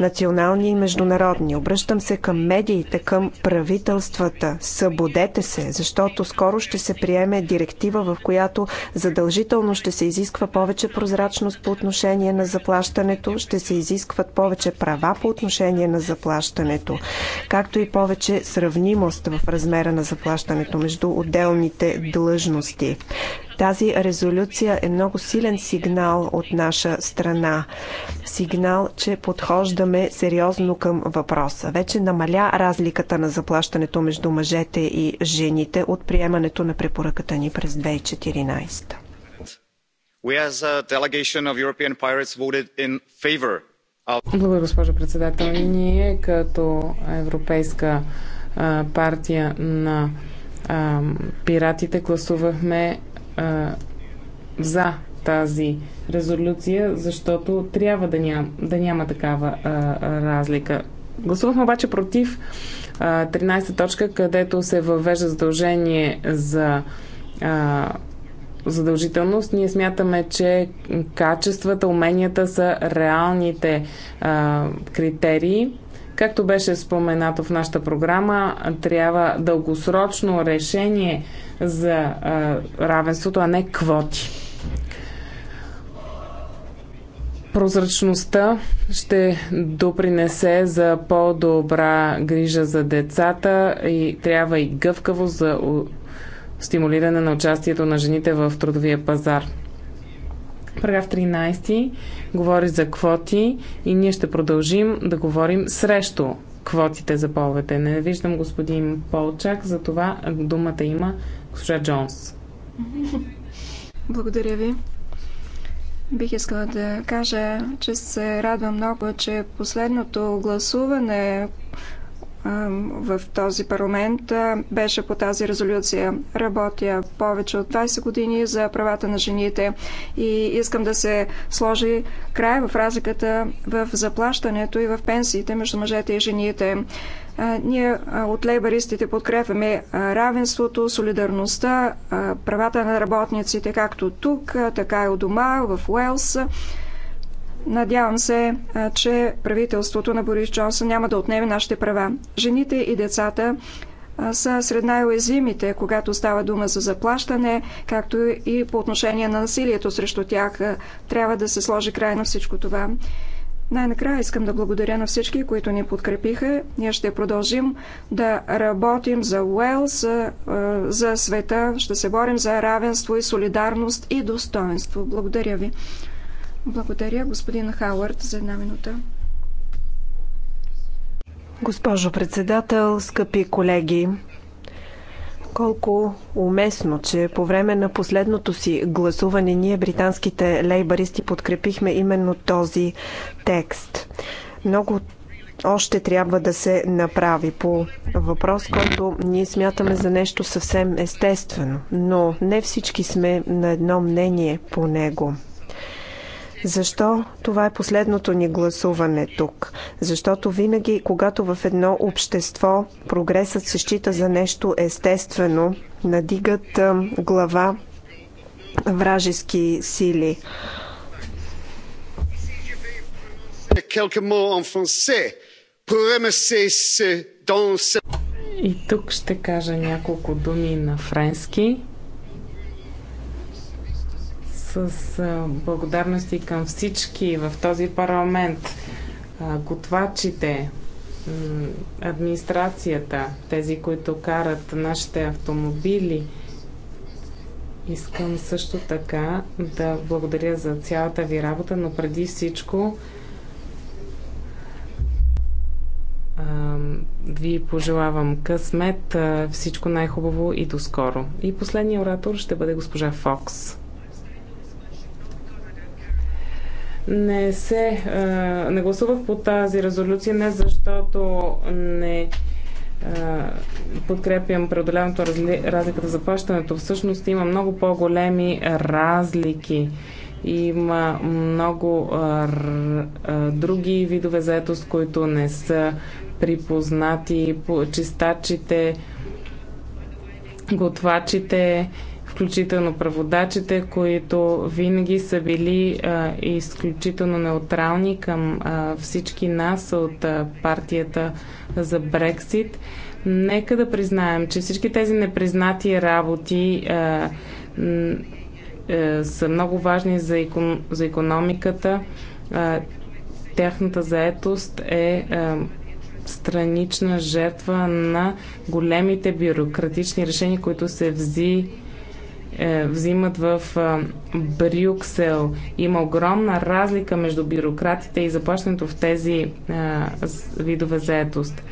национални и международни. Обръщам се към медиите, към правителствата. Събудете се, защото скоро ще се приеме директива, в която задължително ще се изисква повече прозрачност по отношение на заплащането заплащането, ще се изискват повече права по отношение на заплащането, както и повече сравнимост в размера на заплащането между отделните длъжности. Тази резолюция е много силен сигнал от наша страна. Сигнал, че подхождаме сериозно към въпроса. Вече намаля разликата на заплащането между мъжете и жените от приемането на препоръката ни през 2014. We as a delegation of European Pirates voted in of... Благодаря, госпожо председател. Ние като европейска партия на пиратите гласувахме за тази резолюция, защото трябва да няма, да няма такава разлика. Гласувахме обаче против а, 13 точка, където се въвежда задължение за а, задължителност. Ние смятаме, че качествата, уменията са реалните а, критерии. Както беше споменато в нашата програма, трябва дългосрочно решение за а, равенството, а не квоти. Прозрачността ще допринесе за по-добра грижа за децата и трябва и гъвкаво за стимулиране на участието на жените в трудовия пазар. Параграф 13 говори за квоти и ние ще продължим да говорим срещу квотите за половете. Не виждам господин Полчак, за това думата има госпожа Джонс. Благодаря ви. Бих искала да кажа, че се радвам много, че последното гласуване, в този парламент беше по тази резолюция. Работя повече от 20 години за правата на жените и искам да се сложи край в разликата в заплащането и в пенсиите между мъжете и жените. Ние от лейбаристите подкрепяме равенството, солидарността, правата на работниците, както тук, така и у дома, в Уелс. Надявам се, че правителството на Борис Джонсон няма да отнеме нашите права. Жените и децата са сред най-уязвимите, когато става дума за заплащане, както и по отношение на насилието срещу тях. Трябва да се сложи край на всичко това. Най-накрая искам да благодаря на всички, които ни подкрепиха. Ние ще продължим да работим за Уелс, за света. Ще се борим за равенство и солидарност и достоинство. Благодаря ви. Благодаря, господин Хауърд, за една минута. Госпожо председател, скъпи колеги, колко уместно, че по време на последното си гласуване ние, британските лейбаристи, подкрепихме именно този текст. Много още трябва да се направи по въпрос, който ние смятаме за нещо съвсем естествено, но не всички сме на едно мнение по него. Защо това е последното ни гласуване тук? Защото винаги, когато в едно общество прогресът се счита за нещо естествено, надигат глава вражески сили. И тук ще кажа няколко думи на френски с благодарности към всички в този парламент, готвачите, администрацията, тези, които карат нашите автомобили. Искам също така да благодаря за цялата ви работа, но преди всичко ви пожелавам късмет, всичко най-хубаво и до скоро. И последният оратор ще бъде госпожа Фокс. не се не гласувах по тази резолюция не защото не подкрепям преодоляването разликата за заплащането. Всъщност има много по-големи разлики. Има много други видове заетост, които не са припознати. Чистачите, готвачите, включително праводачите, които винаги са били а, изключително неутрални към а, всички нас от а, партията за Брексит. Нека да признаем, че всички тези непризнати работи а, а, е, са много важни за, икон, за економиката. А, тяхната заетост е. А, е, странична жертва на големите бюрократични решения, които се взи, е, взимат в Брюксел. Има огромна разлика между бюрократите и заплащането в тези видове заетост.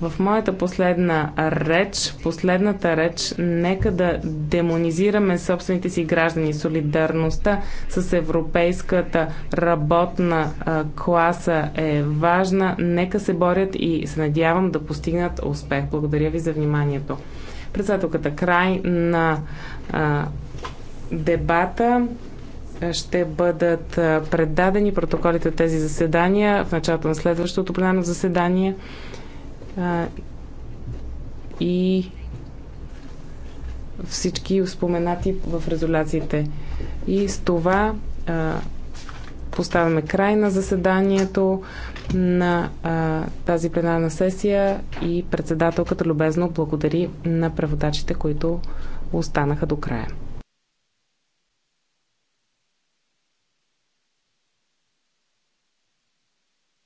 В моята последна реч, последната реч, нека да демонизираме собствените си граждани. Солидарността с европейската работна а, класа е важна. Нека се борят и се надявам да постигнат успех. Благодаря ви за вниманието. Председателката край на дебата ще бъдат предадени протоколите от тези заседания в началото на следващото пленарно заседание и всички споменати в резолюциите. И с това а, поставяме край на заседанието на а, тази пленарна сесия и председателката любезно благодари на преводачите, които останаха до края.